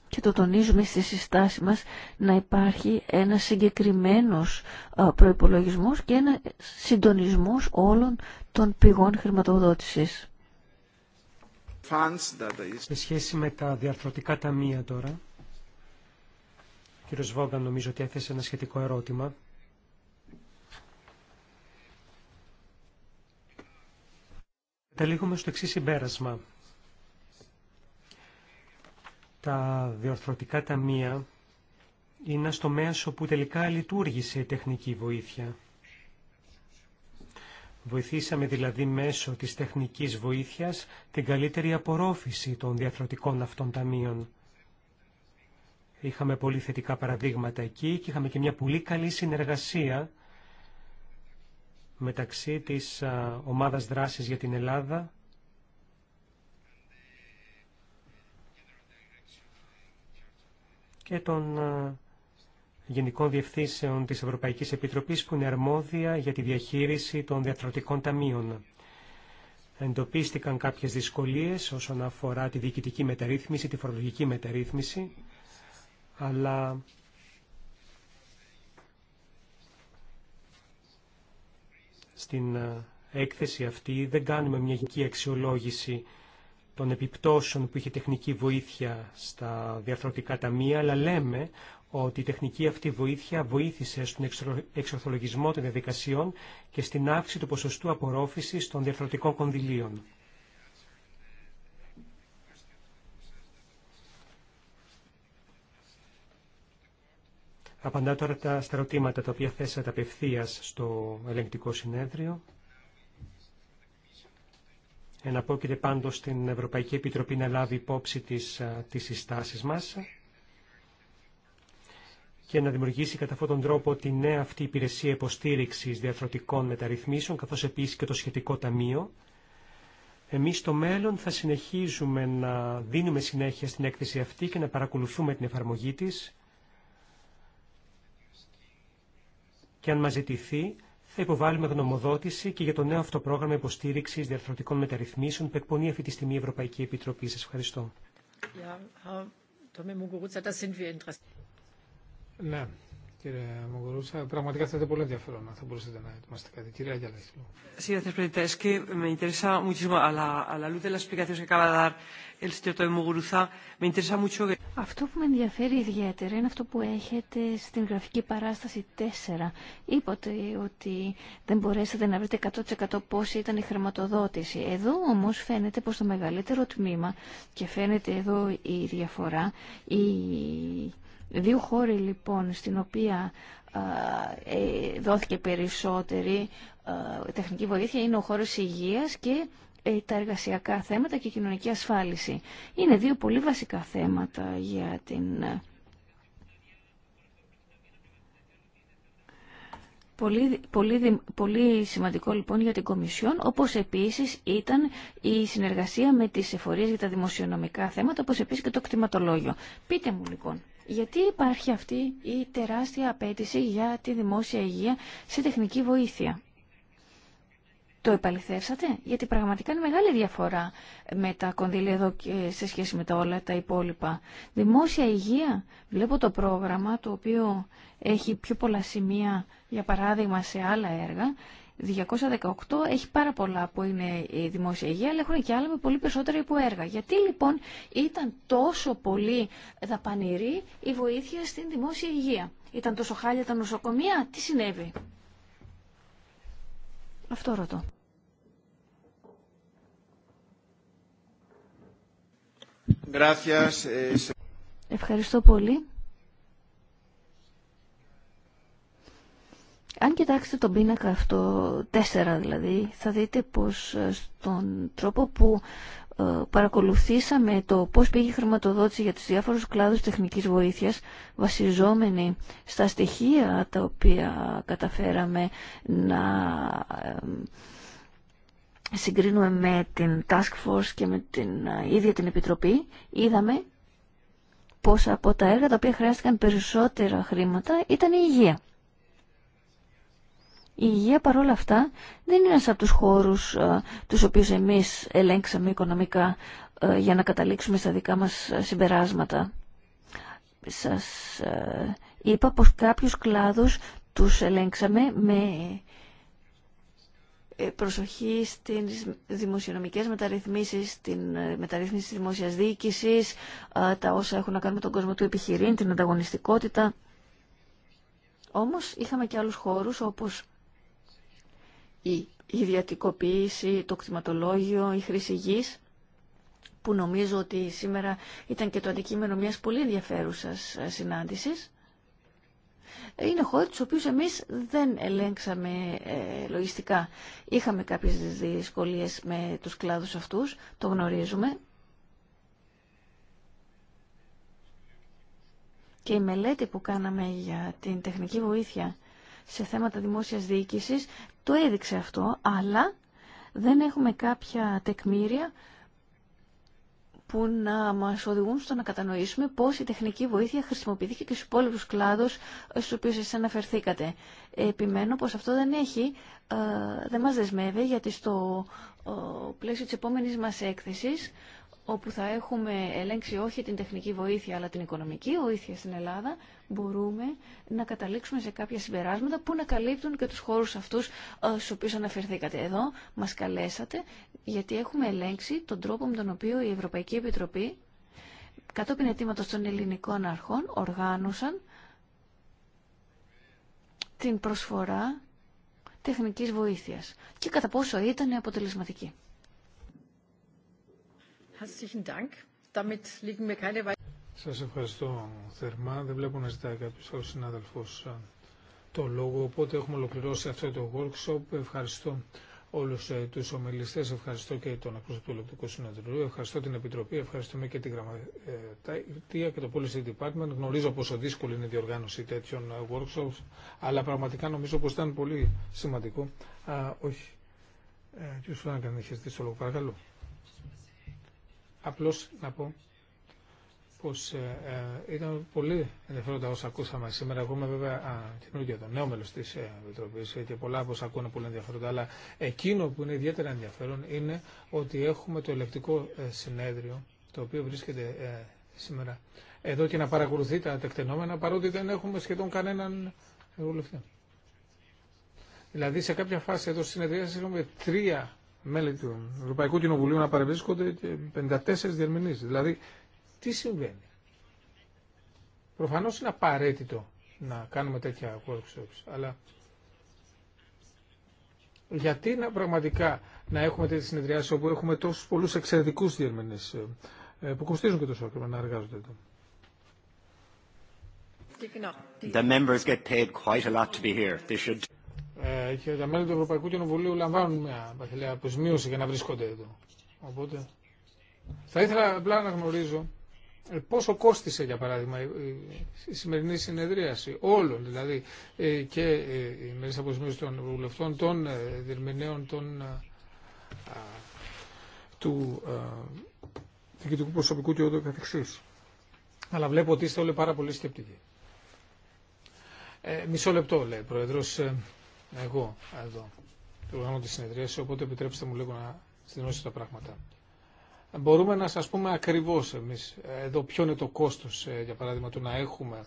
και το τονίζουμε στη συστάση μας να υπάρχει ένα συγκεκριμένος προϋπολογισμός και ένα συντονισμός όλων των πηγών χρηματοδότησης. Σε σχέση με τα διαρθρωτικά ταμεία τώρα, ο κύριος Βόγκαν νομίζω ότι έθεσε ένα σχετικό ερώτημα. καταλήγουμε στο εξή συμπέρασμα. Τα διορθωτικά ταμεία είναι στο μέσο που τελικά λειτουργήσε η τεχνική βοήθεια. Βοηθήσαμε δηλαδή μέσω της τεχνικής βοήθειας την καλύτερη απορρόφηση των διαθροτικών αυτών ταμείων. Είχαμε πολύ θετικά παραδείγματα εκεί και είχαμε και μια πολύ καλή συνεργασία μεταξύ της ομάδας δράσης για την Ελλάδα και των Γενικών Διευθύνσεων της Ευρωπαϊκής Επιτροπής που είναι αρμόδια για τη διαχείριση των διατροτικών ταμείων. Εντοπίστηκαν κάποιες δυσκολίες όσον αφορά τη διοικητική μεταρρύθμιση, τη φορολογική μεταρρύθμιση, αλλά στην ε, έκθεση αυτή δεν κάνουμε μια γενική αξιολόγηση των επιπτώσεων που είχε τεχνική βοήθεια στα διαρθρωτικά ταμεία, αλλά λέμε ότι η τεχνική αυτή βοήθεια βοήθησε στον εξορθολογισμό των διαδικασιών και στην αύξηση του ποσοστού απορρόφησης των διαρθρωτικών κονδυλίων. Απαντά τώρα τα, στα ερωτήματα τα οποία θέσατε απευθεία στο ελεγκτικό συνέδριο. Εναπόκειται πάντως στην Ευρωπαϊκή Επιτροπή να λάβει υπόψη τις, τις συστάσεις μας και να δημιουργήσει κατά αυτόν τον τρόπο τη νέα αυτή υπηρεσία υποστήριξης διαφροντικών μεταρρυθμίσεων, καθώς επίσης και το σχετικό ταμείο. Εμείς στο μέλλον θα συνεχίζουμε να δίνουμε συνέχεια στην έκθεση αυτή και να παρακολουθούμε την εφαρμογή της και αν μας ζητηθεί θα υποβάλουμε γνωμοδότηση και για το νέο αυτό πρόγραμμα υποστήριξης διαρθρωτικών μεταρρυθμίσεων που εκπονεί αυτή τη στιγμή η Ευρωπαϊκή Επιτροπή. Σας ευχαριστώ. Ναι, κύριε Μογορούσα. Πραγματικά θα ήταν πολύ ενδιαφέρον να θα μπορούσατε να ετοιμάσετε κάτι. Κύριε Αγιάλα, Sí, Αυτό που με ενδιαφέρει ιδιαίτερα είναι αυτό που έχετε στην γραφική παράσταση 4. Είπατε ότι δεν μπορέσατε να βρείτε 100% πόση ήταν η χρηματοδότηση. Εδώ όμω φαίνεται πω το μεγαλύτερο τμήμα και φαίνεται εδώ η διαφορά, η Δύο χώροι λοιπόν στην οποία ε, δόθηκε περισσότερη τεχνική βοήθεια είναι ο χώρος υγείας και ε, τα εργασιακά θέματα και η κοινωνική ασφάλιση. Είναι δύο πολύ βασικά θέματα για την ε, Πολύ, πολύ, σημαντικό λοιπόν για την Κομισιόν, όπως επίσης ήταν η συνεργασία με τις εφορίες για τα δημοσιονομικά θέματα, όπως επίσης και το κτηματολόγιο. Πείτε μου λοιπόν, γιατί υπάρχει αυτή η τεράστια απέτηση για τη δημόσια υγεία σε τεχνική βοήθεια. Το επαληθεύσατε, γιατί πραγματικά είναι μεγάλη διαφορά με τα κονδύλια εδώ και σε σχέση με τα όλα τα υπόλοιπα. Δημόσια υγεία, βλέπω το πρόγραμμα το οποίο έχει πιο πολλά σημεία, για παράδειγμα, σε άλλα έργα 218 έχει πάρα πολλά που είναι η δημόσια υγεία, αλλά έχουν και άλλα με πολύ περισσότερα υποέργα. Γιατί λοιπόν ήταν τόσο πολύ δαπανηρή η βοήθεια στην δημόσια υγεία. Ήταν τόσο χάλια τα νοσοκομεία. Τι συνέβη. Αυτό ρωτώ. Ε, Ευχαριστώ πολύ. Αν κοιτάξετε τον πίνακα αυτό, 4 δηλαδή, θα δείτε πως ε, στον τρόπο που ε, παρακολουθήσαμε το πώς πήγε η χρηματοδότηση για τους διάφορους κλάδους τεχνικής βοήθειας βασιζόμενοι στα στοιχεία τα οποία καταφέραμε να ε, συγκρίνουμε με την Task Force και με την ίδια την Επιτροπή είδαμε πως από τα έργα τα οποία χρειάστηκαν περισσότερα χρήματα ήταν η υγεία. Η υγεία παρόλα αυτά δεν είναι ένας από τους χώρους ε, τους οποίους εμείς ελέγξαμε οικονομικά ε, για να καταλήξουμε στα δικά μας ε, συμπεράσματα. Σας είπα πως κάποιους κλάδους τους ελέγξαμε με προσοχή στις δημοσιονομικές μεταρρυθμίσεις, την μεταρρύθμιση της δημόσιας διοίκησης, τα όσα έχουν να κάνουν με τον κόσμο του επιχειρήν, την ανταγωνιστικότητα. Όμως είχαμε και άλλους χώρους όπως η ιδιωτικοποίηση, το κτηματολόγιο, η χρήση γης, που νομίζω ότι σήμερα ήταν και το αντικείμενο μιας πολύ ενδιαφέρουσας ε, συνάντησης. Είναι χώρες τους οποίους εμείς δεν ελέγξαμε ε, λογιστικά. Είχαμε κάποιες δυσκολίες με τους κλάδους αυτούς, το γνωρίζουμε. Και η μελέτη που κάναμε για την τεχνική βοήθεια σε θέματα δημόσιας διοίκησης. Το έδειξε αυτό, αλλά δεν έχουμε κάποια τεκμήρια που να μας οδηγούν στο να κατανοήσουμε πώς η τεχνική βοήθεια χρησιμοποιήθηκε και στους υπόλοιπους κλάδους στους οποίους εσείς αναφερθήκατε. Επιμένω πως αυτό δεν έχει, ε, δεν μας δεσμεύει, γιατί στο ε, πλαίσιο της επόμενης μας έκθεσης όπου θα έχουμε ελέγξει όχι την τεχνική βοήθεια αλλά την οικονομική βοήθεια στην Ελλάδα, μπορούμε να καταλήξουμε σε κάποια συμπεράσματα που να καλύπτουν και τους χώρους αυτούς ε, στους οποίους αναφερθήκατε. Εδώ μας καλέσατε γιατί έχουμε ελέγξει τον τρόπο με τον οποίο η Ευρωπαϊκή Επιτροπή κατόπιν αιτήματος των ελληνικών αρχών οργάνωσαν την προσφορά τεχνικής βοήθειας και κατά πόσο ήταν αποτελεσματική. Σα ευχαριστώ θερμά. Δεν βλέπω να ζητάει κάποιο άλλο συνάδελφο ε, το λόγο, οπότε έχουμε ολοκληρώσει αυτό το workshop. Ευχαριστώ όλου ε, του ομιλητέ, ευχαριστώ και τον εκπρόσωπο του Συνεδρίου, ευχαριστώ την Επιτροπή, ευχαριστούμε και την Γραμματεία ε, και το Policy Department. Γνωρίζω πόσο δύσκολη είναι η διοργάνωση τέτοιων workshops, αλλά πραγματικά νομίζω πω ήταν πολύ σημαντικό. Α, όχι. Ε, Σουλάνκα, να είχε ζητήσει το λόγο, παρακαλώ. Απλώς να πω πως ε, ε, ήταν πολύ ενδιαφέροντα όσα ακούσαμε σήμερα. Εγώ είμαι βέβαια καινούργιο το νέο μέλος της ε, Επιτροπής και πολλά από όσα ακούνε πολύ ενδιαφέροντα. Αλλά εκείνο που είναι ιδιαίτερα ενδιαφέρον είναι ότι έχουμε το ελεκτικό συνέδριο το οποίο βρίσκεται σήμερα εδώ και να παρακολουθεί τα τεκτενόμενα παρότι δεν έχουμε σχεδόν κανέναν ευρωβουλευτή. Δηλαδή σε κάποια φάση εδώ στη συνεδρία έχουμε τρία μέλη του Ευρωπαϊκού Κοινοβουλίου να παρευρίσκονται και 54 διερμηνείς. Δηλαδή, τι συμβαίνει. Προφανώς είναι απαραίτητο να κάνουμε τέτοια workshops, αλλά γιατί να, πραγματικά να έχουμε τέτοιες συνεδριάσεις όπου έχουμε τόσους πολλούς εξαιρετικούς διερμηνείς ε, που κοστίζουν και τόσο ακριβά να εργάζονται εδώ. The members get paid quite a lot to be here. They should... Ε, και τα μέλη του Ευρωπαϊκού Κοινοβουλίου λαμβάνουν μια παχυλαία αποσμίωση για να βρίσκονται εδώ. Οπότε θα ήθελα απλά να γνωρίζω ε, πόσο κόστισε για παράδειγμα η σημερινή συνεδρίαση όλων, δηλαδή ε, και η μέρες αποσμίωση των βουλευτών, των διερμηνέων, των, του διοικητικού προσωπικού και ούτω καθεξής. Αλλά βλέπω ότι είστε όλοι πάρα πολύ σκεπτικοί. Ε, μισό λεπτό, λέει Πρόεδρος εγώ εδώ προγράμμα τη συνεδρίαση, οπότε επιτρέψτε μου λίγο να συνδυνώσω τα πράγματα. Μπορούμε να σας πούμε ακριβώς εμείς εδώ ποιο είναι το κόστος, ε, για παράδειγμα, του να έχουμε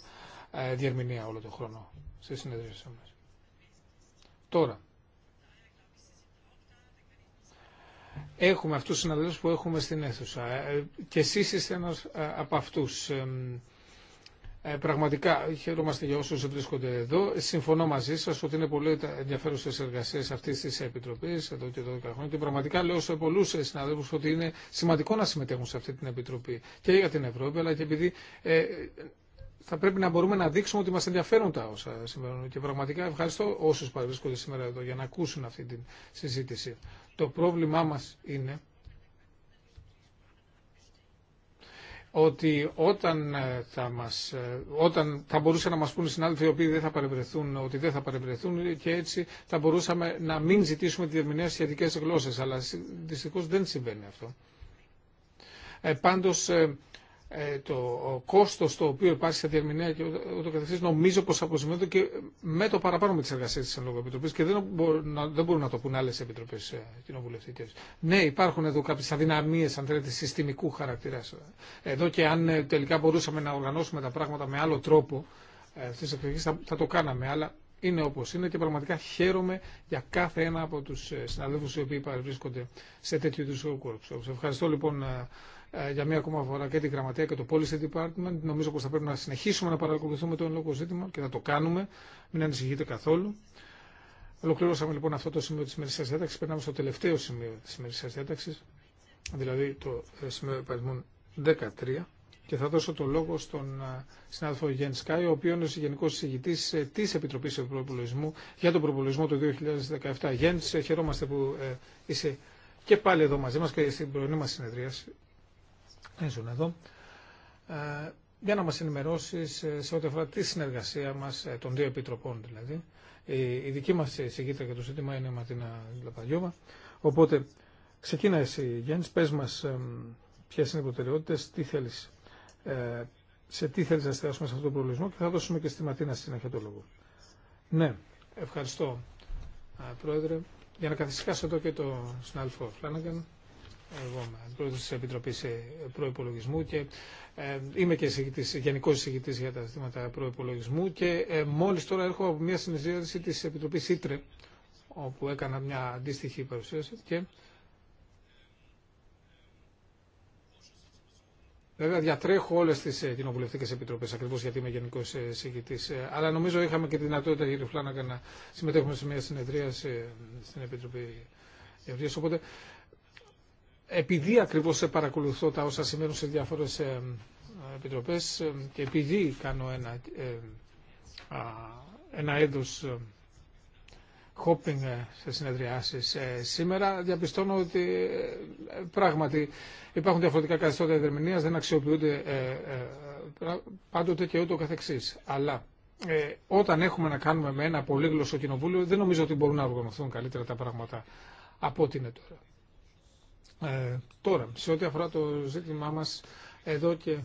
ε, διερμηνία όλο τον χρόνο σε συνεδρίαση μας. Τώρα, έχουμε αυτούς τους συναδέλφους που έχουμε στην αίθουσα ε, και εσείς είστε ένας από αυτούς. Ε, πραγματικά χαιρόμαστε για όσους βρίσκονται εδώ. Συμφωνώ μαζί σας ότι είναι πολύ ενδιαφέρουσες εργασίες αυτής της Επιτροπής εδώ και 12 χρόνια και πραγματικά λέω σε πολλούς συναδέλφους ότι είναι σημαντικό να συμμετέχουν σε αυτή την Επιτροπή και για την Ευρώπη αλλά και επειδή ε, θα πρέπει να μπορούμε να δείξουμε ότι μα ενδιαφέρουν τα όσα συμβαίνουν και πραγματικά ευχαριστώ όσους παρευρίσκονται σήμερα εδώ για να ακούσουν αυτή τη συζήτηση. Το πρόβλημά μα είναι ότι όταν ε, θα, μας, ε, όταν θα μπορούσαν να μας πούν οι συνάδελφοι οι οποίοι δεν θα παρευρεθούν, ότι δεν θα παρευρεθούν και έτσι θα μπορούσαμε να μην ζητήσουμε τη διερμηνία στις σχετικές γλώσσες, αλλά δυστυχώς δεν συμβαίνει αυτό. Ε, πάντως, ε, ε, το κόστο το οποίο υπάρχει στα διερμηνέα και ούτω καθεξή, νομίζω πω αποζημιώνεται και με το παραπάνω με τι εργασίε τη Ενλόγω Επιτροπή και δεν μπορούν, να, δεν μπορούν να το πούν άλλες επιτροπές ε, κοινοβουλευτικέ. Ναι, υπάρχουν εδώ κάποιε αδυναμίε, αν θέλετε συστημικού χαρακτήρα. Εδώ και αν ε, τελικά μπορούσαμε να οργανώσουμε τα πράγματα με άλλο τρόπο θα, θα το κάναμε, αλλά είναι όπω είναι και πραγματικά χαίρομαι για κάθε ένα από του συναδέλφου οι οποίοι παρευρίσκονται σε τέτοιου είδου workshops. Ευχαριστώ λοιπόν ε, για μία ακόμα φορά και την Γραμματεία και το Policy Department. Νομίζω πως θα πρέπει να συνεχίσουμε να παρακολουθούμε το εν λόγω ζήτημα και να το κάνουμε. Μην ανησυχείτε καθόλου. Ολοκληρώσαμε λοιπόν αυτό το σημείο της ημερησίας διάταξης. Περνάμε στο τελευταίο σημείο της ημερησίας διάταξης, δηλαδή το ε, σημείο υπαριθμών 13. Και θα δώσω το λόγο στον ε, συνάδελφο Γιάννη Σκάι, ο οποίο είναι ο Γενικό Συγητή τη Επιτροπή Προπολογισμού για τον προπολογισμό του 2017. Γιάννη, χαιρόμαστε που είσαι και πάλι εδώ μαζί μα και στην πρωινή μα συνεδρίαση ζουν εδώ, ε, για να μας ενημερώσεις ε, σε ό,τι αφορά τη συνεργασία μας ε, των δύο επιτροπών δηλαδή. Η, δική μας συγκίτρια για το ζήτημα είναι η Ματίνα Λαπαγιώβα. Οπότε ξεκίνα εσύ Γιάννης, πες μας ποιες είναι οι προτεραιότητες, τι θέλεις, σε τι θέλεις να στεγάσουμε σε αυτόν τον προβλησμό και θα δώσουμε και στη Ματίνα στην συνέχεια το λόγο. Ναι, ευχαριστώ Πρόεδρε. Για να καθησυχάσω εδώ και το συνάδελφο Φλάνναγκαν, εγώ είμαι πρόεδρο τη Επιτροπή ε, Προπολογισμού και ε, είμαι και γενικό γενικός για τα ζητήματα προπολογισμού. και ε, μόλι τώρα έρχομαι από μια συνεδρίαση τη Επιτροπή Ήτρε όπου έκανα μια αντίστοιχη παρουσίαση και Βέβαια διατρέχω όλες τις κοινοβουλευτικέ επιτροπέ, ακριβώ γιατί είμαι γενικός Ε, Αλλά νομίζω είχαμε και τη δυνατότητα κύριε Φλάνακα να συμμετέχουμε σε μια συνεδρία στην Επιτροπή Οπότε επειδή ακριβώς παρακολουθώ τα όσα σημαίνουν σε διάφορες ε, επιτροπές ε, και επειδή κάνω ένα, ε, ένα έντος hopping σε συνεδριάσεις σήμερα, διαπιστώνω ότι πράγματι υπάρχουν διαφορετικά καθεστώτα ερμηνεία, δεν αξιοποιούνται πάντοτε και ούτω καθεξής. Αλλά όταν έχουμε να κάνουμε με ένα πολύγλωσσο κοινοβούλιο, δεν νομίζω ότι μπορούν να οργανωθούν καλύτερα τα πράγματα από ό,τι είναι τώρα. Ε, τώρα, σε ό,τι αφορά το ζήτημά μας εδώ και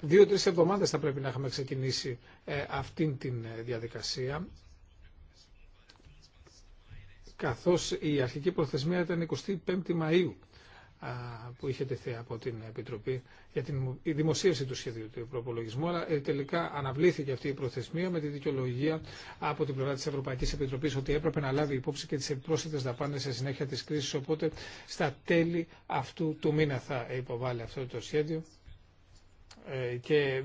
δύο-τρεις εβδομάδες θα πρέπει να έχουμε ξεκινήσει ε, αυτήν την ε, διαδικασία καθώς η αρχική προθεσμία ήταν 25η Μαΐου που είχε τεθεί από την Επιτροπή για την δημοσίευση του σχεδίου του προπολογισμού, αλλά ε, τελικά αναβλήθηκε αυτή η προθεσμία με τη δικαιολογία από την πλευρά τη Ευρωπαϊκή Επιτροπή ότι έπρεπε να λάβει υπόψη και τι πρόσθετε δαπάνε σε συνέχεια τη κρίση. Οπότε στα τέλη αυτού του μήνα θα υποβάλει αυτό το σχέδιο. Ε, και ε,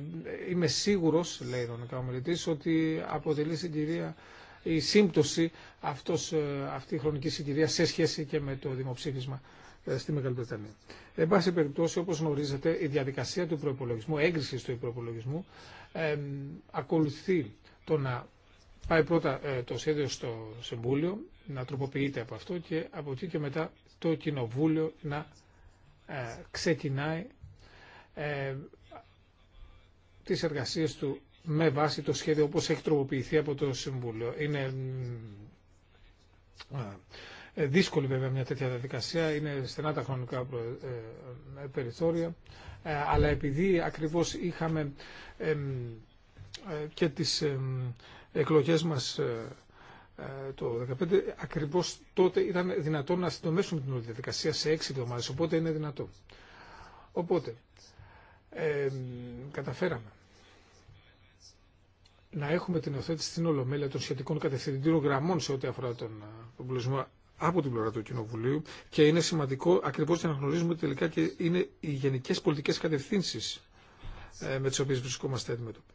είμαι σίγουρος, λέει ο μιλητής, ότι αποτελεί συγκυρία η σύμπτωση αυτός, αυτή η χρονική συγκυρία σε σχέση και με το δημοψήφισμα ε, στη Μεγάλη Βρετανία. Εν πάση περιπτώσει, όπως γνωρίζετε, η διαδικασία του προπολογισμού, έγκριση του προπολογισμού, ακολουθεί το να πάει πρώτα ε, το σχέδιο στο Συμβούλιο, να τροποποιείται από αυτό και από εκεί και μετά το Κοινοβούλιο να ε, ξεκινάει ε, τις εργασίες του με βάση το σχέδιο όπως έχει τροποποιηθεί από το Συμβούλιο. Είναι ε, δύσκολη βέβαια μια τέτοια διαδικασία, είναι στενά τα χρονικά ε, ε, περιθώρια, αλλά επειδή ακριβώς είχαμε και τις εκλογές μας το 2015, ακριβώς τότε ήταν δυνατόν να συντομέσουμε την όλη διαδικασία σε έξι εβδομάδες, οπότε είναι δυνατό. Οπότε, ε, καταφέραμε να έχουμε την οθέτηση στην Ολομέλεια των σχετικών κατευθυντήρων γραμμών σε ό,τι αφορά τον, τον από την πλευρά του Κοινοβουλίου και είναι σημαντικό ακριβώς να γνωρίζουμε ότι τελικά και είναι οι γενικές πολιτικές κατευθύνσεις ε, με τις οποίες βρισκόμαστε αντιμέτωποι.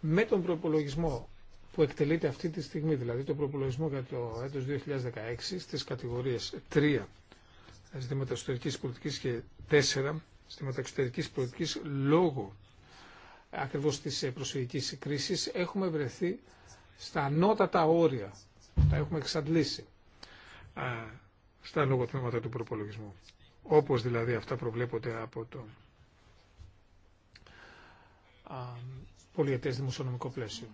Με τον προπολογισμό που εκτελείται αυτή τη στιγμή, δηλαδή τον προπολογισμό για το έτος 2016 στις κατηγορίες 3 ζητήματα μεταξωτερική πολιτική και 4 ζητήματα μεταξωτερική πολιτική λόγω ακριβώ τη ε, προσφυγική κρίση, έχουμε βρεθεί στα ανώτατα όρια, τα έχουμε εξαντλήσει στα λογοθέματα του προπολογισμού. Όπως δηλαδή αυτά προβλέπονται από το πολιετές δημοσιονομικό πλαίσιο.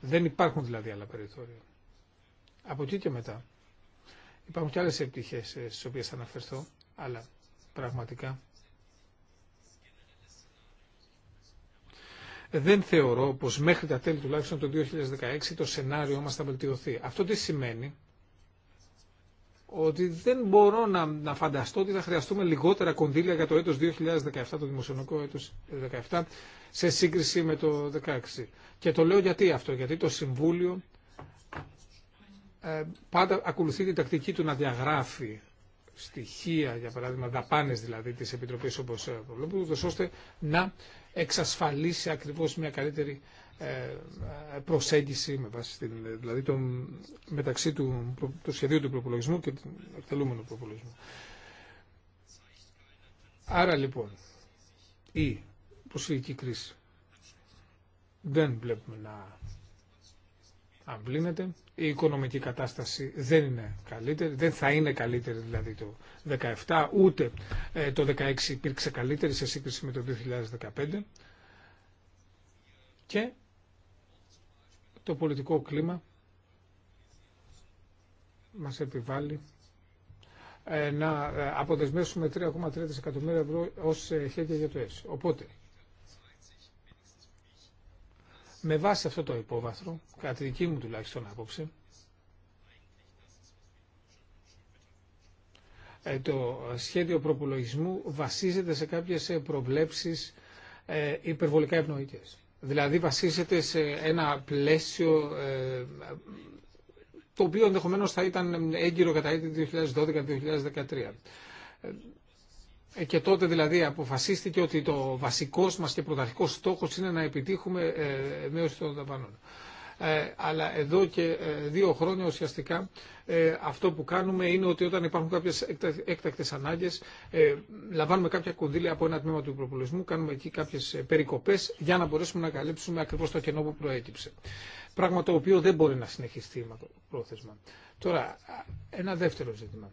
Δεν υπάρχουν δηλαδή άλλα περιθώρια. Από εκεί και μετά υπάρχουν και άλλες επιτυχίες στις οποίες θα αναφερθώ, αλλά πραγματικά δεν θεωρώ πως μέχρι τα τέλη τουλάχιστον το 2016 το σενάριό μας θα βελτιωθεί. Αυτό τι σημαίνει ότι δεν μπορώ να, να φανταστώ ότι θα χρειαστούμε λιγότερα κονδύλια για το έτος 2017, το δημοσιονομικό έτος 2017, σε σύγκριση με το 2016. Και το λέω γιατί αυτό, γιατί το Συμβούλιο ε, πάντα ακολουθεί την τακτική του να διαγράφει στοιχεία, για παράδειγμα δαπάνες δηλαδή της Επιτροπής όπως ε, βλέπω, ώστε να εξασφαλίσει ακριβώς μια καλύτερη ε, προσέγγιση με βάση δηλαδή το, μεταξύ του σχεδίου του προπολογισμού και του εκτελούμενου προπολογισμού. Άρα λοιπόν η προσφυγική κρίση δεν βλέπουμε να αμπλύνεται. Η οικονομική κατάσταση δεν είναι καλύτερη, δεν θα είναι καλύτερη δηλαδή το 2017, ούτε ε, το 2016 υπήρξε καλύτερη σε σύγκριση με το 2015. Και το πολιτικό κλίμα μας επιβάλλει ε, να ε, αποδεσμεύσουμε 3,3 δισεκατομμύρια ευρώ ως ε, χέρια για το ΕΣΥ. Οπότε, με βάση αυτό το υπόβαθρο, κατά τη δική μου τουλάχιστον άποψη, το σχέδιο προπολογισμού βασίζεται σε κάποιες προβλέψεις υπερβολικά ευνοϊκές. Δηλαδή βασίζεται σε ένα πλαίσιο ε, το οποίο ενδεχομένω θα ήταν έγκυρο κατά έτη 2012-2013. Ε, και τότε δηλαδή αποφασίστηκε ότι το βασικός μας και πρωταρχικός στόχος είναι να επιτύχουμε ε, μείωση των δαπανών. Ε, αλλά εδώ και ε, δύο χρόνια ουσιαστικά ε, αυτό που κάνουμε είναι ότι όταν υπάρχουν κάποιες έκτακτες ανάγκες λαμβάνουμε κάποια κονδύλια από ένα τμήμα του προπολογισμού, κάνουμε εκεί κάποιες περικοπές για να μπορέσουμε να καλύψουμε ακριβώς το κενό που προέκυψε. Πράγμα το οποίο δεν μπορεί να συνεχιστεί πρόθεσμα. Τώρα, ένα δεύτερο ζήτημα.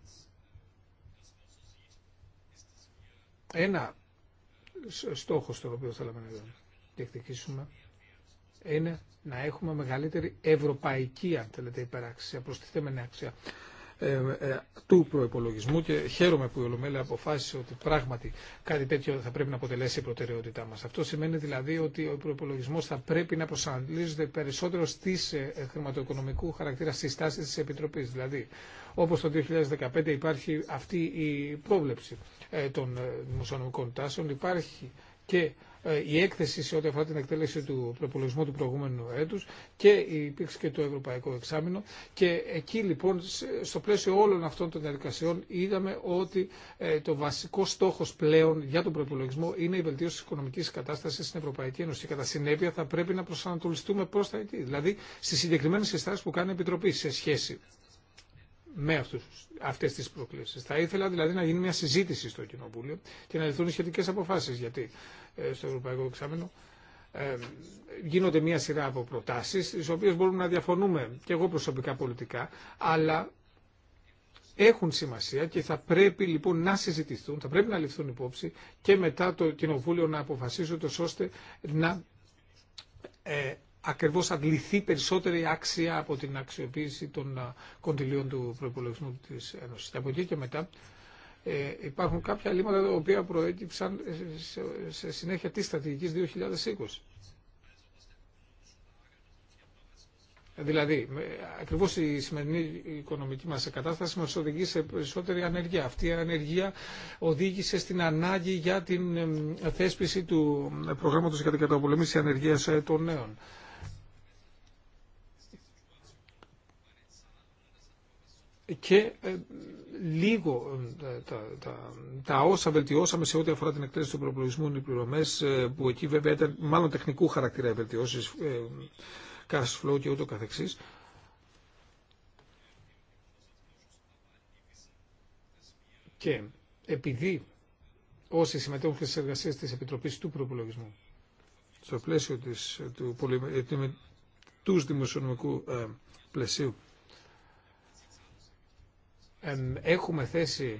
Ένα στόχο στο οποίο θέλαμε να διεκδικήσουμε είναι να έχουμε μεγαλύτερη ευρωπαϊκή, αν θέλετε, υπεραξία, προστιθέμενη αξία ε, ε, του προϋπολογισμού και χαίρομαι που η Ολομέλεια αποφάσισε ότι πράγματι κάτι τέτοιο θα πρέπει να αποτελέσει η προτεραιότητά μας. Αυτό σημαίνει δηλαδή ότι ο προϋπολογισμός θα πρέπει να προσανατολίζεται περισσότερο στι ε, χρηματοοικονομικού χαρακτήρα συστάσει τη Επιτροπή. Δηλαδή, όπως το 2015 υπάρχει αυτή η πρόβλεψη των δημοσιονομικών τάσεων, υπάρχει και ε, η έκθεση σε ό,τι αφορά την εκτέλεση του προπολογισμού του προηγούμενου έτους και υπήρξε και το Ευρωπαϊκό Εξάμεινο και εκεί λοιπόν στο πλαίσιο όλων αυτών των διαδικασιών είδαμε ότι ε, το βασικό στόχος πλέον για τον προπολογισμό είναι η βελτίωση της οικονομικής κατάστασης στην Ευρωπαϊκή Ένωση και κατά συνέπεια θα πρέπει να προσανατολιστούμε προς τα εκεί, δηλαδή στις συγκεκριμένες συστάσεις που κάνει η Επιτροπή σε σχέση με αυτούς, αυτές τις προκλήσεις. Θα ήθελα δηλαδή να γίνει μια συζήτηση στο Κοινοβούλιο και να ληφθούν σχετικές αποφάσεις γιατί ε, στο Ευρωπαϊκό Εξάμενο ε, γίνονται μια σειρά από προτάσεις τις οποίες μπορούμε να διαφωνούμε και εγώ προσωπικά πολιτικά αλλά έχουν σημασία και θα πρέπει λοιπόν να συζητηθούν, θα πρέπει να ληφθούν υπόψη και μετά το Κοινοβούλιο να αποφασίσει ώστε να ε, ακριβώς αντληθεί περισσότερη άξια από την αξιοποίηση των κοντιλίων του προϋπολογισμού της Ένωσης. Και από εκεί και μετά ε, υπάρχουν κάποια λήματα τα οποία προέκυψαν ε, σε, συνέχεια της στρατηγικής 2020. Δηλαδή, ακριβώ η σημερινή οικονομική μα κατάσταση μα οδηγεί σε περισσότερη ανεργία. Αυτή η ανεργία οδήγησε στην ανάγκη για την θέσπιση του ε, προγράμματο για την καταπολέμηση ανεργία ε, των νέων. και ε, λίγο ε, τα, όσα βελτιώσαμε σε ό,τι αφορά την εκτέλεση του προπολογισμού είναι οι πληρωμέ, ε, που εκεί βέβαια ήταν μάλλον τεχνικού χαρακτήρα οι βελτιώσει, cash flow και ούτω καθεξής. Και επειδή όσοι συμμετέχουν στι εργασίε τη Επιτροπή του Προπολογισμού, στο πλαίσιο της, του, του, δημοσιονομικού πλαισίου, έχουμε θέσει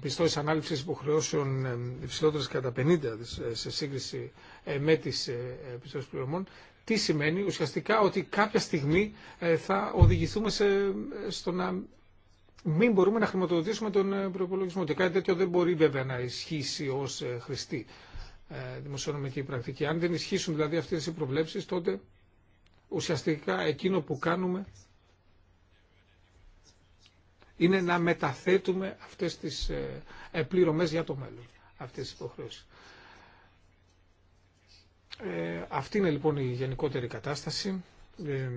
πιστώσει ανάληψη υποχρεώσεων υψηλότερε κατά 50 ε, σε σύγκριση ε, με τις ε, πιστώσει πληρωμών, τι σημαίνει ουσιαστικά ότι κάποια στιγμή θα οδηγηθούμε σε, στο να μην μπορούμε να χρηματοδοτήσουμε τον προπολογισμό. Και κάτι τέτοιο δεν μπορεί βέβαια να ισχύσει ω χρηστή δημοσιονομική πρακτική. Αν δεν ισχύσουν δηλαδή αυτέ οι προβλέψει, τότε ουσιαστικά εκείνο που κάνουμε είναι να μεταθέτουμε αυτές τις ε, πληρωμές για το μέλλον, αυτές τις υποχρεώσεις. Ε, αυτή είναι λοιπόν η γενικότερη κατάσταση. Ε, ε,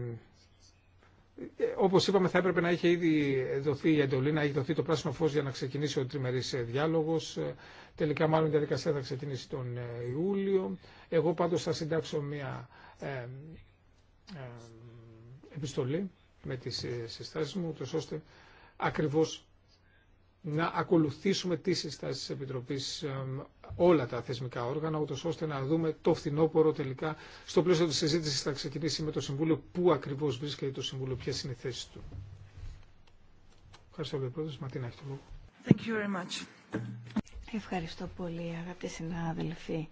όπως είπαμε θα έπρεπε να είχε ήδη δοθεί η εντολή, να έχει δοθεί το πράσινο φως για να ξεκινήσει ο τριμερής ε, διάλογος. Τελικά μάλλον η διαδικασία θα ξεκινήσει τον Ιούλιο. Εγώ πάντως θα συντάξω μια επιστολή με τις συστάσεις μου, ώστε ακριβώς να ακολουθήσουμε τις συστάσεις της Επιτροπής όλα τα θεσμικά όργανα, ούτως ώστε να δούμε το φθινόπωρο τελικά στο πλαίσιο της συζήτησης θα ξεκινήσει με το Συμβούλιο πού ακριβώς βρίσκεται το Συμβούλιο, ποιες είναι οι θέσεις του. Ευχαριστώ πολύ, Πρόεδρος. Ματίνα, έχει λόγο. Ευχαριστώ πολύ, αγαπητοί συνάδελφοι.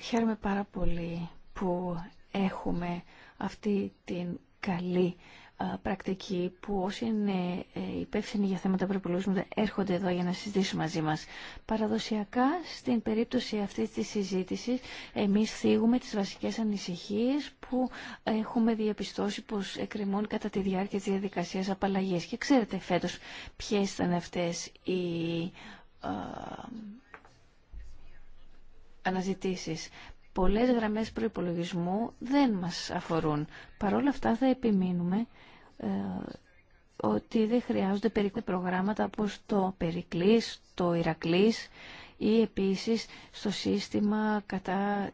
Χαίρομαι πάρα πολύ που έχουμε αυτή την καλή πρακτική που όσοι είναι ε, υπεύθυνοι για θέματα προπολογισμού έρχονται εδώ για να συζητήσουν μαζί μας. Παραδοσιακά στην περίπτωση αυτή της συζήτησης εμείς θίγουμε τις βασικές ανησυχίες που έχουμε διαπιστώσει πως εκκρεμούν κατά τη διάρκεια της διαδικασίας απαλλαγής. Και ξέρετε φέτος ποιες ήταν αυτές οι αναζητήσεις πολλές γραμμές προϋπολογισμού δεν μας αφορούν. Παρ' όλα αυτά θα επιμείνουμε ε, ότι δεν χρειάζονται περίπου προγράμματα όπως το Περικλής, το Ηρακλής ή επίσης στο σύστημα κατά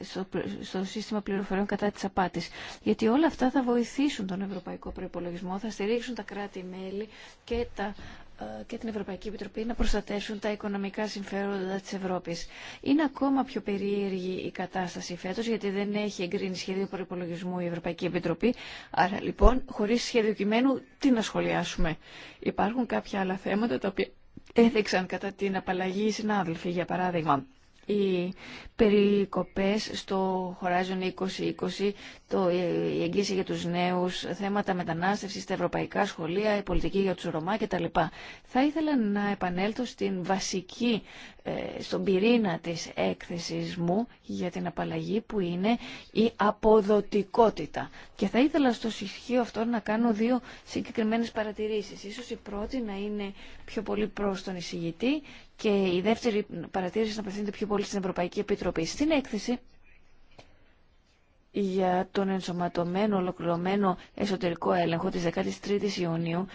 στο, στο σύστημα πληροφοριών κατά της απάτης. Γιατί όλα αυτά θα βοηθήσουν τον ευρωπαϊκό προϋπολογισμό, θα στηρίξουν τα κράτη-μέλη και τα ε, και την Ευρωπαϊκή Επιτροπή να προστατεύσουν τα οικονομικά συμφέροντα της Ευρώπης. Είναι ακόμα πιο περίεργη η κατάσταση φέτος γιατί δεν έχει εγκρίνει σχέδιο προϋπολογισμού η Ευρωπαϊκή Επιτροπή. Άρα λοιπόν, χωρίς σχέδιο κειμένου, τι να σχολιάσουμε. Υπάρχουν κάποια άλλα θέματα τα οποία έδειξαν κατά την απαλλαγή οι συνάδελφοι, για παράδειγμα οι περικοπές στο Horizon 2020, το, η εγγύηση για τους νέους, θέματα μετανάστευσης στα ευρωπαϊκά σχολεία, η πολιτική για τους Ρωμά κτλ. Θα ήθελα να επανέλθω στην βασική, ε, στον πυρήνα της έκθεσης μου για την απαλλαγή που είναι η αποδοτικότητα. Και θα ήθελα στο συσχείο αυτό να κάνω δύο συγκεκριμένες παρατηρήσεις. Ίσως η πρώτη να είναι πιο πολύ προς τον εισηγητή και η δεύτερη παρατήρηση να απευθύνεται πιο πολύ στην Ευρωπαϊκή Επιτροπή. Στην έκθεση για τον ενσωματωμένο ολοκληρωμένο εσωτερικό έλεγχο της 13ης Ιουνίου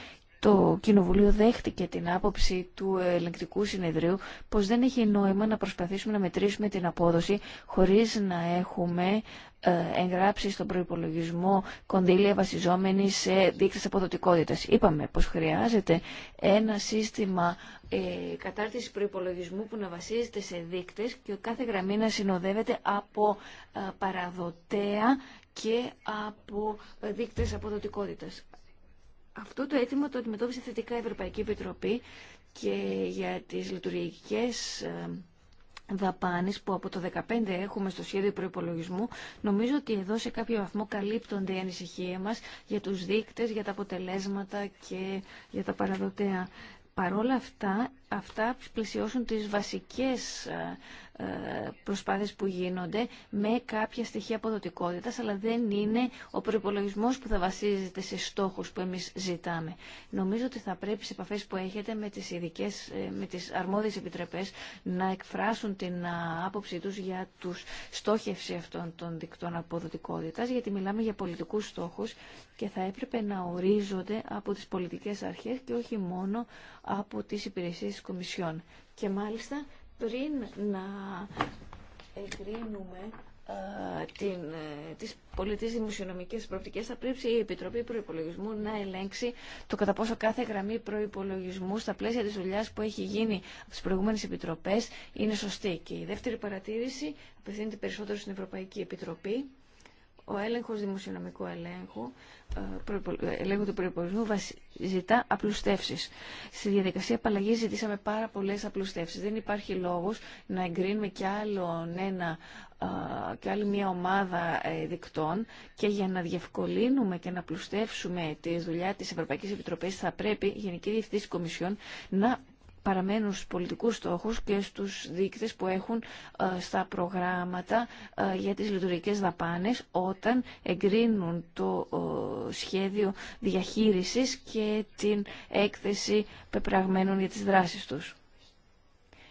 το Κοινοβουλίο δέχτηκε την άποψη του ελεγκτικού συνεδρίου πως δεν έχει νόημα να προσπαθήσουμε να μετρήσουμε την απόδοση χωρίς να έχουμε ε, εγγράψει στον προϋπολογισμό κονδύλια βασιζόμενη σε δείκτες αποδοτικότητας. Είπαμε πως χρειάζεται ένα σύστημα ε, κατάρτισης προϋπολογισμού που να βασίζεται σε δείκτες και κάθε γραμμή να συνοδεύεται από ε, παραδοτέα και από δείκτες αποδοτικότητας. Αυτό το αίτημα το αντιμετώπισε θετικά η Ευρωπαϊκή Επιτροπή και για τις λειτουργικές ε, δαπάνες που από το 2015 έχουμε στο σχέδιο προϋπολογισμού νομίζω ότι εδώ σε κάποιο βαθμό καλύπτονται οι ανησυχίες μας για τους δείκτες, για τα αποτελέσματα και για τα παραδοτέα. Παρόλα αυτά αυτά πλησιώσουν τις βασικές ε, ε, προσπάθειες που γίνονται με κάποια στοιχεία αποδοτικότητας, αλλά δεν είναι ο προπολογισμό που θα βασίζεται σε στόχους που εμείς ζητάμε. Νομίζω ότι θα πρέπει σε επαφές που έχετε με τις, ειδικές, ε, με τις αρμόδιες επιτρεπές να εκφράσουν την άποψή τους για τους στόχευση αυτών των δικτών αποδοτικότητας, γιατί μιλάμε για πολιτικούς στόχους και θα έπρεπε να ορίζονται από τις πολιτικές αρχές και όχι μόνο από τις υπηρεσίες και μάλιστα πριν να εγκρίνουμε ε, την, ε, τις πολιτικές δημοσιονομικές προοπτικές θα πρέπει η Επιτροπή Προϋπολογισμού να ελέγξει το κατά πόσο κάθε γραμμή προϋπολογισμού στα πλαίσια της δουλειά που έχει γίνει από τις προηγούμενες επιτροπές είναι σωστή. Και η δεύτερη παρατήρηση απευθύνεται περισσότερο στην Ευρωπαϊκή Επιτροπή ο έλεγχος δημοσιονομικού ελέγχου, ε, ε, ελέγχου του προπολογισμού ζητά απλουστεύσεις. Στη διαδικασία απαλλαγής ζητήσαμε πάρα πολλές απλουστεύσεις. Δεν υπάρχει λόγος να εγκρίνουμε κι άλλον ένα και άλλη μια ομάδα ε, δικτών και για να διευκολύνουμε και να απλουστεύσουμε τη δουλειά της Ευρωπαϊκής Επιτροπής θα πρέπει η Γενική Διευθύνση Κομισιόν να παραμένουν στους πολιτικούς στόχους και στους δείκτες που έχουν ε, στα προγράμματα ε, για τις λειτουργικές δαπάνες όταν εγκρίνουν το ε, σχέδιο διαχείρισης και την έκθεση πεπραγμένων για τις δράσεις τους.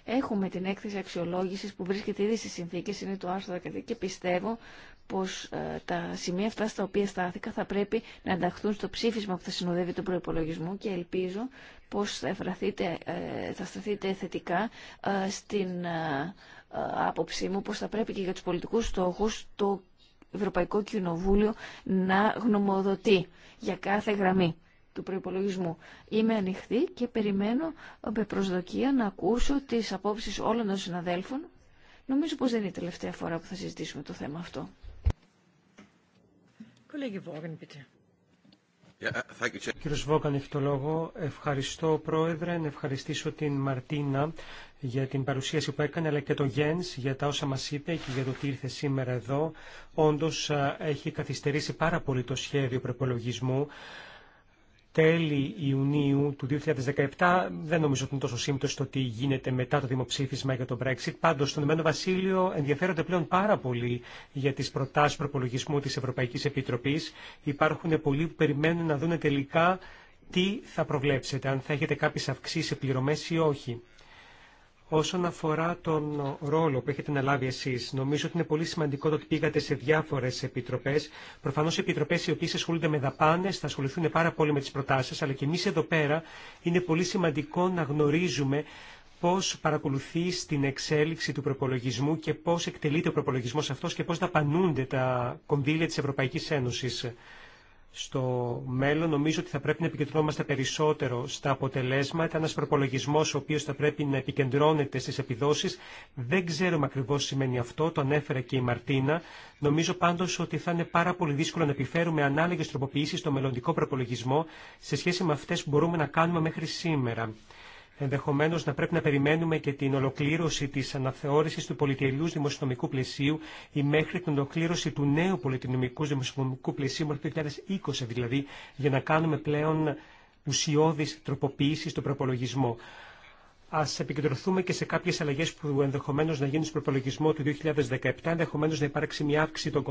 Έχουμε την έκθεση αξιολόγησης που βρίσκεται ήδη στις συνθήκες, είναι το άρθρο 13 και πιστεύω πως ε, τα σημεία αυτά στα οποία στάθηκα θα πρέπει να ενταχθούν στο ψήφισμα που θα συνοδεύει τον προϋπολογισμό και ελπίζω πως θα, εφραθείτε, ε, θα σταθείτε θετικά ε, στην άποψή μου πως θα πρέπει και για τους πολιτικούς στόχους το Ευρωπαϊκό Κοινοβούλιο να γνωμοδοτεί για κάθε γραμμή του προϋπολογισμού. Είμαι ανοιχτή και περιμένω με προσδοκία να ακούσω τις απόψεις όλων των συναδέλφων. Νομίζω πως δεν είναι η τελευταία φορά που θα συζητήσουμε το θέμα αυτό. Uh, Κύριε Βόγκαν, έχει το λόγο. Ευχαριστώ, Πρόεδρε, να ευχαριστήσω την Μαρτίνα για την παρουσίαση που έκανε, αλλά και το Γένς για τα όσα μας είπε και για το τι ήρθε σήμερα εδώ. όντω έχει καθυστερήσει πάρα πολύ το σχέδιο προπολογισμού τέλη Ιουνίου του 2017. Δεν νομίζω ότι είναι τόσο σύμπτωση το τι γίνεται μετά το δημοψήφισμα για το Brexit. Πάντως, στον Ηνωμένο Βασίλειο ενδιαφέρονται πλέον πάρα πολύ για τις προτάσεις προπολογισμού της Ευρωπαϊκής Επιτροπής. Υπάρχουν πολλοί που περιμένουν να δουν τελικά τι θα προβλέψετε, αν θα έχετε κάποιες αυξήσεις πληρωμές ή όχι. Όσον αφορά τον ρόλο που έχετε αναλάβει εσεί, νομίζω ότι είναι πολύ σημαντικό το ότι πήγατε σε διάφορε επιτροπέ. Προφανώ οι επιτροπέ οι οποίε ασχολούνται με δαπάνε θα ασχοληθούν πάρα πολύ με τι προτάσει, αλλά και εμεί εδώ πέρα είναι πολύ σημαντικό να γνωρίζουμε πώ παρακολουθεί την εξέλιξη του προπολογισμού και πώ εκτελείται ο προπολογισμό αυτό και πώ δαπανούνται τα κονδύλια τη Ευρωπαϊκή Ένωση στο μέλλον νομίζω ότι θα πρέπει να επικεντρώμαστε περισσότερο στα αποτελέσματα, Ένα προπολογισμό ο οποίο θα πρέπει να επικεντρώνεται στις επιδόσεις. Δεν ξέρουμε τι σημαίνει αυτό, το ανέφερε και η Μαρτίνα. Νομίζω πάντως ότι θα είναι πάρα πολύ δύσκολο να επιφέρουμε ανάλογε τροποποίησει στο μελλοντικό προπολογισμό σε σχέση με αυτέ που μπορούμε να κάνουμε μέχρι σήμερα ενδεχομένω να πρέπει να περιμένουμε και την ολοκλήρωση τη αναθεώρηση του πολυτελού δημοσιονομικού πλαισίου ή μέχρι την ολοκλήρωση του νέου πολυτελικού δημοσιονομικού πλαισίου μέχρι το 2020 δηλαδή, για να κάνουμε πλέον ουσιώδει τροποποιήσει στον προπολογισμό. Α επικεντρωθούμε και σε κάποιε αλλαγέ που ενδεχομένω να γίνουν στον προπολογισμό του 2017, ενδεχομένω να υπάρξει μια αύξηση των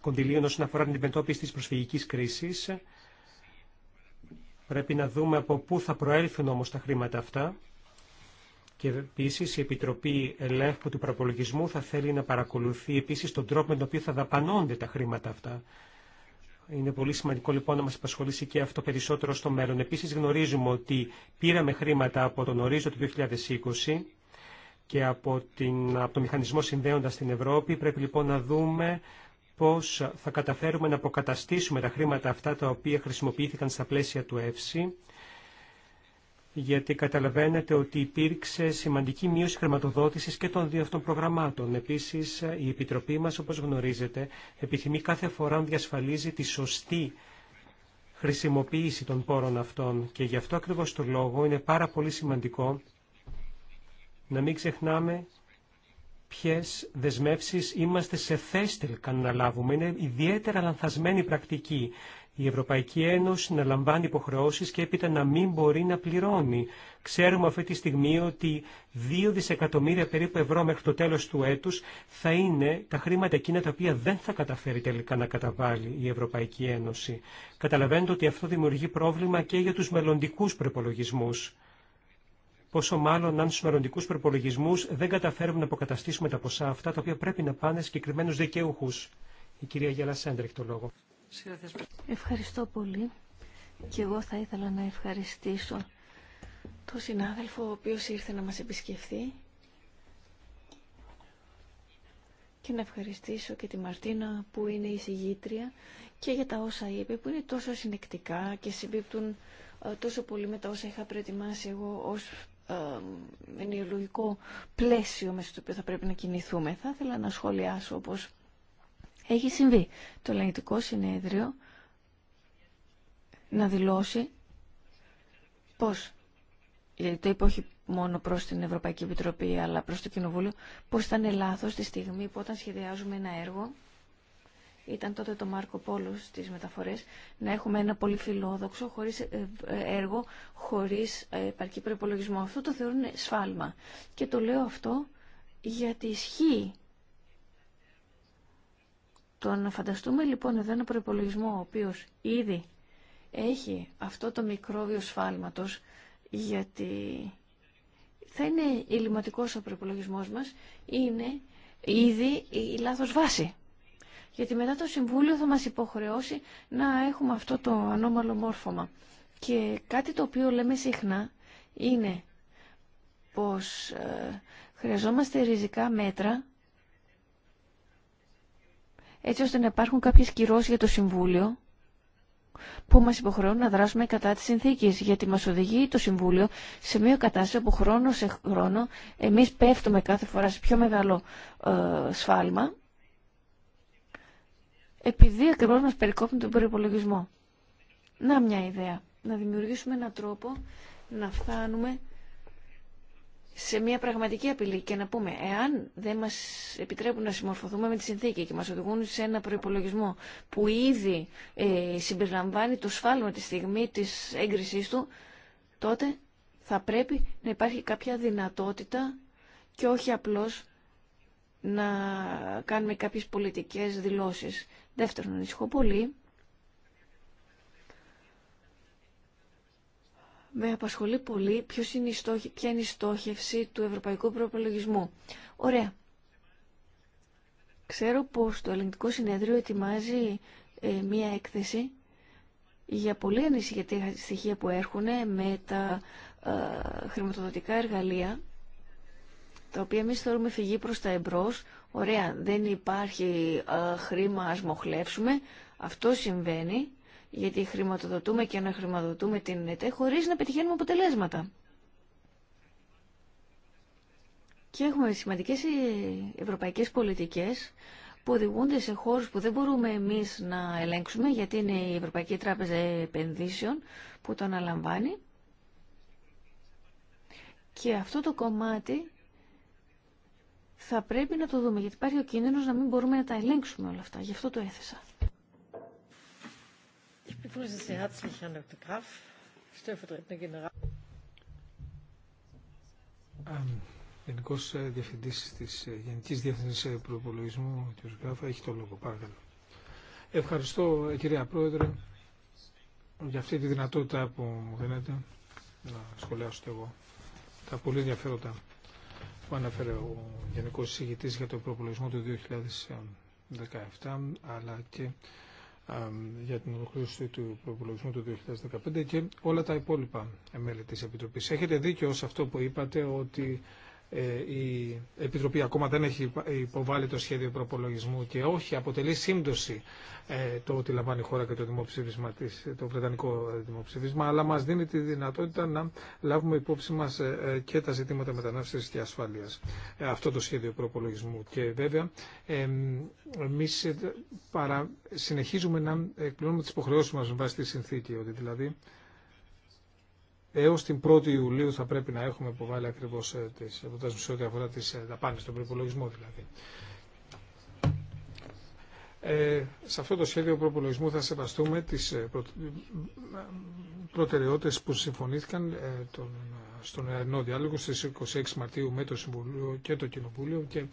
κονδυλίων όσον αφορά την αντιμετώπιση τη προσφυγική κρίση Πρέπει να δούμε από πού θα προέλθουν όμως τα χρήματα αυτά. Και επίση η Επιτροπή Ελέγχου του Προπολογισμού θα θέλει να παρακολουθεί επίση τον τρόπο με τον οποίο θα δαπανώνται τα χρήματα αυτά. Είναι πολύ σημαντικό λοιπόν να μα απασχολήσει και αυτό περισσότερο στο μέλλον. Επίση γνωρίζουμε ότι πήραμε χρήματα από τον ορίζοντα του 2020 και από, την, από το μηχανισμό συνδέοντας στην Ευρώπη. Πρέπει λοιπόν να δούμε πώς θα καταφέρουμε να αποκαταστήσουμε τα χρήματα αυτά τα οποία χρησιμοποιήθηκαν στα πλαίσια του ΕΦΣΥ, γιατί καταλαβαίνετε ότι υπήρξε σημαντική μείωση χρηματοδότησης και των δύο αυτών προγραμμάτων. Επίσης, η Επιτροπή μας, όπως γνωρίζετε, επιθυμεί κάθε φορά να διασφαλίζει τη σωστή χρησιμοποίηση των πόρων αυτών και γι' αυτό ακριβώς το λόγο είναι πάρα πολύ σημαντικό να μην ξεχνάμε ποιες δεσμεύσεις είμαστε σε θέση τελικά να λάβουμε. Είναι ιδιαίτερα λανθασμένη πρακτική. Η Ευρωπαϊκή Ένωση να λαμβάνει υποχρεώσεις και έπειτα να μην μπορεί να πληρώνει. Ξέρουμε αυτή τη στιγμή ότι 2 δισεκατομμύρια περίπου ευρώ μέχρι το τέλος του έτους θα είναι τα χρήματα εκείνα τα οποία δεν θα καταφέρει τελικά να καταβάλει η Ευρωπαϊκή Ένωση. Καταλαβαίνετε ότι αυτό δημιουργεί πρόβλημα και για τους μελλοντικού προπολογισμού πόσο μάλλον αν στου μελλοντικού προπολογισμού δεν καταφέρουμε να αποκαταστήσουμε τα ποσά αυτά τα οποία πρέπει να πάνε συγκεκριμένου δικαιούχου. Η κυρία Γιάννα Σέντερ έχει το λόγο. Ευχαριστώ πολύ. Και εγώ θα ήθελα να ευχαριστήσω τον συνάδελφο ο οποίος ήρθε να μας επισκεφθεί και να ευχαριστήσω και τη Μαρτίνα που είναι η συγγήτρια και για τα όσα είπε που είναι τόσο συνεκτικά και συμπίπτουν ε, τόσο πολύ με τα όσα είχα προετοιμάσει εγώ ως ε, νεολογικό πλαίσιο μέσα στο οποίο θα πρέπει να κινηθούμε. Θα ήθελα να σχολιάσω όπως έχει συμβεί το ελεγκτικό συνέδριο να δηλώσει πώς, γιατί το είπε όχι μόνο προς την Ευρωπαϊκή Επιτροπή αλλά προς το Κοινοβούλιο, πώς ήταν λάθος τη στιγμή που όταν σχεδιάζουμε ένα έργο ήταν τότε το Μάρκο Πόλο στις μεταφορές, να έχουμε ένα πολύ φιλόδοξο χωρίς ε, ε, έργο, χωρίς ε, επαρκή προπολογισμό. Αυτό το θεωρούν σφάλμα. Και το λέω αυτό γιατί ισχύει. Το να φανταστούμε λοιπόν εδώ ένα προπολογισμό ο οποίος ήδη έχει αυτό το μικρόβιο σφάλματος γιατί θα είναι ηλιματικό ο προπολογισμό μας είναι ήδη η λάθος βάση γιατί μετά το Συμβούλιο θα μας υποχρεώσει να έχουμε αυτό το ανώμαλο μόρφωμα. Και κάτι το οποίο λέμε συχνά είναι πως ε, χρειαζόμαστε ριζικά μέτρα έτσι ώστε να υπάρχουν κάποιες κυρώσεις για το Συμβούλιο που μας υποχρεώνουν να δράσουμε κατά τις συνθήκες. γιατί μας οδηγεί το Συμβούλιο σε μια κατάσταση όπου χρόνο σε χρόνο εμείς πέφτουμε κάθε φορά σε πιο μεγάλο ε, σφάλμα επειδή ακριβώ μα περικόπτουν τον προπολογισμό. Να μια ιδέα. Να δημιουργήσουμε έναν τρόπο να φτάνουμε σε μια πραγματική απειλή και να πούμε, εάν δεν μας επιτρέπουν να συμμορφωθούμε με τη συνθήκη και μας οδηγούν σε ένα προπολογισμό που ήδη ε, συμπεριλαμβάνει το σφάλμα τη στιγμή της έγκρισή του, τότε θα πρέπει να υπάρχει κάποια δυνατότητα και όχι απλώς να κάνουμε κάποιες πολιτικές δηλώσεις. Δεύτερον, ανησυχώ πολύ με απασχολεί πολύ ποιος είναι η ποια είναι η στόχευση του ευρωπαϊκού προπολογισμού. Ωραία. Ξέρω πως το Ελληνικό συνέδριο ετοιμάζει ε, μία έκθεση για πολύ ανησυχητικά στοιχεία που έρχονται με τα ε, χρηματοδοτικά εργαλεία τα οποία εμεί θεωρούμε φυγή προ τα εμπρό. Ωραία, δεν υπάρχει χρήμα, ας μοχλεύσουμε. Αυτό συμβαίνει, γιατί χρηματοδοτούμε και να χρηματοδοτούμε την ΕΤΕ χωρί να πετυχαίνουμε αποτελέσματα. Και έχουμε σημαντικέ ε, ευρωπαϊκές πολιτικές που οδηγούνται σε χώρους που δεν μπορούμε εμείς να ελέγξουμε, γιατί είναι η Ευρωπαϊκή Τράπεζα Επενδύσεων που το αναλαμβάνει. Και αυτό το κομμάτι θα πρέπει να το δούμε, γιατί υπάρχει ο κίνδυνος να μην μπορούμε να τα ελέγξουμε όλα αυτά. Γι' αυτό το έθεσα. Γενικό Διευθυντή τη Γενική Διεύθυνση Προπολογισμού, κ. Γκάφα, έχει το λόγο. Παρακαλώ. Ευχαριστώ, ε, κυρία Πρόεδρε, για αυτή τη δυνατότητα που μου δίνετε να σχολιάσω εγώ τα πολύ ενδιαφέροντα που ανέφερε ο Γενικός Συγητής για τον προπολογισμό του 2017 αλλά και για την ολοκλήρωση του προπολογισμού του 2015 και όλα τα υπόλοιπα μέλη της Επιτροπής. Έχετε δίκιο σε αυτό που είπατε ότι ε, η Επιτροπή ακόμα δεν έχει υποβάλει το σχέδιο προπολογισμού και όχι αποτελεί σύμπτωση ε, το ότι λαμβάνει η χώρα και το, δημοψήφισμα της, το βρετανικό δημοψήφισμα, αλλά μας δίνει τη δυνατότητα να λάβουμε υπόψη μας ε, και τα ζητήματα μεταναστευση και ασφάλειας. Αυτό το σχέδιο προπολογισμού. Και βέβαια, εμεί συνεχίζουμε να εκπληρώνουμε τις υποχρεώσεις μας βάση τη συνθήκη, ότι δηλαδή έως την 1η Ιουλίου θα πρέπει να έχουμε υποβάλει ακριβώς ε, τις αποτέλεσμα σε ό,τι αφορά τις ε, δαπάνε, τον προπολογισμό δηλαδή. Ε, σε αυτό το σχέδιο προπολογισμού θα σεβαστούμε τις ε, προτεραιότητε που συμφωνήθηκαν τον, στον Ερνό Διάλογο στι 26 Μαρτίου με το Συμβουλίο και το Κοινοβούλιο και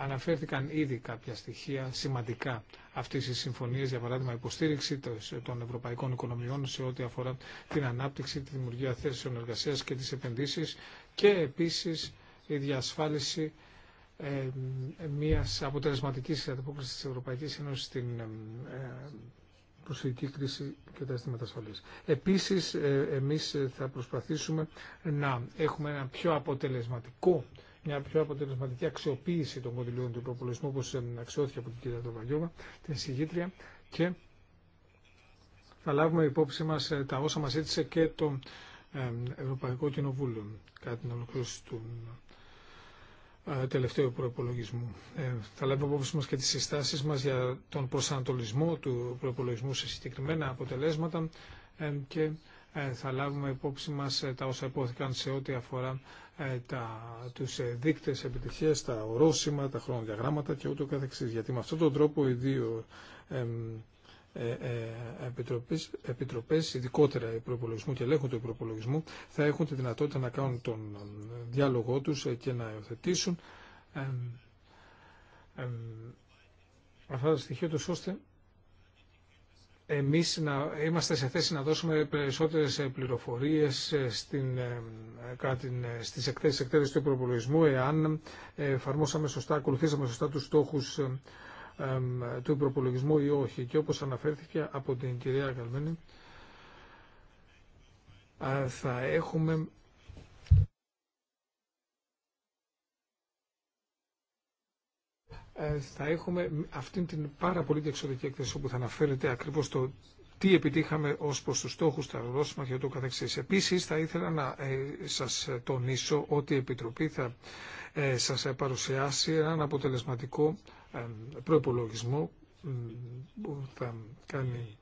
αναφέρθηκαν ήδη κάποια στοιχεία σημαντικά αυτή τη συμφωνία, για παράδειγμα υποστήριξη των ευρωπαϊκών οικονομιών σε ό,τι αφορά την ανάπτυξη, τη δημιουργία θέσεων εργασία και τι επενδύσει και επίση η διασφάλιση ε, μια αποτελεσματική ανταπόκριση τη Ευρωπαϊκή Ένωση στην προσφυγική κρίση και τα αισθήματα ασφαλεία. Επίση, ε, εμεί θα προσπαθήσουμε να έχουμε ένα πιο αποτελεσματικό μια πιο αποτελεσματική αξιοποίηση των κονδυλίων του προπολογισμού, όπως αξιώθηκε από την κυρία Τροβαγιώβα, την συγγήτρια, και θα λάβουμε υπόψη μας ε, τα όσα μας ζήτησε και το ε, Ευρωπαϊκό Κοινοβούλιο κατά την ολοκλήρωση του ε, τελευταίου προπολογισμού. θα λάβουμε υπόψη μας και τις συστάσεις μας για τον προσανατολισμό του προπολογισμού σε συγκεκριμένα αποτελέσματα και θα λάβουμε υπόψη μας τα όσα υπόθηκαν σε ό,τι αφορά ε, τα, τους ε, δείκτες επιτυχίας, τα ορόσημα, τα χρονοδιαγράμματα και ούτω καθεξής. Γιατί με αυτόν τον τρόπο οι δύο ε, ε, επιτροπές, επιτροπές, ειδικότερα οι προπολογισμού και ελέγχου του προπολογισμού, θα έχουν τη δυνατότητα να κάνουν τον διάλογό τους ε, και να υιοθετήσουν ε, ε, αυτά τα στοιχεία τους ώστε εμείς να είμαστε σε θέση να δώσουμε περισσότερες ε, πληροφορίες ε, στην, ε, την, στις εκθέσεις εκτέλεσης του προπολογισμού εάν εφαρμόσαμε σωστά, ακολουθήσαμε σωστά τους στόχους του προπολογισμού ή όχι. Και όπως αναφέρθηκε από την κυρία Καλμένη, θα έχουμε Ε, θα έχουμε αυτήν την πάρα πολύ διεξοδική έκθεση όπου θα αναφέρεται ακριβώς το τι επιτύχαμε ως προς τους στόχους, τα ορόσημα και το καθεξής. Επίσης θα ήθελα να ε, σας τονίσω ότι η Επιτροπή θα ε, σας παρουσιάσει έναν αποτελεσματικό προπολογισμό που θα κάνει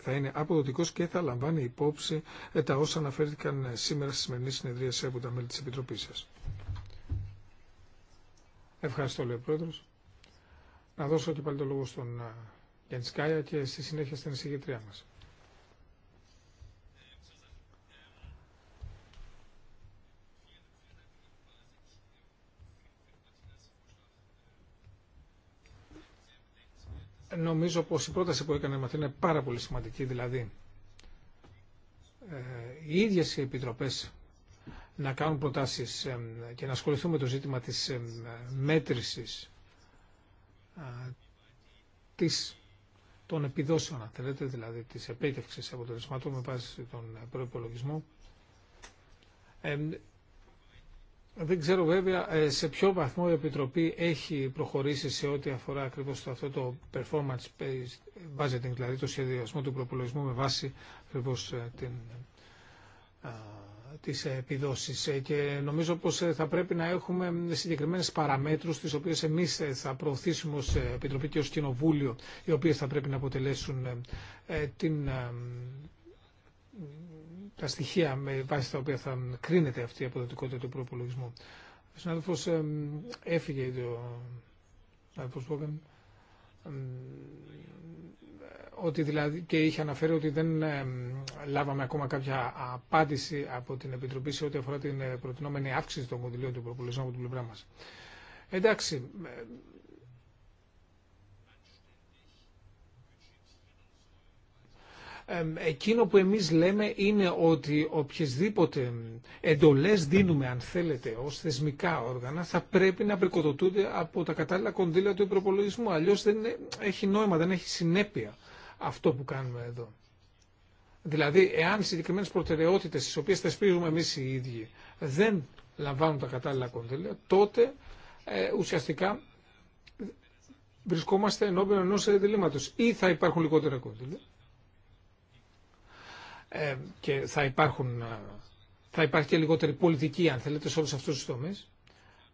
θα είναι αποδοτικό και θα λαμβάνει υπόψη τα όσα αναφέρθηκαν σήμερα στη σημερινή συνεδρίαση από τα μέλη τη Επιτροπή σα. Ευχαριστώ, λέει ο Να δώσω και πάλι το λόγο στον Γιάννη ε, Σκάια και στη συνέχεια στην εισηγητριά μα. Νομίζω πως η πρόταση που έκανε Μαθήνα είναι πάρα πολύ σημαντική, δηλαδή ε, οι ίδιες οι επιτροπές να κάνουν προτάσεις και να ασχοληθούν με το ζήτημα της μέτρησης της, των επιδόσεων, αν δηλαδή της επίτευξης αποτελεσμάτων με βάση τον προπολογισμό. Ε, δεν ξέρω βέβαια ε, σε ποιο βαθμό η Επιτροπή έχει προχωρήσει σε ό,τι αφορά ακριβώς το, αυτό το performance based budgeting, δηλαδή το σχεδιασμό του προπολογισμού με βάση ακριβώς ε, την ε, τις επιδόσεις ε, και νομίζω πως ε, θα πρέπει να έχουμε συγκεκριμένες παραμέτρους τις οποίες εμείς ε, θα προωθήσουμε ως Επιτροπή και ως Κοινοβούλιο οι οποίες θα πρέπει να αποτελέσουν την, τα στοιχεία με βάση τα οποία θα κρίνεται αυτή η αποδοτικότητα του προπολογισμού. Ο συνάδελφος έφυγε ο συνάδελφος ότι δηλαδή και είχε αναφέρει ότι δεν ε, λάβαμε ακόμα κάποια απάντηση από την Επιτροπή σε ό,τι αφορά την ε, προτινόμενη αύξηση των κονδυλίων του προπολογισμού από την πλευρά μας. Εντάξει, εκείνο που εμείς λέμε είναι ότι οποιασδήποτε εντολές δίνουμε αν θέλετε ως θεσμικά όργανα θα πρέπει να πρικοδοτούνται από τα κατάλληλα κονδύλια του προπολογισμού. Αλλιώς δεν έχει νόημα, δεν έχει συνέπεια αυτό που κάνουμε εδώ. Δηλαδή, εάν συγκεκριμένε προτεραιότητε, τι οποίε θεσπίζουμε εμεί οι ίδιοι, δεν λαμβάνουν τα κατάλληλα κονδύλια, τότε ε, ουσιαστικά βρισκόμαστε ενώπιον ενό διλήμματο. Ή θα υπάρχουν λιγότερα κονδύλια, ε, και θα, υπάρχουν, ε, θα υπάρχει και λιγότερη πολιτική, αν θέλετε, σε όλου αυτού του τομεί,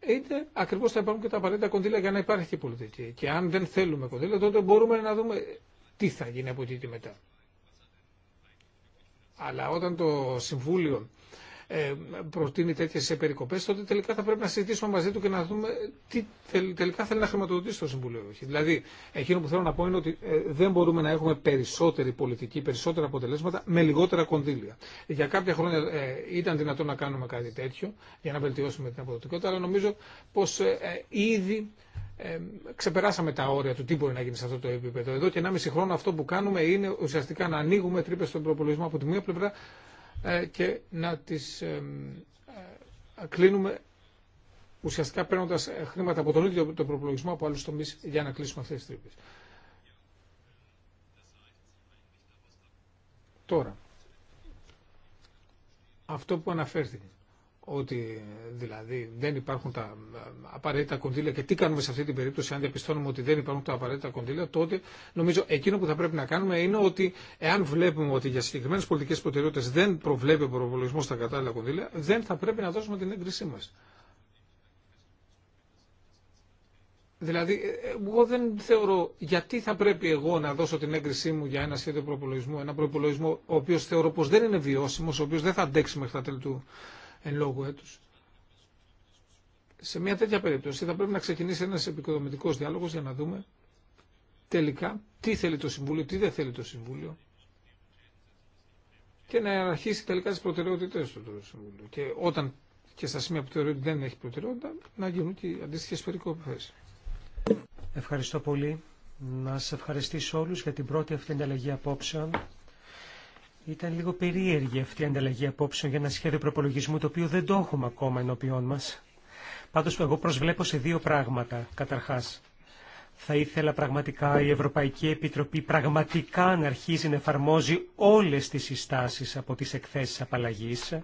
είτε ακριβώ θα υπάρχουν και τα απαραίτητα κονδύλια για να υπάρχει και πολιτική. Και αν δεν θέλουμε κονδύλια, τότε μπορούμε να δούμε τι θα γίνει από εκεί και μετά. Αλλά όταν το Συμβούλιο ε, προτείνει τέτοιε περικοπέ, τότε τελικά θα πρέπει να συζητήσουμε μαζί του και να δούμε τι τελικά θέλει να χρηματοδοτήσει το Συμβουλίο. Δηλαδή, εκείνο που θέλω να πω είναι ότι ε, δεν μπορούμε να έχουμε περισσότερη πολιτική, περισσότερα αποτελέσματα με λιγότερα κονδύλια. Για κάποια χρόνια ε, ήταν δυνατό να κάνουμε κάτι τέτοιο για να βελτιώσουμε την αποδοτικότητα, αλλά νομίζω πω ήδη ξεπεράσαμε τα όρια του τι μπορεί να γίνει σε αυτό το επίπεδο. Εδώ και 1,5 χρόνο αυτό που κάνουμε είναι ουσιαστικά να ανοίγουμε τρύπε στον προπολογισμό από τη μία πλευρά ε, και να τις ε, κλείνουμε ουσιαστικά παίρνοντα ε, χρήματα από τον ίδιο τον προπολογισμό από άλλου τομεί για να κλείσουμε αυτέ τι τρύπε. Τώρα, αυτό που αναφέρθηκε ότι δηλαδή δεν υπάρχουν τα ε, απαραίτητα κονδύλια και τι κάνουμε σε αυτή την περίπτωση αν διαπιστώνουμε ότι δεν υπάρχουν τα απαραίτητα κονδύλια, τότε νομίζω εκείνο που θα πρέπει να κάνουμε είναι ότι εάν βλέπουμε ότι για συγκεκριμένε πολιτικέ προτεραιότητες δεν προβλέπει ο προπολογισμό στα κατάλληλα κονδύλια, δεν θα πρέπει να δώσουμε την έγκρισή μας. Δηλαδή, ε, ε, εγώ δεν θεωρώ γιατί θα πρέπει εγώ να δώσω την έγκρισή μου για ένα σχέδιο προπολογισμού, ένα προπολογισμό ο οποίο θεωρώ πω δεν είναι βιώσιμο, ο οποίο δεν θα αντέξει μέχρι τα τέλη εν λόγω έτους. Σε μια τέτοια περίπτωση θα πρέπει να ξεκινήσει ένας επικοδομητικός διάλογος για να δούμε τελικά τι θέλει το Συμβούλιο, τι δεν θέλει το Συμβούλιο και να αρχίσει τελικά τις προτεραιότητες του το Συμβούλιο. Και όταν και στα σημεία που θεωρεί ότι δεν έχει προτεραιότητα να γίνουν και αντίστοιχε περικοπές. Ευχαριστώ πολύ. Να σας ευχαριστήσω όλους για την πρώτη αυτή αλλαγή απόψεων. Ήταν λίγο περίεργη αυτή η ανταλλαγή απόψεων για ένα σχέδιο προπολογισμού το οποίο δεν το έχουμε ακόμα ενώπιόν μας. Πάντως εγώ προσβλέπω σε δύο πράγματα καταρχάς. Θα ήθελα πραγματικά η Ευρωπαϊκή Επιτροπή πραγματικά να αρχίζει να εφαρμόζει όλες τις συστάσεις από τις εκθέσεις απαλλαγής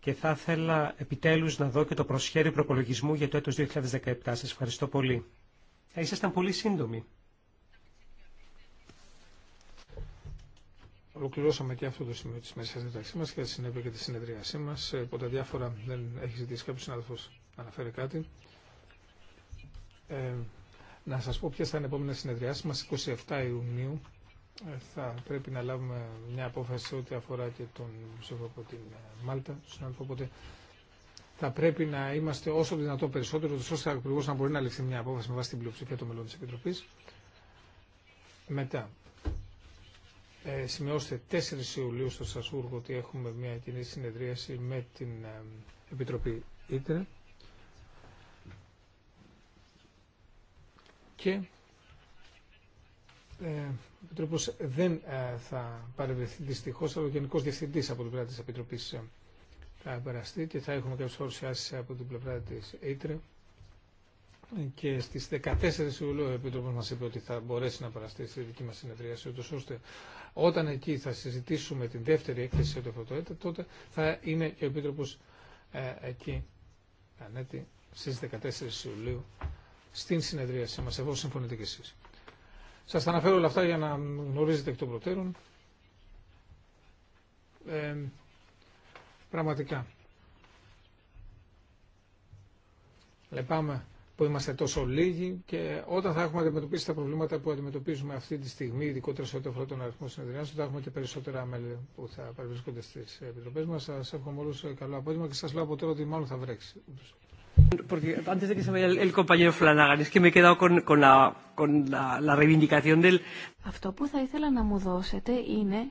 και θα ήθελα επιτέλους να δω και το προσχέδιο προπολογισμού για το έτος 2017. Σας ευχαριστώ πολύ. Θα ε, ήσασταν πολύ σύντομοι. ολοκληρώσαμε και αυτό το σημείο τη μέσα μεταξύ μα και συνέβη και τη συνεδρίασή μα. Ε, οπότε διάφορα δεν έχει ζητήσει κάποιο συνάδελφο να αναφέρει κάτι. Ε, να σα πω ποιε θα είναι οι επόμενε συνεδριάσει μα. 27 Ιουνίου ε, θα πρέπει να λάβουμε μια απόφαση ό,τι αφορά και τον ψήφο από την ε, Μάλτα, Οπότε θα πρέπει να είμαστε όσο δυνατό περισσότερο, ώστε ο Υπουργό να μπορεί να ληφθεί μια απόφαση με βάση την πλειοψηφία των μελών τη Επιτροπή. Μετά, ε, σημειώστε 4 Ιουλίου στο Σασούργο ότι έχουμε μια κοινή συνεδρίαση με την ε, Επιτροπή Ήτρε και ε, ο Επιτρόπος δεν ε, θα παρευρεθεί δυστυχώ, αλλά ο Γενικό Διευθυντή από την πλευρά τη Επιτροπή ε, θα περαστεί και θα έχουμε κάποιε παρουσιάσει από την πλευρά τη Ήτρε και στι 14 Ιουλίου ο Επίτροπο μα είπε ότι θα μπορέσει να παραστεί στη δική μα συνεδρίαση, ούτω ώστε όταν εκεί θα συζητήσουμε την δεύτερη έκθεση του το τότε θα είναι και ο Επίτροπος ε, εκεί, ε, ανέτη, ναι, στις 14 Ιουλίου, στην συνεδρίασή μας, εγώ συμφωνείτε και εσεί. Σας τα αναφέρω όλα αυτά για να γνωρίζετε εκ των προτέρων. Ε, πραγματικά. Λεπάμε που είμαστε τόσο λίγοι και όταν θα έχουμε αντιμετωπίσει τα προβλήματα που αντιμετωπίζουμε αυτή τη στιγμή, ειδικότερα σε ό,τι αφορά τον αριθμό συνεδριάσεων, θα έχουμε και περισσότερα μέλη που θα παρευρίσκονται στι επιτροπέ μα. Σα εύχομαι όλου καλό απόγευμα και σα λέω από τώρα ότι μάλλον θα βρέξει. Porque antes de que se el, compañero Flanagan, es que me he quedado con, la, con la, la Αυτό που θα ήθελα να μου δώσετε είναι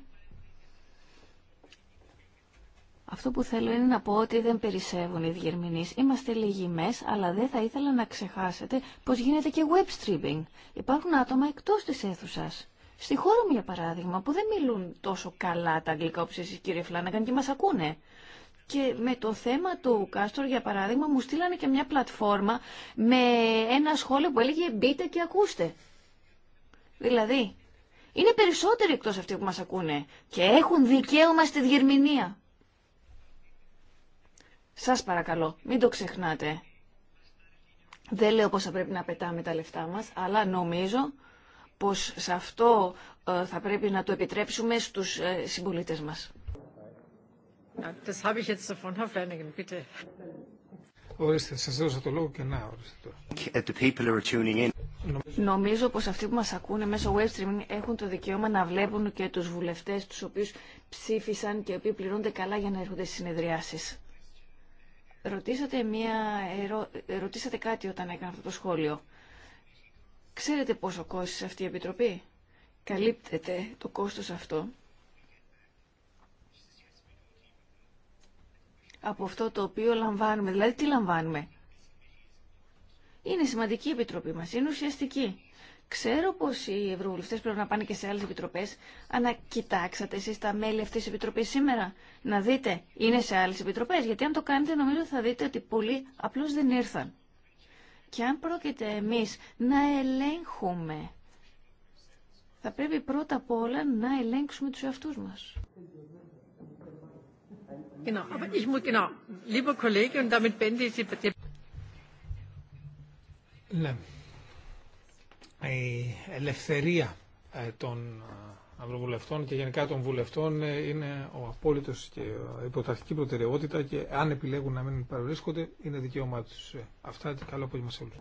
αυτό που θέλω είναι να πω ότι δεν περισσεύουν οι διερμηνείς. Είμαστε λίγοι αλλά δεν θα ήθελα να ξεχάσετε πως γίνεται και web streaming. Υπάρχουν άτομα εκτός της αίθουσας. Στη χώρα μου, για παράδειγμα, που δεν μιλούν τόσο καλά τα αγγλικά όπως εσείς κύριε Φλάνακαν και μας ακούνε. Και με το θέμα του Κάστορ, για παράδειγμα, μου στείλανε και μια πλατφόρμα με ένα σχόλιο που έλεγε «Μπείτε και ακούστε». Δηλαδή, είναι περισσότεροι εκτός αυτοί που μα ακούνε και έχουν δικαίωμα στη διερμηνία. Σας παρακαλώ, μην το ξεχνάτε. Δεν λέω πως θα πρέπει να πετάμε τα λεφτά μας, αλλά νομίζω πως σε αυτό ε, θα πρέπει να το επιτρέψουμε στους ε, συμπολίτες μας. Νομίζω πως αυτοί που μας ακούνε μέσω web streaming έχουν το δικαίωμα να βλέπουν και τους βουλευτές τους οποίους ψήφισαν και οι οποίοι πληρώνται καλά για να έρχονται στις συνεδριάσεις. Ρωτήσατε, μια, ερω... ρωτήσατε κάτι όταν έκανα αυτό το σχόλιο. Ξέρετε πόσο κόστησε αυτή η Επιτροπή. Καλύπτεται το κόστος αυτό από αυτό το οποίο λαμβάνουμε. Δηλαδή τι λαμβάνουμε. Είναι σημαντική η Επιτροπή μας, είναι ουσιαστική. Ξέρω πω οι ευρωβουλευτέ πρέπει να πάνε και σε άλλε επιτροπέ. Ανακοιτάξατε κοιτάξατε εσεί τα μέλη αυτή τη επιτροπή σήμερα. Να δείτε, είναι σε άλλε επιτροπέ. Γιατί αν το κάνετε, νομίζω θα δείτε ότι πολλοί απλώ δεν ήρθαν. Και αν πρόκειται εμεί να ελέγχουμε, θα πρέπει πρώτα απ' όλα να ελέγξουμε του εαυτού μα. Ναι η ελευθερία ε, των ε, Ευρωβουλευτών και γενικά των βουλευτών ε, είναι ο απόλυτος και η πρωταρχική προτεραιότητα και αν επιλέγουν να μην παρευρίσκονται είναι δικαίωμά τους. Αυτά και καλό απόγευμα σε όλους.